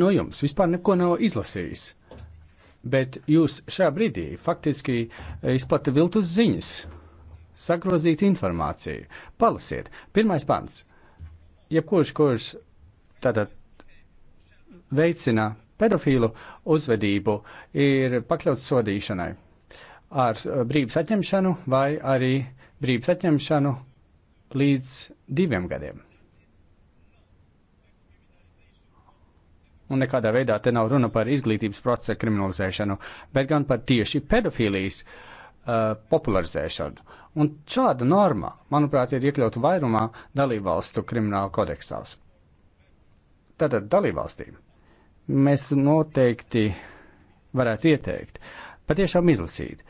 no jums vispār neko nav izlasījis. Bet jūs šajā brīdī faktiski izplata viltus ziņas, sagrozīt informāciju. Palasiet, pirmais pants. Jebkurš, kurš tātad veicina pedofīlu uzvedību ir pakļauts sodīšanai ar uh, brīvības atņemšanu vai arī brīvības atņemšanu līdz diviem gadiem. un nekādā veidā te nav runa par izglītības procesa kriminalizēšanu, bet gan par tieši pedofīlijas uh, popularizēšanu. Un šāda norma, manuprāt, ir iekļauta vairumā dalībvalstu krimināla kodeksās. Tātad dalībvalstīm mēs noteikti varētu ieteikt patiešām izlasīt.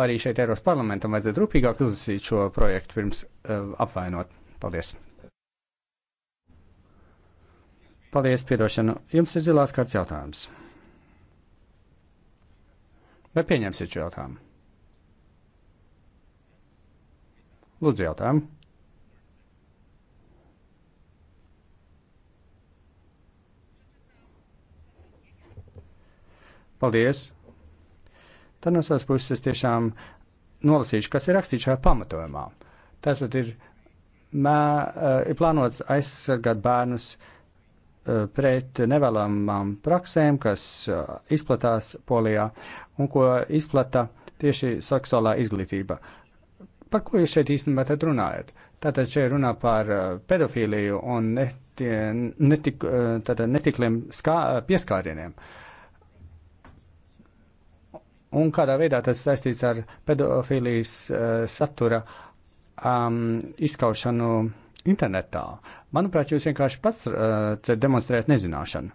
Arī šeit Eiropas parlamentam vajadzētu rūpīgāk izlasīt šo projektu pirms uh, apvainot. Paldies! Paldies, piedošanu. Jums ir zilās kārtas jautājums. Vai pieņemsiet šo jautājumu? Lūdzu, jautājumu. Paldies! Tad no savas puses es tiešām nolasīšu, kas ir rakstīts šajā pamatojumā. Tas ir, mē, eh, ir plānots aizsargāt bērnus eh, pret nevēlamām praksēm, kas eh, izplatās polijā un ko izplata tieši seksuālā izglītība. Par ko jūs šeit īstenībā tad runājat? Tātad šeit runā par pedofīliju un netik, netik, netikliem skā, pieskārieniem. Uh, un kādā veidā tas saistīts ar pedofīlijas uh, eh, satura um, izskaušanu internetā. Manuprāt, jūs vienkārši pats uh, demonstrējat nezināšanu.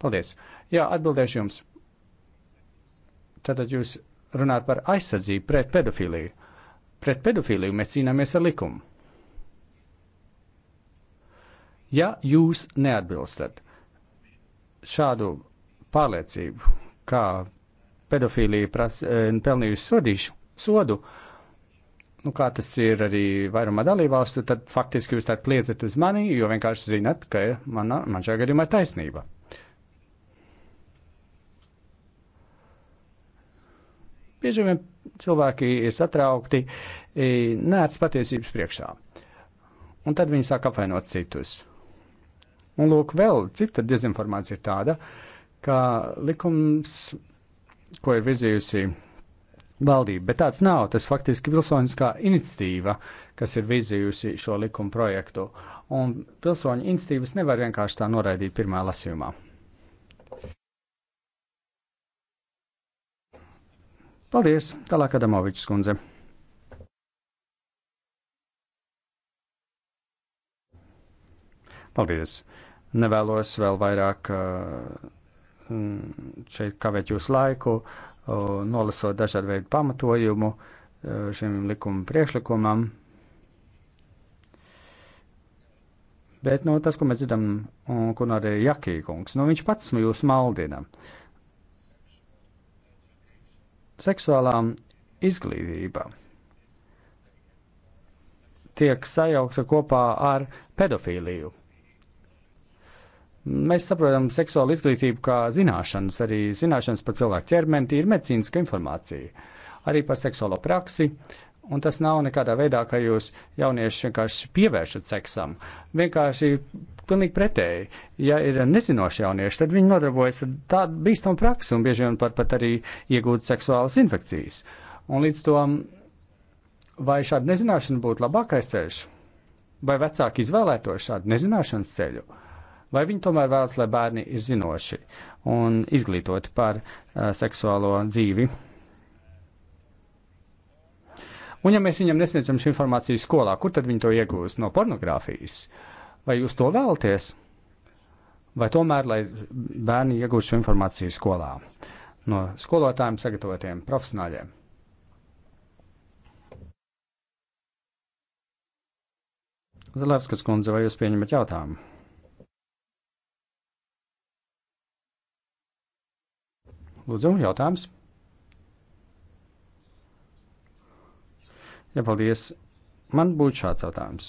Paldies. Jā, atbildēšu jums. Tātad jūs runājat par aizsardzību pret pedofīliju. Pret pedofīliju mēs cīnāmies ar likumu. Ja jūs neatbilstat šādu pārliecību kā pedofīlija e, pelnījusi sodīšu, sodu, nu, kā tas ir arī vairumā dalībvalstu, tad faktiski jūs tā kliedzat uz mani, jo vienkārši zinat, ka mana, man šajā gadījumā ir taisnība. Bieži vien cilvēki ir satraukti e, nērts patiesības priekšā, un tad viņi sāk apvainot citus. Un lūk, vēl cita dezinformācija ir tāda, uh, ka likums, ko ir virzījusi valdība, bet tāds nav. Tas faktiski pilsoniskā iniciatīva, kas ir virzījusi šo likuma projektu. Un pilsoņu iniciatīvas nevar vienkārši tā noraidīt pirmā lasījumā. Paldies! Tālāk Adamovičs kundze. Paldies! Nevēlos vēl vairāk uh, Mm, šeit kavēt jūsu laiku, nolasot dažādu veidu pamatojumu e, šim likuma priekšlikumam. Bet nu, tas, ko mēs dzirdam, un ko nu arī Jakīkungs, nu, viņš pats jūs maldina. Seksuālā izglītība tiek sajaukta kopā ar pedofīliju. Mēs saprotam seksuālu izglītību kā zināšanas, arī zināšanas par cilvēku ķermeni, ir medicīniska informācija, arī par seksuālo praksi, Un tas nav nekādā veidā, ka jūs jaunieši vienkārši pievēršat seksam. Vienkārši pilnīgi pretēji. Ja ir nezinoši jaunieši, tad viņi nodarbojas ar tādu bīstamu praksi un bieži vien pat, pat arī iegūt seksuālas infekcijas. Un līdz to, vai šāda nezināšana būtu labākais ceļš, vai vecāki izvēlētos šādu nezināšanas ceļu? vai viņi tomēr vēlas, lai bērni ir zinoši un izglītoti par uh, seksuālo dzīvi. Un ja mēs viņam nesniedzam šo informāciju skolā, kur tad viņi to iegūst? No pornogrāfijas? Vai jūs to vēlaties? Vai tomēr, lai bērni iegūst šo informāciju skolā? No skolotājiem, sagatavotiem profesionāļiem. Zalevskas kundze, vai jūs pieņemat jautājumu? Lūdzu, jautājums. Jā, ja, paldies. Man būtu šāds jautājums.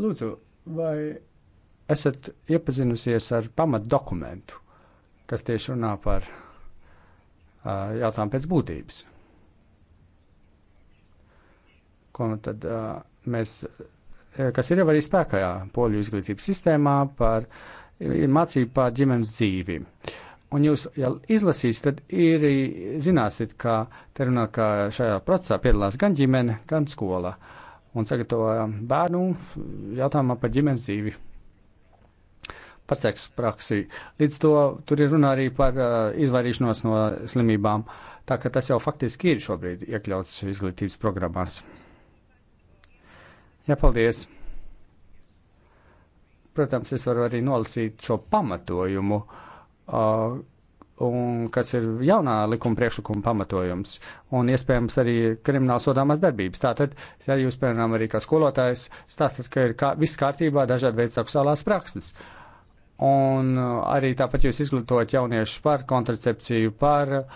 Lūdzu, vai esat iepazinusies ar pamat dokumentu, kas tieši runā par uh, jautājumu pēc būtības? Ko tad uh, mēs, kas ir jau arī spēkajā poļu izglītības sistēmā par uh, ir mācība pār ģimenes dzīvi. Un jūs, ja izlasīsiet, tad ir zināsiet, ka te runā, ka šajā procesā piedalās gan ģimene, gan skola. Un sagatavojam bērnu jautājumā par ģimenes dzīvi, par seksu praksi. Līdz to tur ir runa arī par uh, izvairīšanos no slimībām. Tā ka tas jau faktiski ir šobrīd iekļauts izglītības programmās. Jā, paldies! Protams, es varu arī nolasīt šo pamatojumu, uh, un, kas ir jaunā likuma priekšlikuma pamatojums, un iespējams arī krimināla sodāmās darbības. Tātad, ja jūs, piemēram, arī kā skolotājs stāstat, ka ir kā, viss kārtībā dažādi veidi seksuālās prakses, un uh, arī tāpat jūs izglītot jauniešus par kontracepciju, par uh,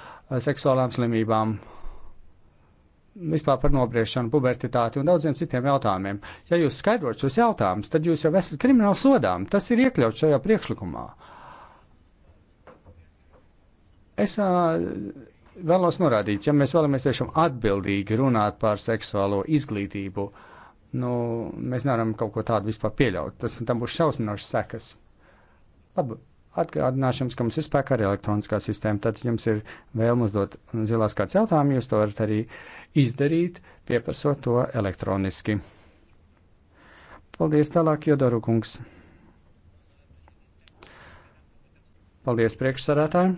seksuālām slimībām vispār par nobriešanu, pubertitāti un daudziem citiem jautājumiem. Ja jūs skaidrot šos jautājumus, tad jūs jau esat krimināli sodām. Tas ir iekļauts šajā priekšlikumā. Es uh, vēlos norādīt, ja mēs vēlamies tiešām atbildīgi runāt par seksuālo izglītību, nu, mēs nevaram kaut ko tādu vispār pieļaut. Tas tam būs šausminošas sekas. Labi, Atgādināšu jums, ka mums ir spēkā arī elektroniskā sistēma, tad jums ir vēlme uzdot zilās kāds jautājumu, jūs to varat arī izdarīt, pieprasot to elektroniski. Paldies tālāk, Jodoru kungs. Paldies priekšsarētājiem.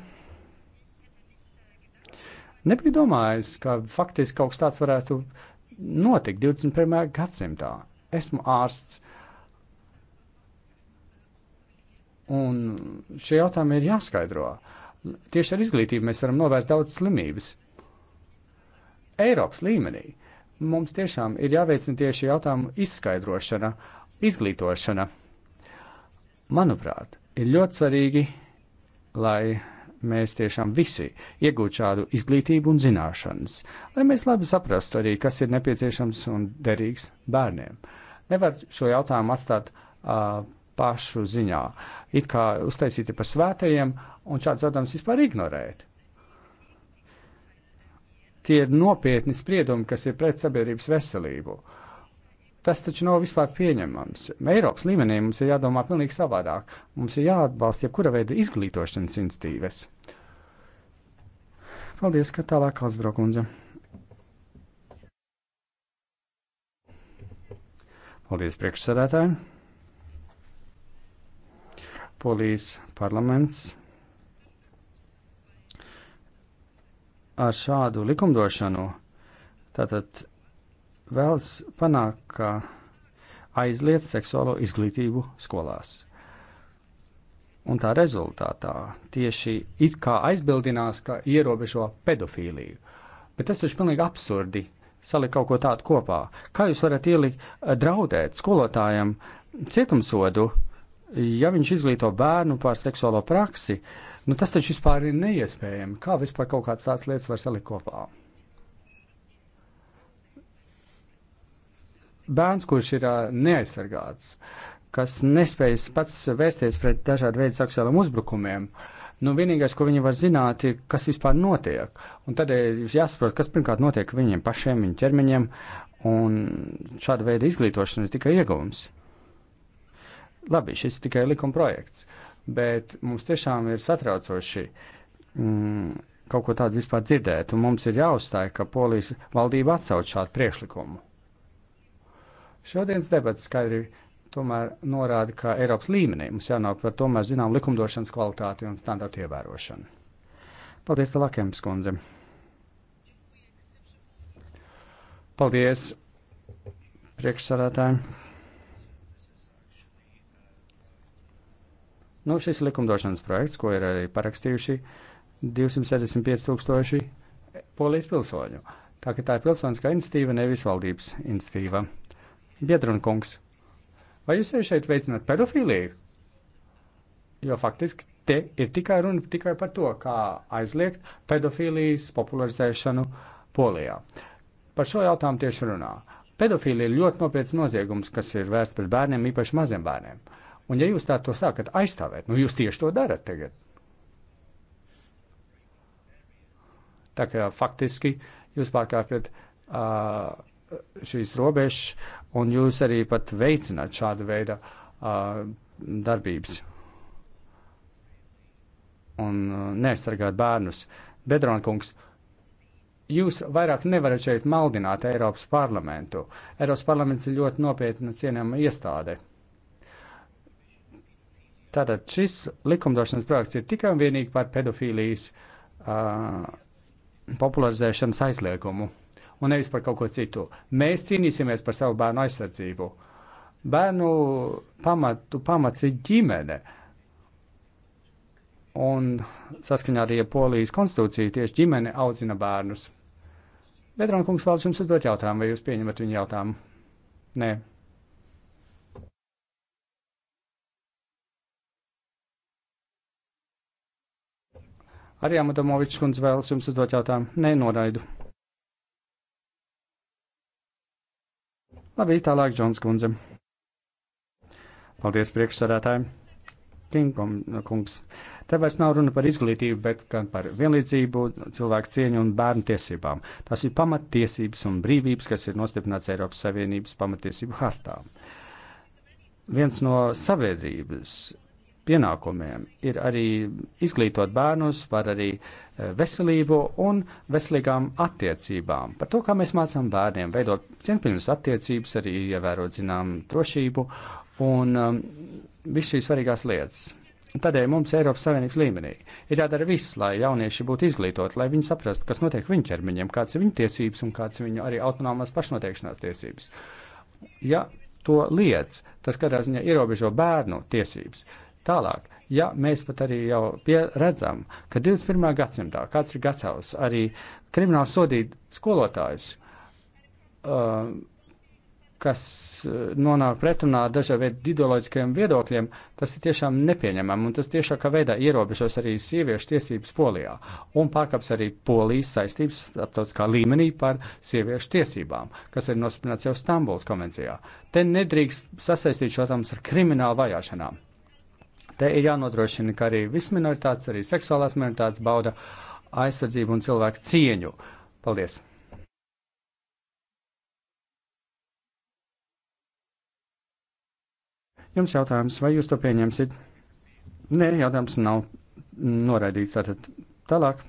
Nebija domājis, ka faktiski kaut kas tāds varētu notikt 21. gadsimtā. Esmu ārsts Un šie jautājumi ir jāskaidro. Tieši ar izglītību mēs varam novērst daudz slimības. Eiropas līmenī mums tiešām ir jāveicina tieši jautājumu izskaidrošana, izglītošana. Manuprāt, ir ļoti svarīgi, lai mēs tiešām visi iegūtu šādu izglītību un zināšanas, lai mēs labi saprastu arī, kas ir nepieciešams un derīgs bērniem. Nevar šo jautājumu atstāt uh, pašu ziņā. It kā uztaisīti par svētajiem un šāds jautājums vispār ignorēt. Tie ir nopietni spriedumi, kas ir pret sabiedrības veselību. Tas taču nav vispār pieņemams. Eiropas līmenī mums ir jādomā pilnīgi savādāk. Mums ir jāatbalsta jebkura veida izglītošanas institīvas. Paldies, ka tālāk Kalsbrokundze. Paldies priekšsēdētājiem! Polijas parlaments ar šādu likumdošanu tātad vēlas panākt, ka aizliedz seksuālo izglītību skolās. Un tā rezultātā tieši it kā aizbildinās, ka ierobežo pedofīliju. Bet tas taču pilnīgi absurdi salikt kaut ko tādu kopā. Kā jūs varat ielikt draudēt skolotājiem cietumsodu ja viņš izglīto bērnu par seksuālo praksi, nu tas taču vispār ir neiespējami. Kā vispār kaut kādas tādas lietas var salikt kopā? Bērns, kurš ir neaizsargāts, kas nespēj pats vērsties pret dažādu veidu seksuāliem uzbrukumiem, nu vienīgais, ko viņi var zināt, ir, kas vispār notiek. Un tādēļ jāsaprot, kas pirmkārt notiek viņiem pašiem, viņu ķermeņiem, un šāda veida izglītošana ir tikai ieguvums. Labi, šis ir tikai likuma projekts, bet mums tiešām ir satraucoši mm, kaut ko tādu vispār dzirdēt, un mums ir jāuzstāj, ka polijas valdība atsauc šādu priekšlikumu. Šodienas debats skaidri tomēr norāda, ka Eiropas līmenī mums jānāk par tomēr zinām likumdošanas kvalitāti un standartu ievērošanu. Paldies, Talakēms kundze! Paldies, priekšsarātāji! Nu, šis likumdošanas projekts, ko ir arī parakstījuši 275 tūkstoši polijas pilsoņu. Tā ka tā ir pilsoniskā institīva, nevis valdības institīva. Biedrunkungs, vai jūs šeit veicināt pedofīliju? Jo faktiski te ir tikai runa tikai par to, kā aizliegt pedofīlijas popularizēšanu Polijā. Par šo jautājumu tieši runā. Pedofīlija ir ļoti nopietns noziegums, kas ir vērsts pret bērniem, īpaši maziem bērniem. Uh, Un ja jūs tā to sākat aizstāvēt, nu jūs tieši to darat tagad. Tā kā faktiski jūs pārkāpjat uh, šīs robežas, un jūs arī pat veicināt šādu veidu uh, darbības. Un uh, neaizsargāt bērnus. Bedronkungs, jūs vairāk nevarat šeit maldināt Eiropas parlamentu. Eiropas parlaments ir ļoti nopietna cienījama iestāde. Tātad šis likumdošanas projekts ir tikai un vienīgi par pedofīlijas uh, popularizēšanas aizliegumu un nevis par kaut ko citu. Mēs cīnīsimies par savu bērnu aizsardzību. Bērnu pamatu, pamats ir ģimene. Un saskaņā arī ar Polijas konstitūciju tieši ģimene audzina bērnus. Vedrona kungs vēlas jums uzdot jautājumu, vai jūs pieņemat viņu jautājumu? Nē. Arī Amadomovičs kundze vēlas jums uzdot jautājumu. Nē, noraidu. Labi, tālāk, Džons kundze. Paldies priekšsādātājiem. Kingom, kungs. Te vairs nav runa par izglītību, bet gan par vienlīdzību, cilvēku cieņu un bērnu tiesībām. Tās ir pamattiesības un brīvības, kas ir nostiprināts Eiropas Savienības pamatiesību hartā. Viens no sabiedrības pienākumiem ir arī izglītot bērnus par arī eh, veselību un veselīgām attiecībām. Par to, kā mēs mācām bērniem veidot cienpilnas attiecības, arī ievērot zinām drošību un um, visu šīs svarīgās lietas. Tādēļ mums Eiropas Savienības līmenī ir jādara viss, lai jaunieši būtu izglītoti, lai viņi saprastu, kas notiek viņu ķermeņiem, kādas ir viņu tiesības un kādas ir viņu arī autonomās pašnoteikšanās tiesības. Ja to liedz, tas kādā ziņā ierobežo bērnu tiesības. Uh, Tālāk, ja mēs pat arī jau pieredzam, ka 21. gadsimtā kāds ir gatavs arī krimināli sodīt skolotājus, uh, kas uh, nonāk pretrunā ar dažādiem veidiem ideoloģiskiem viedokļiem, tas ir tiešām nepieņemami, un tas tiešākā veidā ierobežos arī sieviešu tiesības polijā, un pārkāps arī polijas saistības starptautiskā līmenī par sieviešu tiesībām, kas ir nosprināts jau Stambuls konvencijā. Te nedrīkst sasaistīt šo tēmu ar kriminālu vajāšanām. Te ir jānodrošina, ka arī viss minoritātes, arī seksuālās minoritātes bauda aizsardzību un cilvēku cieņu. Paldies! Jums jautājums, vai jūs to pieņemsiet? Nē, jautājums nav noraidīts. Tātad tālāk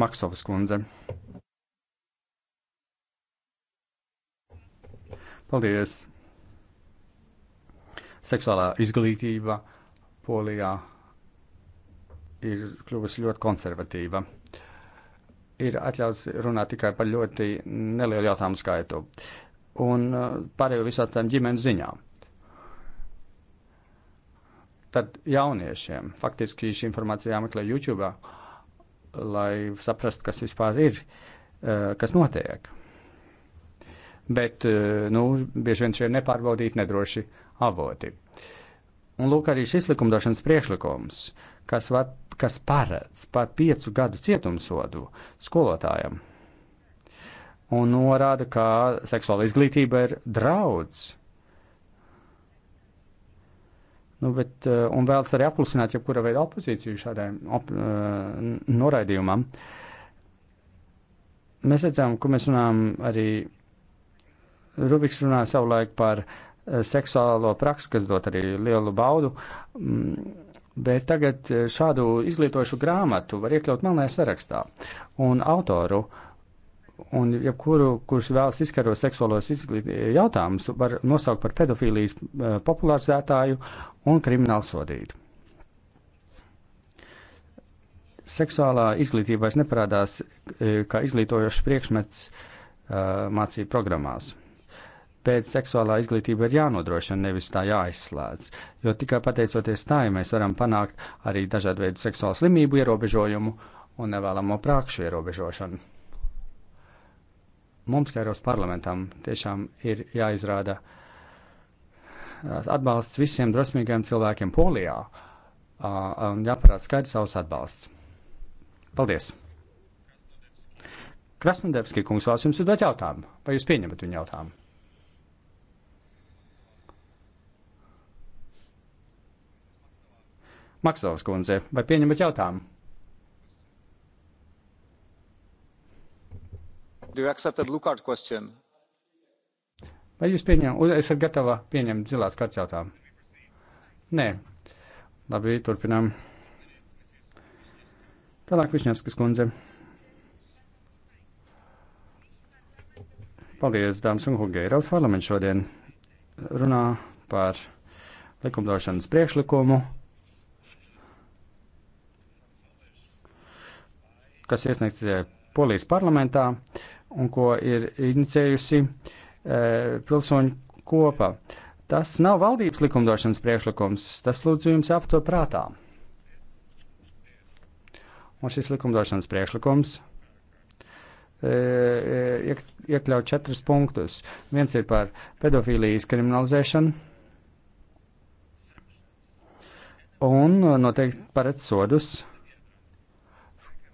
Maksovas kundze. Paldies! Seksuālā izglītība Polijā ir kļuvusi ļoti konservatīva. Ir atļauts runāt tikai par ļoti nelielu jautājumu skaitu. Un uh, pārējo visu atstājam ģimenes ziņā. Tad jauniešiem faktiski šī informācija jāmeklē YouTube, lai saprastu, kas vispār ir, uh, kas notiek. Bet, uh, nu, bieži vien šie nepārbaudīti nedroši avoti. Uh, Un lūk arī šis likumdošanas priekšlikums, kas, var, kas paredz par piecu gadu cietumsodu skolotājam. Un norāda, ka seksuāla izglītība ir draudz. Nu, bet, eh, un vēlas arī apklusināt jebkura veida opozīciju šādai op, eh, noraidījumam. Mēs redzam, ka mēs runājam arī Rubiks runāja savulaik par uh, Eh, seksuālo praksi, kas dot arī lielu baudu. Mm, bet tagad eh, šādu izglītošu grāmatu var iekļaut melnajā sarakstā. Un autoru un jebkuru, ja kurš vēlas izkarot seksuālos jautājumus, var nosaukt par pedofīlijas eh, popularizētāju un kriminālu sodīt. Seksuālā izglītība vairs neparādās kā izglītojošs priekšmets mācību programmās pēc seksuālā izglītība ir jānodrošina, nevis tā jāizslēdz. Jo tikai pateicoties tā, ja mēs varam panākt arī dažādu veidu seksuālu slimību ierobežojumu un nevēlamo prākšu ierobežošanu. Mums, kā Eiropas parlamentam, tiešām ir jāizrāda uh, atbalsts visiem drosmīgiem cilvēkiem Polijā uh, un jāparāda skaidrs savs atbalsts. Paldies! Krasnodevski kungs vēlas jums uzdot jautājumu. Vai jūs pieņemat viņu jautājumu? Maksovs kundze, vai pieņemat jautājumu? Do you accept a blue card question? Vai jūs pieņemat, esat gatava pieņemt zilās kartas jautājumu? Nē. Labi, turpinām. Tālāk Višņevskas kundze. Paldies, dāmas un kungi. Eiropas parlaments šodien runā par likumdošanas priekšlikumu kas iesniegts eh, Polijas parlamentā un ko ir inicējusi e, eh, pilsoņu kopa. Tas nav valdības likumdošanas priekšlikums, tas lūdzu jums jāapto prātā. Un šis likumdošanas priekšlikums eh, iek, iekļaut četrus punktus. Viens ir par pedofīlijas kriminalizēšanu, un noteikti paredz sodus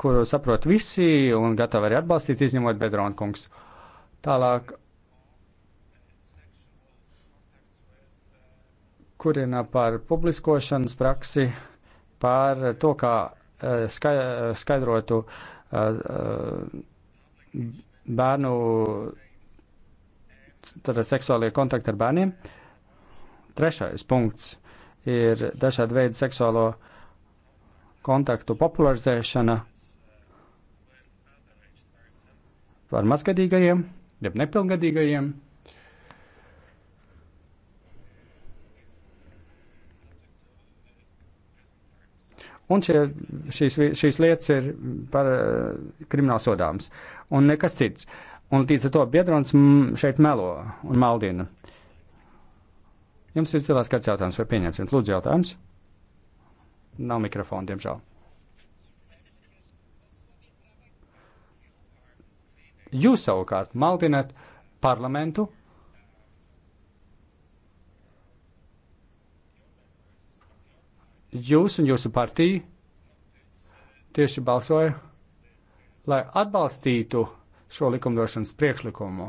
kuru saprot visi un gatavi arī atbalstīt, izņemot Bedrona kungs. Tālāk, kurina par publiskošanas praksi, par to, kā e, e, skaidrotu e, bērnu seksuālie kontakti ar bērniem. Trešais punkts ir dažādu veidu seksuālo kontaktu popularizēšana par mazgadīgajiem, jeb nepilngadīgajiem. Un šie, šīs, šīs lietas ir par eh, kriminālu sodāms un nekas cits. Un līdz ar to biedrons šeit melo un maldina. Jums ir cilvēks kāds jautājums, vai pieņemsim? Lūdzu, jautājums. Nav mikrofona, diemžēl. Jūs savukārt maldinat parlamentu. Jūs un jūsu partija tieši balsoja, lai atbalstītu šo likumdošanas priekšlikumu.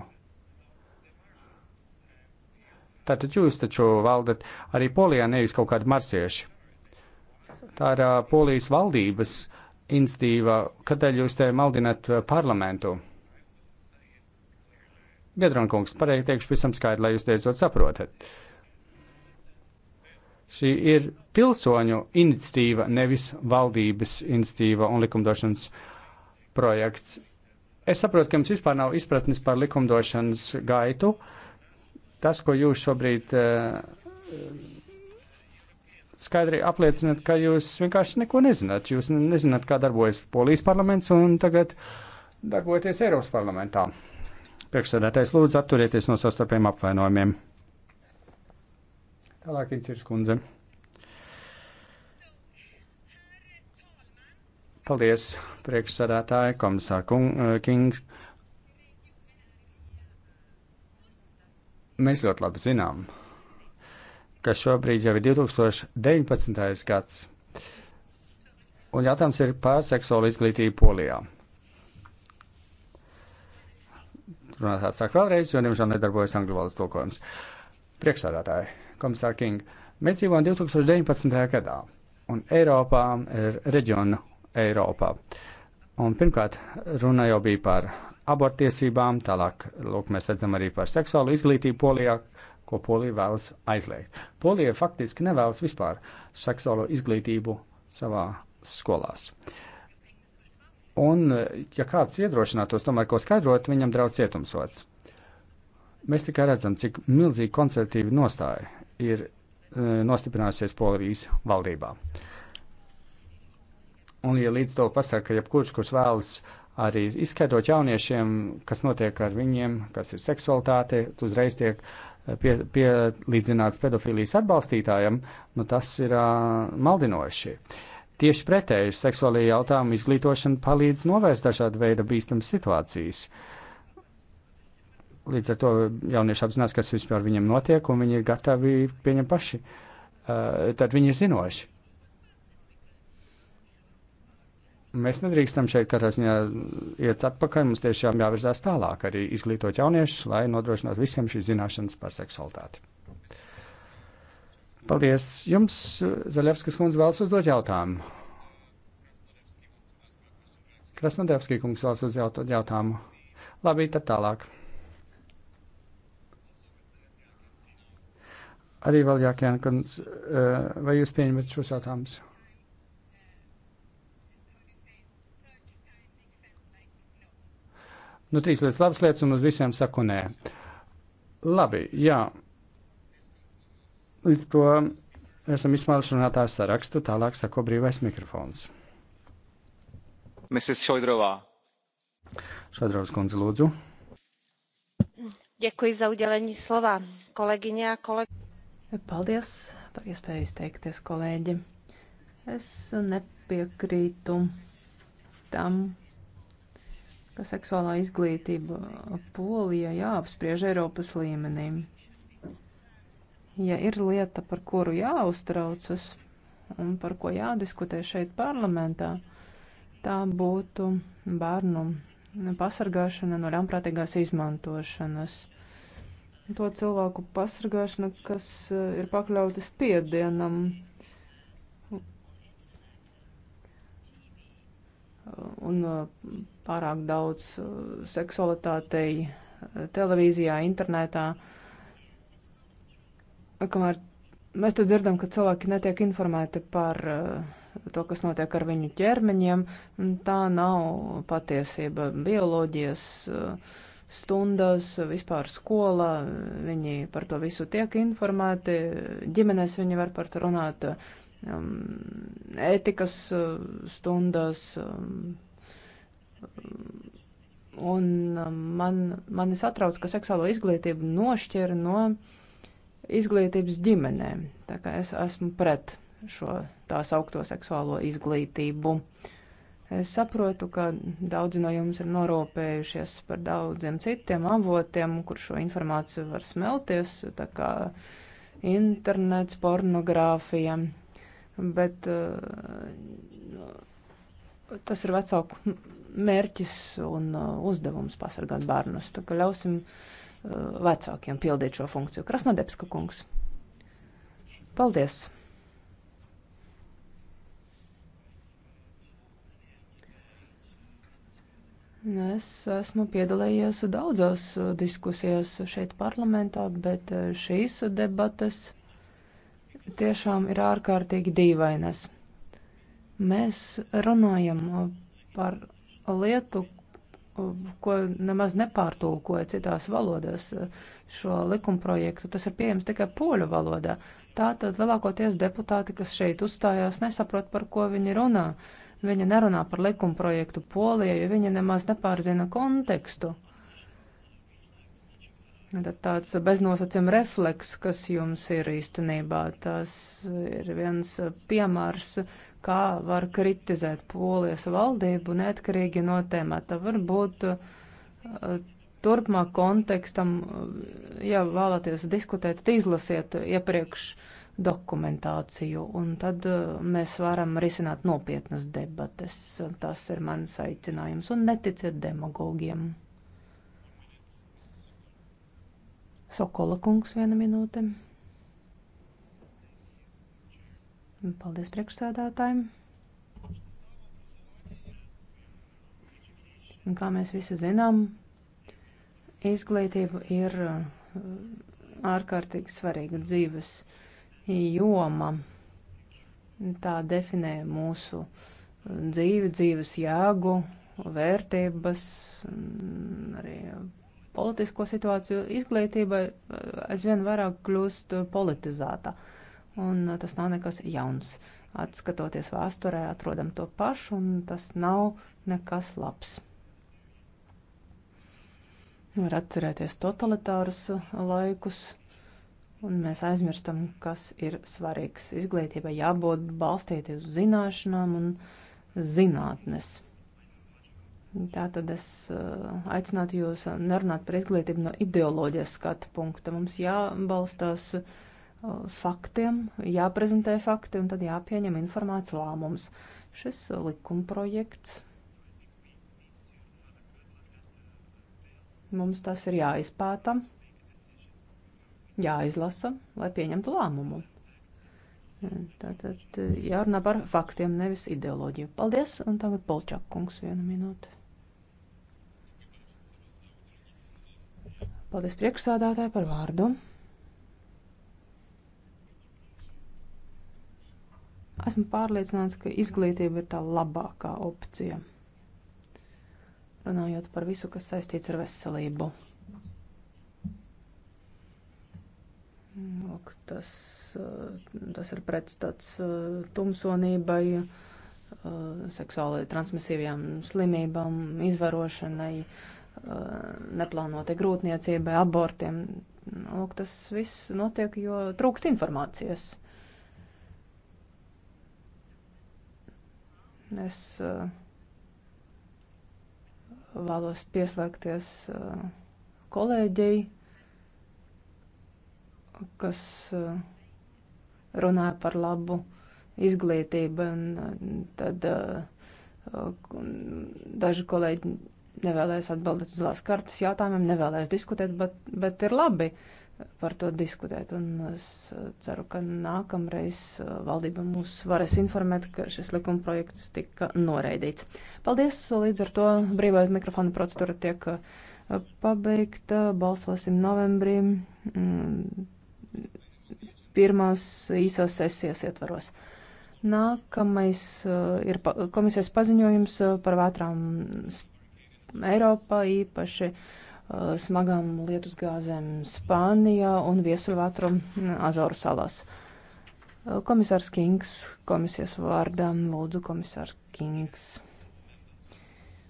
Tātad jūs taču valdat arī Polijā, nevis kaut kādi marsieši. Tā ir uh, Polijas valdības institīva, kādēļ jūs te maldinat parlamentu. Biedrona kungs, pareizi teikšu visam skaidri, lai jūs beidzot saprotat. Šī ir pilsoņu iniciatīva, nevis valdības iniciatīva un likumdošanas projekts. Es saprotu, ka jums vispār nav izpratnes par likumdošanas gaitu. Tas, ko jūs šobrīd eh, skaidri apliecināt, ka jūs vienkārši neko nezināt. Jūs nezināt, kā darbojas Polijas parlaments un tagad darboties Eiropas parlamentā. Priekšsēdētājs lūdzu atturieties no sastarpiem apvainojumiem. Tālāk viņš ir skundze. Paldies, priekšsēdētāji, komisār eh, Kings. Mēs ļoti labi zinām, ka šobrīd jau ir 2019. gads, un jautājums ir par seksuālu izglītību Polijā. runāt sāk vēlreiz, jo, diemžēl, nedarbojas angļu valodas tulkojums. Priekšsādātāji, komisār King, mēs dzīvojam 2019. gadā, un Eiropā ir reģionu Eiropā. Un pirmkārt, runa jau bija par abortiesībām, tālāk, lūk, mēs redzam arī par seksuālu izglītību polijā, ko polija vēlas aizliegt. Polija faktiski nevēlas vispār seksuālo izglītību savā skolās. Uh, Un, ja kāds iedrošinātos tomēr ko skaidrot, viņam draudz cietumsots. Mēs tikai redzam, cik milzīgi konservatīva nostāja ir e, nostiprinājusies Polijas valdībā. Un, ja līdz to pasaka, ka jebkurš, kurš vēlas arī izskaidrot jauniešiem, kas notiek ar viņiem, kas ir seksualitāte, uzreiz tiek e, pie, pielīdzināts pedofīlijas atbalstītājam, nu tas ir uh, maldinoši. Uh, Tieši pretēji seksuālajie jautājumi izglītošana palīdz novērst dažādu veidu bīstamas situācijas. Līdz ar to jaunieši apzinās, kas vispār viņiem notiek, un viņi ir gatavi pieņemt paši. Uh, tad viņi ir zinoši. Mēs nedrīkstam šeit katrā ziņā iet atpakaļ, mums tiešām jāvirzās tālāk, arī izglītot jauniešus, lai nodrošinātu visiem šīs zināšanas par seksualitāti. Paldies! Jums, Zaļevskis kundze, vēlas uzdot jautājumu. Krasnodevskī kungs vēlas uzdot jautājumu. Labi, tad tālāk. Arī vēl Jākēna kundze, vai jūs pieņemat šos jautājumus? Nu, trīs lietas labas lietas, un uz visiem saku nē. Labi, jā. Līdz to esam izsmēluši runātāju sarakstu. Tālāk sako brīvais mikrofons. Mrs. Šoidrovā. Šoidrovs kundze, lūdzu. Děkuji za udělení slova, kolegyně a kolegy. Paldies par iespēju izteikties, kolēģi. Es nepiekrītu tam, ka seksuālā izglītība polijā jāapspriež Eiropas līmenī ja ir lieta, par kuru jāuztraucas un par ko jādiskutē šeit parlamentā, tā būtu bērnu pasargāšana no ļaunprātīgās izmantošanas. To cilvēku pasargāšana, kas eh, ir pakļauti spiedienam, un eh, pārāk daudz eh, seksualitātei televīzijā, internetā. Uh, kamēr mēs te dzirdam, ka cilvēki netiek informēti par eh, to, kas notiek ar viņu ķermeņiem, tā nav patiesība. Bioloģijas eh, stundas, vispār skola, viņi par to visu tiek informēti, ģimenēs viņi var par to runāt, um, ētikas eh, stundas. Um, un um, man, mani satrauc, ka seksuālo izglītību nošķir no uh, izglītības ģimenēm. Tā kā es esmu pret šo tā saukto seksuālo izglītību. Es saprotu, ka daudzi no jums ir norūpējušies par daudziem citiem avotiem, kur šo informāciju var smelties, tā kā internets, pornogrāfija, bet uh, tas ir vecāku mērķis un uh, uzdevums pasargāt bērnus. Tā kā ļausim uh, vecākiem pildīt šo funkciju. Krasnodebska kungs. Paldies! Es esmu piedalījies daudzās diskusijās šeit parlamentā, bet šīs debates tiešām ir ārkārtīgi dīvainas. Mēs runājam par lietu, ko nemaz nepārtulkoja citās valodās eh, šo likumprojektu. Tas ir pieejams tikai poļu valodā. Tātad lielākoties deputāti, kas šeit uzstājās, nesaprot, par ko viņi runā. Viņi nerunā par likumprojektu polijā, jo viņi nemaz nepārzina kontekstu. Tad tāds beznosacījuma refleks, kas jums ir īstenībā, tas ir viens piemērs, kā var kritizēt polijas valdību neatkarīgi no temata. Varbūt uh, turpmāk kontekstam, uh, ja vēlaties diskutēt, tad izlasiet iepriekš dokumentāciju, un tad uh, mēs varam risināt nopietnas debates. Tas ir mans aicinājums, un neticiet demagogiem. Sokola kungs, viena minūte. Paldies priekšsēdētājiem. Un kā mēs visi zinām, izglītība ir uh, ārkārtīgi svarīga dzīves joma. Tā definē mūsu uh, dzīvi, dzīves jēgu, vērtības, arī politisko situāciju. Izglītība uh, aizvien vairāk kļūst politizēta. Uh, un uh, tas nav nekas jauns. Atskatoties vēsturē, atrodam to pašu, un tas nav nekas labs. Var atcerēties totalitārus uh, laikus, un mēs aizmirstam, kas ir svarīgs. Izglītībai jābūt balstītai uz zināšanām un zinātnes. Tā tad es uh, aicinātu jūs nerunāt par izglītību no ideoloģijas skatu punkta. Mums jābalstās uh, uz faktiem, jāprezentē fakti un tad jāpieņem informēts lēmums. Šis likumprojekts mums tas ir jāizpēta, jāizlasa, lai pieņemtu lēmumu. Tātad jārunā par faktiem, nevis ideoloģiju. Paldies, un tagad Polčak kungs viena minūte. Paldies priekšsādātāji par vārdu. Esmu pārliecināts, ka izglītība ir tā labākā opcija. Runājot par visu, kas saistīts ar veselību. Lūk, tas, eh, tas ir pretstats eh, tumsonībai, eh, seksuāli transmisīvajām slimībām, izvarošanai, neplānotai grūtniecībai, abortiem. Lūk, tas viss notiek, jo trūkst informācijas. Es uh, vēlos pieslēgties uh, kolēģei, kas uh, runāja par labu izglītību, un tad daži kolēģi nevēlēs atbildēt uz lās kartas jautājumiem, nevēlēs diskutēt, bet, bet ir labi. Uh, par to diskutēt. Un es uh, ceru, ka nākamreiz uh, valdība mūs varēs informēt, ka šis likuma projekts tika noraidīts. Paldies! Līdz ar to brīvais mikrofona procedūra tiek uh, pabeigta. Balsosim novembrī mm, pirmās īsās sesijas ietvaros. Nākamais ir komisijas paziņojums par vētrām Eiropā īpaši Uh, smagām lietusgāzēm Spānijā un viesuļvētram Azoru salās. Uh, komisārs Kings, komisijas vārdām lūdzu komisārs Kings.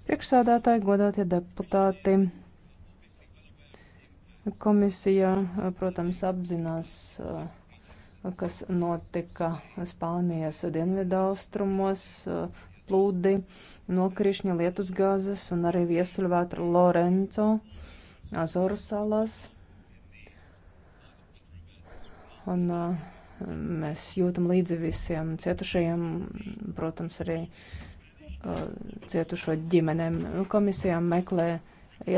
Priekšsēdētāji, godātie deputāti, komisija, uh, protams, apzinās, kas notika Spānijas dienvidaustrumos, plūdi, nokrišņa lietusgāzes un arī viesuļvētra Lorenzo Azoru salās. Un uh, mēs jūtam līdzi visiem cietušajiem, protams, arī uh, cietušo ģimenēm. Komisijām meklē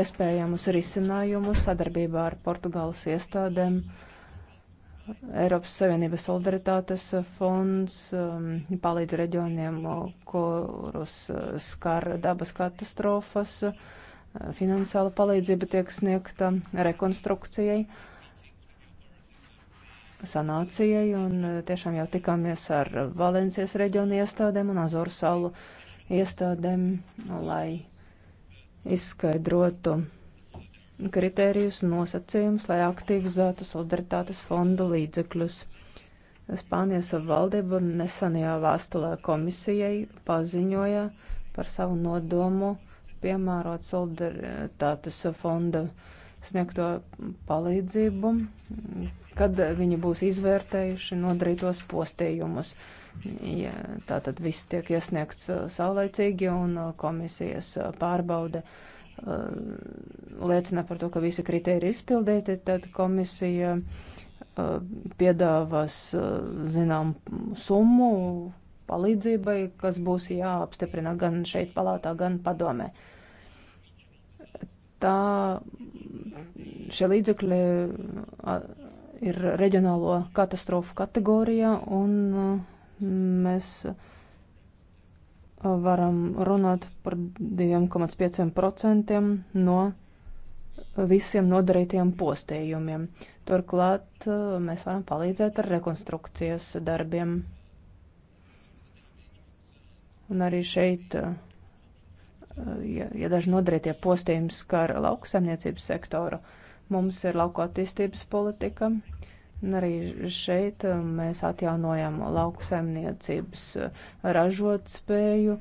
iespējamus risinājumus sadarbībā ar Portugāles iestādēm. Eiropas Savienības solidaritātes fonds um, palīdz reģioniem, kurus uh, skar dabas katastrofas. Uh, Finansiāla palīdzība tiek sniegta rekonstrukcijai, sanācijai, un e, tiešām jau tikāmies ar Valencijas reģionu iestādēm un Azoru salu iestādēm, lai izskaidrotu kritērijus un nosacījumus, lai aktivizētu solidaritātes fonda līdzekļus. Spānijas valdība nesenajā vēstulē komisijai paziņoja par savu nodomu piemērot solidaritātes fonda sniegto palīdzību, kad viņi būs izvērtējuši nodarītos postījumus. Ja, tātad viss tiek iesniegts uh, saulaicīgi un uh, komisijas uh, pārbaude liecina par to, ka visi kriteriji ir izpildīti, tad komisija piedāvās zinām summu, palīdzībai, kas būs jāapstiprina gan šeit palātā, gan padomē. Tā šie līdzekļi ir reģionālo katastrofu kategorijā, un mēs varam runāt par 2,5% no visiem nodarītiem postējumiem. Turklāt mēs varam palīdzēt ar rekonstrukcijas darbiem. Un arī šeit, uh, uh, ja, ja daži nodarītie postījumi skar lauksaimniecības sektoru, mums ir lauku attīstības politika. Un arī šeit uh, mēs atjaunojam lauksaimniecības ražotspēju,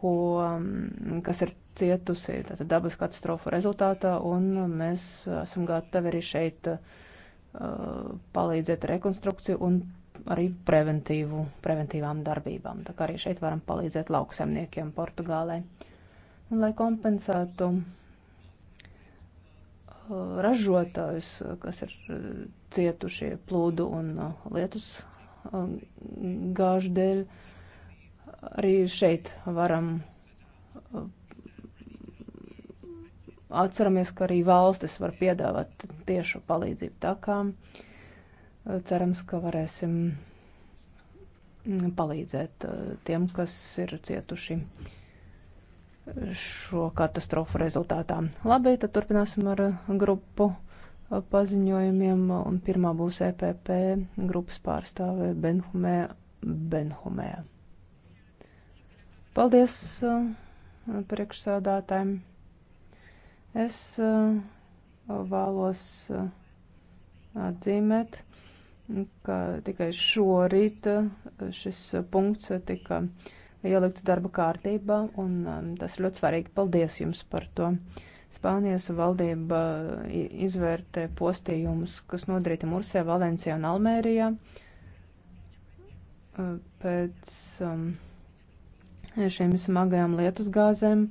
ko, um, kas ir cietusi dabas katastrofu rezultātā, un mēs esam gatavi arī šeit palīdzēt rekonstrukciju un arī preventīvu, preventīvām darbībām. Tā kā arī šeit varam palīdzēt lauksemniekiem Portugālē. Un, lai kompensētu uh, ražotājus, kas ir uh, cietušie plūdu un uh, lietus um, gāžu dēļ, arī šeit varam atceramies, ka arī valstis var piedāvāt tiešu palīdzību. Tā kā uh, Cerams, ka varēsim mm, palīdzēt eh, tiem, kas ir cietuši šo katastrofu rezultātā. Labi, tad turpināsim ar eh, grupu eh, paziņojumiem, un pirmā būs EPP grupas pārstāve Benhumē Benhumē. Paldies priekšsādātājiem. Es vēlos atzīmēt ka tikai šorīt eh, šis punkts tika ielikts darba kārtībā, un um, tas ir ļoti svarīgi. Paldies jums par to! Spānijas valdība izvērtē postījumus, kas nodarīti Mursē, Valencijā un Almērijā eh, pēc um, šiem smagajām lietusgāzēm eh,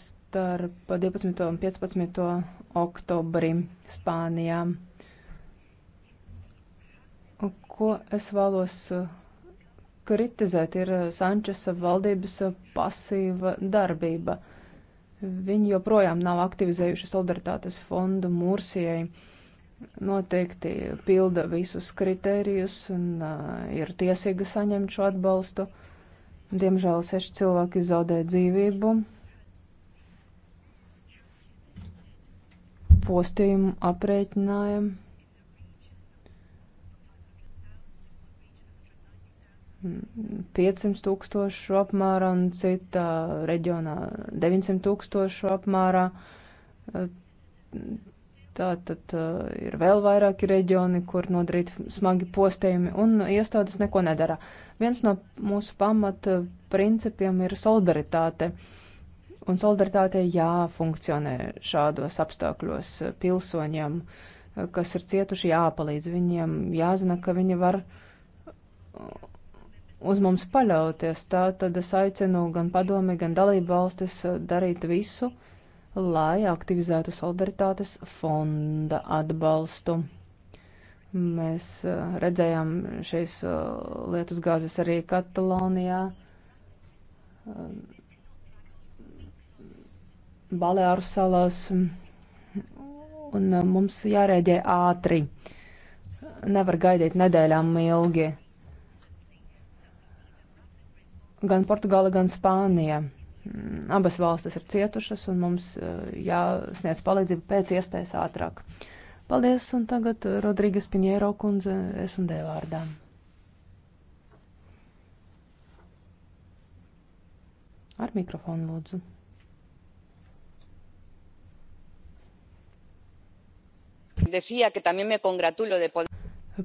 starp 12. un 15. oktobri Spānijā ko es vēlos eh, kritizēt, ir eh, Sančesa valdības eh, pasīva darbība. Viņi joprojām nav aktivizējuši solidaritātes fondu Mursijai. Noteikti pilda visus kritērijus un uh, ir tiesīga saņemt šo atbalstu. Diemžēl seši cilvēki zaudēja dzīvību. Postījumu aprēķinājumu 500 tūkstošu apmērā un citā reģionā 900 tūkstošu apmērā. Tā tad eh, ir vēl vairāki reģioni, kur nodarīt smagi postējumi un iestādes neko nedara. Viens no mūsu pamata principiem ir solidaritāte. Un solidaritāte jāfunkcionē šādos apstākļos pilsoņiem, kas ir cietuši jāpalīdz viņiem, jāzina, ka viņi var uz mums paļauties. Tā tad es aicinu gan padomi, gan dalību valstis uh, darīt visu, lai aktivizētu solidaritātes fonda atbalstu. Mēs uh, redzējām šīs uh, lietus gāzes arī Katalonijā, um, Baleāru salās, un mums jārēģē ātri. Nevar gaidīt nedēļām ilgi gan Portugāla, gan Spānija. Abas valstis ir cietušas, un mums e, jāsniedz palīdzību pēc iespējas ātrāk. Paldies, un tagad Rodrīgas Piņēro kundze es un Dēvārdā. Ar mikrofonu lūdzu.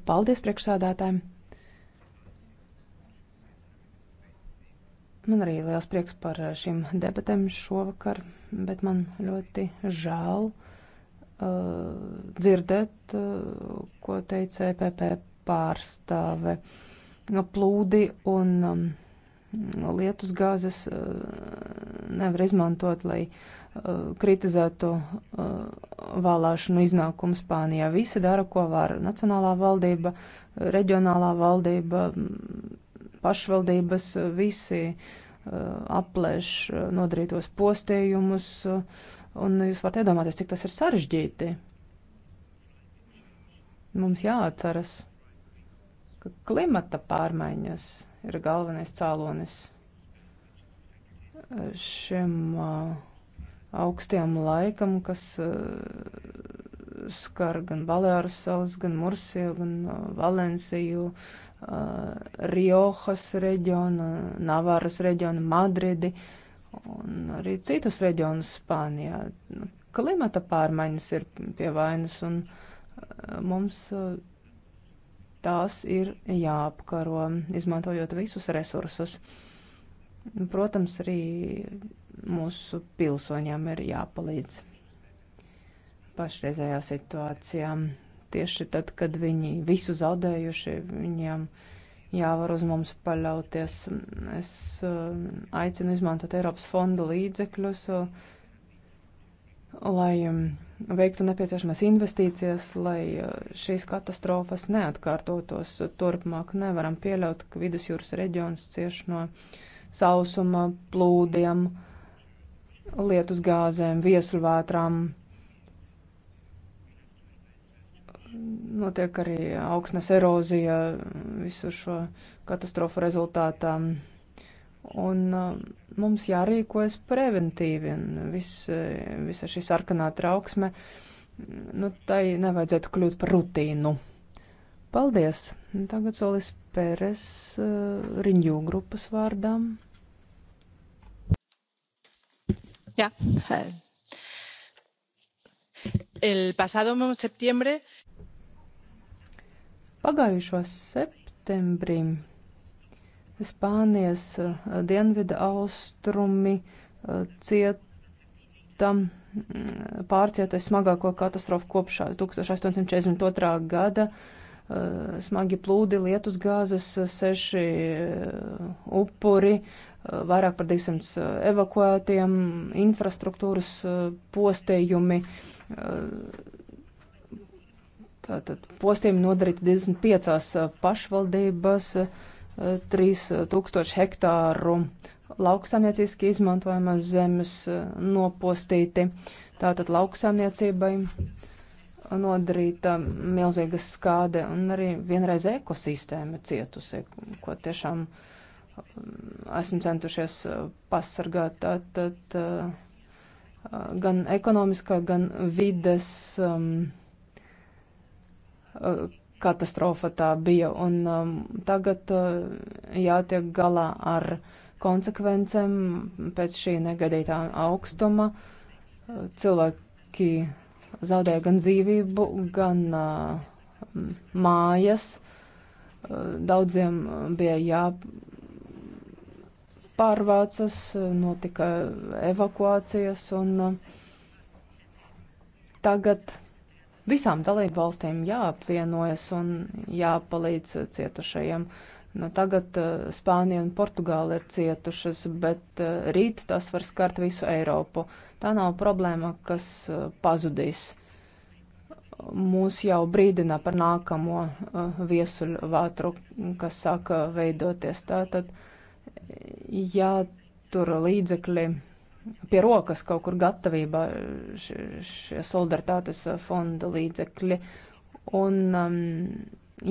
Paldies priekšsādātājiem! Man arī liels prieks par eh, šīm debatēm šovakar, bet man ļoti žēl uh, dzirdēt, uh, ko teica EPP pārstāve. Plūdi un um, lietus gāzes uh, nevar izmantot, lai uh, kritizētu uh, vēlēšanu iznākumu Spānijā. Visi dara, ko var. Nacionālā valdība, reģionālā valdība. Um, pašvaldības eh, visi eh, aplēš eh, nodarītos postījumus, un jūs varat iedomāties, cik tas ir sarežģīti. Mums jāatceras, ka klimata pārmaiņas ir galvenais cēlonis šim augstiem laikam, kas skar gan Balēru salas, gan Mursiju, gan Valenciju, Riohas reģionu, Navāras reģionu, Madridi un arī citus reģionus Spānijā. Nu, klimata pārmaiņas ir pie vainas un e, mums e, tās ir jāapkaro, izmantojot visus resursus. Protams, arī mūsu pilsoņiem ir jāpalīdz pašreizējā situācijā tieši tad, kad viņi visu zaudējuši, viņiem jāvar uz mums paļauties. Es eh, aicinu izmantot Eiropas fondu līdzekļus, eh, lai mm, veiktu nepieciešamas investīcijas, lai eh, šīs katastrofas neatkārtotos turpmāk. Nevaram pieļaut, ka vidusjūras reģions cieš no sausuma, plūdiem, lietus gāzēm, viesulvētrām notiek arī augsnes erozija visu šo katastrofu rezultātā. Un uh, mums jārīkojas preventīvi, un vis, uh, visa šī sarkanā trauksme, nu, tai nevajadzētu kļūt par rutīnu. Paldies! Tagad solis Pēres uh, riņģu grupas vārdām. Jā. El pasado septiembre Pagājušo septembrī Spānijas eh, dienvida austrumi eh, cieta mm, pārcietais smagāko katastrofu kopš 1842. gada. Eh, smagi plūdi, lietusgāzes, seši upuri, vairāk par 200 evakuētiem, infrastruktūras postējumi Tātad postījumi nodarīti 25 eh, pašvaldības, 3000 eh, eh, hektāru lauksaimnieciski izmantojamas zemes nopostīti. Tātad lauksaimniecībai nodarīta milzīga skāde un arī vienreiz ekosistēma cietusi, ko tiešām mm, esmu centušies pasargāt. Tātad gan ekonomiskā, gan vides. Um, Eh, katastrofa tā bija, un um, tagad uh, jātiek galā ar konsekvencēm pēc šī negadītā augstuma. Eh, cilvēki zaudēja gan dzīvību, gan uh, mājas. Daudziem bija jāpārvācas, notika evakuācijas, un uh, tagad Visām dalību valstīm jāapvienojas un jāpalīdz cietušajiem. Nu, tagad uh, Spānija un Portugāla ir cietušas, bet uh, rīt tas var skart visu Eiropu. Tā nav problēma, kas uh, pazudīs. Mūs jau brīdina par nākamo uh, viesuļu vētru, kas sāka veidoties. Tātad jātur līdzekļi pie rokas kaut kur gatavībā šie solidaritātes fonda līdzekļi un um,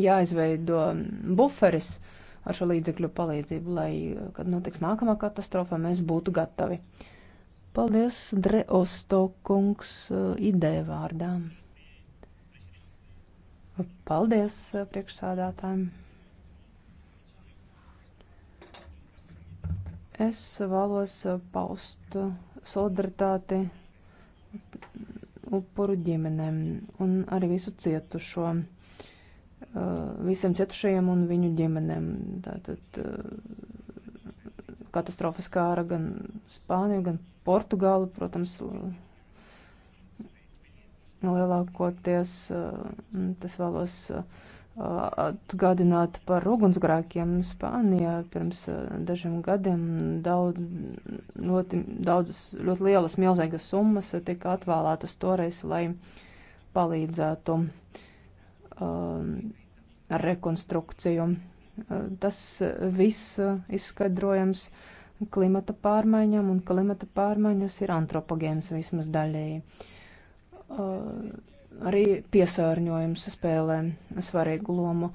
jāizveido buferis ar šo līdzekļu palīdzību, lai, kad notiks nākamā katastrofa, mēs būtu gatavi. Paldies, Dre Ostokungs, uh, ideja vārdā. Paldies uh, priekšsādātājiem. Es vēlos paust solidaritāti upuru ģimenēm un arī visu cietušo, uh, visiem cietušajiem un viņu ģimenēm. Tātad uh, katastrofas kāra gan Spāniju, gan Portugālu, protams, lielākoties. Uh, tas vēlos. Uh, atgādināt par ugunsgrākiem Spānijā pirms uh, dažiem gadiem. Daudz, ļoti, daudzas ļoti lielas, milzīgas summas tika atvēlētas toreiz, lai palīdzētu um, ar rekonstrukciju. Uh, tas viss uh, izskaidrojams klimata pārmaiņām, un klimata pārmaiņas ir antropogēnas vismaz daļēji. Uh, Arī piesārņojums spēlē svarīgu lomu.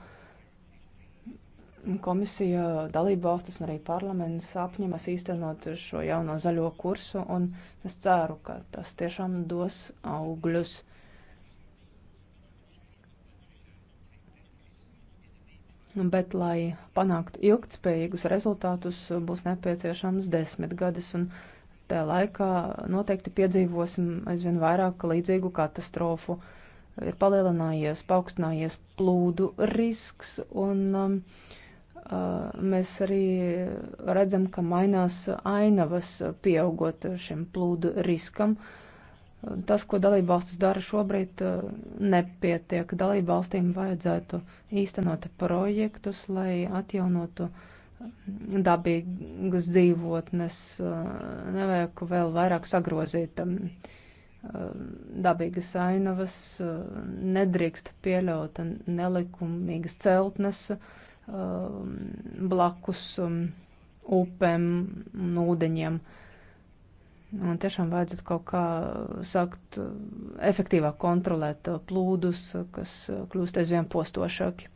Komisija, dalībvalstis un arī parlaments apņemas īstenot šo jauno zaļo kursu, un es ceru, ka tas tiešām dos augļus. bet, lai panāktu ilgtspējīgus rezultātus, būs nepieciešams desmit gadus, un tajā laikā noteikti piedzīvosim aizvien vairāk līdzīgu katastrofu. Ir palielinājies, paaugstinājies plūdu risks, un um, uh, mēs arī redzam, ka mainās ainavas pieaugot šim plūdu riskam. Tas, ko dalībvalstis dara šobrīd, uh, nepietiek. Dalībvalstīm vajadzētu īstenot projektus, lai atjaunotu uh, dabīgas dzīvotnes, eh, nevajag vēl vairāk sagrozīt eh, dabīgas ainavas, eh, nedrīkst pieļaut nelikumīgas celtnes blakus upēm un ūdeņiem. Un tiešām vajadzētu kaut kā sākt efektīvāk kontrolēt plūdus, kas kļūst aizvien postošāki.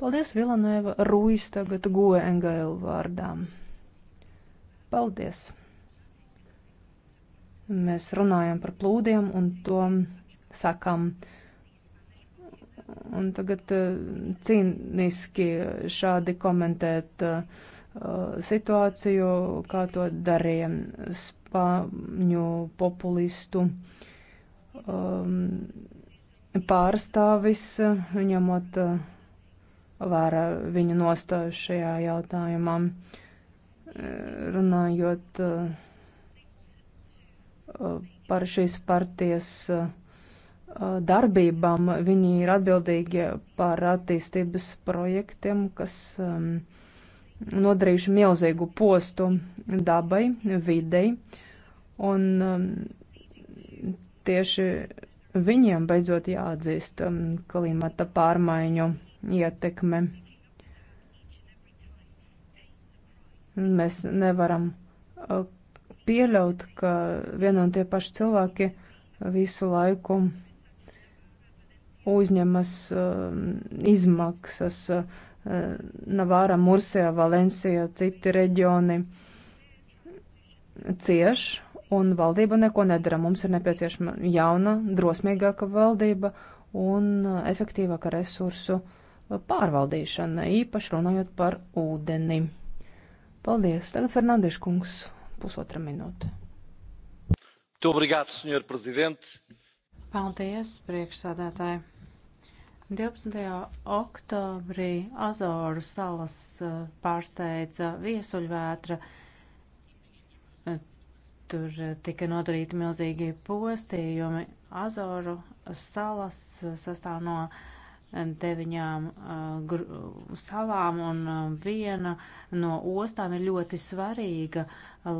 Paldies, Vilanēva Ruiz, tagad goe NGL vārdā. Paldies! Mēs runājam par plūdiem un to sakam. Un tagad eh, cīniski šādi komentēt uh, situāciju, kā to darīja spāņu populistu um, pārstāvis, ņemot uh, vērā viņa nostāju šajā jautājumā. Runājot uh, par šīs partijas uh, darbībām, viņi ir atbildīgi par attīstības projektiem, kas um, nodarījuši milzīgu postu dabai, videi. Un um, tieši viņiem beidzot jāatzīst um, klimata pārmaiņu ietekme. Mēs nevaram uh, pieļaut, ka viena un tie paši cilvēki visu laiku uzņemas um, izmaksas. Uh, Navāra, Mursija, Valencija, citi reģioni cieš, un valdība neko nedara. Mums ir nepieciešama jauna, drosmīgāka valdība un uh, efektīvāka resursu uh, pārvaldīšana, īpaši runājot par ūdeni. Paldies. Tagad Fernandeša kungs pusotra minūte. Obrigado, senhor presidente. Paldies, priekšsādātāji. 12. oktobrī Azoru salas eh, pārsteidza viesuļvētra. Tur eh, tika nodarīti milzīgi postījumi. Azoru salas eh, sastāv no uh, deviņām uh, salām un uh, viena no ostām ir ļoti svarīga,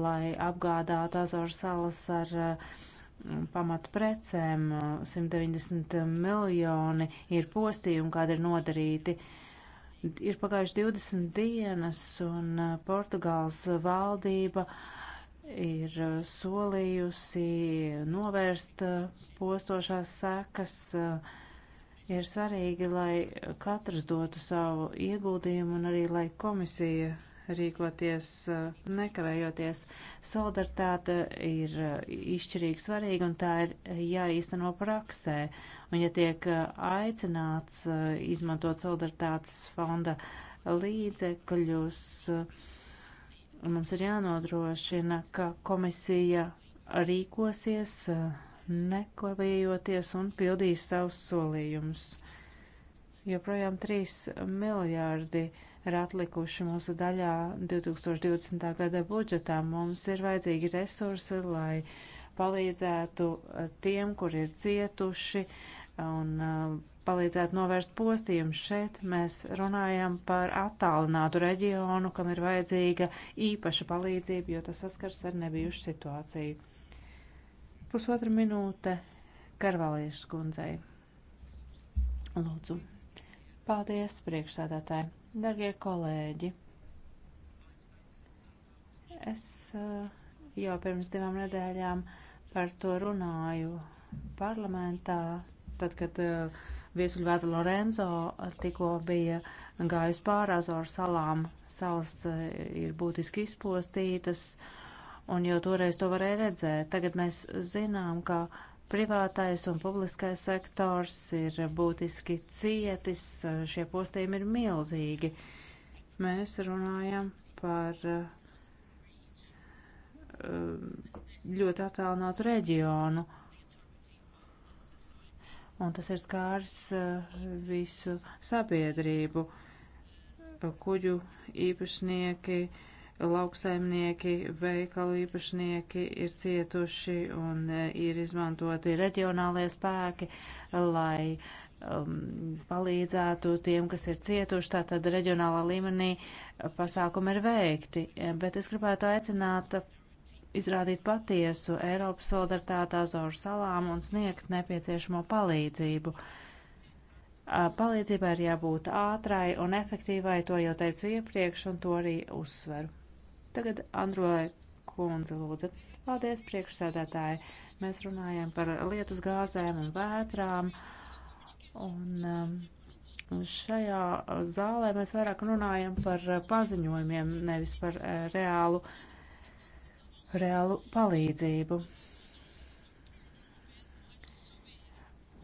lai apgādātu Azoru salas ar uh, pamatprecēm. 190 miljoni ir postījumi, kādi ir nodarīti. Ir pagājuši 20 dienas un Portugāls valdība ir solījusi novērst postošās sekas. Uh, Ir svarīgi, lai katrs dotu savu ieguldījumu un arī, lai komisija rīkoties eh, nekavējoties. Solidaritāte ir eh, izšķirīgi svarīga un tā ir jāīsteno praksē. Un ja tiek eh, aicināts izmantot solidaritātes fonda līdzekļus, mums ir jānodrošina, ka komisija rīkosies nekavējoties un pildīs savus solījumus. Joprojām 3 miljārdi ir atlikuši mūsu daļā 2020. gada budžetā. Mums ir vajadzīgi resursi, lai palīdzētu eh, tiem, kur ir cietuši un eh, palīdzētu novērst postījumus. Šeit mēs runājam par attālinātu reģionu, kam ir vajadzīga īpaša palīdzība, jo tas saskars ar nebijušu situāciju. Pusotra minūte Karvaliešu skundzei. Lūdzu. Paldies, priekšsādātāji. Dargie kolēģi, es eh, jau pirms divām nedēļām par to runāju parlamentā, tad, kad eh, viesuļvēta Lorenzo tikko bija gājusi pāri Azoru salām. Salas eh, ir būtiski izpostītas. Uh, un jau toreiz to varēja redzēt. Tagad mēs zinām, ka privātais un publiskais sektors ir būtiski cietis, šie postījumi ir milzīgi. Mēs runājam par eh, ļoti attālinātu reģionu, un tas ir skārs eh, visu sabiedrību. Kuģu īpašnieki uh, lauksaimnieki, veikalu īpašnieki ir cietuši un e, ir izmantoti reģionālie spēki, lai um, palīdzētu tiem, kas ir cietuši. Tātad reģionālā līmenī pasākumi ir veikti, bet es gribētu aicināt izrādīt patiesu Eiropas solidaritāti Azoru salām un sniegt nepieciešamo palīdzību. Palīdzībai ir jābūt ātrai un efektīvai, to jau teicu iepriekš, un to arī uzsveru. Tagad Androlai kundze lūdzu. Paldies, priekšsēdētāji. Mēs runājam par lietus gāzēm un vētrām. Un, um, Šajā zālē mēs vairāk runājam par paziņojumiem, nevis par eh, reālu, reālu palīdzību.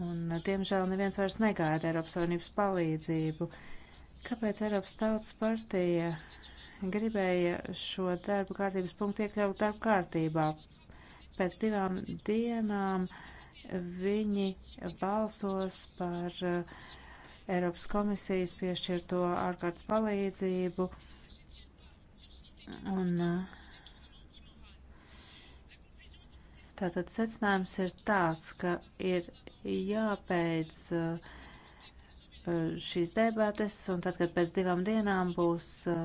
Un, diemžēl neviens vairs negaida Eiropas Savienības palīdzību. Kāpēc Eiropas Tautas partija gribēja šo darba kārtības punktu iekļaut darba kārtībā. Pēc divām dienām viņi balsos par eh, Eiropas komisijas piešķirto ārkārtas palīdzību. Un eh, tātad secinājums ir tāds, ka ir jāpēc eh, šīs debates, un tad, kad pēc divām dienām būs uh,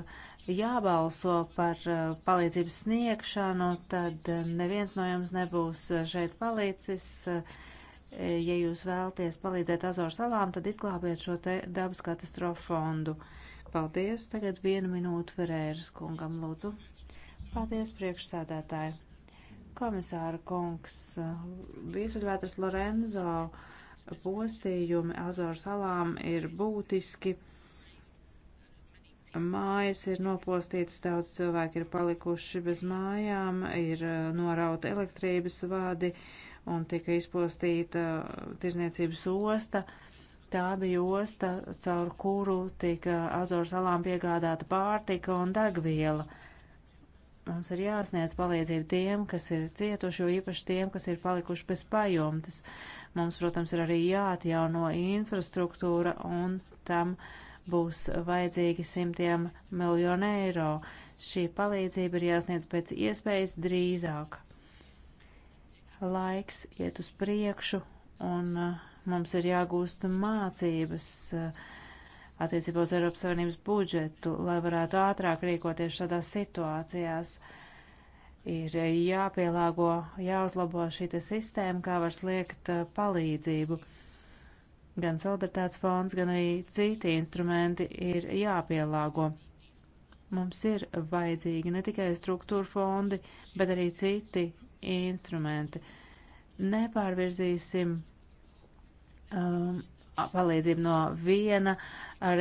jābalso par uh, palīdzības sniegšanu, tad uh, neviens no jums nebūs uh, šeit palicis. Ja jūs vēlties palīdzēt Azoru salām, tad izglābiet šo te dabas katastrofu fondu. Paldies. Tagad vienu minūtu Ferēras kungam, lūdzu. Paldies, priekšsēdētāji. Komisāra kungs, viesuļvētras Lorenzo postījumi Azoru salām ir būtiski. Mājas ir nopostītas, daudz cilvēku ir palikuši bez mājām, ir uh, norauta elektrības vadi un tika izpostīta uh, tirzniecības osta. Tā bija osta, caur kuru tika Azoru salām piegādāta pārtika un degviela. Mums ir jāsniedz palīdzību tiem, kas ir cietuši, jo īpaši tiem, kas ir palikuši bez pajumtes. Mums, protams, ir arī jāatjauno infrastruktūra un tam uh, būs vajadzīgi simtiem miljonu eiro. Šī palīdzība ir jāsniedz pēc iespējas drīzāk. Laiks iet uz priekšu un uh, mums ir jāgūst mācības uh, attiecībā uz Eiropas Savienības budžetu, lai varētu ātrāk rīkoties šādās situācijās. Ir jāpielāgo, jāuzlabo šī sistēma, kā var sniegt uh, palīdzību. Gan solidaritātes fonds, gan arī citi instrumenti ir jāpielāgo. Mums ir vajadzīgi ne tikai struktūra fondi, bet arī citi instrumenti. Nepārvirzīsim um, palīdzību no viena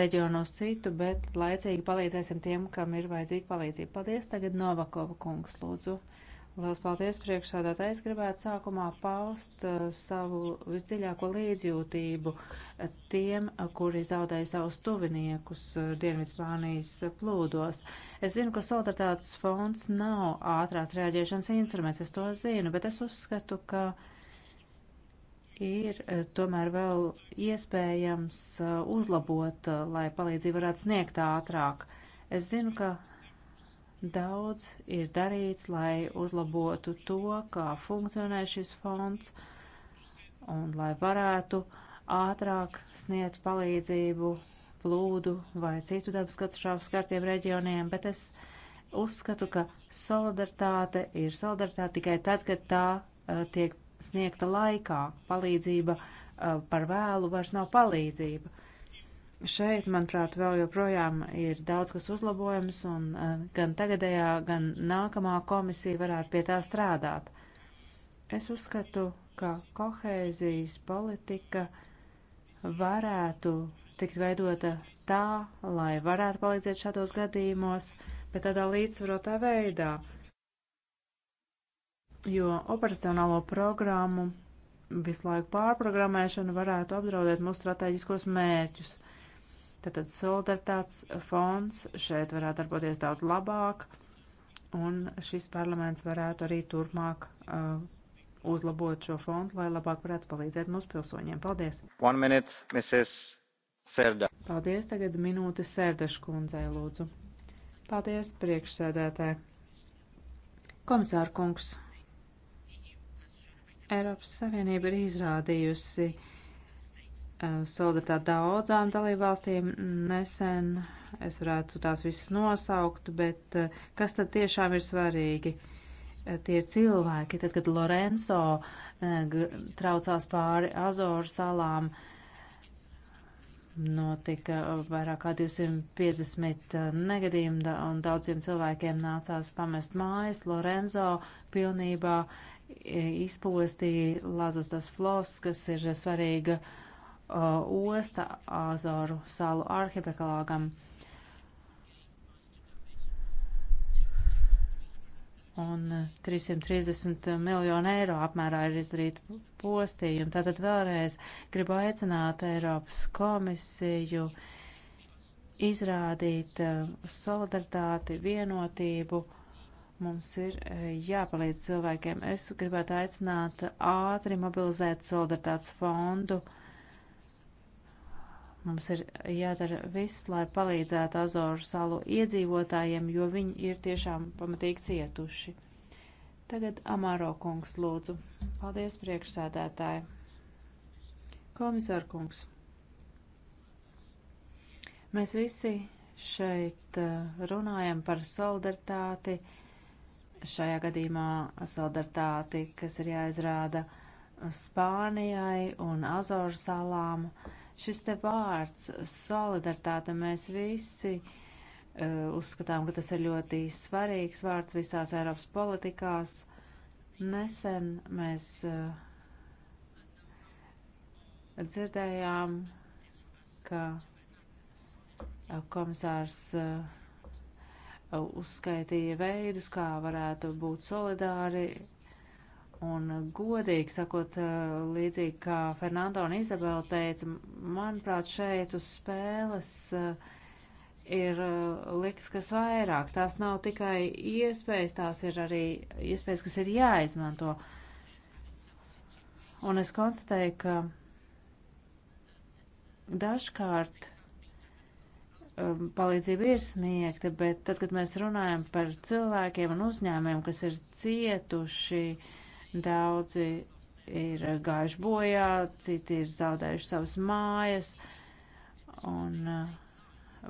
reģiona uz citu, bet laicīgi palīdzēsim tiem, kam ir vajadzīga palīdzība. Paldies, tagad Novakova kungs, lūdzu. Uh, Lielas paldies priekšsādātāji. Es gribētu sākumā paust uh, savu visdziļāko līdzjūtību uh, tiem, uh, kuri zaudēja savus tuviniekus uh, Dienvidspānijas uh, plūdos. Es zinu, ka solidaritātes fonds nav ātrās reaģēšanas instruments, es to zinu, bet es uzskatu, ka ir uh, tomēr vēl iespējams uzlabot, lai palīdzību varētu sniegt ātrāk. Es zinu, ka Daudz ir darīts, lai uzlabotu to, kā funkcionē šis fonds un lai varētu ātrāk sniegt palīdzību plūdu vai citu dabas katastrofas skartiem reģioniem, bet es uzskatu, ka solidaritāte ir solidaritāte tikai tad, kad tā uh, tiek sniegta laikā. Palīdzība uh, par vēlu vairs nav palīdzība. Uh, Šeit, manuprāt, vēl joprojām ir daudz kas uzlabojams, un eh, gan tagadējā, gan nākamā komisija varētu pie tā strādāt. Es uzskatu, ka kohēzijas politika varētu tikt veidota tā, lai varētu palīdzēt šādos gadījumos, bet tādā līdzsvarotā veidā, jo operacionālo programmu visu laiku pārprogrammēšana varētu apdraudēt mūsu strateģiskos mērķus. Uh, Tātad solidaritātes fonds šeit varētu darboties daudz labāk, un šis parlaments varētu arī turpmāk uh, uzlabot šo fondu, lai labāk varētu palīdzēt mūsu pilsoņiem. Paldies! One minute, Mrs. Serda. Paldies, tagad minūte Sērdaša kundzei, lūdzu. Paldies, priekšsēdētāji. Komisāra kungs, Eiropas Savienība ir izrādījusi uh, Eh, solidaritāti daudzām dalībvalstīm nesen. Es varētu tās visas nosaukt, bet eh, kas tad tiešām ir svarīgi? Eh, tie cilvēki, tad, kad Lorenzo traucās pāri Azoru salām, notika vairāk kā 250 negadījumi un daudziem cilvēkiem nācās pamest mājas. Lorenzo pilnībā izpostīja Lazustas flos, kas ir svarīga uh, Uh, osta Āzoru salu arhipelāgam. Un 330 uh, miljonu eiro apmērā ir izdarīta postījuma. Tātad vēlreiz gribu aicināt Eiropas komisiju izrādīt uh, solidaritāti, vienotību mums ir jāpalīdz cilvēkiem. Es gribētu aicināt ātri mobilizēt solidaritātes fondu Mums ir jādara viss, lai palīdzētu Azoru salu iedzīvotājiem, jo viņi ir tiešām pamatīgi cietuši. Tagad Amāro kungs lūdzu. Paldies priekšsēdētāji. Komisār kungs. Mēs visi šeit uh, runājam par solidaritāti, šajā gadījumā solidaritāti, kas ir jāizrāda Spānijai un Azoru salām. Uh, Šis te vārds solidaritāte mēs visi uh, uzskatām, ka tas ir ļoti svarīgs vārds visās Eiropas politikās. Nesen mēs uh, dzirdējām, ka eh, komisārs uh, uzskaitīja veidus, kā varētu būt solidāri Un uh, godīgi sakot, uh, līdzīgi kā Fernando un Izabela teica, manuprāt, šeit uz spēles uh, ir liks kas vairāk. Tās nav tikai iespējas, tās ir arī iespējas, kas ir jāizmanto. Un es konstatēju, ka dažkārt um, palīdzība ir sniegta, bet tad, kad mēs runājam par cilvēkiem un uzņēmiem, kas ir cietuši, uh, Daudzi ir gājuši bojā, citi ir zaudējuši savas mājas un uh,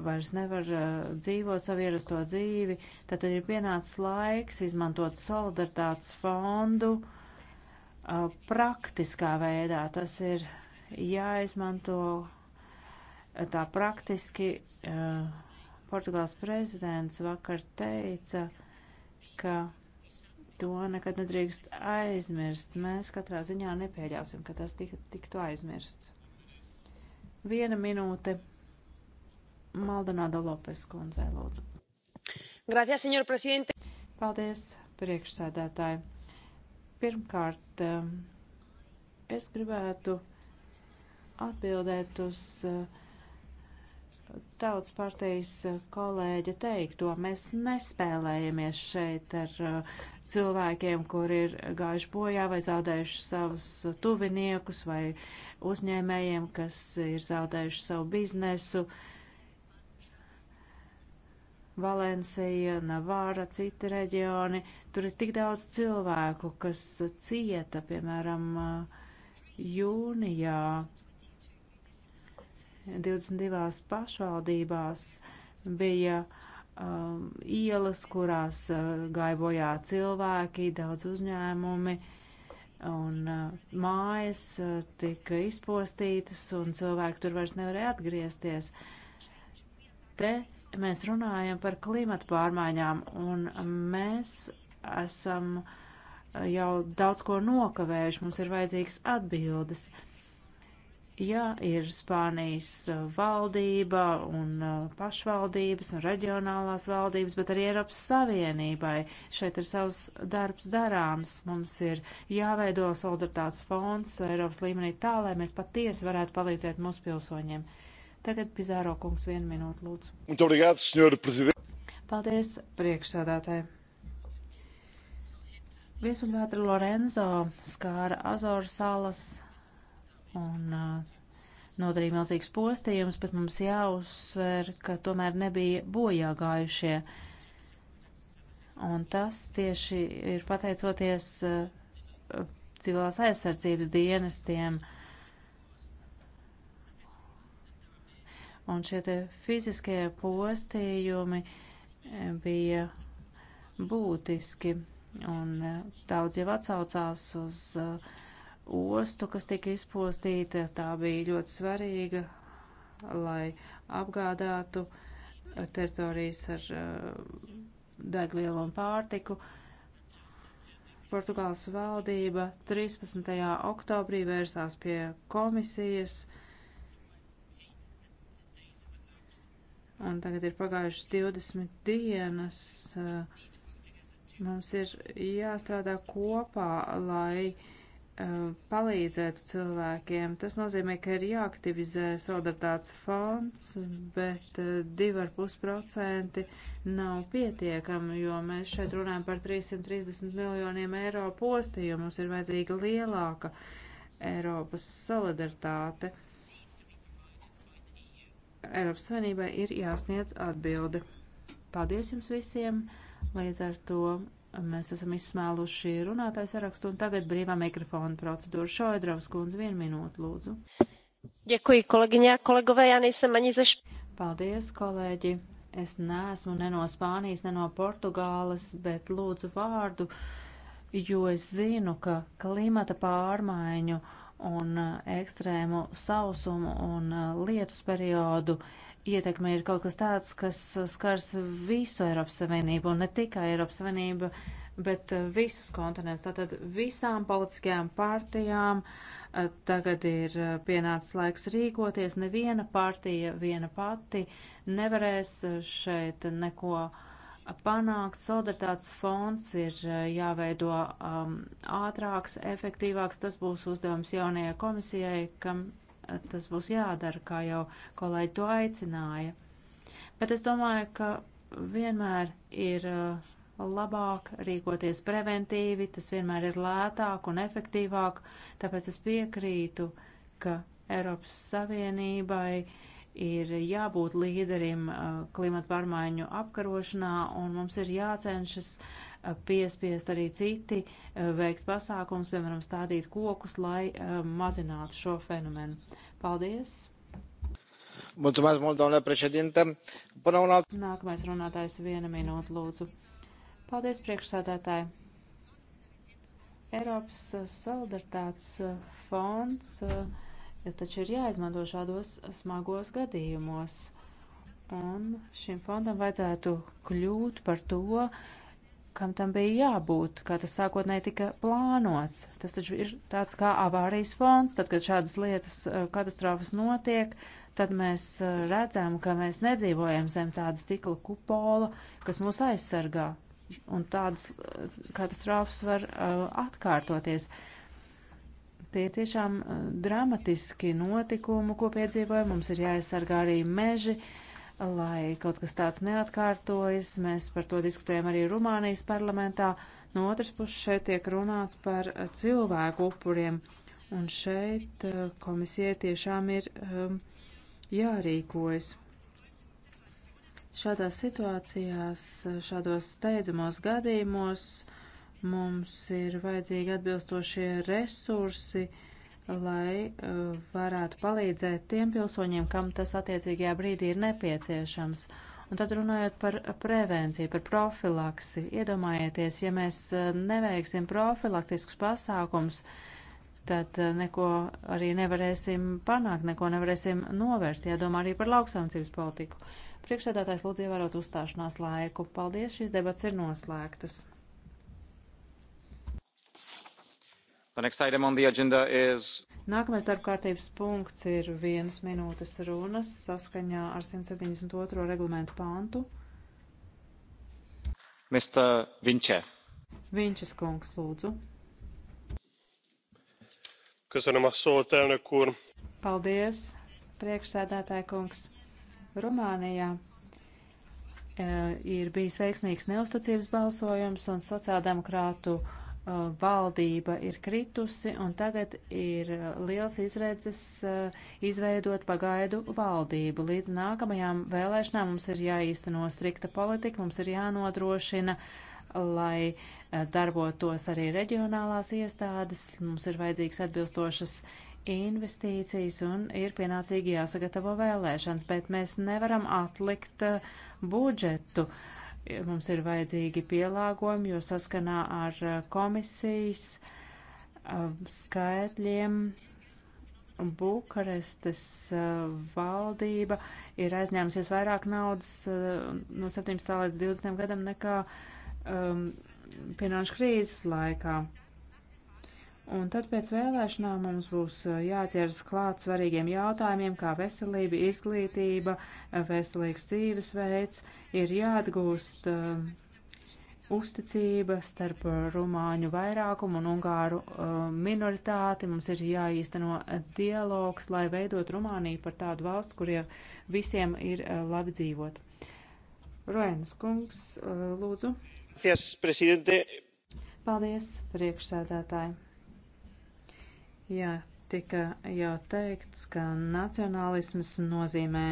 vairs nevar uh, dzīvot savu ierasto dzīvi. Tad ir pienācis laiks izmantot solidaritātes fondu uh, praktiskā veidā. Tas ir jāizmanto tā praktiski. Portugāls prezidents vakar teica, ka To nekad nedrīkst aizmirst. Mēs katrā ziņā nepieļausim, ka tas tik, tiktu aizmirsts. Viena minūte Maldonado Lopes kundzē, lūdzu. Gracias, senor presidente. Paldies, priekšsēdētāji. Pirmkārt, um, es gribētu atbildēt uz uh, tautas partijas uh, kolēģa teikto. Mēs nespēlējamies šeit ar uh, cilvēkiem, kur ir gājuši bojā vai zaudējuši savus tuviniekus vai uzņēmējiem, kas ir zaudējuši savu biznesu. Valencija, Navāra, citi reģioni. Tur ir tik daudz cilvēku, kas cieta, piemēram, jūnijā 22 pašvaldībās bija uh, um, ielas, kurās uh, gāja bojā cilvēki, daudz uzņēmumi un uh, mājas uh, tika izpostītas un cilvēki tur vairs nevarēja atgriezties. Te mēs runājam par klimatu pārmaiņām un mēs esam uh, jau daudz ko nokavējuši, mums ir vajadzīgas atbildes. Uh, ja ir Spānijas uh, valdība un uh, pašvaldības un reģionālās valdības, bet arī Eiropas Savienībai. Šeit ir savs darbs darāms. Mums ir jāveido solidaritātes fonds Eiropas līmenī tā, lai mēs patiesi varētu palīdzēt mūsu pilsoņiem. Tagad Pizāro kungs vienu minūtu lūdzu. Obrigado, Paldies, priekšsādātāji. Viesuļvētra Lorenzo skāra Azoru salas un nodarīja milzīgs postījums, bet mums jāuzsver, ka tomēr nebija bojā gājušie. Un tas tieši ir pateicoties civilās aizsardzības dienestiem. Un šie te fiziskie postījumi bija būtiski, un daudz jau atsaucās uz uh, ostu, kas tika izpostīta. Tā bija ļoti svarīga, lai apgādātu teritorijas ar uh, degvielu un pārtiku. Portugāles valdība 13. oktobrī vērsās pie komisijas, un tagad ir pagājušas 20 dienas. Uh, mums ir jāstrādā kopā, lai uh, Uh, palīdzētu cilvēkiem. Tas nozīmē, ka ir jāaktivizē solidaritātes fonds, bet 2,5% uh, nav pietiekami, jo mēs šeit runājam par 330 miljoniem eiro posti, jo mums ir vajadzīga lielāka Eiropas solidaritāte. Eiropas Savienībai ir jāsniedz atbildi. Paldies jums visiem! Līdz ar to Mēs esam izsmēluši runātājs sarakstu un tagad brīvā mikrofona procedūra. Šoidrovs kundze, vienu minūtu lūdzu. Děkuji, kolegyně a kolegové, já nejsem ani ze Paldies, kolēģi. Es neesmu ne no Spānijas, ne no Portugāles, bet lūdzu vārdu, jo es zinu, ka klimata pārmaiņu un eh, ekstrēmu sausumu un eh, lietus periodu uh, ietekme ir kaut kas tāds, kas uh, skars visu Eiropas Savienību un ne tikai Eiropas Savienību, bet uh, visus kontinentus. Tātad visām politiskajām partijām uh, tagad ir pienācis laiks rīkoties. Neviena partija viena pati nevarēs šeit neko panākt. Solidaritātes fonds ir jāveido um, ātrāks, efektīvāks. Tas būs uzdevums jaunajai komisijai, kam tas būs jādara, kā jau kolēģi to aicināja. Bet es domāju, ka vienmēr ir uh, labāk rīkoties preventīvi, tas vienmēr ir lētāk un efektīvāk, tāpēc es piekrītu, ka Eiropas Savienībai uh, ir jābūt līderim uh, klimata pārmaiņu apkarošanā, un mums ir jācenšas uh, piespiest arī citi uh, veikt pasākums, piemēram, stādīt kokus, lai mazinātu šo fenomenu. Paldies! Mulțumesc mult, domnule președinte. Până una... Nākamais runātājs viena minūte, lūdzu. Paldies, priekšsādātāji. Eiropas solidaritātes fonds uh, kas taču ir jāizmanto šādos smagos gadījumos. Un šim fondam vajadzētu kļūt par to, kam tam bija jābūt, kā tas sākotnēji tika plānots. Tas taču ir tāds kā avārijas fonds, tad, kad šādas lietas, eh, katastrofas notiek, tad mēs eh, redzam, ka mēs nedzīvojam zem tādas stikla kupola, kas mūs aizsargā. Un tādas eh, katastrofas var uh, atkārtoties. Uh, Tie ir tiešām uh, dramatiski notikumi, ko piedzīvojam. Mums ir jāaizsargā arī meži, lai kaut kas tāds neatkārtojas. Mēs par to diskutējam arī Rumānijas parlamentā. No otras puses šeit tiek runāts par uh, cilvēku upuriem. Un šeit uh, komisijai tiešām ir um, jārīkojas. Šādās situācijās, šādos steidzamos gadījumos Mums ir vajadzīgi atbilstošie resursi, lai uh, varētu palīdzēt tiem pilsoņiem, kam tas attiecīgajā brīdī ir nepieciešams. Un tad runājot par prevenciju, par profilaksi, iedomājieties, ja mēs uh, neveiksim profilaktiskus pasākums, tad uh, neko arī nevarēsim panākt, neko nevarēsim novērst. Jādomā arī par lauksaimniecības politiku. Priekšsēdētājs lūdzu ievērot uzstāšanās laiku. Paldies, šīs debats ir noslēgtas. Nākamais darbkārtības punkts ir vienas minūtes runas saskaņā ar 172. reglamentu pāntu. Mr. Vinče. Vinčes kungs, lūdzu. Köszönöm a szót, elnök úr. Paldies, priekšsēdētāja kungs. Rumānijā e, ir bijis veiksmīgs neusticības balsojums un sociāldemokrātu uh, Uh, valdība ir kritusi un tagad ir uh, liels izredzes uh, izveidot pagaidu valdību. Līdz nākamajām vēlēšanām mums ir jāīsteno strikta politika, mums ir jānodrošina, lai darbotos arī reģionālās iestādes, mums ir vajadzīgs atbilstošas investīcijas un ir pienācīgi jāsagatavo vēlēšanas, bet mēs nevaram atlikt budžetu. Uh, Mums ir vajadzīgi pielāgojumi, jo saskanā ar uh, komisijas um, skaitļiem Bukarestes uh, valdība ir aizņēmusies vairāk naudas uh, no 17. līdz 20. gadam nekā um, finanšu krīzes laikā. Un tad pēc vēlēšanām mums būs jāķers klāt svarīgiem jautājumiem, kā veselība, izglītība, veselīgs dzīvesveids, ir jāatgūst uh, uzticība starp rumāņu vairākumu un ungāru uh, minoritāti. Mums ir jāīsteno dialogs, lai veidot Rumāniju par tādu valstu, kurie visiem ir uh, labi dzīvot. Roenas kungs, lūdzu. Paldies, priekšsēdētāji. Jā, tika jau teikts, ka nacionālisms nozīmē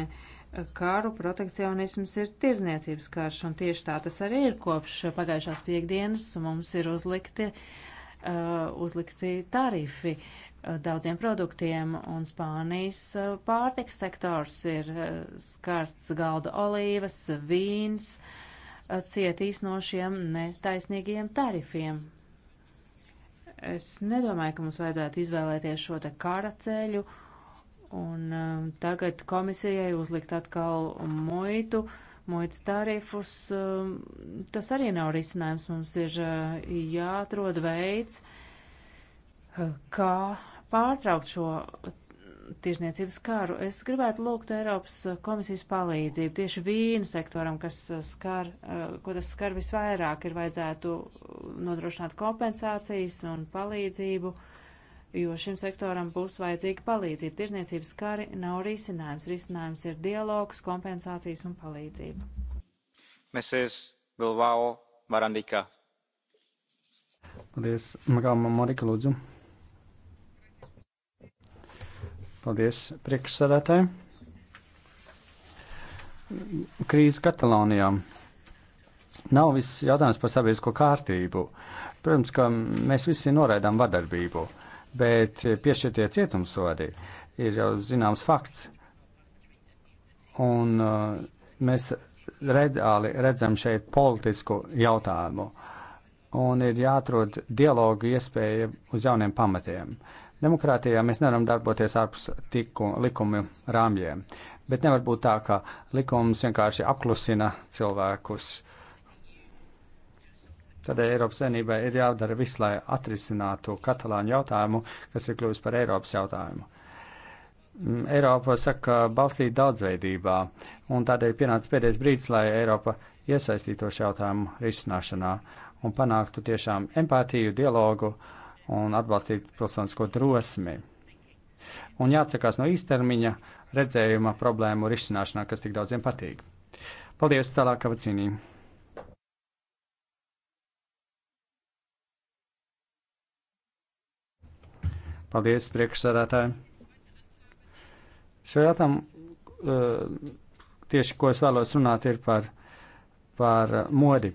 karu, protekcionisms ir tirzniecības karš, un tieši tā tas arī ir kopš pagājušās piekdienas, un mums ir uzlikti, uh, uzlikti tarifi uh, daudziem produktiem, un Spānijas uh, pārtiks sektors ir uh, skarts galda olīvas, vīns, cietīs no šiem netaisnīgiem tarifiem. Es nedomāju, ka mums vajadzētu izvēlēties šo te kara ceļu un um, tagad komisijai uzlikt atkal muitu, muitas tarifus. Um, tas arī nav risinājums. Mums ir uh, jāatrod veids, uh, kā pārtraukt šo tirzniecības karu. Es gribētu lūgt Eiropas komisijas palīdzību tieši vīna sektoram, kas uh, skar, uh, ko tas skar visvairāk, ir vajadzētu nodrošināt kompensācijas un palīdzību, jo šim sektoram būs vajadzīga palīdzība. Tirzniecības kari nav risinājums. Risinājums ir dialogs, kompensācijas un palīdzība. Mrs. Bilbao Marandika. Paldies, Magāma Marika Lūdzu. Paldies priekšsēdētāji. Krīze Katalonijā nav viss jautājums par sabiedrisko kārtību. Protams, ka mēs visi noraidām vardarbību, bet piešķirtie cietumsodi ir jau zināms fakts. Un uh, mēs reāli redzam šeit politisku jautājumu. Un ir jāatrod dialogu iespēja uz jauniem pamatiem. Uh, Demokrātijā mēs nevaram darboties ārpus tiku, likumu rāmjiem, bet nevar būt tā, ka likums vienkārši apklusina cilvēkus. Tādēļ Eiropas Savienībai ir jādara viss, lai atrisinātu katalāņu jautājumu, kas ir kļuvis par Eiropas jautājumu. Mm, Eiropa saka balstīt daudzveidībā, un tādēļ pienāca pēdējais brīdis, lai Eiropa iesaistītos jautājumu risināšanā un panāktu tiešām empātiju, dialogu uh, un atbalstīt pilsonisko drosmi. Un jāatsakās no īstermiņa redzējuma problēmu risināšanā, kas tik daudziem patīk. Paldies, tālāk, Kavacīnī! Paldies, priekšsēdētāji! Šo jautājumu eh, tieši, ko es vēlos runāt, ir par, par modi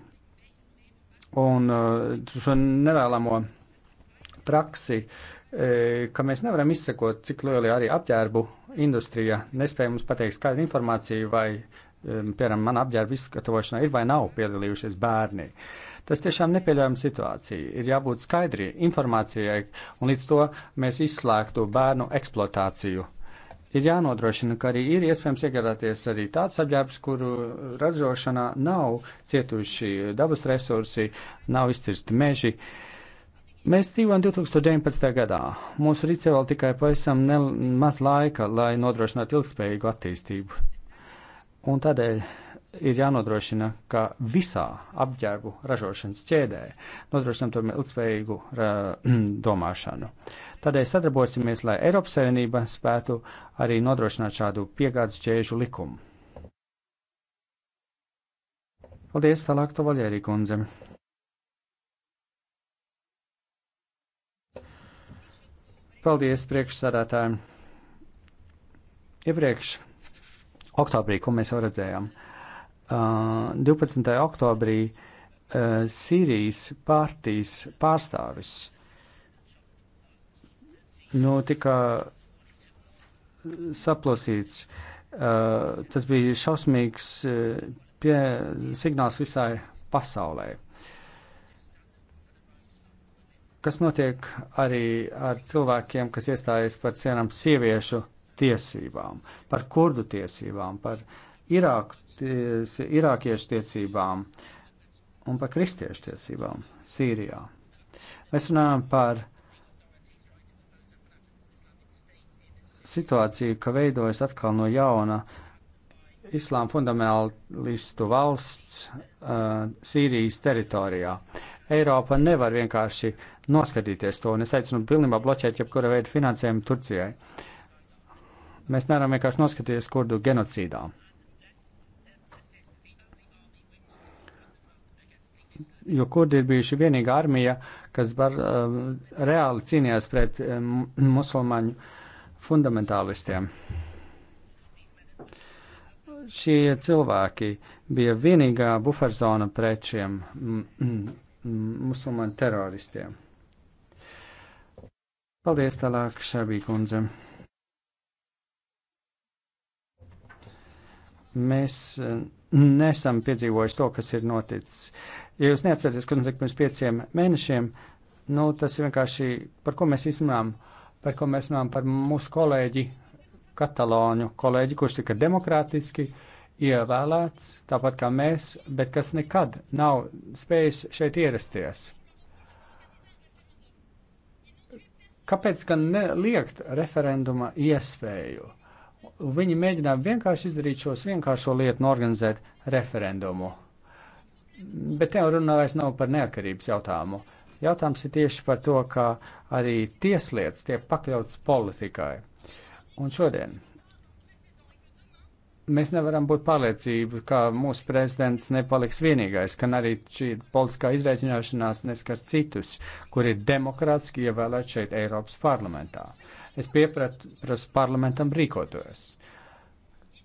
un eh, šo nevēlamo praksi, e, ka mēs nevaram izsekot, cik lieli arī apģērbu industrija nespēja mums pateikt skaidru informāciju, vai, piemēram, man apģērbu izgatavošanā ir vai nav piedalījušies bērni. Tas tiešām nepieļaujama situācija. Ir jābūt skaidri informācijai, un līdz to mēs izslēgtu bērnu eksploatāciju. Ir jānodrošina, ka arī ir iespējams iegādāties arī tāds apģērbs, kuru ražošanā nav cietuši dabas resursi, nav izcirsti meži. Uh, Mēs dzīvojam 2019. gadā. Mūsu rīcē vēl tikai pavisam ne, maz laika, lai nodrošinātu ilgspējīgu attīstību. Un tādēļ ir jānodrošina, ka visā apģērbu ražošanas ķēdē nodrošinām tomēr ilgspējīgu [CLEARS THROAT] domāšanu. Tādēļ sadarbosimies, lai Eiropas Savienība spētu arī nodrošināt šādu piegādes ķēžu likumu. Paldies, tālāk, Tovaļērī kundzei. Paldies priekšsādātājiem. Iepriekš oktobrī, ko mēs jau redzējām, uh, 12. oktobrī uh, Sīrijas partijas pārstāvis nu, tika saplosīts. Uh, tas bija šausmīgs pie, signāls visai pasaulē kas notiek arī ar cilvēkiem, kas iestājas par cienām sieviešu tiesībām, par kurdu tiesībām, par irāku, ties, irākiešu tiesībām un par kristiešu tiesībām Sīrijā. Mēs runājam par situāciju, ka veidojas atkal no jauna islāma fundamentālistu valsts uh, Sīrijas teritorijā. Uh, Eiropa nevar vienkārši noskatīties to, un es aicinu pilnībā bloķēt jebkura veida finansējumu Turcijai. Mēs nevaram vienkārši noskatīties kurdu genocīdā. Jo kurdi ir bijuši vienīgā armija, kas var, uh, reāli cīnījās pret um, musulmaņu fundamentālistiem šie cilvēki bija vienīgā buferzona pret šiem mm, musulmaņu teroristiem. Paldies tālāk, Šabī kundze. Mēs eh, nesam piedzīvojuši to, kas ir noticis. Ja jūs neatceraties, kas notika pirms pieciem mēnešiem, nu, tas ir vienkārši, par ko mēs izrunājam, par ko mēs runājam, par mūsu kolēģi, katalāņu kolēģi, kurš tika demokrātiski uh, ievēlēts, tāpat kā mēs, bet kas nekad nav spējis šeit ierasties. Kāpēc gan neliegt referenduma iespēju? Viņi mēģināja vienkārši izdarīt šos vienkāršo lietu un organizēt referendumu. Bet te jau runa vairs nav par neatkarības jautājumu. Jautājums ir tieši par to, ka arī tieslietas tiek pakļautas politikai. Un šodien mēs nevaram būt pārliecība, ka mūsu prezidents nepaliks vienīgais, ka arī šī politiskā izreikināšanās neskars citus, kur ir demokrātiski ievēlēt šeit Eiropas parlamentā. Es pieprasu parlamentam rīkoties.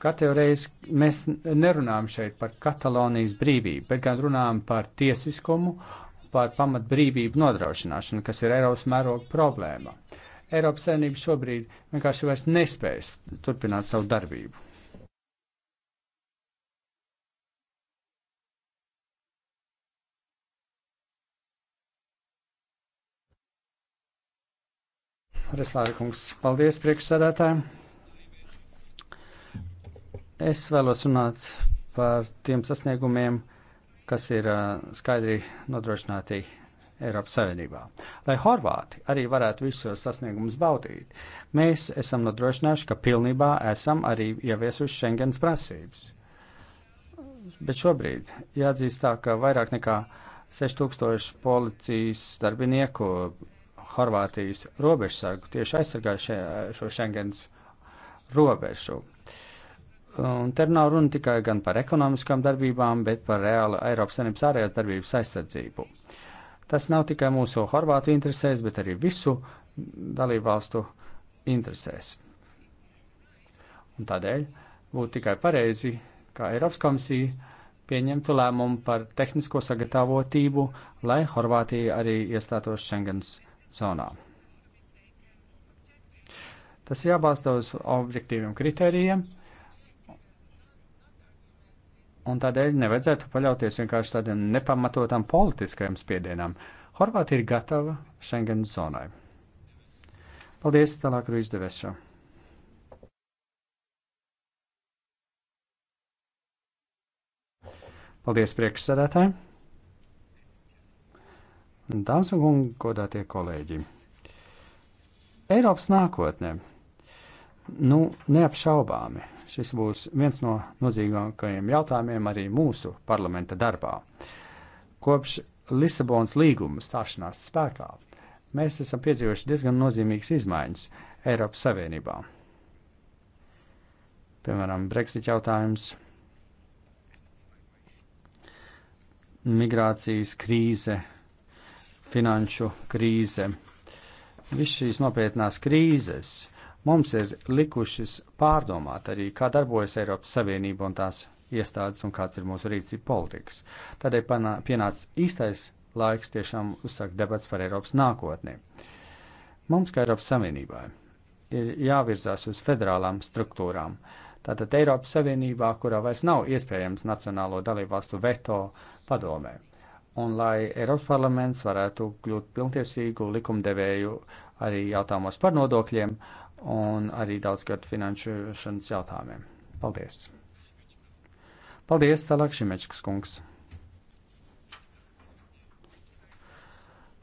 Katru reizi mēs nerunājam šeit par Katalonijas brīvību, bet gan runājam par tiesiskumu, par pamatbrīvību nodrošināšanu, kas ir Eiropas mēroga problēma. Eiropas saimnība šobrīd vienkārši vairs nespējas turpināt savu darbību. Reslāra kungs, paldies priekšsēdētājiem. Es vēlos runāt par tiem sasniegumiem, kas ir skaidri nodrošināti Eiropas Savienībā. Lai Horvāti arī varētu visus šos sasniegumus baudīt, mēs esam nodrošinājuši, ka pilnībā esam arī ieviesuši Schengens prasības. Bet šobrīd jāatzīst tā, ka vairāk nekā 6000 policijas darbinieku Horvātijas robežsargu tieši aizsargāja še, šo Schengens robežu. Un te nav runa tikai gan par ekonomiskām darbībām, bet par reālu Eiropas Savienības ārējās darbības aizsardzību. Tas nav tikai mūsu Horvātu interesēs, bet arī visu dalību valstu interesēs. Un tādēļ būtu tikai pareizi, ka Eiropas komisija pieņemtu lēmumu par tehnisko sagatavotību, lai Horvātija arī iestātos Schengens zonā. Tas ir jābalsta uz objektīviem kritērijiem, un tādēļ nevajadzētu paļauties vienkārši tādiem nepamatotām politiskajiem spiedienam. Horvātija ir gatava Schengen zonai. Paldies, tālāk Ruiz de Veša. Paldies priekšsēdētājiem! Dāmas un kungi, godātie kolēģi! Eiropas nākotne. Nu, neapšaubāmi šis būs viens no nozīmīgākajiem jautājumiem arī mūsu parlamenta darbā. Kopš Lisabonas līguma stāšanās spēkā mēs esam piedzīvojuši diezgan nozīmīgas izmaiņas Eiropas Savienībā. Piemēram, Brexit jautājums, migrācijas krīze, finanšu krīze. Viss šīs nopietnās krīzes mums ir likušas pārdomāt arī, kā darbojas Eiropas Savienība un tās iestādes un kāds ir mūsu rīcība politikas. Tādēļ pienāca īstais laiks tiešām uzsākt debats par Eiropas nākotni. Mums, kā Eiropas Savienībai, ir jāvirzās uz federālām struktūrām. Tātad Eiropas Savienībā, kurā vairs nav iespējams nacionālo dalībvalstu veto padomē un lai Eiropas parlaments varētu kļūt pilntiesīgu likumdevēju arī jautājumos par nodokļiem un arī daudzgadu finanšēšanas jautājumiem. Paldies! Paldies, tālāk Šimečkas kungs!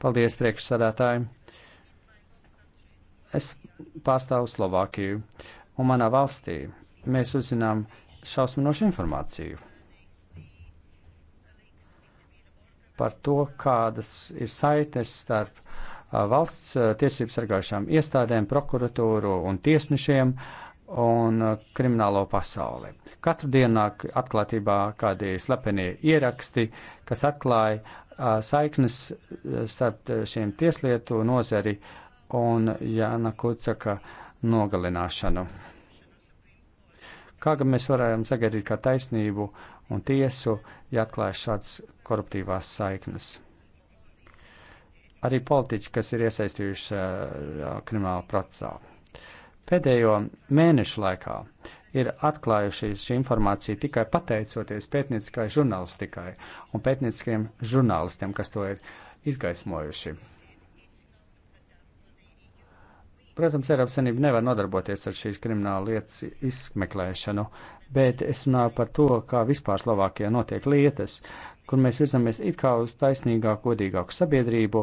Paldies, priekšsādātāji! Es pārstāvu Slovākiju, un manā valstī mēs uzzinām šausminošu informāciju par to, kādas ir saites starp valsts tiesību sargājušām iestādēm, prokuratūru un tiesnešiem un kriminālo pasauli. Katru dienu nāk atklātībā kādi slepenie ieraksti, kas atklāja saiknes starp šiem tieslietu nozari un Jāna Kucaka nogalināšanu. Kā gan mēs varējām sagaidīt kā taisnību uh, un tiesu, ja atklājas šādas koruptīvās saiknes. Arī politiķi, kas ir iesaistījuši eh, krimināla procesā. Pēdējo mēnešu laikā ir atklājušies šī informācija tikai pateicoties pētnieciskai žurnālistikai un pētnieciskiem žurnālistiem, kas to ir izgaismojuši. Protams, Eiropas Savienība nevar nodarboties ar šīs krimināla lietas izmeklēšanu, bet es runāju par to, kā vispār Slovākijā notiek lietas, kur mēs virzamies it kā uz taisnīgāku, godīgāku sabiedrību,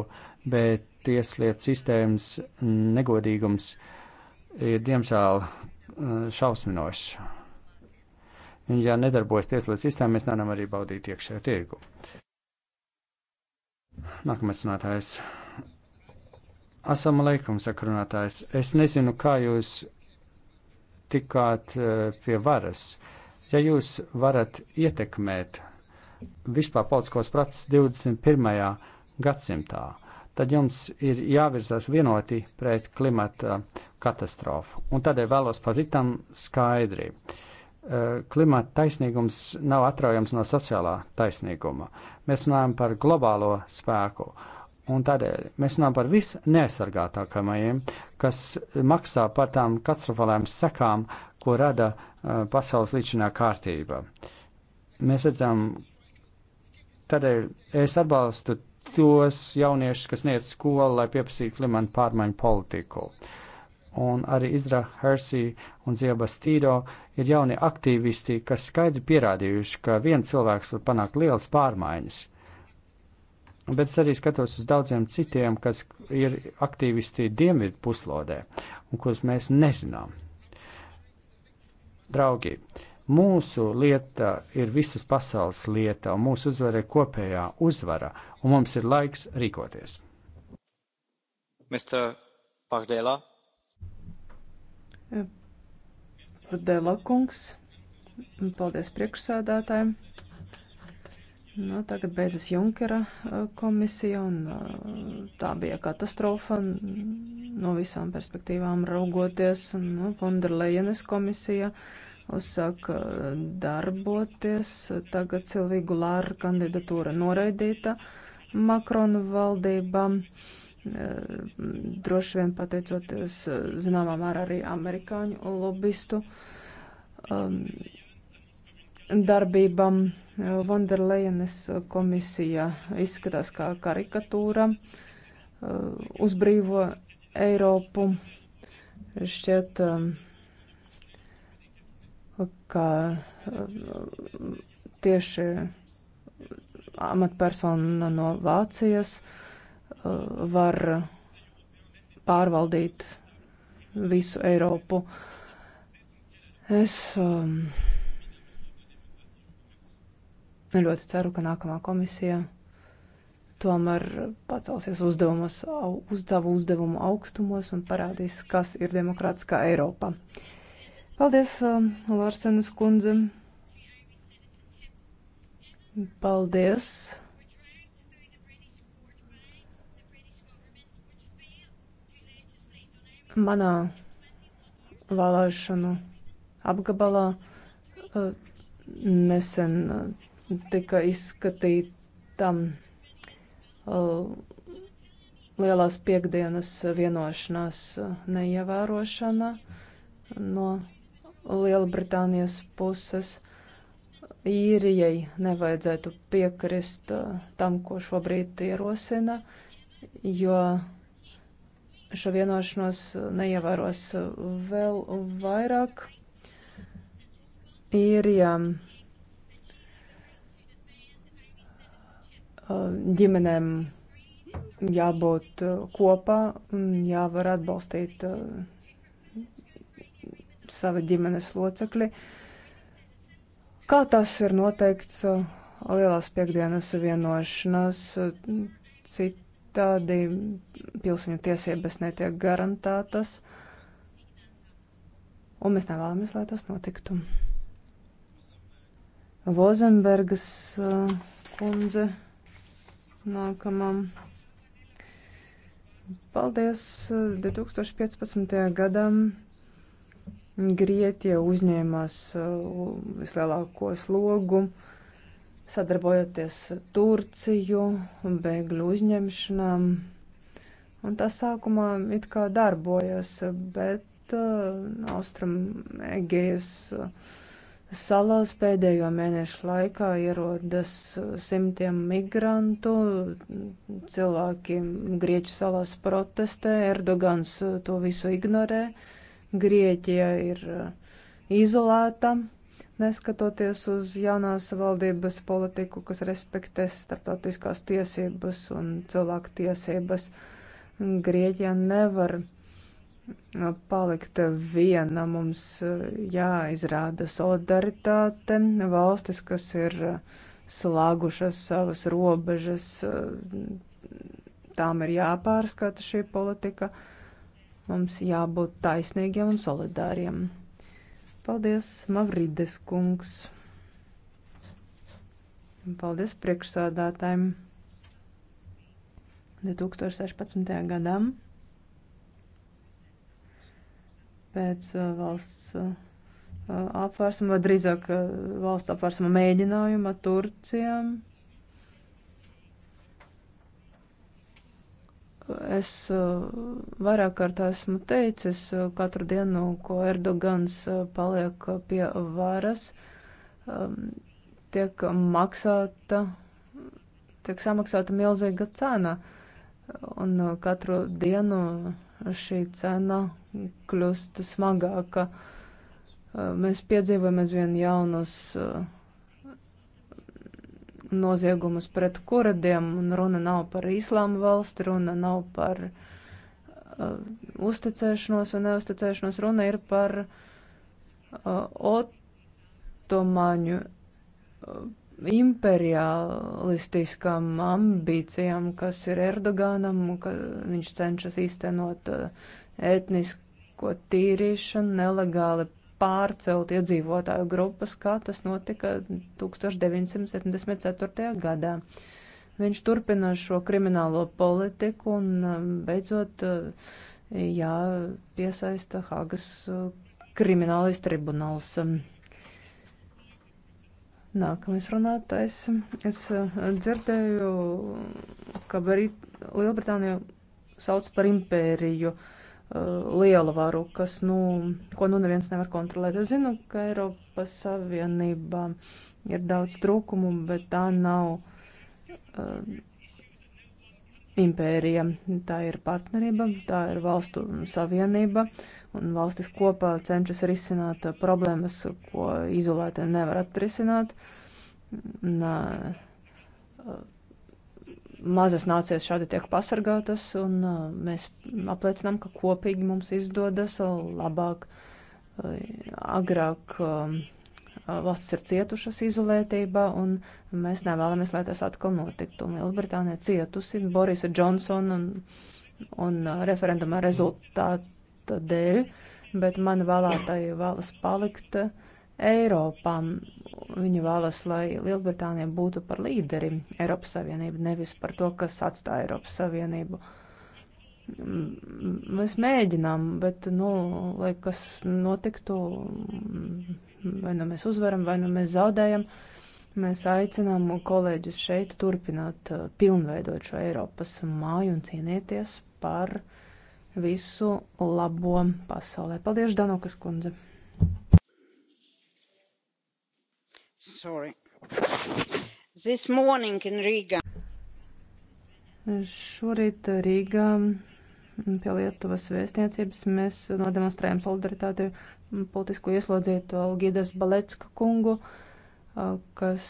bet tieslietu sistēmas negodīgums ir diemžēl šausminošs. Ja nedarbojas tieslietu sistēma, mēs nevaram arī baudīt iekšējo tirgu. Nākamais runātājs Asam alaikum, sakrunātājs. Es nezinu, kā jūs tikāt eh, pie varas. Ja jūs varat ietekmēt vispār politiskos procesus 21. gadsimtā, tad jums ir jāvirzās vienoti pret klimata katastrofu. Un tādēļ vēlos pazitam skaidri. Eh, klimata taisnīgums nav atraujams no sociālā taisnīguma. Mēs runājam par globālo spēku. Uh, Un tādēļ mēs runājam par visneaizsargātākajiem, kas maksā par tām katastrofālām sekām, ko rada uh, pasaules līdzinā kārtība. Mēs redzam, tādēļ es atbalstu tos jauniešus, kas niec skolu, lai pieprasītu klimatu pārmaiņu politiku. Un arī Izra Hersī un Zieba Stīdo ir jauni aktīvisti, kas skaidri pierādījuši, ka viens cilvēks var panākt lielas pārmaiņas bet es arī skatos uz daudziem citiem, kas ir aktīvisti Dienvidu puslodē un kurus mēs nezinām. Draugi, mūsu lieta ir visas pasaules lieta, un mūsu uzvara ir kopējā uzvara, un mums ir laiks rīkoties. Mr. Pagdēlā. Pagdēlā kungs, paldies priekšsēdētājiem. Nu, tagad beidzas Junkera komisija, un tā bija katastrofa no visām perspektīvām raugoties. Un, nu, Fonderlejenes komisija uzsāka darboties, tagad Silvija Gulāra kandidatūra noraidīta Makrona valdībām droši vien pateicoties zināmā mērā arī amerikāņu lobbystu um, darbībām. Eh, Vanderlejenes komisija izskatās kā karikatūra, eh, uzbrīvo Eiropu. Šķiet, eh, ka tieši amatpersona no Vācijas var pārvaldīt visu Eiropu. Es um, Un nu, ļoti ceru, ka nākamā komisija tomēr pacelsies uzdevumus, uzdevu uzdevumu augstumos un parādīs, kas ir demokrātiskā Eiropa. Paldies, um, Lārsenes kundze. Paldies. Manā vēlēšanu apgabalā uh, nesen uh, tika izskatīta uh, lielās piekdienas vienošanās uh, neievērošana no Lielbritānijas puses. Īrijai nevajadzētu piekrist uh, tam, ko šobrīd ierosina, jo šo vienošanos neievēros uh, vēl vairāk īrijām. Ja Eh, ģimenēm jābūt eh, kopā un mm, jāvar atbalstīt eh, savu ģimenes locekli. Kā tas ir noteikts lielās piekdienas vienošanās, citādi pilsoņu tiesības netiek garantētas, un mēs nevēlamies, lai tas notiktu. Vozenbergas kundze. Uh, nākamam. Paldies 2015. Eh, gadam. Grieķija uzņēmās eh, vislielāko slogu, sadarbojoties Turciju, bēgļu uzņemšanām. Un tas sākumā it kā darbojas, bet uh, eh, Austrum Egejas uh, salās pēdējo mēnešu laikā ierodas uh, simtiem migrantu, cilvēki Grieķu salās protestē, Erdogans uh, to visu ignorē, Grieķija ir uh, izolēta, neskatoties uz jaunās valdības politiku, kas respektēs starptautiskās tiesības un cilvēku tiesības. Grieķija nevar palikt viena. Mums eh, jāizrāda solidaritāte. Valstis, kas ir eh, slāgušas savas robežas, eh, tām ir jāpārskata šī politika. Mums jābūt taisnīgiem un solidāriem. Paldies, Mavrides kungs. Paldies priekšsādātājiem. 2016. gadam pēc uh, valsts uh, uh, apvērsuma, vai drīzāk valsts apvērsuma mēģinājuma Turcijām. Es vairāk kārt esmu teicis, katru dienu, ko Erdogans paliek pie varas, um, tiek maksāta, tiek samaksāta milzīga cena. Un katru dienu šī cena kļūst smagāka. Uh, mēs piedzīvojam aizvien jaunus uh, noziegumus pret kuradiem, un runa nav par islāma valsti, runa nav par uh, uzticēšanos un neuzticēšanos, runa ir par uh, otomāņu uh, imperialistiskām ambīcijām, kas ir Erdoganam, ka viņš cenšas īstenot uh, etnisku ko tīrīšana nelegāli pārcelt iedzīvotāju grupas, kā tas notika 1974. gadā. Viņš turpina šo kriminālo politiku un um, beidzot uh, jāpiesaista Hāgas uh, kriminālais tribunāls. Nākamais runātais. Es uh, dzirdēju, ka Lielbritāniju sauc par impēriju. Uh, Uh, liela varu, kas, nu, ko nu neviens nevar kontrolēt. Es zinu, ka Eiropas Savienībā ir daudz trūkumu, bet tā nav uh, impērija. Tā ir partnerība, tā ir valstu savienība, un valstis kopā cenšas risināt problēmas, ko izolēti nevar atrisināt. Un, uh, mazas nācijas šādi tiek pasargātas, un uh, mēs apliecinām, ka kopīgi mums izdodas uh, labāk, uh, agrāk um, valstis ir cietušas izolētībā, un mēs nevēlamies, lai tas atkal notiktu. Lielbritānija cietusi Borisa Džonsona un, un referenduma rezultāta dēļ, bet man vēlētāji vēlas palikt. Uh, Eiropā. Viņi vēlas, lai Lielbritānija būtu par līderi Eiropas Savienību, nevis par to, kas atstāja Eiropas Savienību. Mēs mēģinām, bet, nu, lai kas notiktu, vai nu mēs uzvaram, vai nu mēs zaudējam, mēs aicinām kolēģus šeit turpināt uh, pilnveidot šo Eiropas māju un cīnīties par visu labo pasaulē. Paldies, Danukas kundze! Šorīt Rīgā pie Lietuvas vēstniecības mēs nodemonstrējam solidaritāti politisko ieslodzīto Algidas Balecka kungu, kas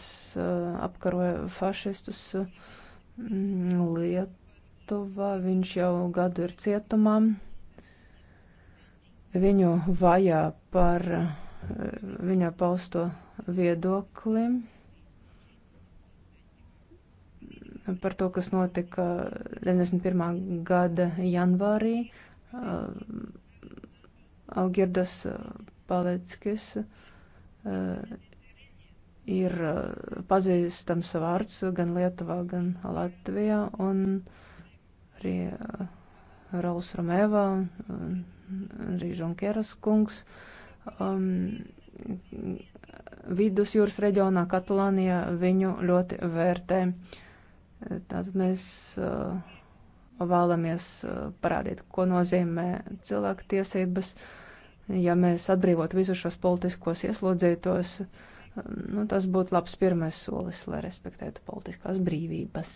apkaroja fašistus Lietuvā. Viņš jau gadu ir cietumā. Viņu vajā par viņa pausto viedoklim par to, kas notika 91. gada janvārī. Uh, Algirdas uh, Paleckis uh, ir pazīstams vārds gan Lietuvā, gan Latvijā, un arī Rauls Romēvā, arī Žonkeras kungs. Um, vidusjūras reģionā, Katalānijā, viņu ļoti vērtē. Tātad mēs uh, vēlamies uh, parādīt, ko nozīmē cilvēku tiesības. Ja mēs atbrīvot visus šos politiskos ieslodzītos, nu, tas būtu labs pirmais solis, lai respektētu politiskās brīvības.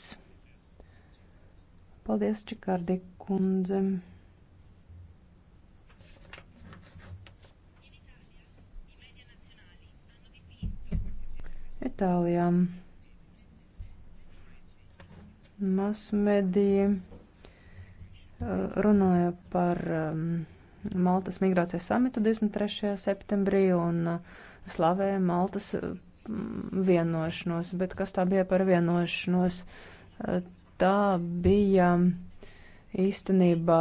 Paldies, Čikārdi kundzem! detaļām. Masu mediji uh, runāja par um, Maltas migrācijas samitu 23. septembrī un uh, slavēja Maltas uh, vienošanos, bet kas tā bija par vienošanos? Tā bija īstenībā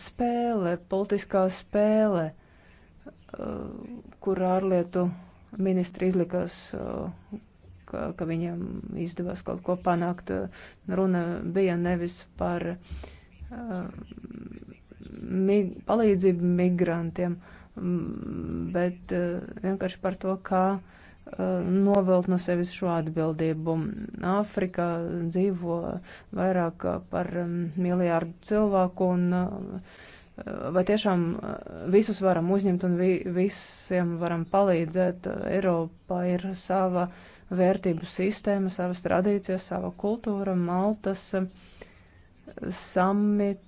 spēle, politiskā spēle kur ārlietu ministri izlikās, ka, ka viņiem izdevās kaut ko panākt. Runa bija nevis par um, mig palīdzību migrantiem, bet uh, vienkārši par to, kā uh, novelt no sevis šo atbildību. Āfrikā dzīvo vairāk par um, miljārdu cilvēku un uh, vai tiešām eh, visus varam uzņemt un vi visiem varam palīdzēt. Eiropā ir sava vērtību sistēma, savas tradīcijas, sava kultūra, Maltas eh, samita.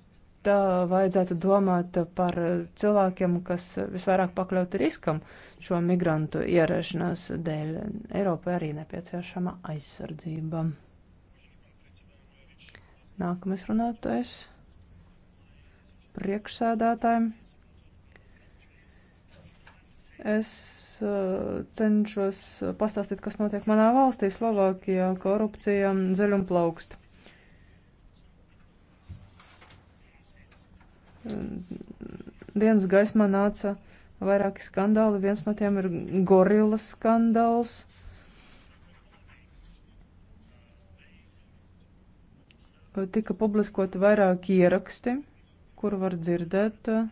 Vajadzētu domāt par cilvēkiem, kas visvairāk pakļauti riskam šo migrantu ierašanās dēļ. Eiropai arī nepieciešama aizsardzība. Nākamais runātājs priekšsēdētājiem. Es uh, cenšos pastāstīt, kas notiek manā valstī, Slovākijā - korupcija, zaļumplaukst. Dienas gaismā nāca vairāki skandāli. Viens no tiem ir gorilas skandāls. Tika publiskoti vairāki ieraksti kur var dzirdēt eh,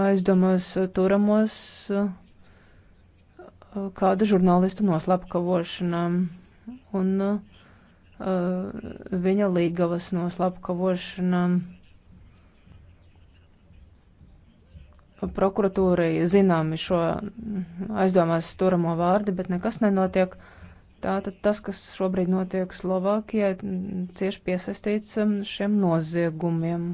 aizdomās eh, turamos eh, kāda žurnālista noslapkavošana un viņa līgavas noslapkavošana. prokuratūrai zināmi šo aizdomās turamo vārdi, bet nekas nenotiek. Tātad tas, kas šobrīd notiek Slovākijā, mm, cieši piesaistīts mm, šiem noziegumiem.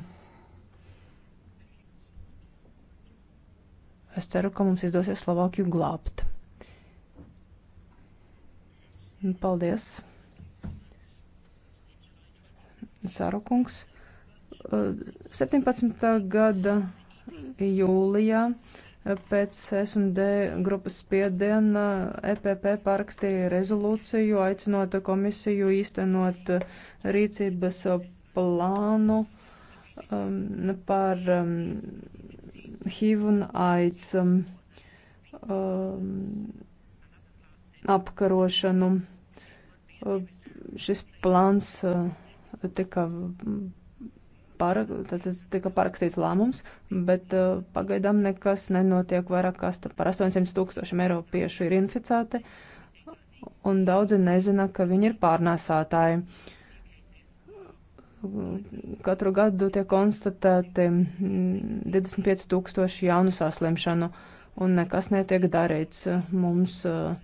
Es ceru, ka mums izdosies Slovākiju glābt. Paldies. Sārukungs. 17. Uh, gada jūlijā Pēc S&D grupas spiediena EPP pārakstīja rezolūciju, aicinot komisiju īstenot rīcības plānu um, par um, HIV un AIDS um, apkarošanu. Uh, šis plāns uh, tika para, tad tika parakstīts lēmums, bet uh, pagaidām nekas nenotiek. Vairāk kā par 800 tūkstošiem eiropiešu ir inficēti, un daudzi nezina, ka viņi ir pārnēsātāji. Katru gadu tiek konstatēti 25 tūkstoši jaunu saslimšanu, un nekas netiek darīts. Mums uh,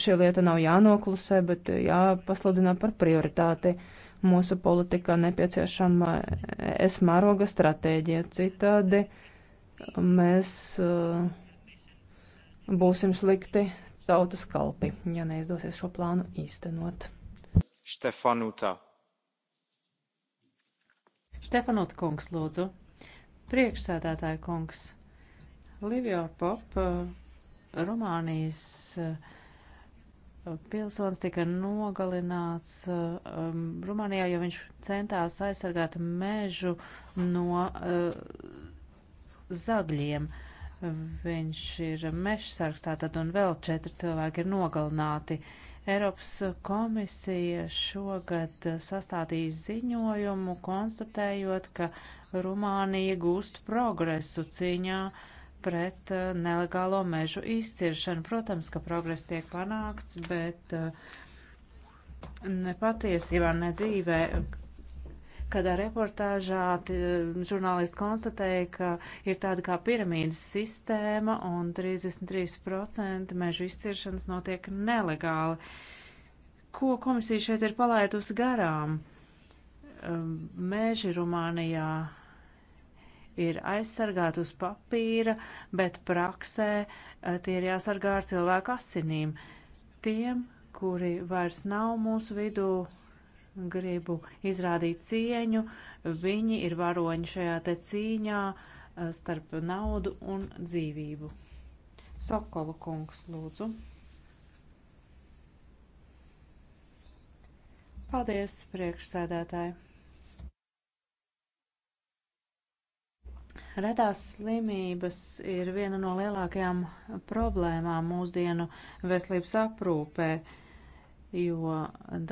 šī lieta nav jānoklusē, bet jāpasludina par prioritāti. Uh, Mūsu politikā nepieciešama es mēroga stratēģija. Citādi mēs uh, būsim slikti tautas kalpi, ja neizdosies šo plānu īstenot. Štefanuta. Štefanuta kungs, lūdzu. Priekšsēdētāja kungs. Livio Pop, uh, Rumānijas uh, pilsonis tika nogalināts um, Rumānijā, jo viņš centās aizsargāt mežu no uh, zagļiem. Viņš ir mežsargs tātad un vēl četri cilvēki ir nogalināti. Eiropas komisija šogad sastādīja ziņojumu, konstatējot, ka Rumānija gūst progresu cīņā uh, pret eh, nelegālo mežu izciršanu. Protams, ka progress tiek panākts, bet eh, ne patiesībā, ne dzīvē. Kādā reportāžā žurnālisti konstatēja, ka ir tāda kā piramīdas sistēma un 33% mežu izciršanas notiek nelegāli. Ko komisija šeit ir palaidusi garām? Eh, meži Rumānijā ir aizsargāti uz papīra, bet praksē eh, tie ir jāsargā ar cilvēku asinīm. Tiem, kuri vairs nav mūsu vidū, gribu izrādīt cieņu, viņi ir varoņi šajā te cīņā eh, starp naudu un dzīvību. Sokolu kungs, lūdzu. Paldies, priekšsēdētāji! Retās slimības ir viena no lielākajām problēmām mūsdienu veselības aprūpē, jo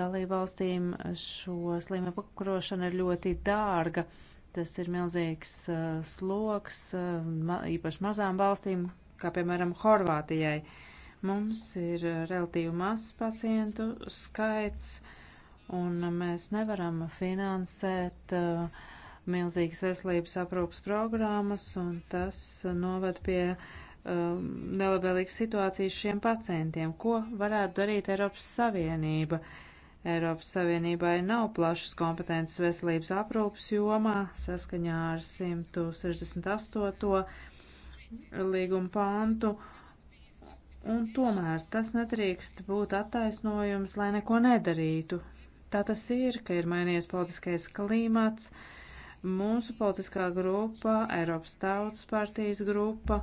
dalībvalstīm šo slimību apkarošana ir ļoti dārga. Tas ir milzīgs uh, sloks, uh, ma īpaši mazām valstīm, kā piemēram Horvātijai. Mums ir uh, relatīvi mazs pacientu skaits, un mēs nevaram finansēt uh, milzīgas veselības aprūpas programmas, un tas novad pie um, nelabvēlīgas situācijas šiem pacientiem. Ko varētu darīt Eiropas Savienība? Eiropas Savienībai nav plašas kompetences veselības aprūpas jomā saskaņā ar 168. līguma pantu. Un tomēr tas nedrīkst būt attaisnojums, lai neko nedarītu. Tā tas ir, ka ir mainījies politiskais klimats, uh, Mūsu politiskā grupa, Eiropas Tautas partijas grupa,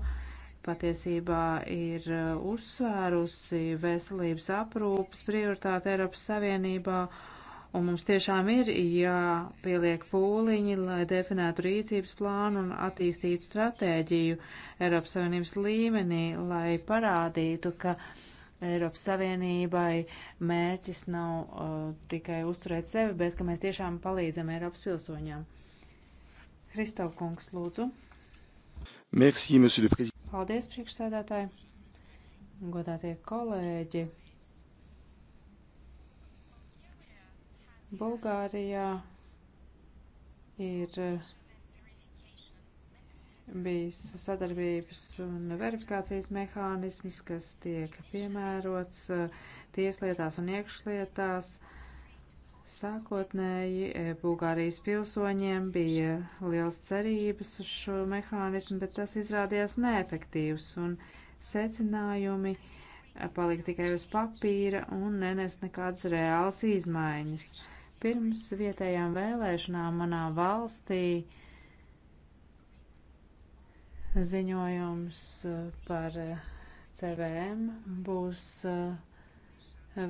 patiesībā ir uh, uzsvērusi veselības aprūpas prioritāti Eiropas Savienībā. Un mums tiešām ir jāpieliek pūliņi, lai definētu rīcības plānu un attīstītu stratēģiju Eiropas Savienības līmenī, lai parādītu, ka Eiropas Savienībai mērķis nav uh, tikai uzturēt sevi, bet ka mēs tiešām palīdzam Eiropas pilsoņām. Kristof kungs, lūdzu. Merci, monsieur le président. Paldies, priekšsēdētāji. Godātie kolēģi. Bulgārijā ir eh, bijis sadarbības un verifikācijas mehānisms, kas tiek piemērots eh, tieslietās un iekšlietās. Uh, Sākotnēji e, Bulgārijas pilsoņiem bija liels cerības uz šo mehānismu, bet tas izrādījās neefektīvs un secinājumi e, palika tikai uz papīra un nenes nekādas reālas izmaiņas. Pirms vietējām vēlēšanām manā valstī ziņojums e, par CVM būs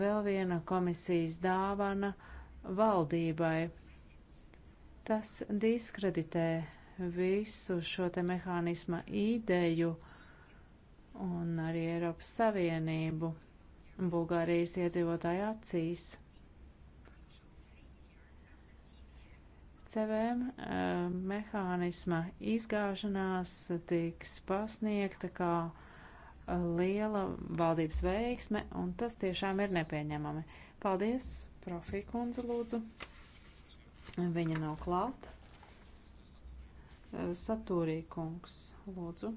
vēl viena komisijas dāvana valdībai. Tas diskreditē visu šo te mehānisma ideju un arī Eiropas Savienību Bulgārijas iedzīvotāju acīs. CVM uh, eh, mehānisma izgāšanās tiks pasniegta kā eh, liela valdības veiksme, un tas tiešām ir nepieņemami. Paldies! Trofī kundze lūdzu. Viņa nav klāt. Eh, Saturī kungs lūdzu.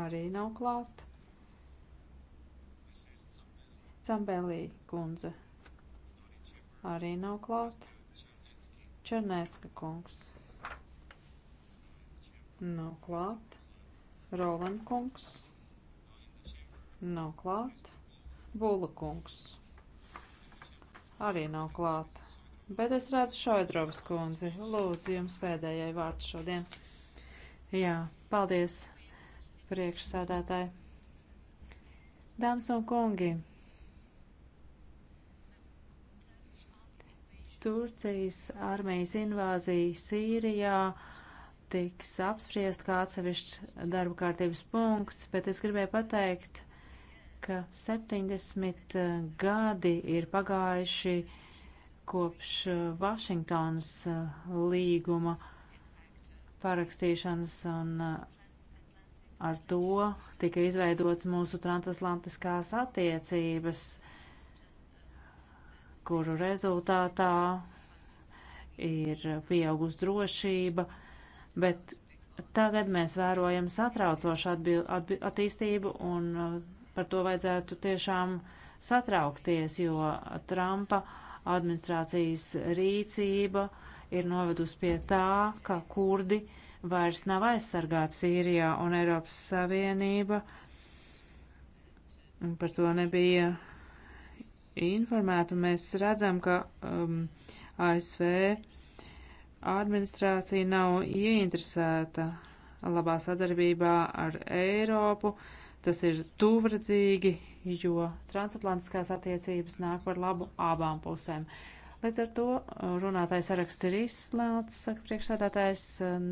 Arī nav klāt. Cambelī kundze arī nav klāt. Černēcka kungs nav klāt. Roland kungs nav klāt. Bula kungs arī nav klāt. Bet es redzu Šoidrovas kundzi. Lūdzu, jums pēdējai vārds šodien. Jā, paldies, priekšsādātāji. Dāmas un kungi, Turcijas armijas invāzija Sīrijā tiks apspriest kā atsevišķs darba kārtības punkts, bet es gribēju pateikt, ka 70 eh, gadi ir pagājuši kopš eh, Vašingtonas eh, līguma parakstīšanas un ar to tika izveidots mūsu transatlantiskās attiecības, kuru rezultātā ir pieaugus drošība, bet tagad mēs vērojam satraucošu attīstību un Par to vajadzētu tiešām satraukties, jo Trumpa administrācijas rīcība ir novedusi pie tā, ka kurdi vairs nav aizsargāti Sīrijā un Eiropas Savienība. Par to nebija informēta. Mēs redzam, ka um, ASV administrācija nav ieinteresēta labā sadarbībā ar Eiropu. Uh, Tas ir tūvredzīgi, jo transatlantiskās attiecības nāk par labu abām pusēm. Līdz ar to runātais saraksts ir izslēgts, saka priekšsēdētājs.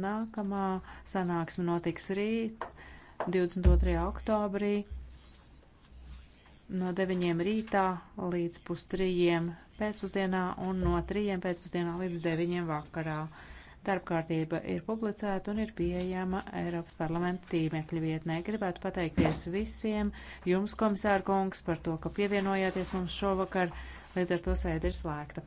Nākamā sanāksme notiks rīt, 22. oktobrī, no 9. rītā līdz pustrījiem pēcpusdienā un no 3. pēcpusdienā līdz 9. vakarā. Darbkārtība ir publicēta un ir pieejama Eiropas parlamenta tīmekļa vietnē. Gribētu pateikties visiem jums, komisāra kungs, par to, ka pievienojāties mums šovakar. Līdz ar to sēde ir slēgta.